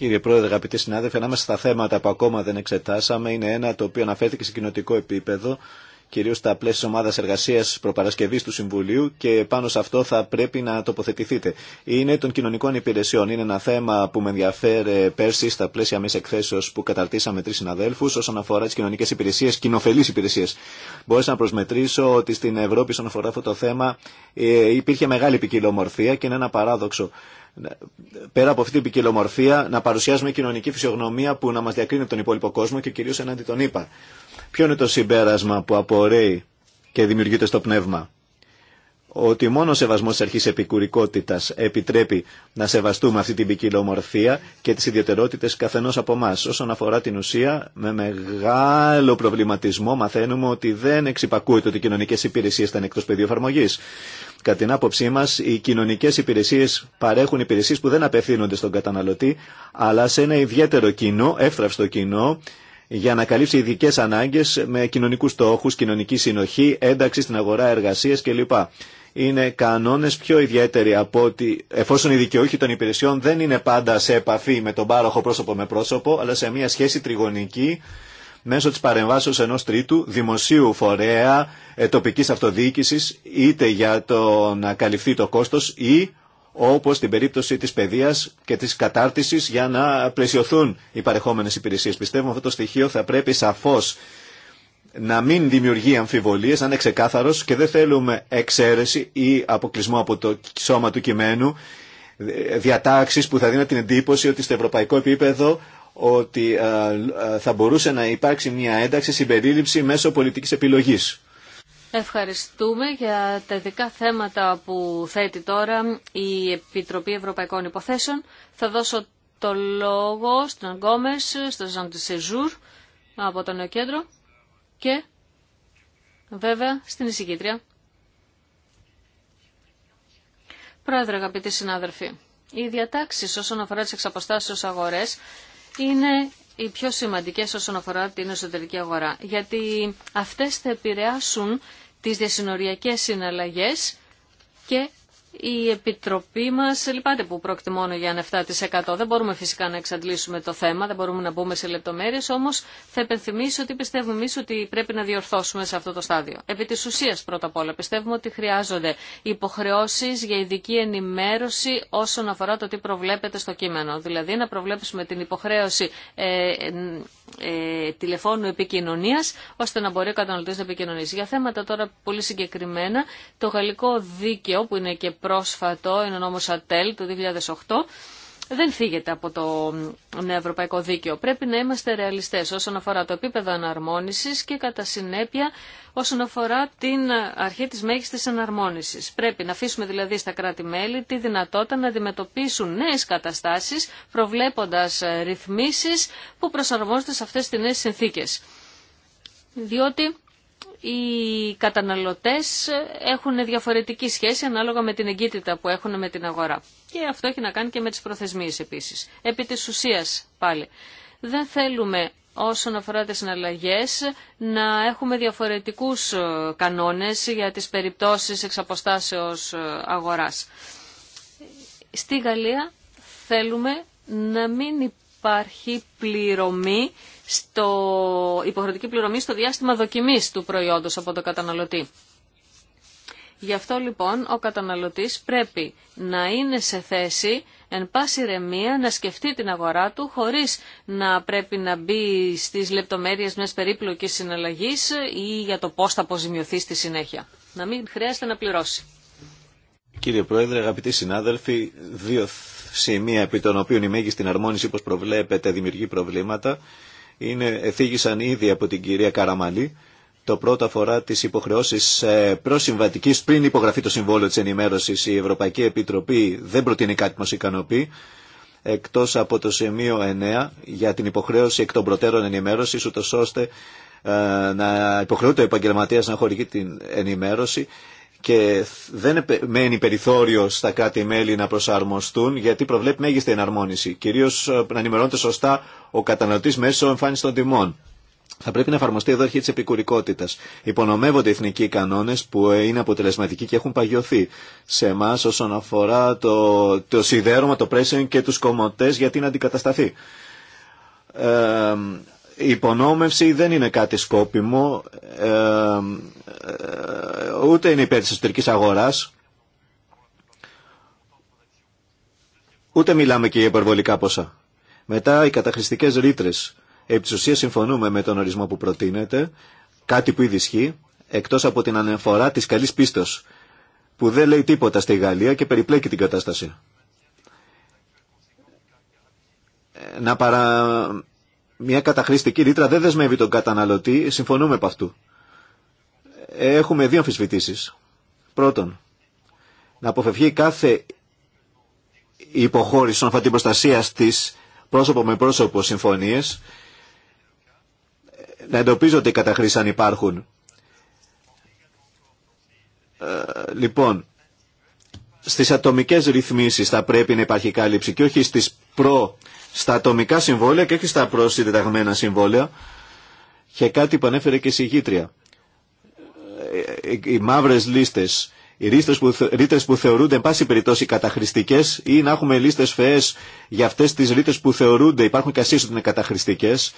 S3: Κύριε Πρόεδρε, αγαπητοί συνάδελφοι, ανάμεσα στα θέματα που ακόμα δεν εξετάσαμε είναι ένα το οποίο αναφέρθηκε σε κοινοτικό επίπεδο κυρίως στα πλαίσια ομάδας εργασίας προπαρασκευής του Συμβουλίου και πάνω σε αυτό θα πρέπει να τοποθετηθείτε. Είναι των κοινωνικών υπηρεσιών. Είναι ένα θέμα που με ενδιαφέρει πέρσι στα πλαίσια μέσα εκθέσεως που καταρτήσαμε τρεις συναδέλφους όσον αφορά τις κοινωνικές υπηρεσίες, κοινοφελείς υπηρεσίες. Μπορέσα να προσμετρήσω ότι στην Ευρώπη όσον αφορά αυτό το θέμα ε, υπήρχε μεγάλη ποικιλομορφία και είναι ένα παράδοξο πέρα από αυτή την ποικιλομορφία να παρουσιάζουμε κοινωνική φυσιογνωμία που να μας διακρίνει από τον υπόλοιπο κόσμο και κυρίως εναντί τον ΗΠΑ. Ποιο είναι το συμπέρασμα που απορρέει και δημιουργείται στο πνεύμα. Ότι μόνο ο σεβασμός της αρχής επικουρικότητας επιτρέπει να σεβαστούμε αυτή την ποικιλομορφία και τις ιδιαιτερότητες καθενός από εμά. Όσον αφορά την ουσία, με μεγάλο προβληματισμό μαθαίνουμε ότι δεν εξυπακούεται ότι οι κοινωνικές υπηρεσίες ήταν εκτός πεδίου εφαρμογή. Κατά την άποψή μα, οι κοινωνικέ υπηρεσίε παρέχουν υπηρεσίε που δεν απευθύνονται στον καταναλωτή, αλλά σε ένα ιδιαίτερο κοινό, εύθραυστο κοινό, για να καλύψει ειδικέ ανάγκε με κοινωνικού στόχου, κοινωνική συνοχή, ένταξη στην αγορά εργασία κλπ. Είναι κανόνε πιο ιδιαίτεροι από ότι εφόσον οι δικαιούχοι των υπηρεσιών δεν είναι πάντα σε επαφή με τον πάροχο πρόσωπο με πρόσωπο, αλλά σε μια σχέση τριγωνική μέσω της παρεμβάσεω ενό τρίτου δημοσίου φορέα ε, τοπική αυτοδιοίκηση, είτε για το να καλυφθεί το κόστο, ή όπως την περίπτωση της παιδείας και της κατάρτισης για να πλαισιωθούν οι παρεχόμενες υπηρεσίες. Πιστεύω αυτό το στοιχείο θα πρέπει σαφώς να μην δημιουργεί αμφιβολίες, να είναι ξεκάθαρος και δεν θέλουμε εξαίρεση ή αποκλεισμό από το σώμα του κειμένου διατάξεις που θα δίνουν την εντύπωση ότι στο ευρωπαϊκό επίπεδο ότι ε, ε, θα μπορούσε να υπάρξει μια ένταξη συμπερίληψη μέσω πολιτικής επιλογής.
S5: Ευχαριστούμε για τα ειδικά θέματα που θέτει τώρα η Επιτροπή Ευρωπαϊκών Υποθέσεων. Θα δώσω το λόγο στον Γκόμες, στον τη Σεζούρ από το Νέο Κέντρο και βέβαια στην εισηγήτρια. Πρόεδρε, αγαπητοί συνάδελφοι, οι διατάξει όσον αφορά τι ω αγορέ είναι οι πιο σημαντικέ όσον αφορά την εσωτερική αγορά. Γιατί αυτέ θα επηρεάσουν τις διασυνοριακές συναλλαγές και η Επιτροπή μας λυπάται που πρόκειται μόνο για ένα 7%. Δεν μπορούμε φυσικά να εξαντλήσουμε το θέμα, δεν μπορούμε να μπούμε σε λεπτομέρειες, όμως θα επενθυμίσω ότι πιστεύουμε εμεί ότι πρέπει να διορθώσουμε σε αυτό το στάδιο. Επί της ουσίας πρώτα απ' όλα πιστεύουμε ότι χρειάζονται υποχρεώσεις για ειδική ενημέρωση όσον αφορά το τι προβλέπεται στο κείμενο. Δηλαδή να προβλέψουμε την υποχρέωση ε, ε, ε τηλεφώνου επικοινωνία, ώστε να μπορεί ο καταναλωτή να επικοινωνήσει. Για θέματα τώρα πολύ συγκεκριμένα, το γαλλικό δίκαιο που είναι και πρόσφατο, είναι ο ΑΤΕΛ του 2008, δεν φύγεται από το ευρωπαϊκό δίκαιο. Πρέπει να είμαστε ρεαλιστές όσον αφορά το επίπεδο αναρμόνησης και κατά συνέπεια όσον αφορά την αρχή της μέγιστης αναρμόνησης. Πρέπει να αφήσουμε δηλαδή στα κράτη-μέλη τη δυνατότητα να αντιμετωπίσουν νέες καταστάσεις προβλέποντας ρυθμίσεις που προσαρμόζονται σε αυτές τις νέες συνθήκες. Διότι οι καταναλωτές έχουν διαφορετική σχέση ανάλογα με την εγκύτητα που έχουν με την αγορά. Και αυτό έχει να κάνει και με τις προθεσμίες επίσης. Επί της ουσίας πάλι. Δεν θέλουμε όσον αφορά τις συναλλαγές να έχουμε διαφορετικούς ε, κανόνες για τις περιπτώσεις εξαποστάσεως ε, αγοράς. Στη Γαλλία θέλουμε να μην υπάρχει πληρωμή στο υποχρεωτική πληρωμή στο διάστημα δοκιμής του προϊόντος από τον καταναλωτή. Γι' αυτό λοιπόν ο καταναλωτής πρέπει να είναι σε θέση εν πάση ηρεμία να σκεφτεί την αγορά του χωρίς να πρέπει να μπει στις λεπτομέρειες μιας περίπλοκης συναλλαγής ή για το πώς θα αποζημιωθεί στη συνέχεια. Να μην χρειάζεται να πληρώσει.
S3: Κύριε Πρόεδρε, αγαπητοί συνάδελφοι, δύο σημεία επί των οποίων η μέγιστη αρμόνιση όπως προβλέπετε δημιουργεί προβλήματα είναι, εφήγησαν ήδη από την κυρία Καραμαλή. Το πρώτο αφορά τι υποχρεώσει ε, προσυμβατική πριν υπογραφεί το συμβόλαιο τη ενημέρωση. Η Ευρωπαϊκή Επιτροπή δεν προτείνει κάτι που μα ικανοποιεί εκτός από το σημείο 9 για την υποχρέωση εκ των προτέρων ενημέρωση, ούτως ώστε ε, να υποχρεούται ο επαγγελματίας να χορηγεί την ενημέρωση και δεν μένει περιθώριο στα κάτι μελη να προσαρμοστούν γιατί προβλέπει μέγιστη εναρμόνιση. Κυρίω ε, να ενημερώνεται σωστά ο καταναλωτή μέσω εμφάνιση των τιμών. Θα πρέπει να εφαρμοστεί εδώ αρχή τη επικουρικότητα. Υπονομεύονται οι εθνικοί κανόνε που είναι αποτελεσματικοί και έχουν παγιωθεί σε εμά όσον αφορά το, το σιδέρωμα, το πρέσεν και του κομμωτέ γιατί να αντικατασταθεί. Ε, η υπονόμευση δεν είναι κάτι σκόπιμο, ε, ε, ούτε είναι υπέρ της εσωτερικής αγοράς, ούτε μιλάμε και για υπερβολικά ποσά. Μετά οι καταχρηστικές ρήτρε. Επί της ουσίας συμφωνούμε με τον ορισμό που προτείνεται, κάτι που ήδη ισχύει, εκτός από την ανεφορά της καλής πίστος, που δεν λέει τίποτα στη Γαλλία και περιπλέκει την κατάσταση. Ε, να παρα μια καταχρηστική ρήτρα δεν δεσμεύει τον καταναλωτή, συμφωνούμε από αυτού. Έχουμε δύο αμφισβητήσεις. Πρώτον, να αποφευγεί κάθε υποχώρηση στον την προστασία στις πρόσωπο με πρόσωπο συμφωνίες, να εντοπίζονται οι καταχρήσεις αν υπάρχουν. Ε, λοιπόν, στις ατομικές ρυθμίσεις θα πρέπει να υπάρχει κάλυψη και όχι στις προ στα ατομικά συμβόλαια και όχι στα προσυνδεταγμένα συμβόλαια και κάτι που ανέφερε και η συγγήτρια. Ε, ε, οι μαύρες λίστες, οι ρήτρες που, θεωρούνται εν πάση περιπτώσει καταχρηστικές ή να έχουμε λίστες φαιές για αυτές τις ρήτρες που θεωρούνται, υπάρχουν και ασύστονται είναι καταχρηστικές.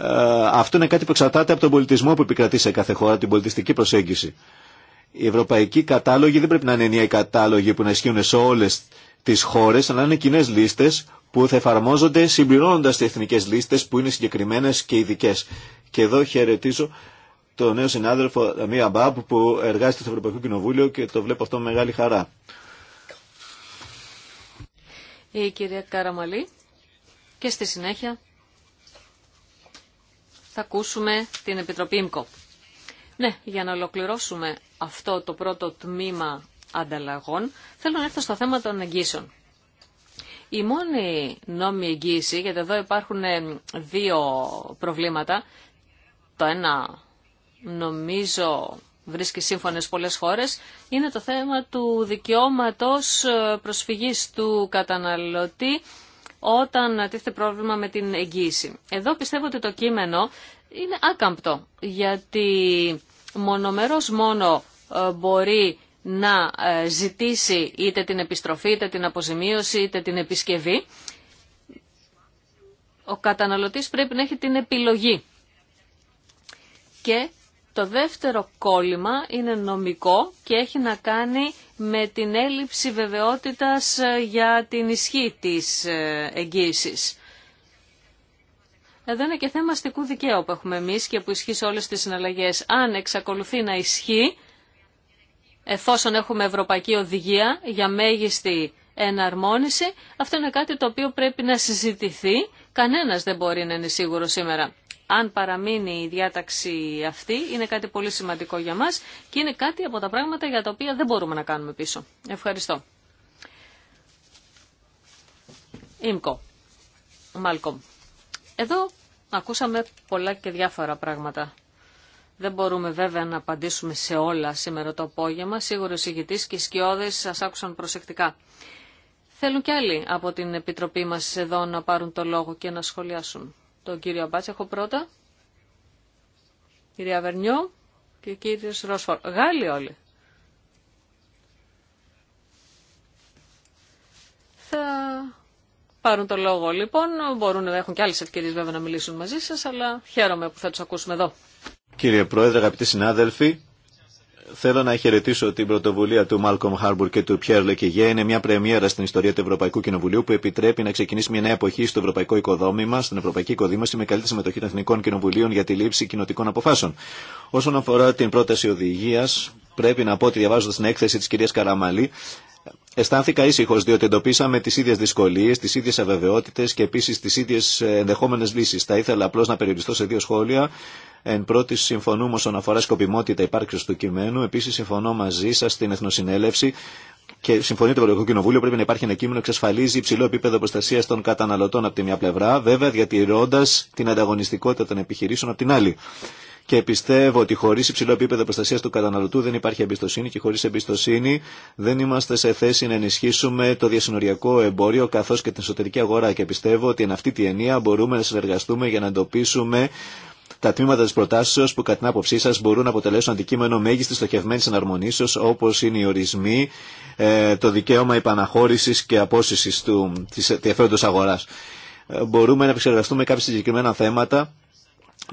S3: Ε, αυτό είναι κάτι που εξαρτάται από τον πολιτισμό που επικρατεί σε κάθε χώρα, την πολιτιστική προσέγγιση. Οι ευρωπαϊκοί κατάλογοι δεν πρέπει να είναι ενιαίοι κατάλογοι που να ισχύουν σε όλες τις χώρες να είναι κοινέ λίστες που θα εφαρμόζονται συμπληρώνοντας τις εθνικές λίστες που είναι συγκεκριμένες και ειδικέ. Και εδώ χαιρετίζω τον νέο συνάδελφο Μία Μπάμπ που εργάζεται στο Ευρωπαϊκό Κοινοβούλιο και το βλέπω αυτό με μεγάλη χαρά.
S5: Η κυρία Καραμαλή και στη συνέχεια θα ακούσουμε την Επιτροπή ΙΜΚΟ. Ναι, για να ολοκληρώσουμε αυτό το πρώτο τμήμα ανταλλαγών, θέλω να έρθω στο θέμα των εγγύσεων. Η μόνη νόμιμη εγγύηση, γιατί εδώ υπάρχουν ε, δύο προβλήματα, το ένα νομίζω βρίσκει σύμφωνες πολλές χώρες, είναι το θέμα του δικαιώματος ε, προσφυγής του καταναλωτή όταν τίθεται πρόβλημα με την εγγύηση. Εδώ πιστεύω ότι το κείμενο είναι άκαμπτο, γιατί μονομερός μόνο ε, μπορεί να ε, ζητήσει είτε την επιστροφή, είτε την αποζημίωση, είτε την επισκευή, ο καταναλωτής πρέπει να έχει την επιλογή. Και το δεύτερο κόλλημα είναι νομικό και έχει να κάνει με την έλλειψη βεβαιότητας ε, για την ισχύ της ε, εγγύησης. Εδώ είναι και θέμα αστικού δικαίου που έχουμε εμείς και που ισχύει σε όλες τις συναλλαγές. Αν εξακολουθεί να ισχύει, εφόσον έχουμε ευρωπαϊκή οδηγία για μέγιστη εναρμόνιση, αυτό είναι κάτι το οποίο πρέπει να συζητηθεί. Κανένας δεν μπορεί να είναι σίγουρο σήμερα. Αν παραμείνει η διάταξη αυτή, είναι κάτι πολύ σημαντικό για μας και είναι κάτι από τα πράγματα για τα οποία δεν μπορούμε να κάνουμε πίσω. Ευχαριστώ. Ήμκο. Μάλκομ. Εδώ ακούσαμε πολλά και διάφορα πράγματα. Δεν μπορούμε βέβαια να απαντήσουμε σε όλα σήμερα το απόγευμα. Σίγουρο οι και οι σκιώδες σα άκουσαν προσεκτικά. Θέλουν κι άλλοι από την Επιτροπή μας εδώ να πάρουν το λόγο και να σχολιάσουν. Τον κύριο έχω πρώτα, κυρία Βερνιό και ο Ρόσφορ. Γάλλοι όλοι. Θα πάρουν το λόγο λοιπόν. Μπορούν να έχουν κι άλλε ευκαιρίε βέβαια να μιλήσουν μαζί σα, αλλά χαίρομαι που θα του ακούσουμε εδώ.
S3: Κύριε Πρόεδρε, αγαπητοί συνάδελφοι, θέλω να χαιρετήσω την πρωτοβουλία του Μάλκομ Χάρμπουρ και του Πιέρ Λεκηγέ. Είναι μια πρεμιέρα στην ιστορία του Ευρωπαϊκού Κοινοβουλίου που επιτρέπει να ξεκινήσει μια νέα εποχή στο ευρωπαϊκό οικοδόμημα, στην ευρωπαϊκή οικοδήμαση, με καλύτερη συμμετοχή των εθνικών κοινοβουλίων για τη λήψη κοινοτικών αποφάσεων. Όσον αφορά την πρόταση οδηγία, πρέπει να πω ότι διαβάζοντα την έκθεση τη κυρία Καραμαλή, Αισθάνθηκα ήσυχο διότι εντοπίσαμε τι ίδιε δυσκολίε, τι ίδιε αβεβαιότητε και επίση τι ίδιε ενδεχόμενε λύσει. Θα ήθελα απλώ να περιοριστώ σε δύο σχόλια. Εν πρώτη, συμφωνούμε όσον αφορά σκοπιμότητα υπάρξεω του κειμένου. Επίση, συμφωνώ μαζί σα στην Εθνοσυνέλευση και συμφωνεί το Ευρωπαϊκό Κοινοβούλιο πρέπει να υπάρχει ένα κείμενο που εξασφαλίζει υψηλό επίπεδο προστασία των καταναλωτών από τη μια πλευρά, βέβαια διατηρώντα την ανταγωνιστικότητα των επιχειρήσεων από την άλλη και πιστεύω ότι χωρί υψηλό επίπεδο προστασία του καταναλωτού δεν υπάρχει εμπιστοσύνη και χωρί εμπιστοσύνη δεν είμαστε σε θέση να ενισχύσουμε το διασυνοριακό εμπόριο καθώ και την εσωτερική αγορά. Και πιστεύω ότι εν αυτή τη ενία μπορούμε να συνεργαστούμε για να εντοπίσουμε τα τμήματα τη προτάσεω που κατά την άποψή σα μπορούν να αποτελέσουν αντικείμενο μέγιστη στοχευμένη εναρμονήσεω όπω είναι οι ορισμοί, ε, το δικαίωμα υπαναχώρηση και απόσυση τη ενδιαφέροντο αγορά. Ε, μπορούμε να επεξεργαστούμε κάποια συγκεκριμένα θέματα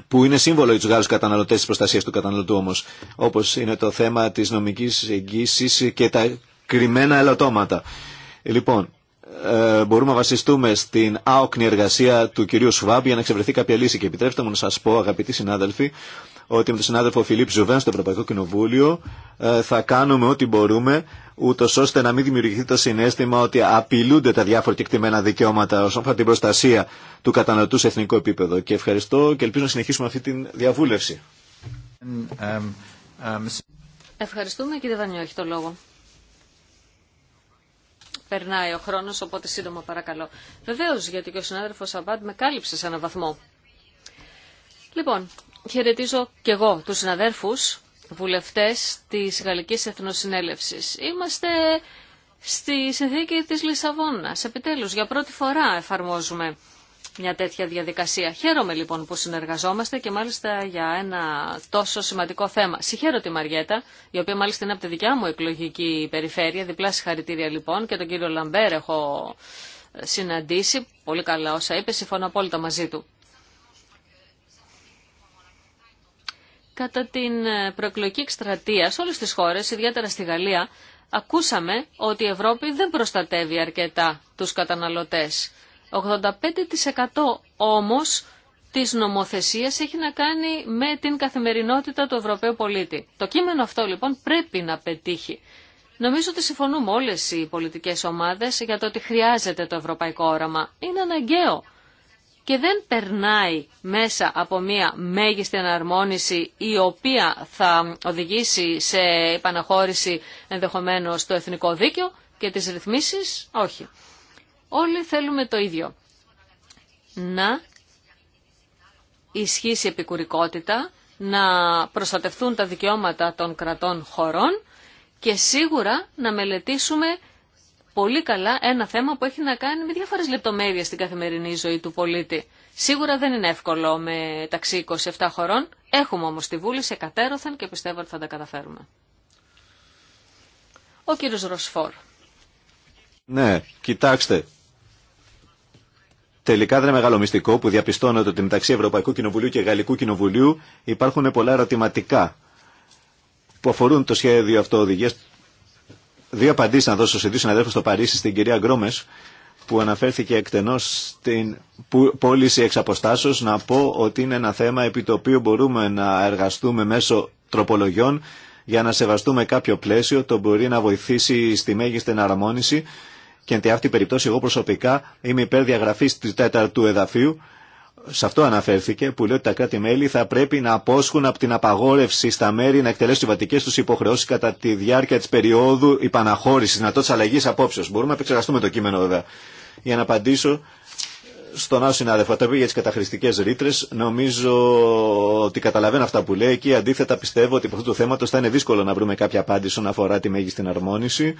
S3: που είναι σύμβολο για του Γάλλου καταναλωτέ τη προστασία του καταναλωτού όμω, όπω είναι το θέμα τη νομική εγγύηση και τα κρυμμένα ελαττώματα. Λοιπόν, ε, μπορούμε να βασιστούμε στην άοκνη εργασία του κυρίου Σουβάμπ για να εξευρεθεί κάποια λύση. Και επιτρέψτε μου να σα πω, αγαπητοί συνάδελφοι, ότι με τον συνάδελφο Φιλίπ Ζουβέν στο Ευρωπαϊκό Κοινοβούλιο ε, θα κάνουμε ό,τι μπορούμε, ούτω ώστε να μην δημιουργηθεί το συνέστημα ότι απειλούνται τα διάφορα κεκτημένα δικαιώματα όσον αφορά την προστασία του καταναλωτού σε εθνικό επίπεδο. Και ευχαριστώ και ελπίζω να συνεχίσουμε αυτή τη διαβούλευση.
S5: Ευχαριστούμε κύριε Δανιό, έχει το λόγο. Περνάει ο χρόνο, οπότε σύντομα παρακαλώ. Βεβαίω, γιατί και ο συνάδελφο Αμπάντ με κάλυψε σε έναν βαθμό. Λοιπόν, χαιρετίζω και εγώ τους συναδέρφους βουλευτές της Γαλλικής Εθνοσυνέλευσης. Είμαστε στη συνθήκη της Λισαβόνας. Επιτέλους, για πρώτη φορά εφαρμόζουμε μια τέτοια διαδικασία. Χαίρομαι λοιπόν που συνεργαζόμαστε και μάλιστα για ένα τόσο σημαντικό θέμα. Συγχαίρω τη Μαριέτα, η οποία μάλιστα είναι από τη δικιά μου εκλογική περιφέρεια. Διπλά συγχαρητήρια λοιπόν και τον κύριο Λαμπέρ έχω συναντήσει. Πολύ καλά όσα είπε, συμφωνώ απόλυτα μαζί του. Κατά την ε, προεκλογική εκστρατεία σε όλες τις χώρες, ιδιαίτερα στη Γαλλία, ακούσαμε ότι η Ευρώπη δεν προστατεύει αρκετά τους καταναλωτές. 85% όμως της νομοθεσίας έχει να κάνει με την καθημερινότητα του Ευρωπαίου πολίτη. Το κείμενο αυτό λοιπόν πρέπει να πετύχει. Νομίζω ότι συμφωνούμε όλες οι πολιτικές ομάδες για το ότι χρειάζεται το ευρωπαϊκό όραμα. Είναι αναγκαίο και δεν περνάει μέσα από μια μέγιστη εναρμόνιση η οποία θα οδηγήσει σε επαναχώρηση ενδεχομένως στο εθνικό δίκαιο και τις ρυθμίσεις, όχι. Όλοι θέλουμε το ίδιο. Να ισχύσει επικουρικότητα, να προστατευτούν τα δικαιώματα των κρατών χωρών και σίγουρα να μελετήσουμε πολύ καλά ένα θέμα που έχει να κάνει με διάφορε λεπτομέρειε στην καθημερινή ζωή του πολίτη. Σίγουρα δεν είναι εύκολο με ταξί 27 χωρών, έχουμε όμω τη βούλη σε κατέρωθαν και πιστεύω ότι θα τα καταφέρουμε. Ο κύριο Ροσφόρ.
S3: Ναι, κοιτάξτε. Τελικά δεν είναι μεγάλο μυστικό που διαπιστώνεται ότι μεταξύ Ευρωπαϊκού Κοινοβουλίου και Γαλλικού Κοινοβουλίου υπάρχουν πολλά ερωτηματικά που αφορούν το σχέδιο αυτοοδηγίας δύο απαντήσει να δώσω σε δύο συναδέλφου στο Παρίσι στην κυρία Γκρόμε, που αναφέρθηκε εκτενώς στην πώληση εξ αποστάσεως, να πω ότι είναι ένα θέμα επί το οποίο μπορούμε να εργαστούμε μέσω τροπολογιών για να σεβαστούμε κάποιο πλαίσιο, το μπορεί να βοηθήσει στη μέγιστη εναρμόνιση και εν αυτή περιπτώσει εγώ προσωπικά είμαι υπέρ διαγραφής του τέταρτου εδαφίου σε αυτό αναφέρθηκε, που λέει ότι τα κράτη-μέλη θα πρέπει να απόσχουν από την απαγόρευση στα μέρη να εκτελέσουν τι βατικέ του υποχρεώσει κατά τη διάρκεια τη περίοδου υπαναχώρηση, δυνατότητα αλλαγή απόψεω. Μπορούμε να επεξεργαστούμε το κείμενο, βέβαια. Για να απαντήσω στον άλλο συνάδελφο, τα πήγε για τι καταχρηστικέ ρήτρε. Νομίζω ότι καταλαβαίνω αυτά που λέει και αντίθετα πιστεύω ότι από αυτού του θέματο θα είναι δύσκολο να βρούμε κάποια απάντηση όσον αφορά τη μέγιστη εναρμόνιση.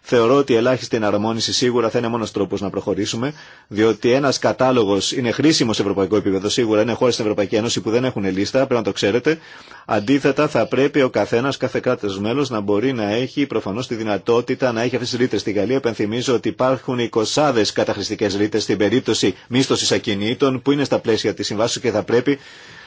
S3: Θεωρώ ότι η ελάχιστη εναρμόνιση σίγουρα θα είναι μόνο τρόπο να προχωρήσουμε, διότι ένα κατάλογο είναι χρήσιμο σε ευρωπαϊκό επίπεδο. Σίγουρα είναι χώρε στην Ευρωπαϊκή Ένωση που δεν έχουν λίστα, πρέπει να το ξέρετε. Αντίθετα, θα πρέπει ο καθένα, κάθε κράτο μέλο να μπορεί να έχει προφανώ τη δυνατότητα να έχει αυτέ τι ρήτρε. Στη Γαλλία, επενθυμίζω ότι υπάρχουν 20 καταχρηστικέ ρήτρε στην περίπτωση μίσθωση ακινήτων που είναι στα πλαίσια τη συμβάση και θα πρέπει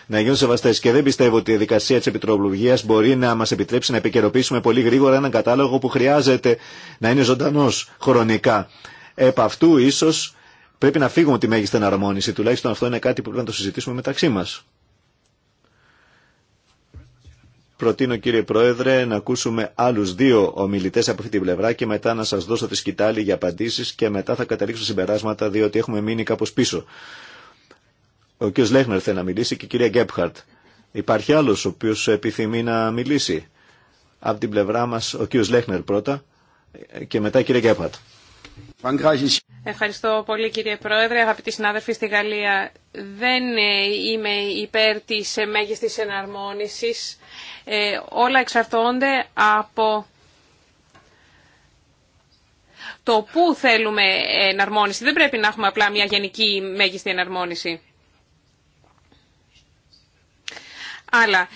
S3: να γίνουν σεβαστέ. Και δεν πιστεύω ότι η διαδικασία τη επιτροπολογία μπορεί να μα επιτρέψει να επικαιροποιήσουμε πολύ γρήγορα έναν κατάλογο που χρειάζεται να είναι ζωντανό χρονικά. Επ' αυτού ίσω πρέπει να φύγουμε τη μέγιστη εναρμόνιση. Τουλάχιστον αυτό είναι κάτι που πρέπει να το συζητήσουμε μεταξύ μα. Προτείνω κύριε Πρόεδρε να ακούσουμε άλλους δύο ομιλητές από αυτή την πλευρά και μετά να σας δώσω τη σκητάλη για απαντήσεις και μετά θα καταλήξω συμπεράσματα διότι έχουμε μείνει κάπως πίσω. Ο κ. Λέχνερ θέλει να μιλήσει και η κυρία Γκέπχαρτ. Υπάρχει άλλος ο οποίος επιθυμεί να μιλήσει. Από την πλευρά μας ο κ. Λέχνερ πρώτα και μετά η κυρία Γκέπχαρτ.
S4: Ευχαριστώ πολύ κύριε Πρόεδρε. Αγαπητοί συνάδελφοι στη Γαλλία, δεν είμαι υπέρ της μέγιστης εναρμόνισης ε, όλα εξαρτώνται από το πού θέλουμε εναρμόνιση. Δεν πρέπει να έχουμε απλά μια γενική μέγιστη εναρμόνιση. Αλλά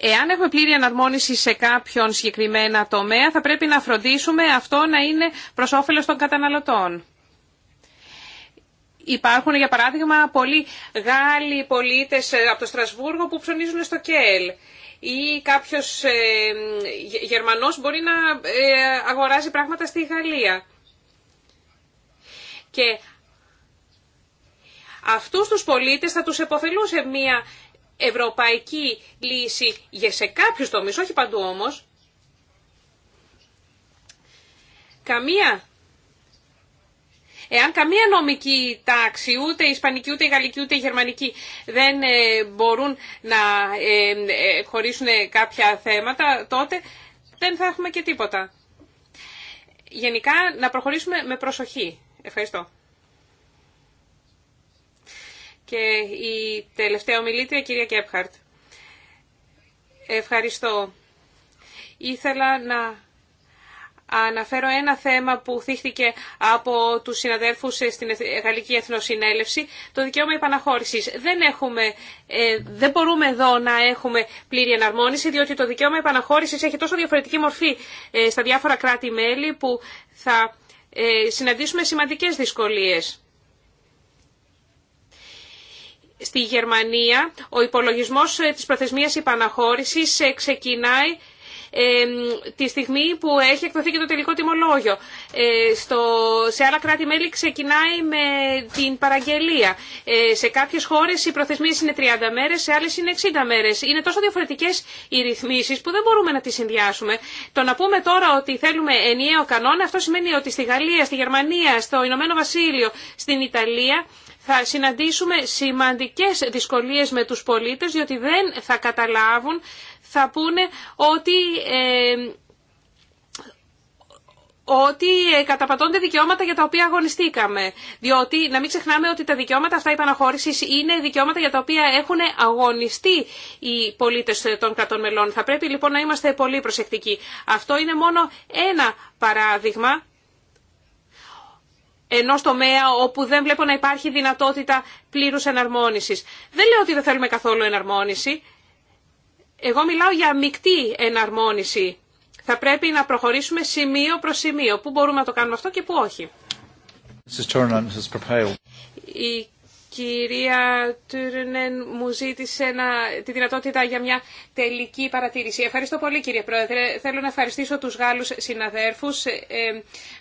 S4: εάν έχουμε πλήρη εναρμόνιση σε κάποιον συγκεκριμένα τομέα, θα πρέπει να φροντίσουμε αυτό να είναι προς όφελος των καταναλωτών. Υπάρχουν, για παράδειγμα, πολλοί Γάλλοι πολίτες ε, από το Στρασβούργο που ψωνίζουν στο ΚΕΛ ή κάποιος ε, Γερμανός μπορεί να ε, αγοράζει πράγματα στη Γαλλία. Και αυτούς τους πολίτες θα τους επωφελούσε μια ευρωπαϊκή λύση για σε κάποιους τομείς, όχι παντού όμως. Καμία Εάν καμία νομική τάξη, ούτε η ισπανική, ούτε η γαλλική, ούτε η γερμανική δεν ε, μπορούν να ε, ε, χωρίσουν κάποια θέματα, τότε δεν θα έχουμε και τίποτα. Γενικά, να προχωρήσουμε με προσοχή. Ευχαριστώ. Και η τελευταία ομιλήτρια, κυρία Κέπχαρτ. Ευχαριστώ. Ήθελα να αναφέρω ένα θέμα που θύχτηκε από τους συναδέλφους στην Γαλλική Εθνοσυνέλευση, το δικαίωμα επαναχώρησης. Δεν, έχουμε, ε, δεν μπορούμε εδώ να έχουμε πλήρη εναρμόνιση, διότι το δικαίωμα επαναχώρησης έχει τόσο διαφορετική μορφή ε, στα διάφορα κράτη-μέλη που θα ε, συναντήσουμε σημαντικές δυσκολίες. Στη Γερμανία ο υπολογισμός της προθεσμίας επαναχώρησης ξεκινάει τη στιγμή που έχει εκδοθεί και το τελικό τιμολόγιο. Ε, στο, σε άλλα κράτη-μέλη ξεκινάει με την παραγγελία. Ε, σε κάποιες χώρες οι προθεσμίες είναι 30 μέρες, σε άλλες είναι 60 μέρες. Είναι τόσο διαφορετικές οι ρυθμίσεις που δεν μπορούμε να τις συνδυάσουμε. Το να πούμε τώρα ότι θέλουμε ενιαίο κανόνα, αυτό σημαίνει ότι στη Γαλλία, στη Γερμανία, στο Ηνωμένο Βασίλειο, στην Ιταλία θα συναντήσουμε σημαντικές δυσκολίες με τους πολίτες, διότι δεν θα καταλάβουν, θα πούνε ότι... Ε, ότι ε, καταπατώνται δικαιώματα για τα οποία αγωνιστήκαμε. Διότι, να μην ξεχνάμε ότι τα δικαιώματα αυτά υπαναχώρηση είναι δικαιώματα για τα οποία έχουν αγωνιστεί οι πολίτε των κρατών μελών. Θα πρέπει λοιπόν να είμαστε πολύ προσεκτικοί. Αυτό είναι μόνο ένα παράδειγμα ενό τομέα όπου δεν βλέπω να υπάρχει δυνατότητα πλήρους εναρμόνισης. Δεν λέω ότι δεν θέλουμε καθόλου εναρμόνιση. Εγώ μιλάω για μεικτή εναρμόνιση. Θα πρέπει να προχωρήσουμε σημείο προς σημείο. Πού μπορούμε να το κάνουμε αυτό και πού όχι κυρία Τούρνεν μου ζήτησε να, τη δυνατότητα για μια τελική παρατήρηση. Ευχαριστώ πολύ κύριε Πρόεδρε. Θέλω να ευχαριστήσω τους Γάλλους συναδέρφους. Ε,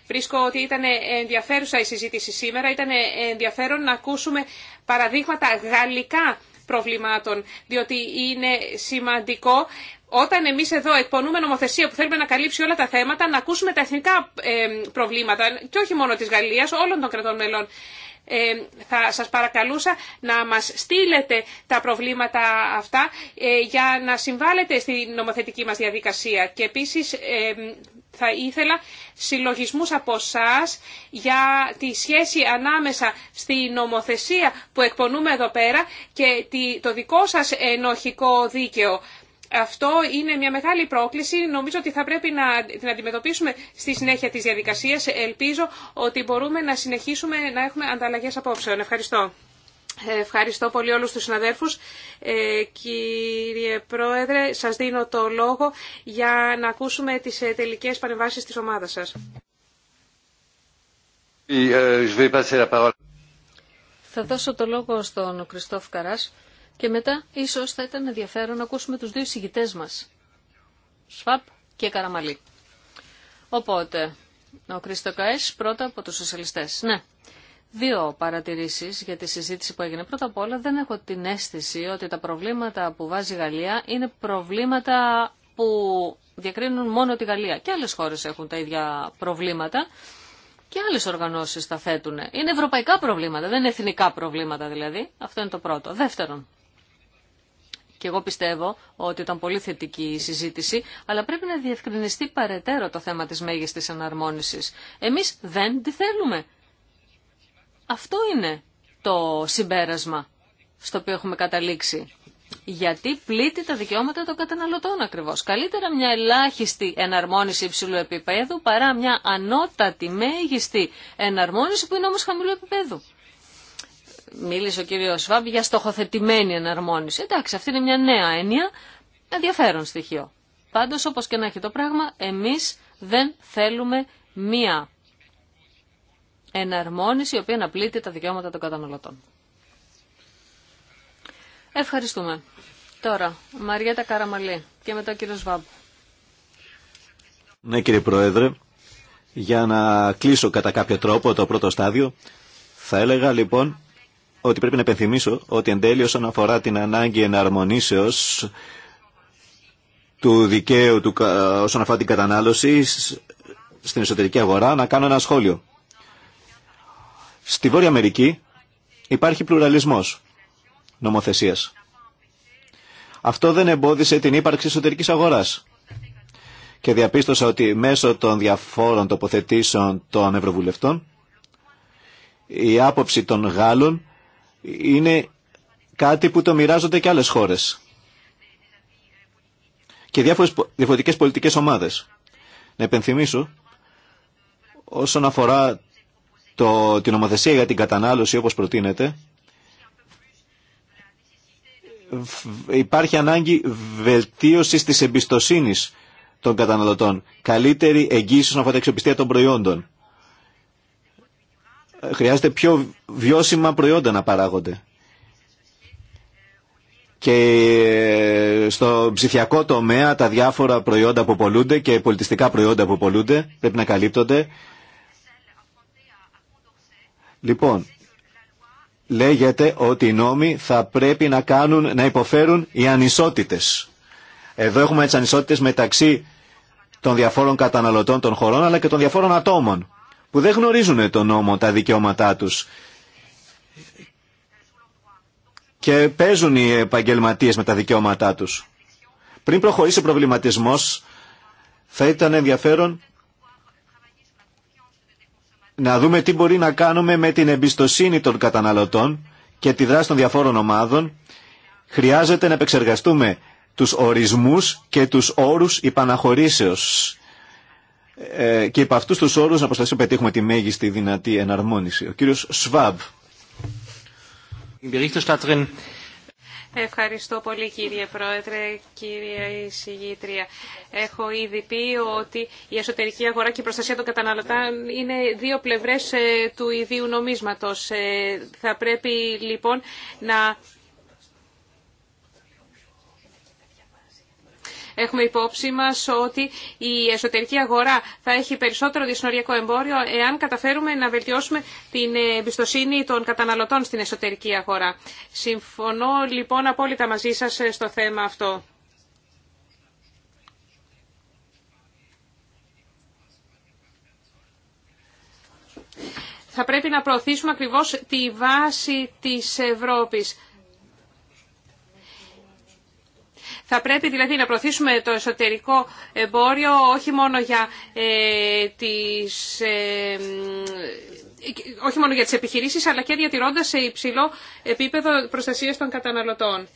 S4: βρίσκω ότι ήταν ενδιαφέρουσα η συζήτηση σήμερα. Ήταν ενδιαφέρον να ακούσουμε παραδείγματα γαλλικά προβλημάτων, διότι είναι σημαντικό όταν εμεί εδώ εκπονούμε νομοθεσία που θέλουμε να καλύψει όλα τα θέματα, να ακούσουμε τα εθνικά ε, προβλήματα και όχι μόνο τη Γαλλία, όλων των κρατών μελών. Ε, θα σας παρακαλούσα να μας στείλετε τα προβλήματα αυτά ε, για να συμβάλλετε στη νομοθετική μας διαδικασία. Και επίσης ε, θα ήθελα συλλογισμούς από εσά για τη σχέση ανάμεσα στη νομοθεσία που εκπονούμε εδώ πέρα και το δικό σας ενοχικό δίκαιο αυτό είναι μια μεγάλη πρόκληση. Νομίζω ότι θα πρέπει να την αντιμετωπίσουμε στη συνέχεια της διαδικασίας. Ελπίζω ότι μπορούμε να συνεχίσουμε να έχουμε ανταλλαγές απόψεων. Ευχαριστώ. Ευχαριστώ πολύ όλους τους συναδέρφους. Ε, κύριε Πρόεδρε, σας δίνω το λόγο για να ακούσουμε τις ε, τελικές παρεμβάσεις
S5: της ομάδας σας.
S2: Ε,
S5: θα δώσω το λόγο στον Κριστόφ Καράς και μετά ίσως θα ήταν ενδιαφέρον να ακούσουμε τους δύο εισηγητές μας. Σφαπ και Καραμαλή. Οπότε, ο Κρίστο Καές πρώτα από τους σοσιαλιστές. Ναι, δύο παρατηρήσει για τη συζήτηση που έγινε. Πρώτα απ' όλα δεν έχω την αίσθηση ότι τα προβλήματα που βάζει η Γαλλία είναι προβλήματα που διακρίνουν μόνο τη Γαλλία. Και άλλε χώρε έχουν τα ίδια προβλήματα και άλλε οργανώσει τα θέτουν. Είναι ευρωπαϊκά προβλήματα, δεν είναι εθνικά προβλήματα δηλαδή. Αυτό είναι το πρώτο. Δεύτερον, και εγώ πιστεύω ότι ήταν πολύ θετική η συζήτηση, αλλά πρέπει να διευκρινιστεί παρετέρω το θέμα της μέγιστης εναρμόνισης. Εμείς δεν τη θέλουμε. Αυτό είναι το συμπέρασμα στο οποίο έχουμε καταλήξει. Γιατί πλήττει τα δικαιώματα των καταναλωτών ακριβώς. Καλύτερα μια ελάχιστη εναρμόνιση υψηλού επίπεδου παρά μια ανώτατη μέγιστη εναρμόνιση που είναι όμως χαμηλού επίπεδου μίλησε ο κύριο Σβάμπ για στοχοθετημένη εναρμόνιση. Εντάξει, αυτή είναι μια νέα έννοια, ενδιαφέρον στοιχείο. Πάντως, όπως και να έχει το πράγμα, εμείς δεν θέλουμε μία εναρμόνιση η οποία να πλήττει τα δικαιώματα των καταναλωτών. Ευχαριστούμε. Τώρα, Μαριέτα Καραμαλή και μετά ο κύριο Βάμπ.
S3: Ναι κύριε Πρόεδρε, για να κλείσω κατά κάποιο τρόπο το πρώτο στάδιο, θα έλεγα λοιπόν ότι πρέπει να επενθυμίσω ότι εν τέλει όσον αφορά την ανάγκη εναρμονίσεως του δικαίου του, όσον αφορά την κατανάλωση στην εσωτερική αγορά να κάνω ένα σχόλιο. Στη Βόρεια Αμερική υπάρχει πλουραλισμός νομοθεσίας. Αυτό δεν εμπόδισε την ύπαρξη εσωτερικής αγοράς. Και διαπίστωσα ότι μέσω των διαφόρων τοποθετήσεων των Ευρωβουλευτών η άποψη των Γάλλων είναι κάτι που το μοιράζονται και άλλες χώρες και διάφορες διαφορετικές πολιτικές ομάδες. Να επενθυμίσω όσον αφορά το, την ομοθεσία για την κατανάλωση όπως προτείνεται υπάρχει ανάγκη βελτίωσης της εμπιστοσύνης των καταναλωτών, καλύτερη εγγύηση όσον αφορά την εξοπιστία των προϊόντων χρειάζεται πιο βιώσιμα προϊόντα να παράγονται. Και στο ψηφιακό τομέα τα διάφορα προϊόντα που πολλούνται και πολιτιστικά προϊόντα που πολλούνται πρέπει να καλύπτονται. Λοιπόν, λέγεται ότι οι νόμοι θα πρέπει να, κάνουν, να υποφέρουν οι ανισότητες. Εδώ έχουμε τις ανισότητες μεταξύ των διαφόρων καταναλωτών των χωρών αλλά και των διαφόρων ατόμων που δεν γνωρίζουν τον νόμο, τα δικαιώματά τους. Και παίζουν οι επαγγελματίε με τα δικαιώματά τους. Πριν προχωρήσει ο προβληματισμός, θα ήταν ενδιαφέρον να δούμε τι μπορεί να κάνουμε με την εμπιστοσύνη των καταναλωτών και τη δράση των διαφόρων ομάδων. Χρειάζεται να επεξεργαστούμε τους ορισμούς και τους όρους υπαναχωρήσεως ε, και υπ' αυτού του όρου να προσπαθήσουμε να πετύχουμε τη μέγιστη δυνατή εναρμόνιση. Ο κύριο Σβάμπ.
S4: Ευχαριστώ πολύ κύριε Πρόεδρε, κύριε Εισηγήτρια. Έχω ήδη πει ότι η εσωτερική αγορά και η προστασία των καταναλωτών είναι δύο πλευρές ε, του ιδίου νομίσματος. Ε, θα πρέπει λοιπόν να έχουμε υπόψη μα ότι η εσωτερική αγορά θα έχει περισσότερο δυσνοριακό εμπόριο εάν καταφέρουμε να βελτιώσουμε την εμπιστοσύνη των καταναλωτών στην εσωτερική αγορά. Συμφωνώ λοιπόν απόλυτα μαζί σας στο θέμα αυτό. θα πρέπει να προωθήσουμε ακριβώς τη βάση της Ευρώπης. Θα πρέπει δηλαδή να προωθήσουμε το εσωτερικό εμπόριο όχι μόνο για ε, τις... Ε, ε, όχι μόνο για τις επιχειρήσεις, αλλά και διατηρώντας σε υψηλό επίπεδο προστασίας των καταναλωτών.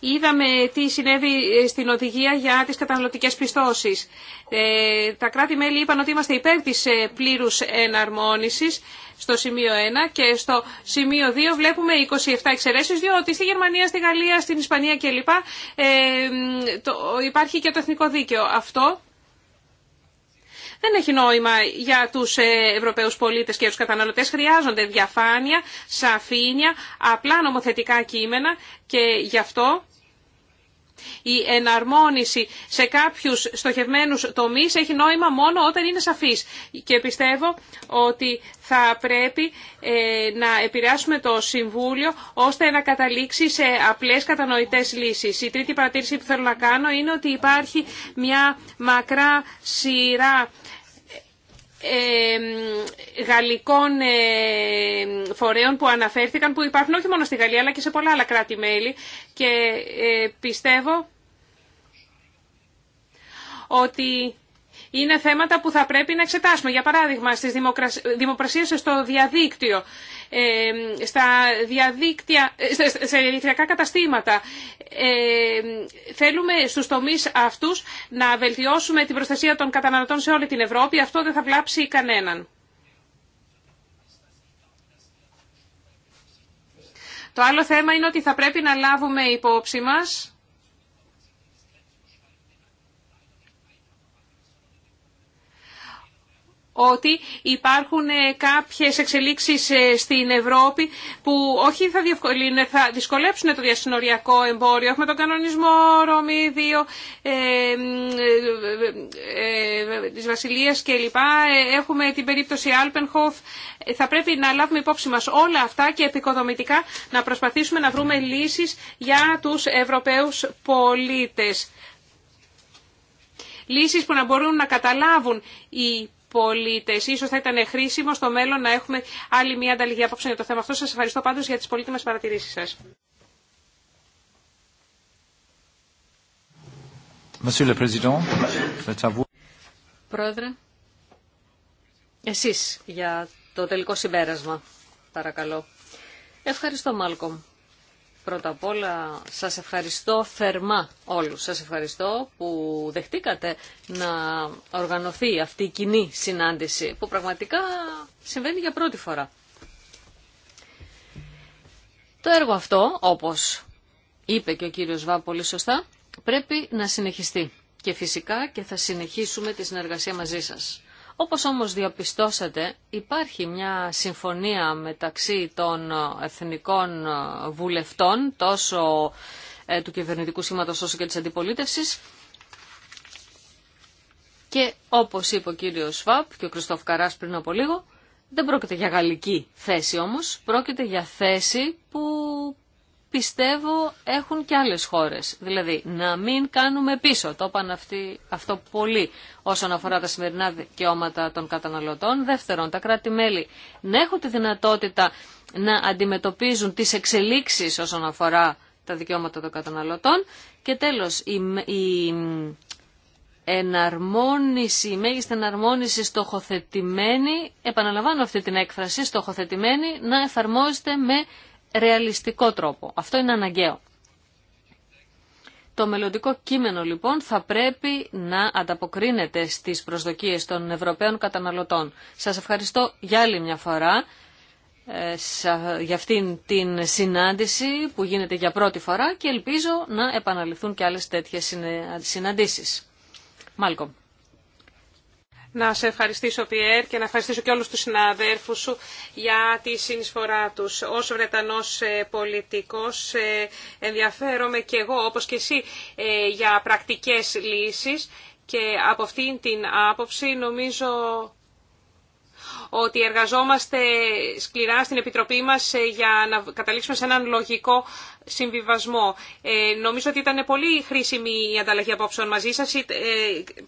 S4: Είδαμε τι συνέβη στην οδηγία για τις καταναλωτικές πιστώσεις. Ε, τα κράτη-μέλη είπαν ότι είμαστε υπέρ της ε, πλήρους εναρμόνισης στο σημείο 1 και στο σημείο 2 βλέπουμε 27 εξαιρέσεις διότι στη Γερμανία, στη Γαλλία, στην Ισπανία κλπ. Ε, υπάρχει και το εθνικό δίκαιο. Αυτό δεν έχει νόημα για τους ε, Ευρωπαίους πολίτες και του καταναλωτέ. Χρειάζονται διαφάνεια, σαφήνεια, απλά νομοθετικά κείμενα και γι' αυτό η εναρμόνιση σε κάποιους στοχευμένους τομείς έχει νόημα μόνο όταν είναι σαφής. Και πιστεύω ότι θα πρέπει ε, να επηρεάσουμε το Συμβούλιο ώστε να καταλήξει σε απλές κατανοητές λύσεις. Η τρίτη παρατήρηση που θέλω να κάνω είναι ότι υπάρχει μια μακρά σειρά γαλλικών ε, φορέων που αναφέρθηκαν που υπάρχουν όχι μόνο στη Γαλλία αλλά και σε πολλά άλλα κράτη-μέλη και ε, πιστεύω ότι είναι θέματα που θα πρέπει να εξετάσουμε. Για παράδειγμα, στις δημοκρασίες στο διαδίκτυο στα διαδίκτυα, ε, σε ηλικιακά καταστήματα. Θέλουμε στους τομείς αυτούς να βελτιώσουμε την προστασία των καταναλωτών σε όλη την Ευρώπη. Αυτό δεν θα βλάψει κανέναν. Το άλλο θέμα είναι ότι θα πρέπει να λάβουμε υπόψη μας ότι υπάρχουν ε, κάποιες εξελίξεις ε, στην Ευρώπη που όχι θα, θα δυσκολέψουν το διασυνοριακό εμπόριο. Έχουμε τον κανονισμό Ρώμη 2 ε, ε, ε, της Βασιλείας κλπ. Έχουμε την περίπτωση Άλπενχοφ. Θα πρέπει να λάβουμε υπόψη μας όλα αυτά και επικοδομητικά να προσπαθήσουμε να βρούμε λύσεις για τους Ευρωπαίους πολίτες. Λύσεις που να μπορούν να καταλάβουν οι πολίτες. Ίσως θα ήταν χρήσιμο στο μέλλον να έχουμε άλλη μια ανταλλαγή απόψεων για το θέμα αυτό. Σας ευχαριστώ πάντω για τις πολύτιμες παρατηρήσεις σας.
S5: Πρόεδρε, εσείς για το τελικό συμπέρασμα, παρακαλώ. Ευχαριστώ, Μάλκομ. Πρώτα απ' όλα σας ευχαριστώ θερμά όλους. Σας ευχαριστώ που δεχτήκατε να οργανωθεί αυτή η κοινή συνάντηση που πραγματικά συμβαίνει για πρώτη φορά. Το έργο αυτό, όπως είπε και ο κύριος Βά πολύ σωστά, πρέπει να συνεχιστεί. Και φυσικά και θα συνεχίσουμε τη συνεργασία μαζί σας. Όπως όμως διαπιστώσατε, υπάρχει μια συμφωνία μεταξύ των εθνικών ε, βουλευτών, τόσο ε, του κυβερνητικού σήματος όσο και της αντιπολίτευσης, και όπως είπε ο κύριος Σφαπ και ο Κριστόφ Καράς πριν από λίγο, δεν πρόκειται για γαλλική θέση όμως, πρόκειται για θέση που πιστεύω έχουν και άλλες χώρες. Δηλαδή να μην κάνουμε πίσω, το είπαν αυτό πολύ όσον αφορά τα σημερινά δικαιώματα των καταναλωτών. Δεύτερον, τα κράτη-μέλη να έχουν τη δυνατότητα να αντιμετωπίζουν τις εξελίξεις όσον αφορά τα δικαιώματα των καταναλωτών. Και τέλος, η, η εναρμόνιση, η μέγιστη εναρμόνιση στοχοθετημένη, επαναλαμβάνω αυτή την έκφραση, στοχοθετημένη να εφαρμόζεται με ρεαλιστικό τρόπο. Αυτό είναι αναγκαίο. Το μελλοντικό κείμενο λοιπόν θα πρέπει να ανταποκρίνεται στις προσδοκίες των Ευρωπαίων καταναλωτών. Σας ευχαριστώ για άλλη μια φορά ε, για αυτήν την συνάντηση που γίνεται για πρώτη φορά και ελπίζω να επαναληφθούν και άλλες τέτοιες συναντήσεις. Μάλκομ.
S4: Να σε ευχαριστήσω, Πιέρ, και να ευχαριστήσω και όλους τους συναδέρφους σου για τη συνεισφορά τους. Ως Βρετανός ε, πολιτικός ε, ενδιαφέρομαι και εγώ, όπως και εσύ, ε, για πρακτικές λύσεις και από αυτήν την άποψη νομίζω ότι εργαζόμαστε σκληρά στην Επιτροπή μας ε, για να καταλήξουμε σε έναν λογικό συμβιβασμό. Ε, νομίζω ότι ήταν πολύ χρήσιμη η ανταλλαγή απόψεων μαζί σας. Ε,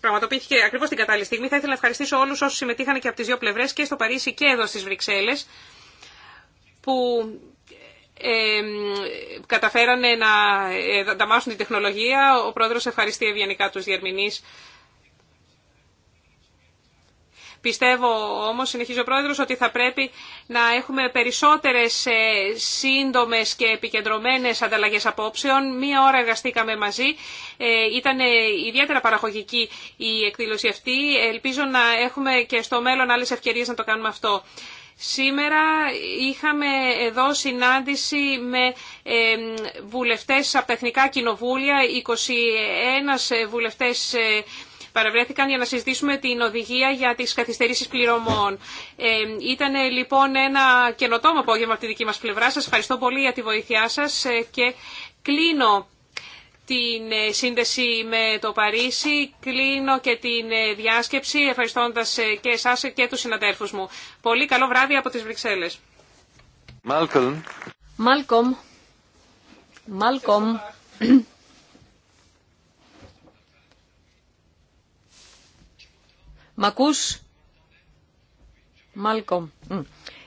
S4: πραγματοποιήθηκε ακριβώς την κατάλληλη στιγμή. Θα ήθελα να ευχαριστήσω όλους όσους συμμετείχαν και από τις δύο πλευρές και στο Παρίσι και εδώ στις Βρυξέλλες που ε, καταφέρανε να ανταμάσουν ε, την τεχνολογία. Ο πρόεδρος ευχαριστεί ευγενικά τους διερμηνείς Πιστεύω όμως, συνεχίζει ο Πρόεδρος, ότι θα πρέπει να έχουμε περισσότερες ε, σύντομες και επικεντρωμένες ανταλλαγές απόψεων. Μία ώρα εργαστήκαμε μαζί. Ε, ήταν ε, ιδιαίτερα παραγωγική η εκδήλωση αυτή. Ελπίζω να έχουμε και στο μέλλον άλλες ευκαιρίες να το κάνουμε αυτό. Σήμερα είχαμε εδώ συνάντηση με βουλευτές από τα Εθνικά Κοινοβούλια, 21 βουλευτές παραβρέθηκαν για να συζητήσουμε την οδηγία για τις καθυστερήσεις πληρωμών. Ε, ήταν λοιπόν ένα καινοτόμο απόγευμα από τη δική μας πλευρά. Σας ευχαριστώ πολύ για τη βοήθειά σας ε, και κλείνω την ε, σύνδεση με το Παρίσι. Κλείνω και την ε, διάσκεψη ευχαριστώντας και εσάς και τους συναδέλφους μου. Πολύ καλό βράδυ από τις Βρυξέλλες.
S2: Μάλκομ.
S5: Μάλκομ. Μάλκομ. Μ' Μάλκομ.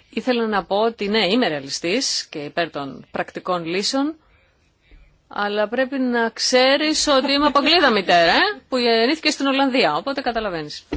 S5: Ήθελα να πω ότι ναι, είμαι ρεαλιστής και υπέρ των πρακτικών λύσεων, αλλά πρέπει να ξέρεις ότι είμαι από Αγγλίδα μητέρα, ε, που γεννήθηκε στην Ολλανδία, οπότε καταλαβαίνεις.